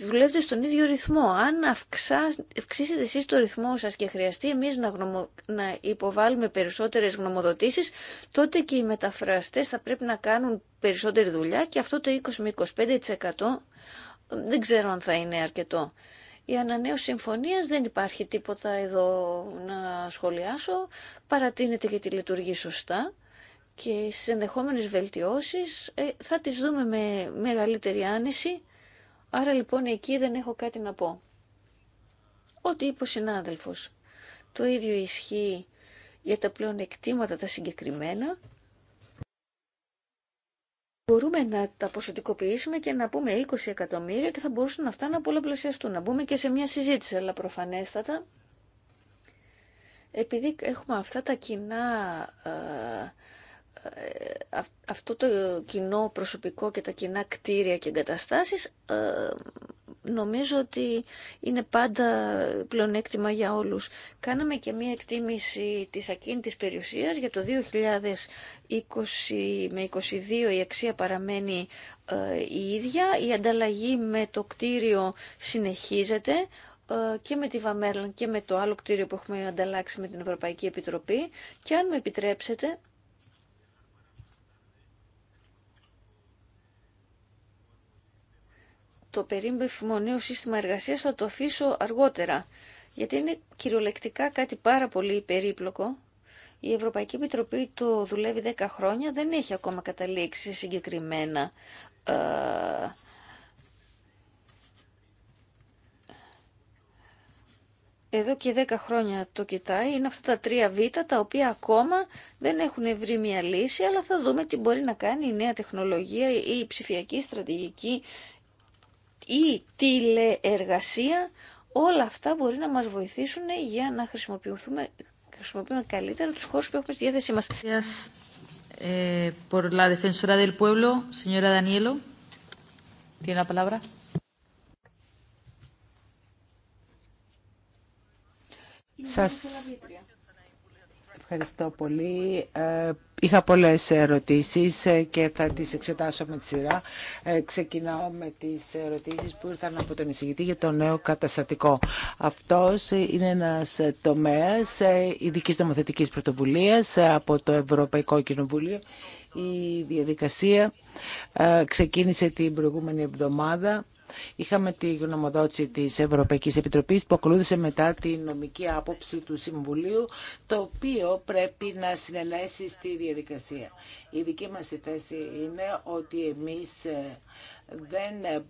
δουλεύετε στον ίδιο ρυθμό. Αν αυξήσετε εσείς το ρυθμό σας και χρειαστεί εμείς να, να υποβάλουμε περισσότερες γνωμοδοτήσεις, τότε και οι μεταφραστές θα πρέπει να κάνουν περισσότερη δουλειά και αυτό το 20 με 25% δεν ξέρω αν θα είναι αρκετό. Η ανανέωση συμφωνίας δεν υπάρχει τίποτα εδώ να σχολιάσω, παρατείνεται γιατί λειτουργεί σωστά και στις ενδεχόμενες βελτιώσεις ε, θα τις δούμε με μεγαλύτερη άνεση Άρα λοιπόν εκεί δεν έχω κάτι να πω. Ό,τι είπε ο συνάδελφος. Το ίδιο ισχύει για τα πλέον εκτήματα τα συγκεκριμένα. Μπορούμε να τα ποσοτικοποιήσουμε και να πούμε 20 εκατομμύρια και θα μπορούσαν αυτά να πολλαπλασιαστούν. Να μπούμε και σε μια συζήτηση, αλλά προφανέστατα επειδή έχουμε αυτά τα κοινά ε, ε, αυτό το κοινό προσωπικό και τα κοινά κτίρια και εγκαταστάσεις ε, νομίζω ότι είναι πάντα πλεονέκτημα για όλους. Κάναμε και μία εκτίμηση της ακίνητης περιουσίας για το 2020 με 2022 η αξία παραμένει ε, η ίδια, η ανταλλαγή με το κτίριο συνεχίζεται και με τη Βαμέρλαν και με το άλλο κτίριο που έχουμε ανταλλάξει με την Ευρωπαϊκή Επιτροπή και αν μου επιτρέψετε το περίμπεφημο νέο σύστημα εργασίας θα το αφήσω αργότερα, γιατί είναι κυριολεκτικά κάτι πάρα πολύ περίπλοκο. Η Ευρωπαϊκή Επιτροπή το δουλεύει 10 χρόνια, δεν έχει ακόμα καταλήξει συγκεκριμένα ε, εδώ και 10 χρόνια το κοιτάει, είναι αυτά τα τρία β, τα οποία ακόμα δεν έχουν βρει μια λύση, αλλά θα δούμε τι μπορεί να κάνει η νέα τεχνολογία ή η ψηφιακή στρατηγική ή τηλεεργασία, όλα αυτά μπορεί να μας βοηθήσουν για να χρησιμοποιούμε, χρησιμοποιούμε καλύτερα τους χώρους που έχουμε στη διάθεσή μας. Ε, por la defensora del pueblo, señora Danielo, tiene la palabra. Σας Ευχαριστώ πολύ. Ε, είχα πολλές ερωτήσεις ε, και θα τις εξετάσω με τη σειρά. Ε, ξεκινάω με τις ερωτήσεις που ήρθαν από τον εισηγητή για το νέο καταστατικό. Αυτός είναι ένας τομέας ειδικής νομοθετικής πρωτοβουλίας από το Ευρωπαϊκό Κοινοβούλιο. Η διαδικασία ξεκίνησε την προηγούμενη εβδομάδα Είχαμε τη γνωμοδότηση της Ευρωπαϊκής Επιτροπής που ακολούθησε μετά τη νομική άποψη του Συμβουλίου, το οποίο πρέπει να συνενέσει στη διαδικασία. Η δική μας θέση είναι ότι εμείς ε, δεν ε,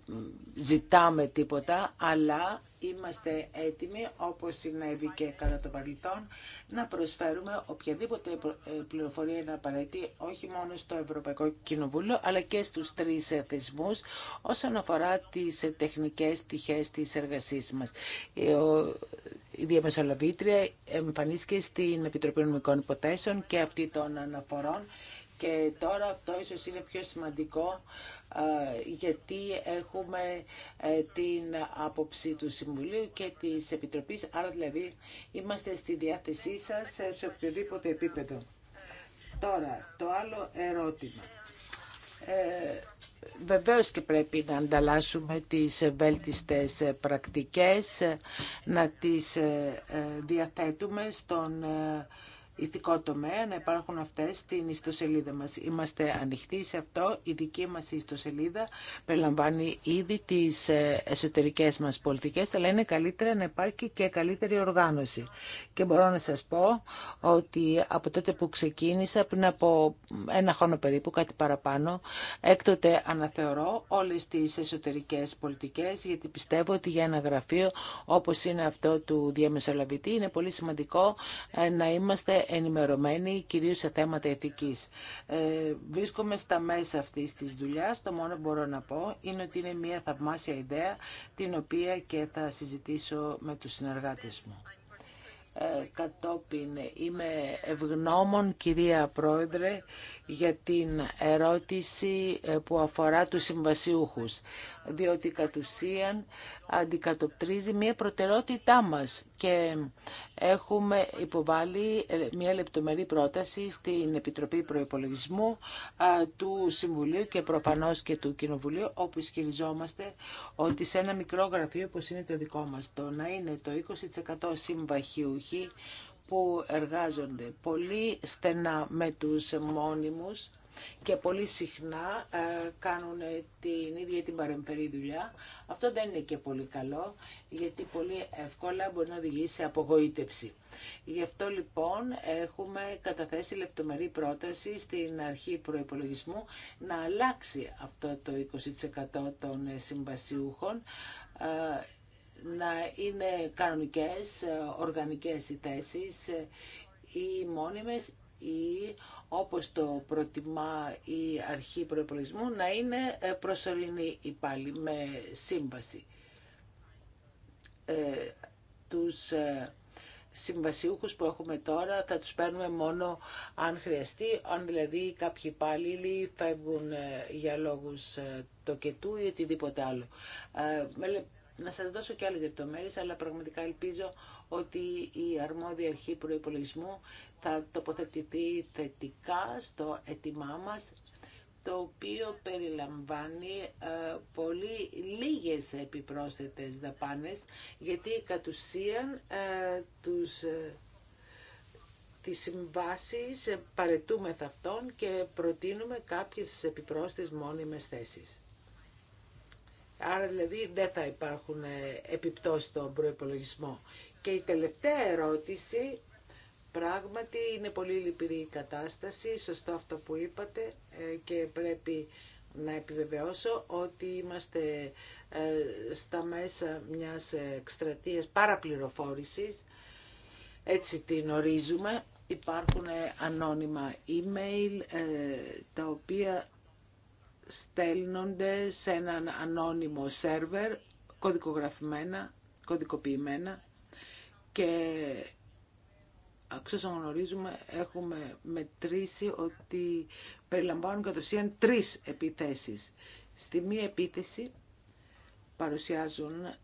ζητάμε τίποτα, αλλά είμαστε έτοιμοι, όπως συνέβη και κατά το παρελθόν, να προσφέρουμε οποιαδήποτε ε, πληροφορία είναι απαραίτητη, όχι μόνο στο Ευρωπαϊκό Κοινοβούλιο, αλλά και στους τρεις θεσμούς, όσον αφορά τις τεχνικές τυχές της εργασίας μας. Ε, η διαμεσολαβήτρια εμφανίστηκε στην Επιτροπή Νομικών Υποθέσεων και αυτή των αναφορών και τώρα αυτό ίσως είναι πιο σημαντικό γιατί έχουμε ε, την άποψη του Συμβουλίου και της Επιτροπής, άρα δηλαδή είμαστε στη διάθεσή σας ε, σε οποιοδήποτε επίπεδο. Τώρα, το άλλο ερώτημα. Ε, βεβαίως και πρέπει να ανταλλάσσουμε τις βέλτιστες πρακτικές, να τις ε, διαθέτουμε στον ηθικό τομέα να υπάρχουν αυτές στην ιστοσελίδα μας. Είμαστε ανοιχτοί σε αυτό. Η δική μας ιστοσελίδα περιλαμβάνει ήδη τις ε, εσωτερικές μας πολιτικές, αλλά είναι καλύτερα να υπάρχει και καλύτερη οργάνωση. Και μπορώ να σας πω ότι από τότε που ξεκίνησα, πριν από ένα χρόνο περίπου, κάτι παραπάνω, έκτοτε αναθεωρώ όλες τις εσωτερικές πολιτικές, γιατί πιστεύω ότι για ένα γραφείο όπως είναι αυτό του διαμεσολαβητή είναι πολύ σημαντικό ε, να είμαστε ενημερωμένοι κυρίως σε θέματα ηθικής. Ε, βρίσκομαι στα μέσα αυτής της δουλειάς. Το μόνο που μπορώ να πω είναι ότι είναι μια θαυμάσια ιδέα την οποία και θα συζητήσω με τους συνεργάτες μου. Ε, κατόπιν είμαι ευγνώμων κυρία Πρόεδρε για την ερώτηση ε, που αφορά τους συμβασιούχους διότι κατ' ουσίαν αντικατοπτρίζει μια προτεραιότητά μας και έχουμε υποβάλει ε, μια λεπτομερή πρόταση στην Επιτροπή Προϋπολογισμού του Συμβουλίου και προφανώς και του Κοινοβουλίου όπου ισχυριζόμαστε ότι σε ένα μικρό γραφείο όπως είναι το δικό μας το να είναι το 20% συμβαχιούχοι που εργάζονται πολύ στενά με τους μόνιμους και πολύ συχνά ε, κάνουν την ίδια την παρεμπερή δουλειά. Αυτό δεν είναι και πολύ καλό γιατί πολύ εύκολα μπορεί να οδηγήσει σε απογοήτευση. Γι' αυτό λοιπόν έχουμε καταθέσει λεπτομερή πρόταση στην αρχή προϋπολογισμού να αλλάξει αυτό το 20% των συμβασιούχων ε, να είναι κανονικές, ε, οργανικές οι θέσεις ή μόνιμες ή όπως το προτιμά η αρχή προϋπολογισμού, να είναι ε, προσωρινή ή με σύμβαση. Ε, τους ε, συμβασιούχους που έχουμε τώρα θα τους παίρνουμε μόνο αν χρειαστεί, αν δηλαδή κάποιοι υπάλληλοι φεύγουν ε, για λόγους τοκετού ή οτιδήποτε άλλο. Ε, να σας δώσω και άλλες λεπτομέρειες, αλλά πραγματικά ελπίζω ότι η αρμόδια αρχή προϋπολογισμού θα τοποθετηθεί θετικά στο αίτημά μας, το οποίο περιλαμβάνει ε, πολύ λίγες επιπρόσθετες δαπάνες, γιατί κατ' ουσίαν ε, τους, ε, τις συμβάσεις παρετούμεθα αυτών και προτείνουμε κάποιες επιπρόσθετες μόνιμες θέσεις. Άρα δηλαδή δεν θα υπάρχουν ε, επιπτώσεις στον προϋπολογισμό. Και η τελευταία ερώτηση Πράγματι είναι πολύ λυπηρή η κατάσταση, σωστό αυτό που είπατε ε, και πρέπει να επιβεβαιώσω ότι είμαστε ε, στα μέσα μιας εκστρατείας παραπληροφόρησης, έτσι την ορίζουμε. Υπάρχουν ε, ανώνυμα email τα οποία στέλνονται σε έναν ανώνυμο σερβερ κωδικογραφημένα, κωδικοποιημένα και αξ' έχουμε μετρήσει ότι περιλαμβάνουν κατ' ουσίαν τρεις επιθέσεις. Στη μία επίθεση παρουσιάζουν ε,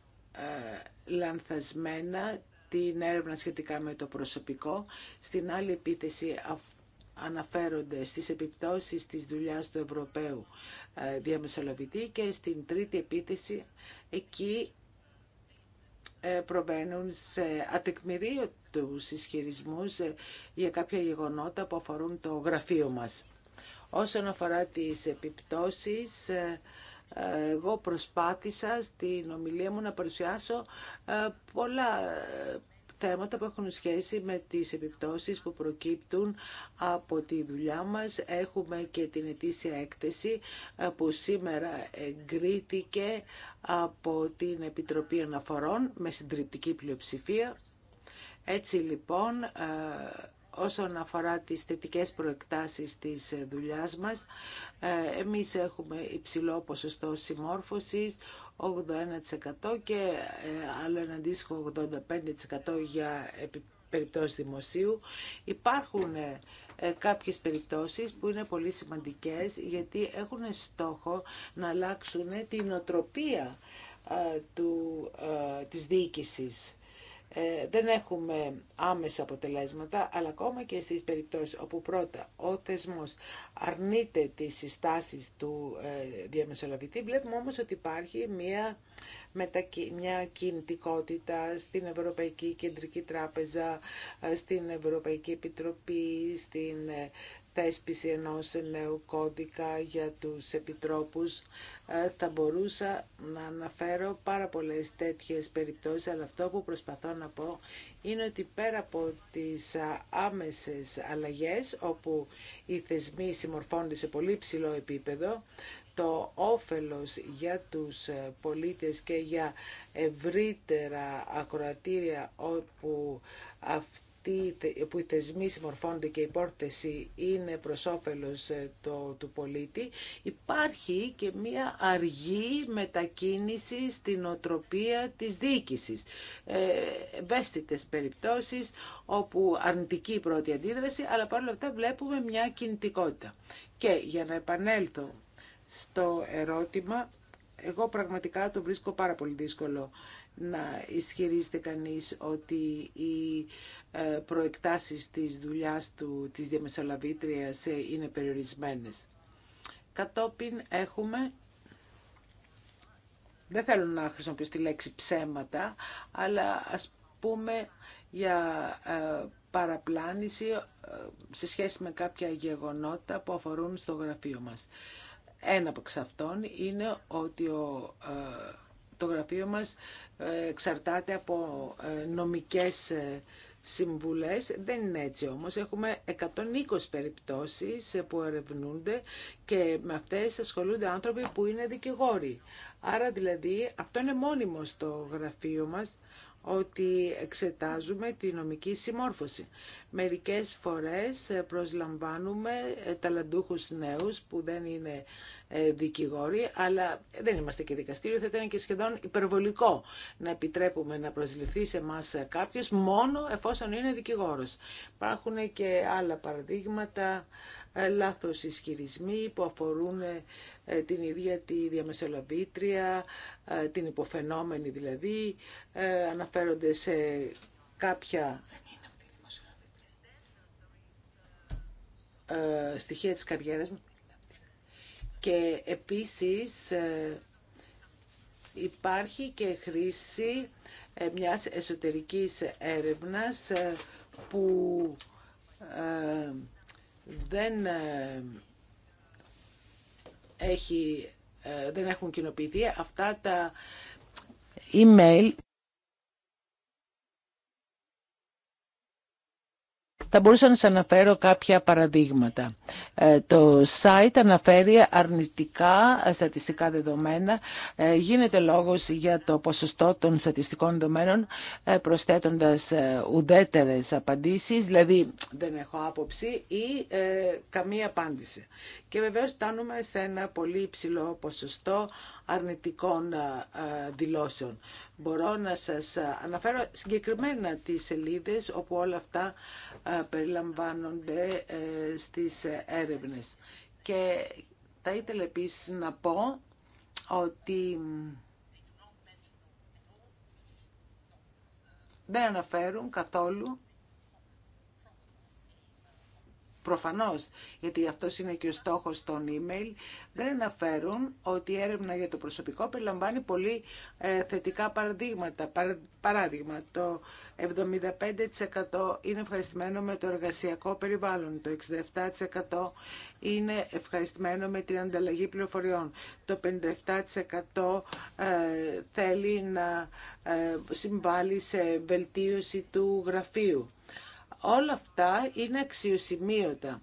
λανθασμένα την έρευνα σχετικά με το προσωπικό. Στην άλλη επίθεση αναφέρονται στις επιπτώσεις της δουλειάς του Ευρωπαίου ε, διαμεσολαβητή και στην τρίτη επίθεση εκεί ε, προβαίνουν σε ατεκμηρίωτους ισχυρισμούς ε, για κάποια γεγονότα που αφορούν το γραφείο μας. Όσον αφορά τις επιπτώσεις, ε, εγώ προσπάθησα στην ομιλία μου να παρουσιάσω πολλά θέματα που έχουν σχέση με τις επιπτώσεις που προκύπτουν από τη δουλειά μας. Έχουμε και την ετήσια έκθεση ε, που σήμερα εγκρίθηκε από την Επιτροπή Αναφορών με συντριπτική πλειοψηφία. Έτσι λοιπόν ε, όσον αφορά τις θετικές προεκτάσεις της δουλειάς μας. Ε, εμείς έχουμε υψηλό ποσοστό συμμόρφωσης, 81% και ε, άλλο ένα αντίστοιχο 85% για περιπτώσεις δημοσίου. Υπάρχουν ε, κάποιες περιπτώσεις που είναι πολύ σημαντικές γιατί έχουν στόχο να αλλάξουν την οτροπία του, της διοίκησης. Ε, δεν έχουμε άμεσα αποτελέσματα, αλλά ακόμα και στις περιπτώσεις όπου πρώτα ο θεσμός αρνείται τις συστάσεις του ε, διαμεσολαβητή, βλέπουμε όμως ότι υπάρχει μια, μια κινητικότητα στην Ευρωπαϊκή Κεντρική Τράπεζα, ε, στην Ευρωπαϊκή Επιτροπή, στην θέσπιση ενός νέου κώδικα για τους επιτρόπους. Ε, θα μπορούσα να αναφέρω πάρα πολλές τέτοιες περιπτώσεις, αλλά αυτό που προσπαθώ να πω είναι ότι πέρα από τις άμεσες αλλαγές, όπου οι θεσμοί συμμορφώνται σε πολύ ψηλό επίπεδο, το όφελος για τους ε, πολίτες και για ευρύτερα ακροατήρια όπου αυτοί που οι θεσμοί συμμορφώνονται και η πόρτεση είναι προς όφελος ε, το, του πολίτη, υπάρχει και μία αργή μετακίνηση στην οτροπία της διοίκησης. Ε, ευαίσθητες περιπτώσεις όπου αρνητική η πρώτη αντίδραση, αλλά παρόλα αυτά βλέπουμε μια αργη μετακινηση στην οτροπια της διοικησης ε περιπτώσει, περιπτωσεις οπου αρνητικη η πρωτη αντιδραση αλλα παρολα αυτα βλεπουμε μια κινητικοτητα Και για να επανέλθω στο ερώτημα, εγώ πραγματικά το βρίσκω πάρα πολύ δύσκολο να ισχυρίζεται κανείς ότι η ε, προεκτάσεις της δουλειάς του, της διαμεσολαβήτριας ε, είναι περιορισμένες. Κατόπιν έχουμε, δεν θέλω να χρησιμοποιήσω τη λέξη ψέματα, αλλά ας πούμε για ε, παραπλάνηση σε σχέση με κάποια γεγονότα που αφορούν στο γραφείο μας. Ένα από αυτών είναι ότι το γραφείο μας εξαρτάται από νομικές συμβουλές. Δεν είναι έτσι όμως. Έχουμε 120 περιπτώσεις που ερευνούνται και με αυτές ασχολούνται άνθρωποι που είναι δικηγόροι. Άρα δηλαδή αυτό είναι μόνιμο στο γραφείο μας ότι εξετάζουμε τη νομική συμμόρφωση. Μερικές φορές ε, προσλαμβάνουμε ε, ταλαντούχους νέους που δεν είναι ε, δικηγόροι, αλλά δεν είμαστε και δικαστήριο, θα ήταν και σχεδόν υπερβολικό να επιτρέπουμε να προσληφθεί σε εμά κάποιος μόνο εφόσον είναι δικηγόρος. Υπάρχουν και άλλα παραδείγματα ε, λάθος ισχυρισμοί που αφορούν ε, την ίδια τη διαμεσολαβήτρια, ε, την υποφαινόμενη δηλαδή, αναφέρονται σε κάποια στοιχεία της καριέρας μου. Και επίσης υπάρχει και χρήση μιας εσωτερικής έρευνας που δεν ε, έχει ε, δεν έχουν κοινοποιηθεί αυτά τα email Θα μπορούσα να σας αναφέρω κάποια παραδείγματα. Ε, το site αναφέρει αρνητικά ε, στατιστικά δεδομένα. Ε, γίνεται λόγος για το ποσοστό των στατιστικών δεδομένων προσθέτοντας ουδέτερες απαντήσεις, δηλαδή δεν έχω άποψη ή καμία απάντηση. Και βεβαίως φτάνουμε σε ένα πολύ υψηλό ποσοστό αρνητικών δηλώσεων. Μπορώ να σας αναφέρω συγκεκριμένα τις σελίδες όπου όλα αυτά ε, περιλαμβάνονται ε, στις έρευνες. Και θα ήθελα επίση να πω ότι δεν αναφέρουν καθόλου προφανώς, γιατί αυτό είναι και ο στόχος των email, δεν αναφέρουν ότι η έρευνα για το προσωπικό περιλαμβάνει πολύ ε, θετικά παραδείγματα. Παράδειγμα, το 75% είναι ευχαριστημένο με το εργασιακό περιβάλλον, το 67% είναι ευχαριστημένο με την ανταλλαγή πληροφοριών, το 57% ε, θέλει να ε, συμβάλλει σε βελτίωση του γραφείου. Όλα αυτά είναι αξιοσημείωτα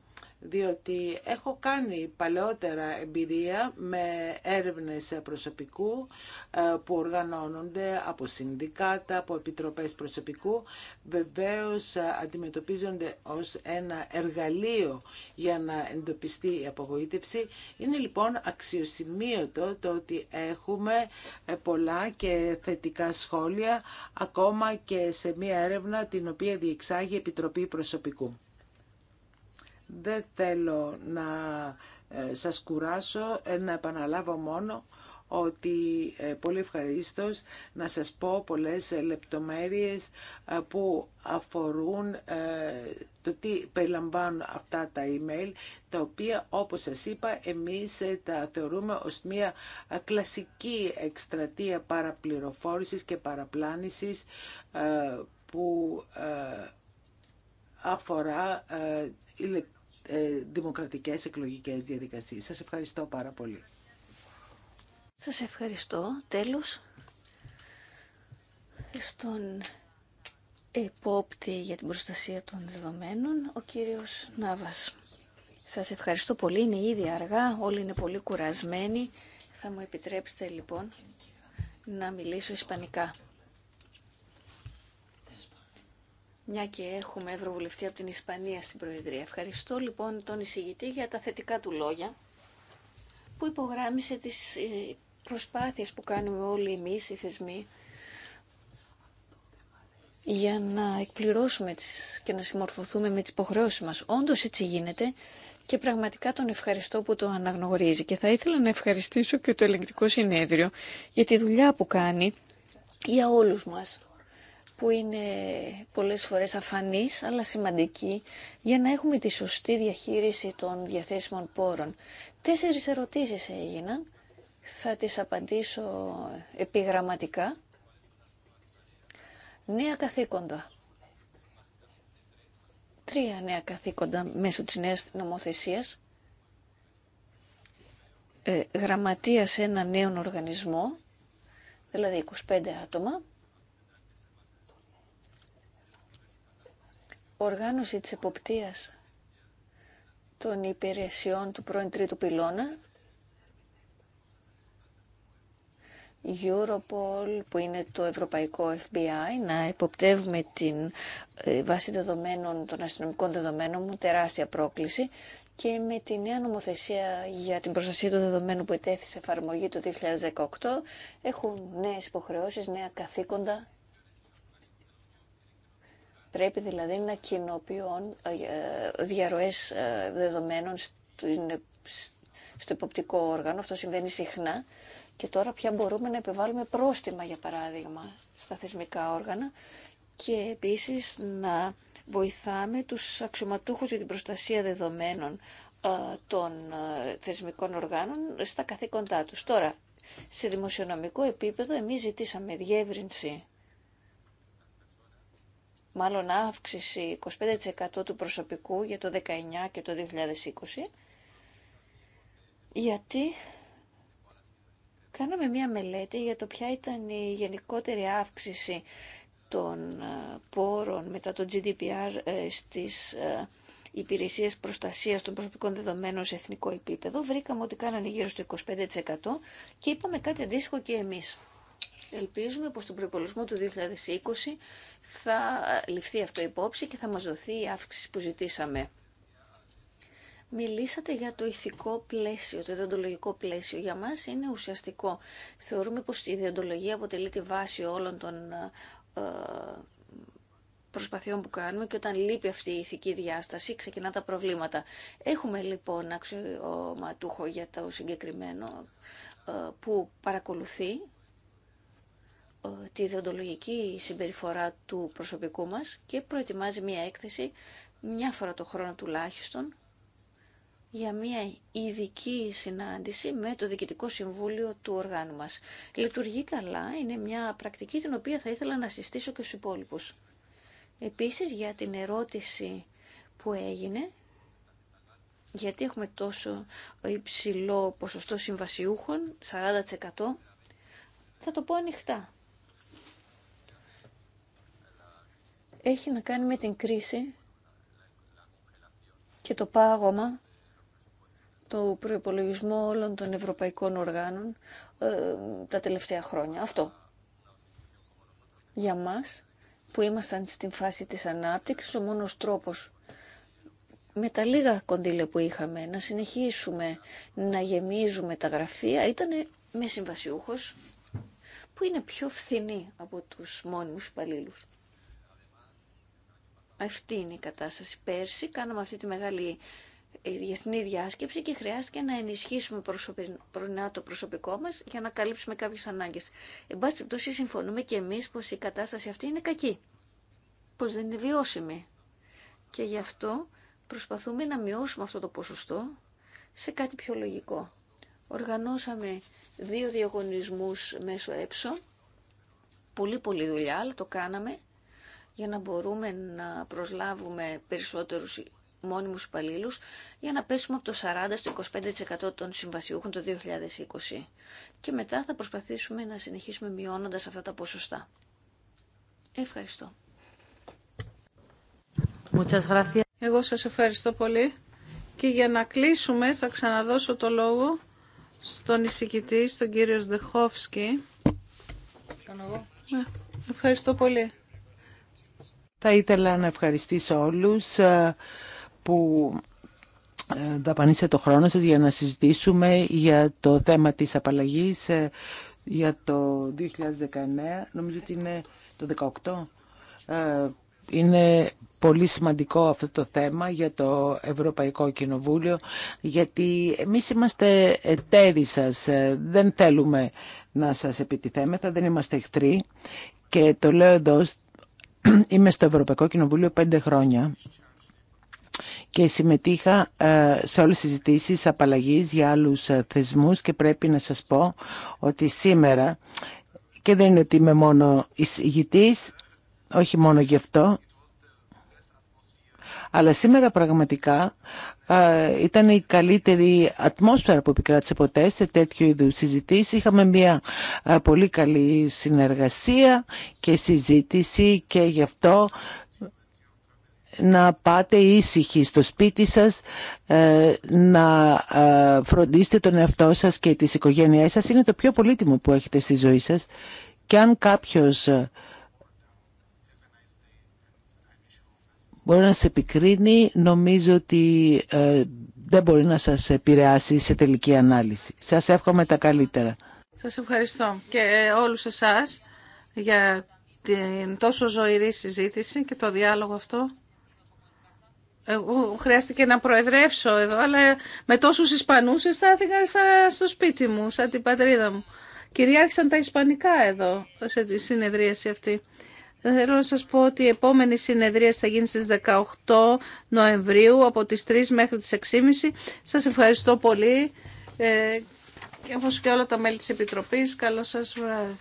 διότι έχω κάνει παλαιότερα εμπειρία με έρευνες προσωπικού ε, που οργανώνονται από συνδικάτα, από επιτροπές προσωπικού. Βεβαίως ε, αντιμετωπίζονται ως ένα εργαλείο για να εντοπιστεί η απογοήτευση. Είναι λοιπόν αξιοσημείωτο το ότι έχουμε ε, πολλά και θετικά σχόλια ακόμα και σε μία έρευνα την οποία διεξάγει η Επιτροπή Προσωπικού. Δεν θέλω να ε, σας κουράσω, ε, να επαναλάβω μόνο ότι ε, πολύ ευχαριστώ να σας πω πολλές λεπτομέρειες που αφορούν το τι περιλαμβάνουν αυτά τα email, τα οποία όπως σας είπα εμείς τα θεωρούμε ως μια κλασική εκστρατεία παραπληροφόρησης και παραπλάνησης που αφορά ε, δημοκρατικές εκλογικές διαδικασίες. Σας ευχαριστώ πάρα πολύ. Σας ευχαριστώ. Τέλος, στον επόπτη για την προστασία των δεδομένων, ο κύριος Νάβας. Σας ευχαριστώ πολύ. Είναι ήδη αργά, όλοι είναι πολύ κουρασμένοι. Θα μου επιτρέψετε λοιπόν να μιλήσω ισπανικά. Μια και έχουμε ευρωβουλευτή από την Ισπανία στην Προεδρία. Ευχαριστώ λοιπόν τον εισηγητή για τα θετικά του λόγια που υπογράμμισε τις ε, προσπάθειες που κάνουμε όλοι εμείς οι θεσμοί για να εκπληρώσουμε τις και να συμμορφωθούμε με τις υποχρεώσεις μας. Όντως έτσι γίνεται και πραγματικά τον ευχαριστώ που το αναγνωρίζει και θα ήθελα να ευχαριστήσω και το ελεγκτικό συνέδριο για τη δουλειά που κάνει για όλους μας που είναι πολλές φορές αφανής αλλά σημαντική για να έχουμε τη σωστή διαχείριση των διαθέσιμων πόρων. Τέσσερις ερωτήσεις έγιναν, θα τις απαντήσω επιγραμματικά. Νέα καθήκοντα. Τρία νέα καθήκοντα μέσω της νέας νομοθεσίας. Ε, γραμματεία σε ένα νέο οργανισμό, δηλαδή 25 άτομα. οργάνωση της εποπτείας των υπηρεσιών του πρώην τρίτου πυλώνα, Europol που είναι το Ευρωπαϊκό FBI να υποπτεύουμε την ε, βάση δεδομένων των αστυνομικών δεδομένων μου τεράστια πρόκληση και με τη νέα νομοθεσία για την προστασία των δεδομένων που ετέθησε εφαρμογή το 2018 έχουν νέες υποχρεώσεις, νέα καθήκοντα Πρέπει δηλαδή να κοινοποιούν ε, ε, διαρροές ε, δεδομένων στο υποπτικό όργανο. Αυτό συμβαίνει συχνά. Και τώρα πια μπορούμε να επιβάλλουμε πρόστιμα, για παράδειγμα, στα θεσμικά όργανα και επίσης να βοηθάμε τους αξιωματούχους για την προστασία δεδομένων των θεσμικών οργάνων στα καθήκοντά τους. Τώρα, σε δημοσιονομικό επίπεδο εμείς ζητήσαμε διεύρυνση μάλλον αύξηση 25% του προσωπικού για το 19 και το 2020, γιατί κάναμε μία μελέτη για το ποια ήταν η γενικότερη αύξηση των ε, πόρων μετά το GDPR ε, στις ε, υπηρεσίες προστασίας των προσωπικών δεδομένων σε εθνικό επίπεδο. Βρήκαμε ότι κάνανε γύρω στο 25% και είπαμε κάτι αντίστοιχο και εμείς. Ελπίζουμε πως τον προπολογισμό του 2020 θα ληφθεί αυτό υπόψη και θα μας δοθεί η αύξηση που ζητήσαμε. Μιλήσατε για το ηθικό πλαίσιο, το ιδεοντολογικό πλαίσιο. Για μας είναι ουσιαστικό. Θεωρούμε πως η ιδεοντολογία αποτελεί τη βάση όλων των ε, προσπαθειών που κάνουμε και όταν λείπει αυτή η ηθική διάσταση ξεκινά τα προβλήματα. Έχουμε λοιπόν αξιωματούχο για το συγκεκριμένο ε, που παρακολουθεί ε, τη διοντολογική συμπεριφορά του προσωπικού μας και προετοιμάζει μία έκθεση μια φορά το χρόνο τουλάχιστον για μια ειδική συνάντηση με το Διοικητικό Συμβούλιο του οργάνου μας. Λειτουργεί καλά, είναι μια πρακτική την οποία θα ήθελα να συστήσω και στους υπόλοιπους. Επίσης για την ερώτηση που έγινε, γιατί έχουμε τόσο υψηλό ποσοστό συμβασιούχων, 40%, θα το πω ανοιχτά. έχει να κάνει με την κρίση και το πάγωμα το προϋπολογισμό όλων των ευρωπαϊκών οργάνων ε, τα τελευταία χρόνια. Αυτό. Για μας που ήμασταν στην φάση της ανάπτυξης, ο μόνος τρόπος με τα λίγα κονδύλια που είχαμε να συνεχίσουμε να γεμίζουμε τα γραφεία ήταν με συμβασιούχος που είναι πιο φθηνή από τους μόνιμους υπαλλήλου. Αυτή είναι η κατάσταση. Πέρσι κάναμε αυτή τη μεγάλη ε, διεθνή διάσκεψη και χρειάστηκε να ενισχύσουμε προσωπικά το προσωπικό μας για να καλύψουμε κάποιες ανάγκες. Εν πάση περιπτώσει συμφωνούμε και εμείς πως η κατάσταση αυτή είναι κακή, πως δεν είναι βιώσιμη. Και γι' αυτό προσπαθούμε να μειώσουμε αυτό το ποσοστό σε κάτι πιο λογικό. Οργανώσαμε δύο διαγωνισμούς μέσω έψω, πολύ πολύ δουλειά, αλλά το κάναμε για να μπορούμε να προσλάβουμε περισσότερους μόνιμους υπαλλήλου για να πέσουμε από το 40% στο 25% των συμβασιούχων το 2020. Και μετά θα προσπαθήσουμε να συνεχίσουμε μειώνοντας αυτά τα ποσοστά. Ευχαριστώ. Εγώ σας ευχαριστώ πολύ. Και για να κλείσουμε θα ξαναδώσω το λόγο στον εισηγητή, στον κύριο Σδεχόφσκι. Ναι, ευχαριστώ πολύ. Θα ήθελα να ευχαριστήσω όλους ε, που ε, δαπανίσατε το χρόνο σας για να συζητήσουμε για το θέμα της απαλλαγής ε, για το 2019. Νομίζω ότι είναι το 2018. Είναι πολύ σημαντικό αυτό το θέμα για το Ευρωπαϊκό Κοινοβούλιο, γιατί εμείς είμαστε εταίροι σας, δεν θέλουμε να σας επιτιθέμεθα, δεν είμαστε εχθροί. Και το λέω εδώ Είμαι στο Ευρωπαϊκό Κοινοβούλιο πέντε χρόνια και συμμετείχα ε, σε όλες τις συζητήσεις απαλλαγής για άλλους ε, θεσμούς και πρέπει να σας πω ότι σήμερα και δεν είναι ότι είμαι μόνο εισηγητής, όχι μόνο γι' αυτό, αλλά σήμερα πραγματικά ήταν η καλύτερη ατμόσφαιρα που επικράτησε ποτέ σε τέτοιου είδου συζητήσει. Είχαμε μια πολύ καλή συνεργασία και συζήτηση και γι' αυτό να πάτε ήσυχοι στο σπίτι σας, ε, να φροντίσετε τον εαυτό σας και τις οικογένειές σας. Είναι το πιο πολύτιμο που έχετε στη ζωή σας. Και αν κάποιος μπορεί να σε επικρίνει, νομίζω ότι ε, δεν μπορεί να σας επηρεάσει σε τελική ανάλυση. Σας εύχομαι τα καλύτερα. Σας ευχαριστώ και όλους εσάς για την τόσο ζωηρή συζήτηση και το διάλογο αυτό. Εγώ χρειάστηκε να προεδρεύσω εδώ, αλλά με τόσους Ισπανούς αισθάθηκα στο σπίτι μου, σαν την πατρίδα μου. Κυριάρχησαν τα Ισπανικά εδώ, σε τη συνεδρίαση αυτή. Θέλω να σας πω ότι η επόμενη συνεδρία θα γίνει στις 18 Νοεμβρίου από τις 3 μέχρι τις 6.30. Σας ευχαριστώ πολύ ε, και όπως και όλα τα μέλη της Επιτροπής. Καλό σας βράδυ.